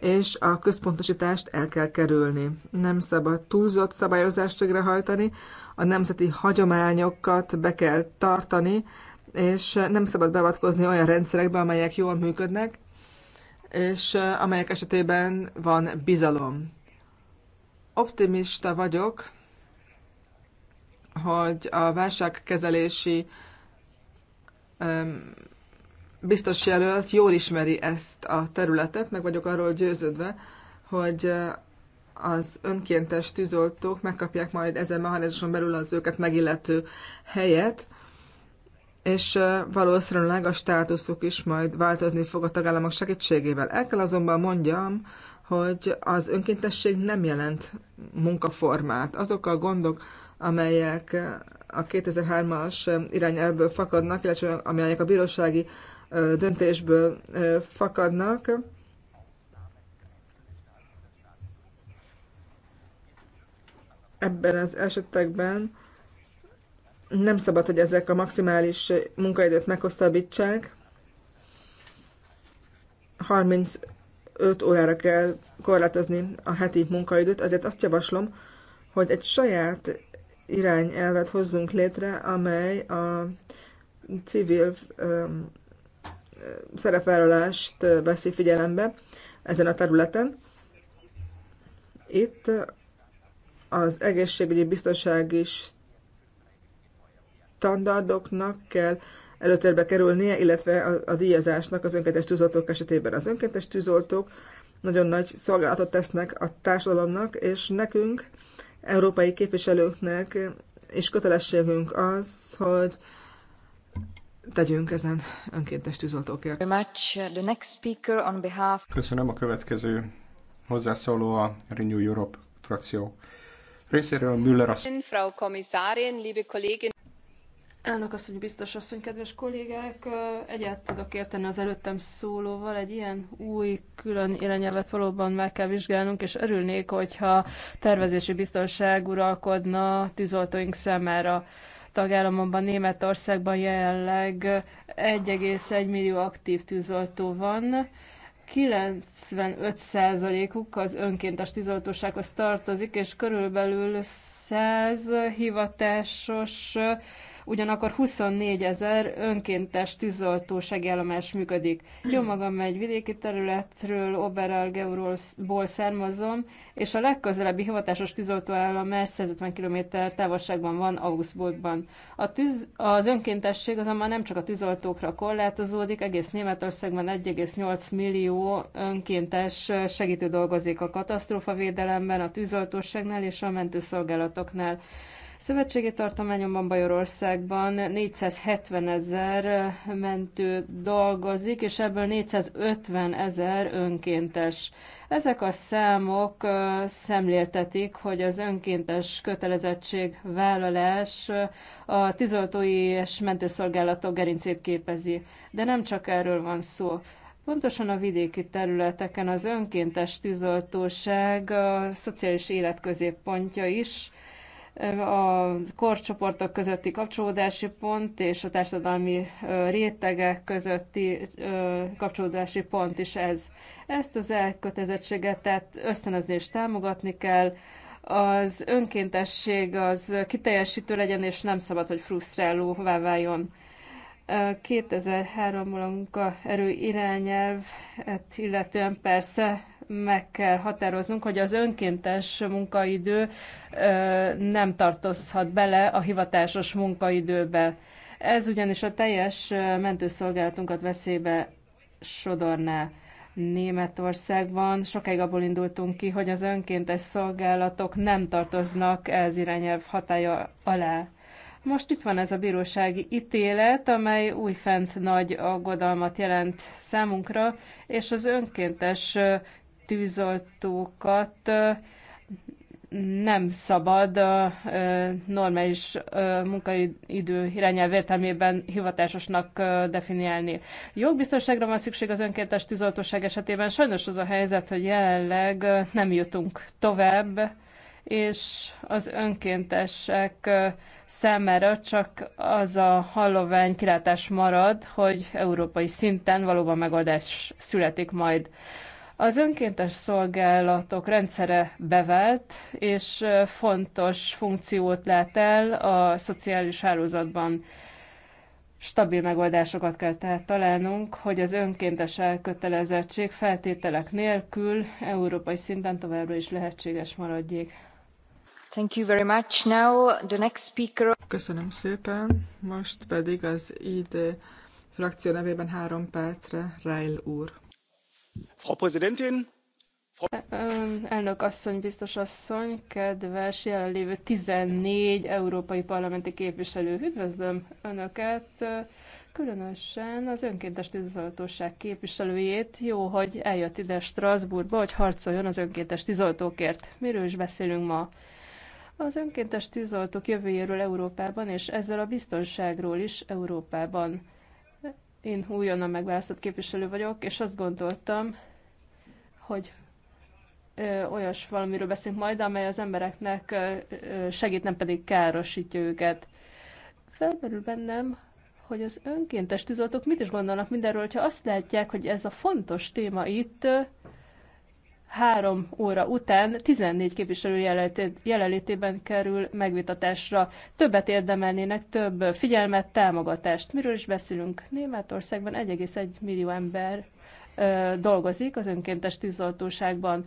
és a központosítást el kell kerülni. Nem szabad túlzott szabályozást végrehajtani, a nemzeti hagyományokat be kell tartani, és nem szabad beavatkozni olyan rendszerekbe, amelyek jól működnek, és amelyek esetében van bizalom. Optimista vagyok, hogy a válságkezelési biztos jelölt jól ismeri ezt a területet, meg vagyok arról győződve, hogy az önkéntes tűzoltók megkapják majd ezen mechanizmuson belül az őket megillető helyet, és valószínűleg a státuszuk is majd változni fog a tagállamok segítségével. El kell azonban mondjam, hogy az önkéntesség nem jelent munkaformát. Azok a gondok, amelyek a 2003-as irányelvből fakadnak, illetve amelyek a bírósági döntésből fakadnak, ebben az esetekben nem szabad, hogy ezek a maximális munkaidőt meghosszabbítsák. 35 órára kell korlátozni a heti munkaidőt, azért azt javaslom, hogy egy saját irányelvet hozzunk létre, amely a civil szerepvállalást veszi figyelembe ezen a területen. Itt az egészségügyi biztonsági standardoknak kell előtérbe kerülnie, illetve a, a díjazásnak az önkéntes tűzoltók esetében. Az önkéntes tűzoltók nagyon nagy szolgálatot tesznek a társadalomnak, és nekünk, európai képviselőknek és kötelességünk az, hogy tegyünk ezen önkéntes tűzoltókért. Köszönöm a következő hozzászóló a Renew Europe frakció részéről Müller asszony. Frau Kommissarin, liebe Kollégin. Elnök asszony, biztos asszony, kedves kollégák, egyet tudok érteni az előttem szólóval, egy ilyen új külön irányelvet valóban meg kell vizsgálnunk, és örülnék, hogyha tervezési biztonság uralkodna tűzoltóink számára tagállamokban, Németországban jelenleg 1,1 millió aktív tűzoltó van, 95%-uk az önkéntes tűzoltósághoz tartozik, és körülbelül 100 hivatásos ugyanakkor 24 ezer önkéntes tűzoltó segélyállomás működik. Jó magam egy vidéki területről, Oberalgeurból származom, és a legközelebbi hivatásos tűzoltóállomás 150 km távolságban van Augsburgban. A tűz, az önkéntesség azonban nem csak a tűzoltókra korlátozódik, egész Németországban 1,8 millió önkéntes segítő dolgozik a katasztrófavédelemben, a tűzoltóságnál és a mentőszolgálatoknál. Szövetségi tartományomban Bajorországban 470 ezer mentő dolgozik, és ebből 450 ezer önkéntes. Ezek a számok szemléltetik, hogy az önkéntes kötelezettség vállalás a tűzoltói és mentőszolgálatok gerincét képezi. De nem csak erről van szó. Pontosan a vidéki területeken az önkéntes tűzoltóság a szociális életközéppontja is, a korcsoportok közötti kapcsolódási pont és a társadalmi rétegek közötti kapcsolódási pont is ez. Ezt az elkötelezettséget tehát ösztönözni és támogatni kell, az önkéntesség az kiteljesítő legyen, és nem szabad, hogy frusztrálóvá váljon. 2003-ban a munkaerő irányelvet illetően persze meg kell határoznunk, hogy az önkéntes munkaidő nem tartozhat bele a hivatásos munkaidőbe. Ez ugyanis a teljes mentőszolgálatunkat veszélybe sodorná. Németországban sokáig abból indultunk ki, hogy az önkéntes szolgálatok nem tartoznak ez irányelv hatája alá. Most itt van ez a bírósági ítélet, amely újfent nagy aggodalmat jelent számunkra, és az önkéntes tűzoltókat nem szabad a normális munkaidő irányelv értelmében hivatásosnak definiálni. Jogbiztonságra van szükség az önkéntes tűzoltóság esetében. Sajnos az a helyzet, hogy jelenleg nem jutunk tovább, és az önkéntesek számára csak az a hallovány kilátás marad, hogy európai szinten valóban megoldás születik majd. Az önkéntes szolgálatok rendszere bevált, és fontos funkciót lát el a szociális hálózatban. Stabil megoldásokat kell tehát találnunk, hogy az önkéntes elkötelezettség feltételek nélkül európai szinten továbbra is lehetséges maradjék. Thank you very much. Now the next speaker... Köszönöm szépen. Most pedig az ID frakció nevében három percre Rail úr frau präsidentin elnök asszony biztos asszony kedves jelenlévő tizennégy európai parlamenti képviselő üdvözlöm önöket különösen az önkéntes tűzoltóság képviselőjét jó hogy eljött ide strasbourgba hogy harcoljon az önkéntes tűzoltókért miről is beszélünk ma az önkéntes tűzoltók jövőjéről európában és ezzel a biztonságról is európában én újonnan megválasztott képviselő vagyok, és azt gondoltam, hogy ö, olyas valamiről beszélünk majd, amely az embereknek ö, segít, nem pedig károsítja őket. Felmerül bennem, hogy az önkéntes tűzoltók mit is gondolnak mindenről, hogyha azt látják, hogy ez a fontos téma itt, három óra után 14 képviselő jelenlétében kerül megvitatásra. Többet érdemelnének, több figyelmet, támogatást. Miről is beszélünk? Németországban 1,1 millió ember ö, dolgozik az önkéntes tűzoltóságban.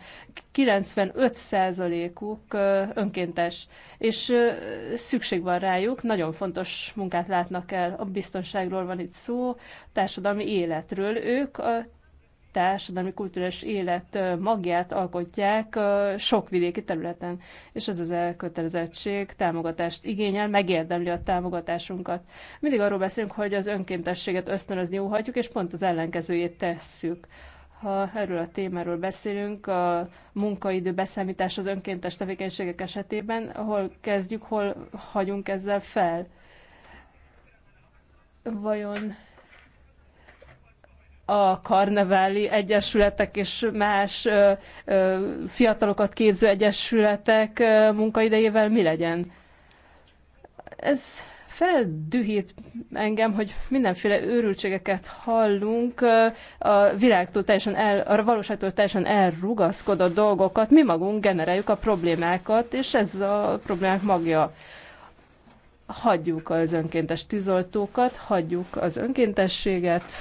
95%-uk önkéntes, és ö, szükség van rájuk, nagyon fontos munkát látnak el, a biztonságról van itt szó, társadalmi életről. Ők a társadalmi kulturális élet magját alkotják sok vidéki területen. És ez az elkötelezettség támogatást igényel, megérdemli a támogatásunkat. Mindig arról beszélünk, hogy az önkéntességet ösztönözni óhatjuk, és pont az ellenkezőjét tesszük ha erről a témáról beszélünk, a munkaidő beszámítás az önkéntes tevékenységek esetében, hol kezdjük, hol hagyunk ezzel fel? Vajon a karneváli egyesületek és más ö, ö, fiatalokat képző egyesületek ö, munkaidejével mi legyen. Ez feldühít engem, hogy mindenféle őrültségeket hallunk, a világtól teljesen el, a valóságtól teljesen elrugaszkodott dolgokat, mi magunk generáljuk a problémákat, és ez a problémák magja. Hagyjuk az önkéntes tűzoltókat, hagyjuk az önkéntességet,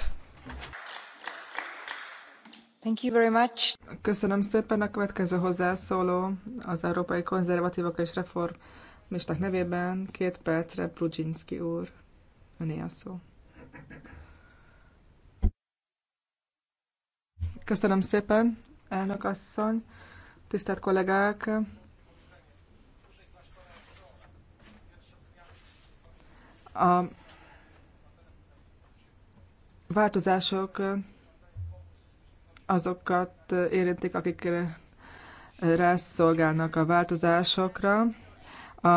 Köszönöm szépen a következő hozzászóló az Európai Konzervatívok és Reformisták nevében két percre Brudzinski úr. Öné a szó. Köszönöm szépen, elnök asszony, tisztelt kollégák! A változások azokat érintik, akik rászolgálnak a változásokra. A,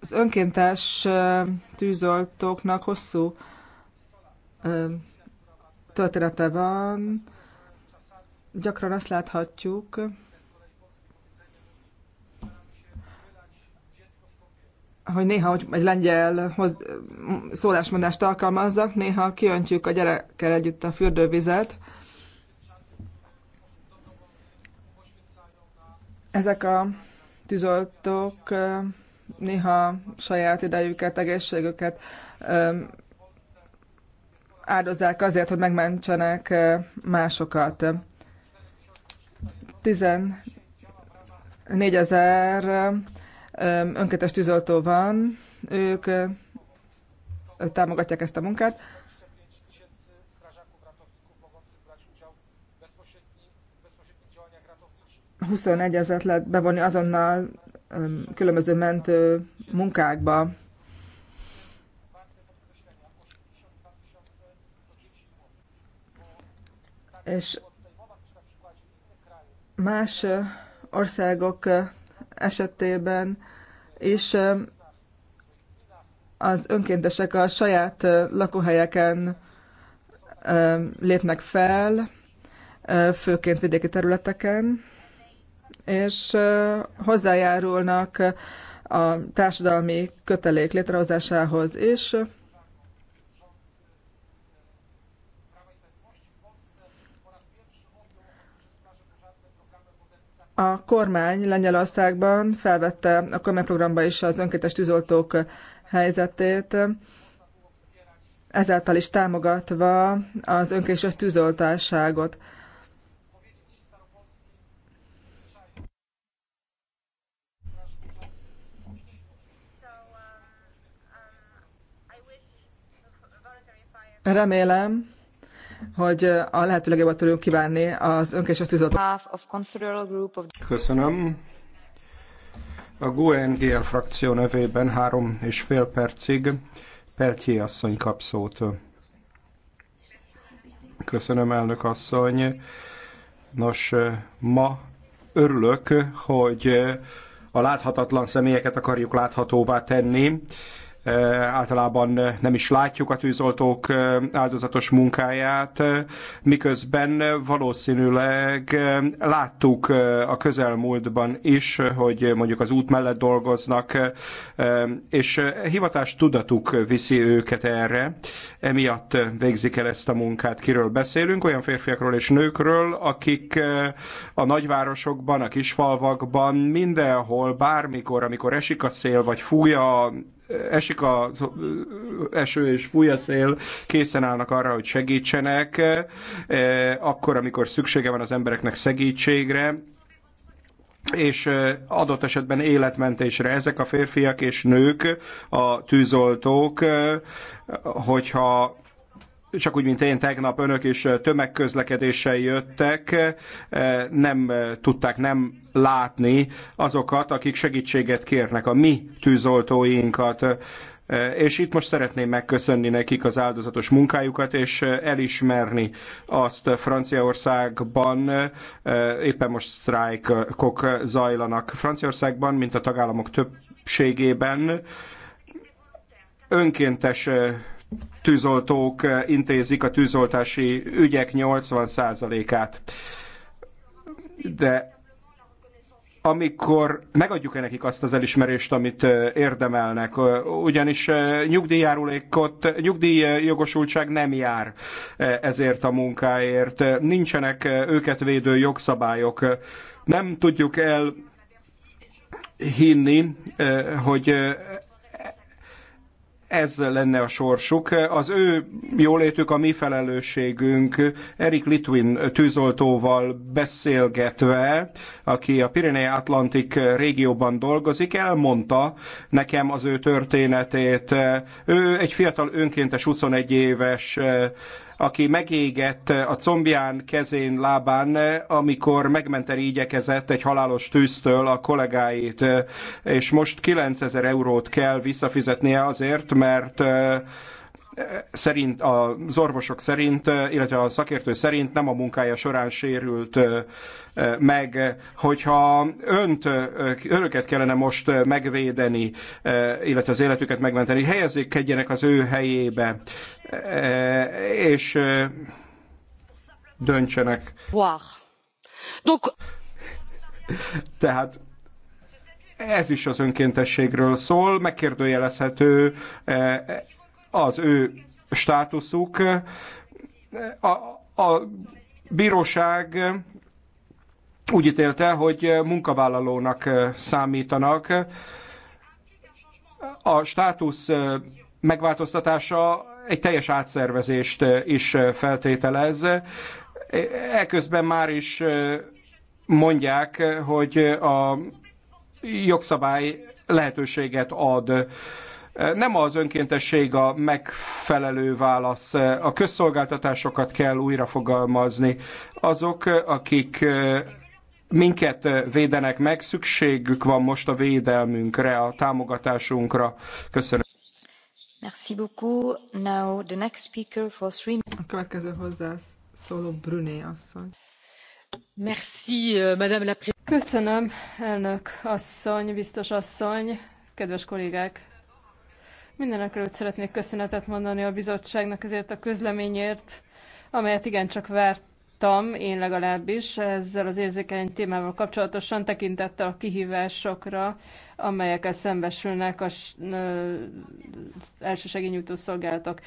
az önkéntes tűzoltóknak hosszú története van. Gyakran azt láthatjuk, hogy néha hogy egy lengyel hoz, szólásmondást alkalmazzak, néha kiöntjük a gyerekkel együtt a fürdővizet. Ezek a tűzoltók néha saját idejüket, egészségüket áldozzák azért, hogy megmentsenek másokat. 14 ezer önkéntes tűzoltó van, ők támogatják ezt a munkát. ezer lehet bevonni azonnal különböző mentő munkákba. És más országok esetében és az önkéntesek a saját lakóhelyeken lépnek fel, főként vidéki területeken, és hozzájárulnak a társadalmi kötelék létrehozásához is. A kormány Lengyelországban felvette a kormányprogramba is az önkéntes tűzoltók helyzetét, ezáltal is támogatva az önkéntes tűzoltásságot. Remélem, hogy a lehető legjobbat tudjunk kívánni az önkés a tűzoltó. Köszönöm. A GUNGL frakció nevében három és fél percig Peltjé asszony kap szót. Köszönöm, elnök asszony. Nos, ma örülök, hogy a láthatatlan személyeket akarjuk láthatóvá tenni általában nem is látjuk a tűzoltók áldozatos munkáját, miközben valószínűleg láttuk a közelmúltban is, hogy mondjuk az út mellett dolgoznak, és hivatás tudatuk viszi őket erre, emiatt végzik el ezt a munkát. Kiről beszélünk? Olyan férfiakról és nőkről, akik a nagyvárosokban, a kisfalvakban, mindenhol, bármikor, amikor esik a szél, vagy fúj a esik a eső és fúj a szél, készen állnak arra, hogy segítsenek, e, akkor, amikor szüksége van az embereknek segítségre, és e, adott esetben életmentésre. Ezek a férfiak és nők, a tűzoltók, e, hogyha csak úgy, mint én tegnap, önök is eh, tömegközlekedéssel jöttek, eh, nem eh, tudták nem látni azokat, akik segítséget kérnek, a mi tűzoltóinkat. És itt most szeretném megköszönni nekik az áldozatos munkájukat, és elismerni azt Franciaországban, éppen most sztrájkok zajlanak Franciaországban, mint a tagállamok többségében, önkéntes tűzoltók intézik a tűzoltási ügyek 80%-át. De amikor megadjuk-e nekik azt az elismerést, amit érdemelnek, ugyanis nyugdíjjárulékot, nyugdíjjogosultság nem jár ezért a munkáért, nincsenek őket védő jogszabályok, nem tudjuk el hinni, hogy ez lenne a sorsuk. Az ő jólétük a mi felelősségünk. Erik Litwin tűzoltóval beszélgetve, aki a Pirinei Atlantik régióban dolgozik, elmondta nekem az ő történetét. Ő egy fiatal önkéntes 21 éves aki megégett a combján, kezén, lábán, amikor megmenteni igyekezett egy halálos tűztől a kollégáit, és most 9000 eurót kell visszafizetnie azért, mert szerint, az orvosok szerint, illetve a szakértő szerint nem a munkája során sérült meg, hogyha önt, önöket kellene most megvédeni, illetve az életüket megmenteni, kedjenek az ő helyébe, és döntsenek. Tehát ez is az önkéntességről szól, megkérdőjelezhető az ő státuszuk. A, a bíróság úgy ítélte, hogy munkavállalónak számítanak. A státusz megváltoztatása egy teljes átszervezést is feltételez. Eközben már is mondják, hogy a jogszabály lehetőséget ad nem az önkéntesség a megfelelő válasz. A közszolgáltatásokat kell újrafogalmazni. Azok, akik minket védenek meg, szükségük van most a védelmünkre, a támogatásunkra. Köszönöm. Merci beaucoup. Now the next speaker for three A következő hozzászóló Bruné asszony. Merci, euh, madame la Köszönöm, elnök asszony, biztos asszony, kedves kollégák! Mindenek előtt szeretnék köszönetet mondani a bizottságnak ezért a közleményért, amelyet igencsak vártam, én legalábbis, ezzel az érzékeny témával kapcsolatosan tekintettel a kihívásokra, amelyekkel szembesülnek az elsősegélynyújtó szolgálatok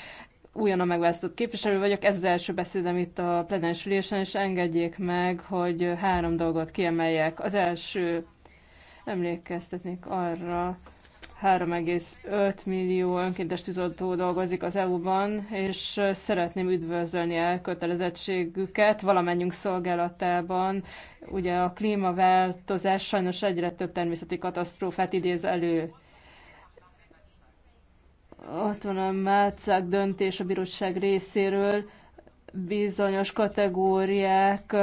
újonnan megválasztott képviselő vagyok, ez az első beszédem itt a plenensülésen, és engedjék meg, hogy három dolgot kiemeljek. Az első, emlékeztetnék arra, 3,5 millió önkéntes tűzoltó dolgozik az EU-ban, és szeretném üdvözölni elkötelezettségüket valamennyünk szolgálatában. Ugye a klímaváltozás sajnos egyre több természeti katasztrófát idéz elő. Ott van a Mátszák döntés a bíróság részéről, bizonyos kategóriák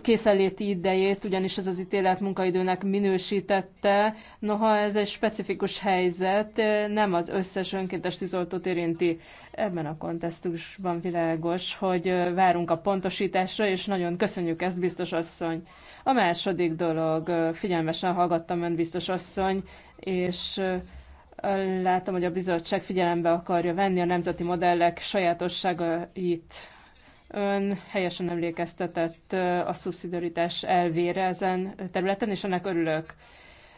készenléti idejét, ugyanis ez az ítélet munkaidőnek minősítette. Noha ez egy specifikus helyzet, nem az összes önkéntes tűzoltót érinti. Ebben a kontextusban világos, hogy várunk a pontosításra, és nagyon köszönjük ezt, biztos asszony. A második dolog, figyelmesen hallgattam ön, biztos asszony, és látom, hogy a bizottság figyelembe akarja venni a nemzeti modellek sajátosságait Ön helyesen emlékeztetett a szubszidiaritás elvére ezen területen, és ennek örülök.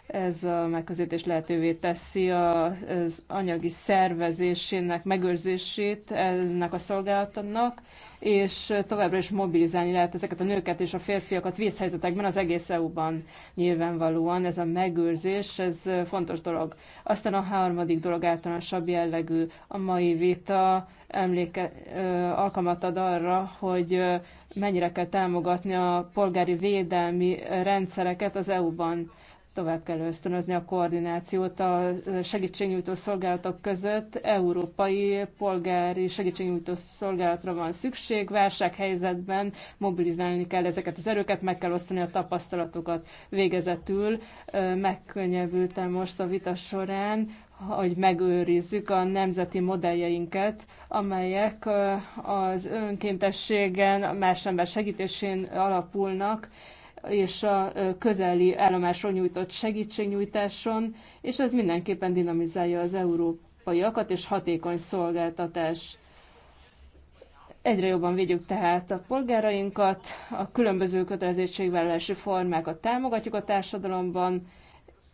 Ez a megközelítés lehetővé teszi az anyagi szervezésének megőrzését ennek a szolgálatnak, és továbbra is mobilizálni lehet ezeket a nőket és a férfiakat vészhelyzetekben az egész EU-ban nyilvánvalóan. Ez a megőrzés, ez fontos dolog. Aztán a harmadik dolog általánosabb jellegű. A mai vita emléke, alkalmat ad arra, hogy mennyire kell támogatni a polgári védelmi rendszereket az EU-ban. Tovább kell ösztönözni a koordinációt a segítségnyújtó szolgálatok között. Európai polgári segítségnyújtó szolgálatra van szükség. Válsághelyzetben mobilizálni kell ezeket az erőket, meg kell osztani a tapasztalatokat. Végezetül megkönnyebbültem most a vita során, hogy megőrizzük a nemzeti modelljeinket, amelyek az önkéntességen, más ember segítésén alapulnak, és a közeli állomásról nyújtott segítségnyújtáson, és ez mindenképpen dinamizálja az európaiakat, és hatékony szolgáltatás. Egyre jobban védjük tehát a polgárainkat, a különböző kötelezettségvállalási formákat támogatjuk a társadalomban,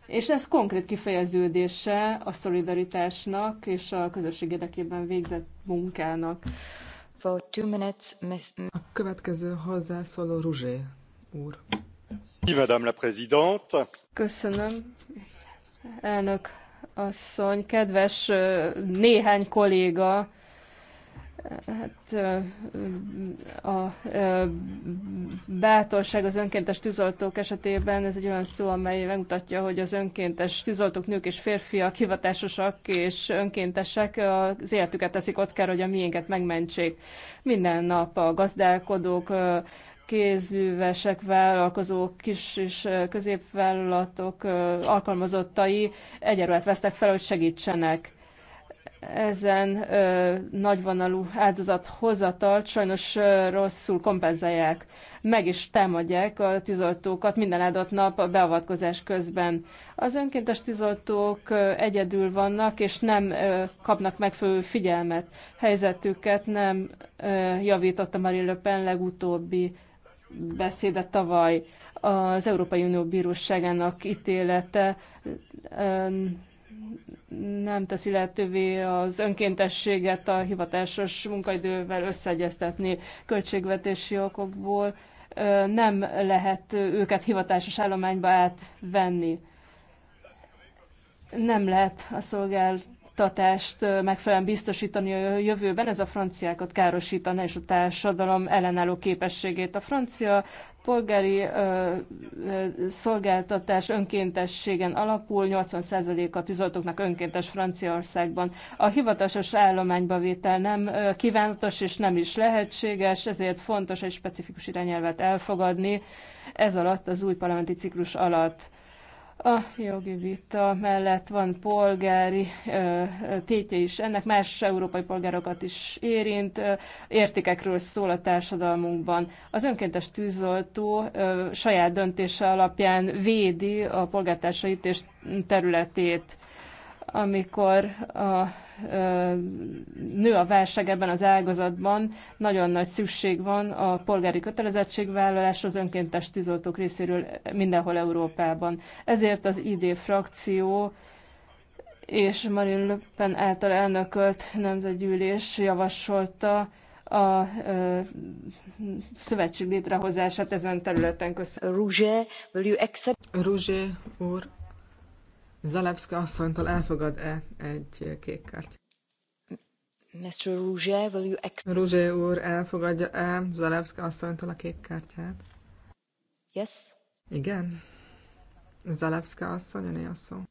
és ez konkrét kifejeződése a szolidaritásnak és a közösség érdekében végzett munkának. For two minutes, miss... A következő hozzászóló Ruzsé úr. Madame la présidente. Köszönöm, elnök asszony, kedves néhány kolléga, Hát a bátorság az önkéntes tűzoltók esetében ez egy olyan szó, amely megmutatja, hogy az önkéntes tűzoltók nők és férfiak hivatásosak és önkéntesek az életüket teszik kockára, hogy a miénket megmentsék. Minden nap a gazdálkodók, kézművesek, vállalkozók, kis és középvállalatok alkalmazottai egyenruhát vesztek fel, hogy segítsenek. Ezen ö, nagyvonalú áldozat hozatalt sajnos ö, rosszul kompenzálják. Meg is támadják a tűzoltókat minden áldott nap a beavatkozás közben. Az önkéntes tűzoltók ö, egyedül vannak, és nem ö, kapnak megfelelő figyelmet. Helyzetüket nem ö, javította Marine Le Pen legutóbbi beszédet tavaly. Az Európai Unió bíróságának ítélete nem teszi lehetővé az önkéntességet a hivatásos munkaidővel összeegyeztetni költségvetési okokból. Nem lehet őket hivatásos állományba átvenni. Nem lehet a szolgált oktatást megfelelően biztosítani a jövőben, ez a franciákat károsítaná és a társadalom ellenálló képességét. A francia polgári ö, ö, szolgáltatás önkéntességen alapul, 80%-a tűzoltóknak önkéntes Franciaországban. A hivatásos állományba vétel nem ö, kívánatos és nem is lehetséges, ezért fontos egy specifikus irányelvet elfogadni ez alatt, az új parlamenti ciklus alatt. A jogi vita mellett van polgári tétje is ennek, más európai polgárokat is érint, értékekről szól a társadalmunkban. Az önkéntes tűzoltó saját döntése alapján védi a polgártársait és területét amikor a nő a válság ebben az ágazatban, nagyon nagy szükség van a polgári kötelezettségvállalásra az önkéntes tűzoltók részéről mindenhol Európában. Ezért az ID frakció és Marine Le Pen által elnökölt nemzetgyűlés javasolta a ö, szövetség létrehozását ezen területen. Köszönöm. Roger, will you accept... Roger úr, Zalewska asszonytól elfogad-e egy kék kártya? Mr. Rouge, will you Rouge úr elfogadja-e Zalewska asszonytól a kék kártyát? Yes. Igen. Zalewska asszony, a szó.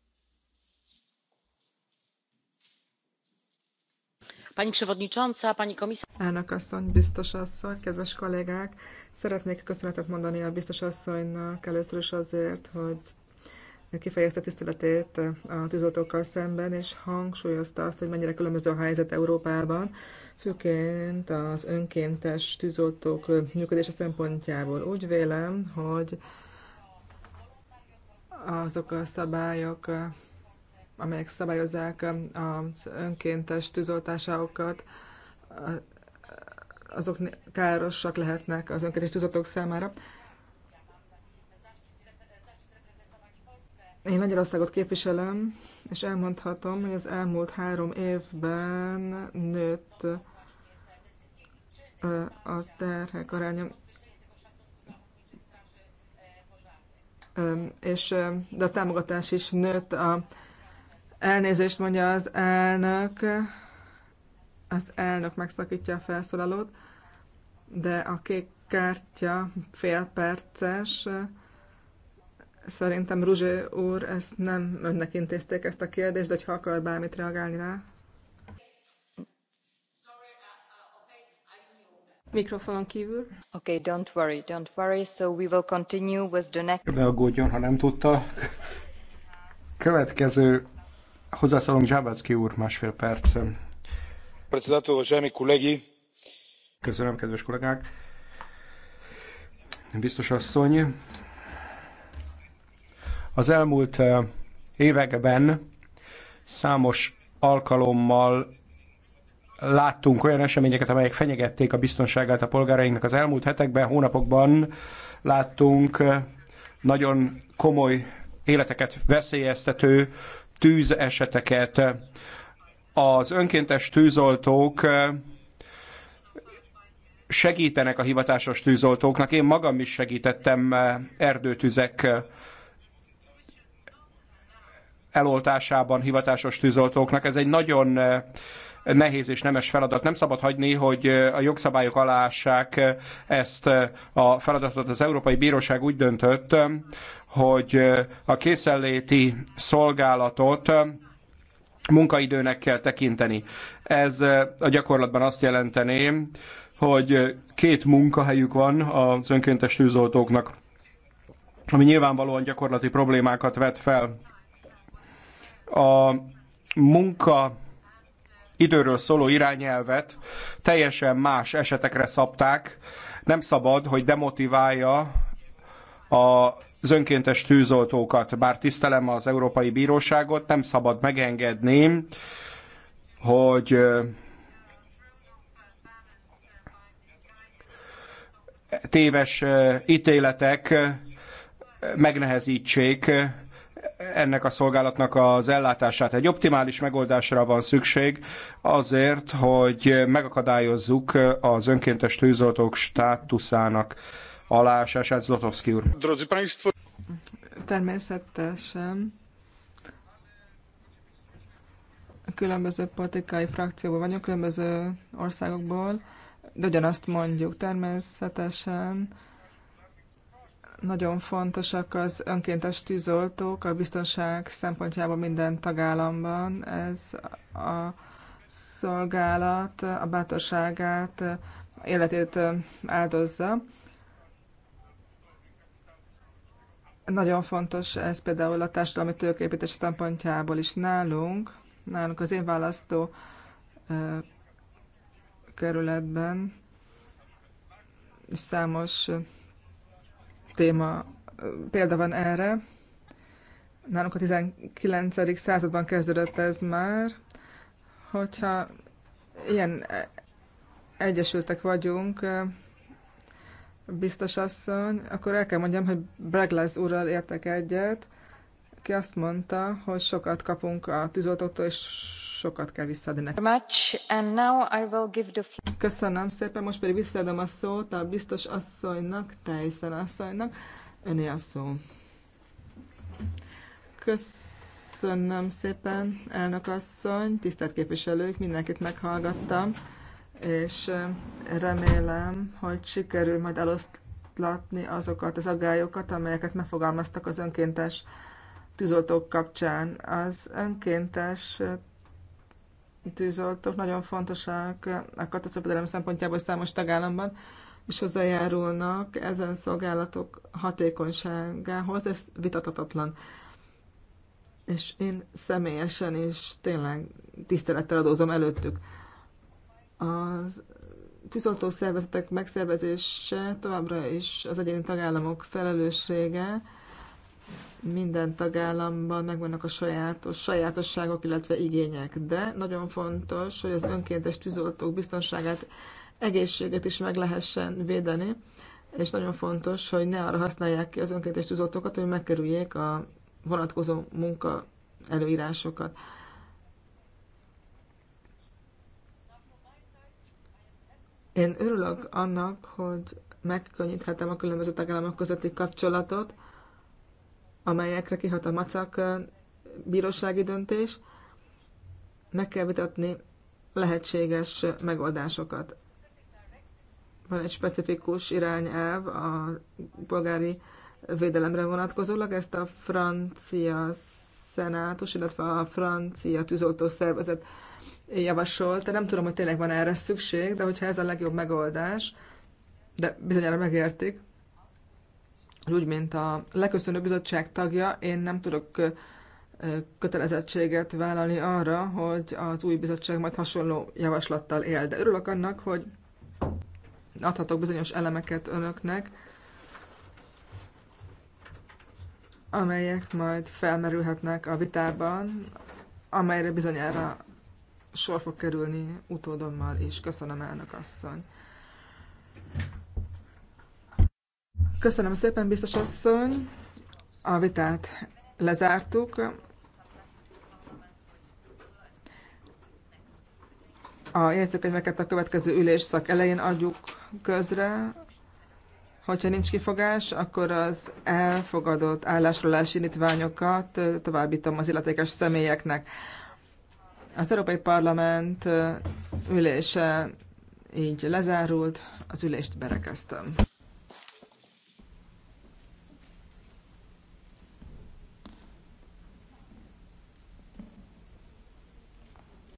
Pani przewodnicząca, pani komisarz. Elnök asszony, biztos asszony, kedves kollégák! Szeretnék köszönetet mondani a biztos asszonynak először is azért, hogy kifejezte tiszteletét a tűzoltókkal szemben, és hangsúlyozta azt, hogy mennyire különböző a helyzet Európában, főként az önkéntes tűzoltók működése szempontjából. Úgy vélem, hogy azok a szabályok, amelyek szabályozzák az önkéntes tűzoltásokat, azok károsak lehetnek az önkéntes tűzoltók számára. Én Magyarországot képviselem, és elmondhatom, hogy az elmúlt három évben nőtt a terhek aránya. És, de a támogatás is nőtt. A elnézést mondja az elnök. Az elnök megszakítja a felszólalót, de a kék kártya fél perces Szerintem Ruzsi úr, ezt nem önnek intézték ezt a kérdést, de ha akar bármit reagálni rá. Mikrofonon kívül. Okay, don't worry, don't worry, so we will continue with the next... Ne aggódjon, ha nem tudta. Következő hozzászólunk Zsábacki úr, másfél perc. Председател, Zsámi kollégi. Köszönöm, kedves kollégák. Biztos asszony, az elmúlt években számos alkalommal láttunk olyan eseményeket, amelyek fenyegették a biztonságát a polgárainknak. Az elmúlt hetekben, hónapokban láttunk nagyon komoly életeket veszélyeztető tűzeseteket. Az önkéntes tűzoltók segítenek a hivatásos tűzoltóknak. Én magam is segítettem erdőtüzek eloltásában hivatásos tűzoltóknak. Ez egy nagyon eh, nehéz és nemes feladat. Nem szabad hagyni, hogy eh, a jogszabályok alássák eh, ezt a feladatot. Az Európai Bíróság úgy döntött, hogy a készenléti szolgálatot munkaidőnek kell tekinteni. Ez a gyakorlatban azt jelenteni, hogy két munkahelyük van az önkéntes tűzoltóknak, ami nyilvánvalóan gyakorlati problémákat vet fel a munka időről szóló irányelvet teljesen más esetekre szabták. Nem szabad, hogy demotiválja a az önkéntes tűzoltókat, bár tisztelem az Európai Bíróságot, nem szabad megengedni, hogy téves ítéletek megnehezítsék ennek a szolgálatnak az ellátását. Egy optimális megoldásra van szükség azért, hogy megakadályozzuk az önkéntes tűzoltók státuszának alásását. Zlotowski úr. Természetesen különböző politikai frakcióból vagyunk, különböző országokból, de ugyanazt mondjuk természetesen nagyon fontosak az önkéntes tűzoltók a biztonság szempontjából minden tagállamban. Ez a szolgálat a bátorságát, életét áldozza. Nagyon fontos ez például a társadalmi tőképítés szempontjából is nálunk, nálunk az én választó kerületben számos téma példa van erre. Nálunk a 19. században kezdődött ez már, hogyha ilyen egyesültek vagyunk, biztos asszony, akkor el kell mondjam, hogy Breglez úrral értek egyet, ki azt mondta, hogy sokat kapunk a tűzoltóktól, és sokat kell visszaadni nekik. Köszönöm szépen, most pedig visszaadom a szót a biztos asszonynak, teljesen asszonynak. Öné a szó. Köszönöm szépen, elnök asszony, tisztelt képviselők, mindenkit meghallgattam, és remélem, hogy sikerül majd eloszlatni azokat az aggályokat, amelyeket megfogalmaztak az önkéntes tűzoltók kapcsán. Az önkéntes tűzoltók nagyon fontosak a katasztrofadelem szempontjából számos tagállamban, és hozzájárulnak ezen szolgálatok hatékonyságához, ez vitathatatlan. És én személyesen is tényleg tisztelettel adózom előttük. Az tűzoltó szervezetek megszervezése továbbra is az egyéni tagállamok felelőssége, minden tagállamban megvannak a sajátos, sajátosságok, illetve igények, de nagyon fontos, hogy az önkéntes tűzoltók biztonságát, egészséget is meg lehessen védeni, és nagyon fontos, hogy ne arra használják ki az önkéntes tűzoltókat, hogy megkerüljék a vonatkozó munka előírásokat. Én örülök annak, hogy megkönnyíthetem a különböző tagállamok közötti kapcsolatot, amelyekre kihat a macak bírósági döntés. Meg kell vitatni lehetséges megoldásokat. Van egy specifikus irányelv a polgári védelemre vonatkozólag, ezt a francia szenátus, illetve a francia tűzoltó szervezet javasolt. Nem tudom, hogy tényleg van erre szükség, de hogyha ez a legjobb megoldás, de bizonyára megértik, úgy, mint a leköszönő bizottság tagja, én nem tudok kötelezettséget vállalni arra, hogy az új bizottság majd hasonló javaslattal él. De örülök annak, hogy adhatok bizonyos elemeket önöknek, amelyek majd felmerülhetnek a vitában, amelyre bizonyára sor fog kerülni utódommal is. Köszönöm, elnök asszony! Köszönöm szépen, biztos asszony. A vitát lezártuk. A jegyzőkönyveket a következő ülésszak elején adjuk közre. Hogyha nincs kifogás, akkor az elfogadott állásrólási indítványokat továbbítom az illetékes személyeknek. Az Európai Parlament ülése így lezárult, az ülést berekeztem.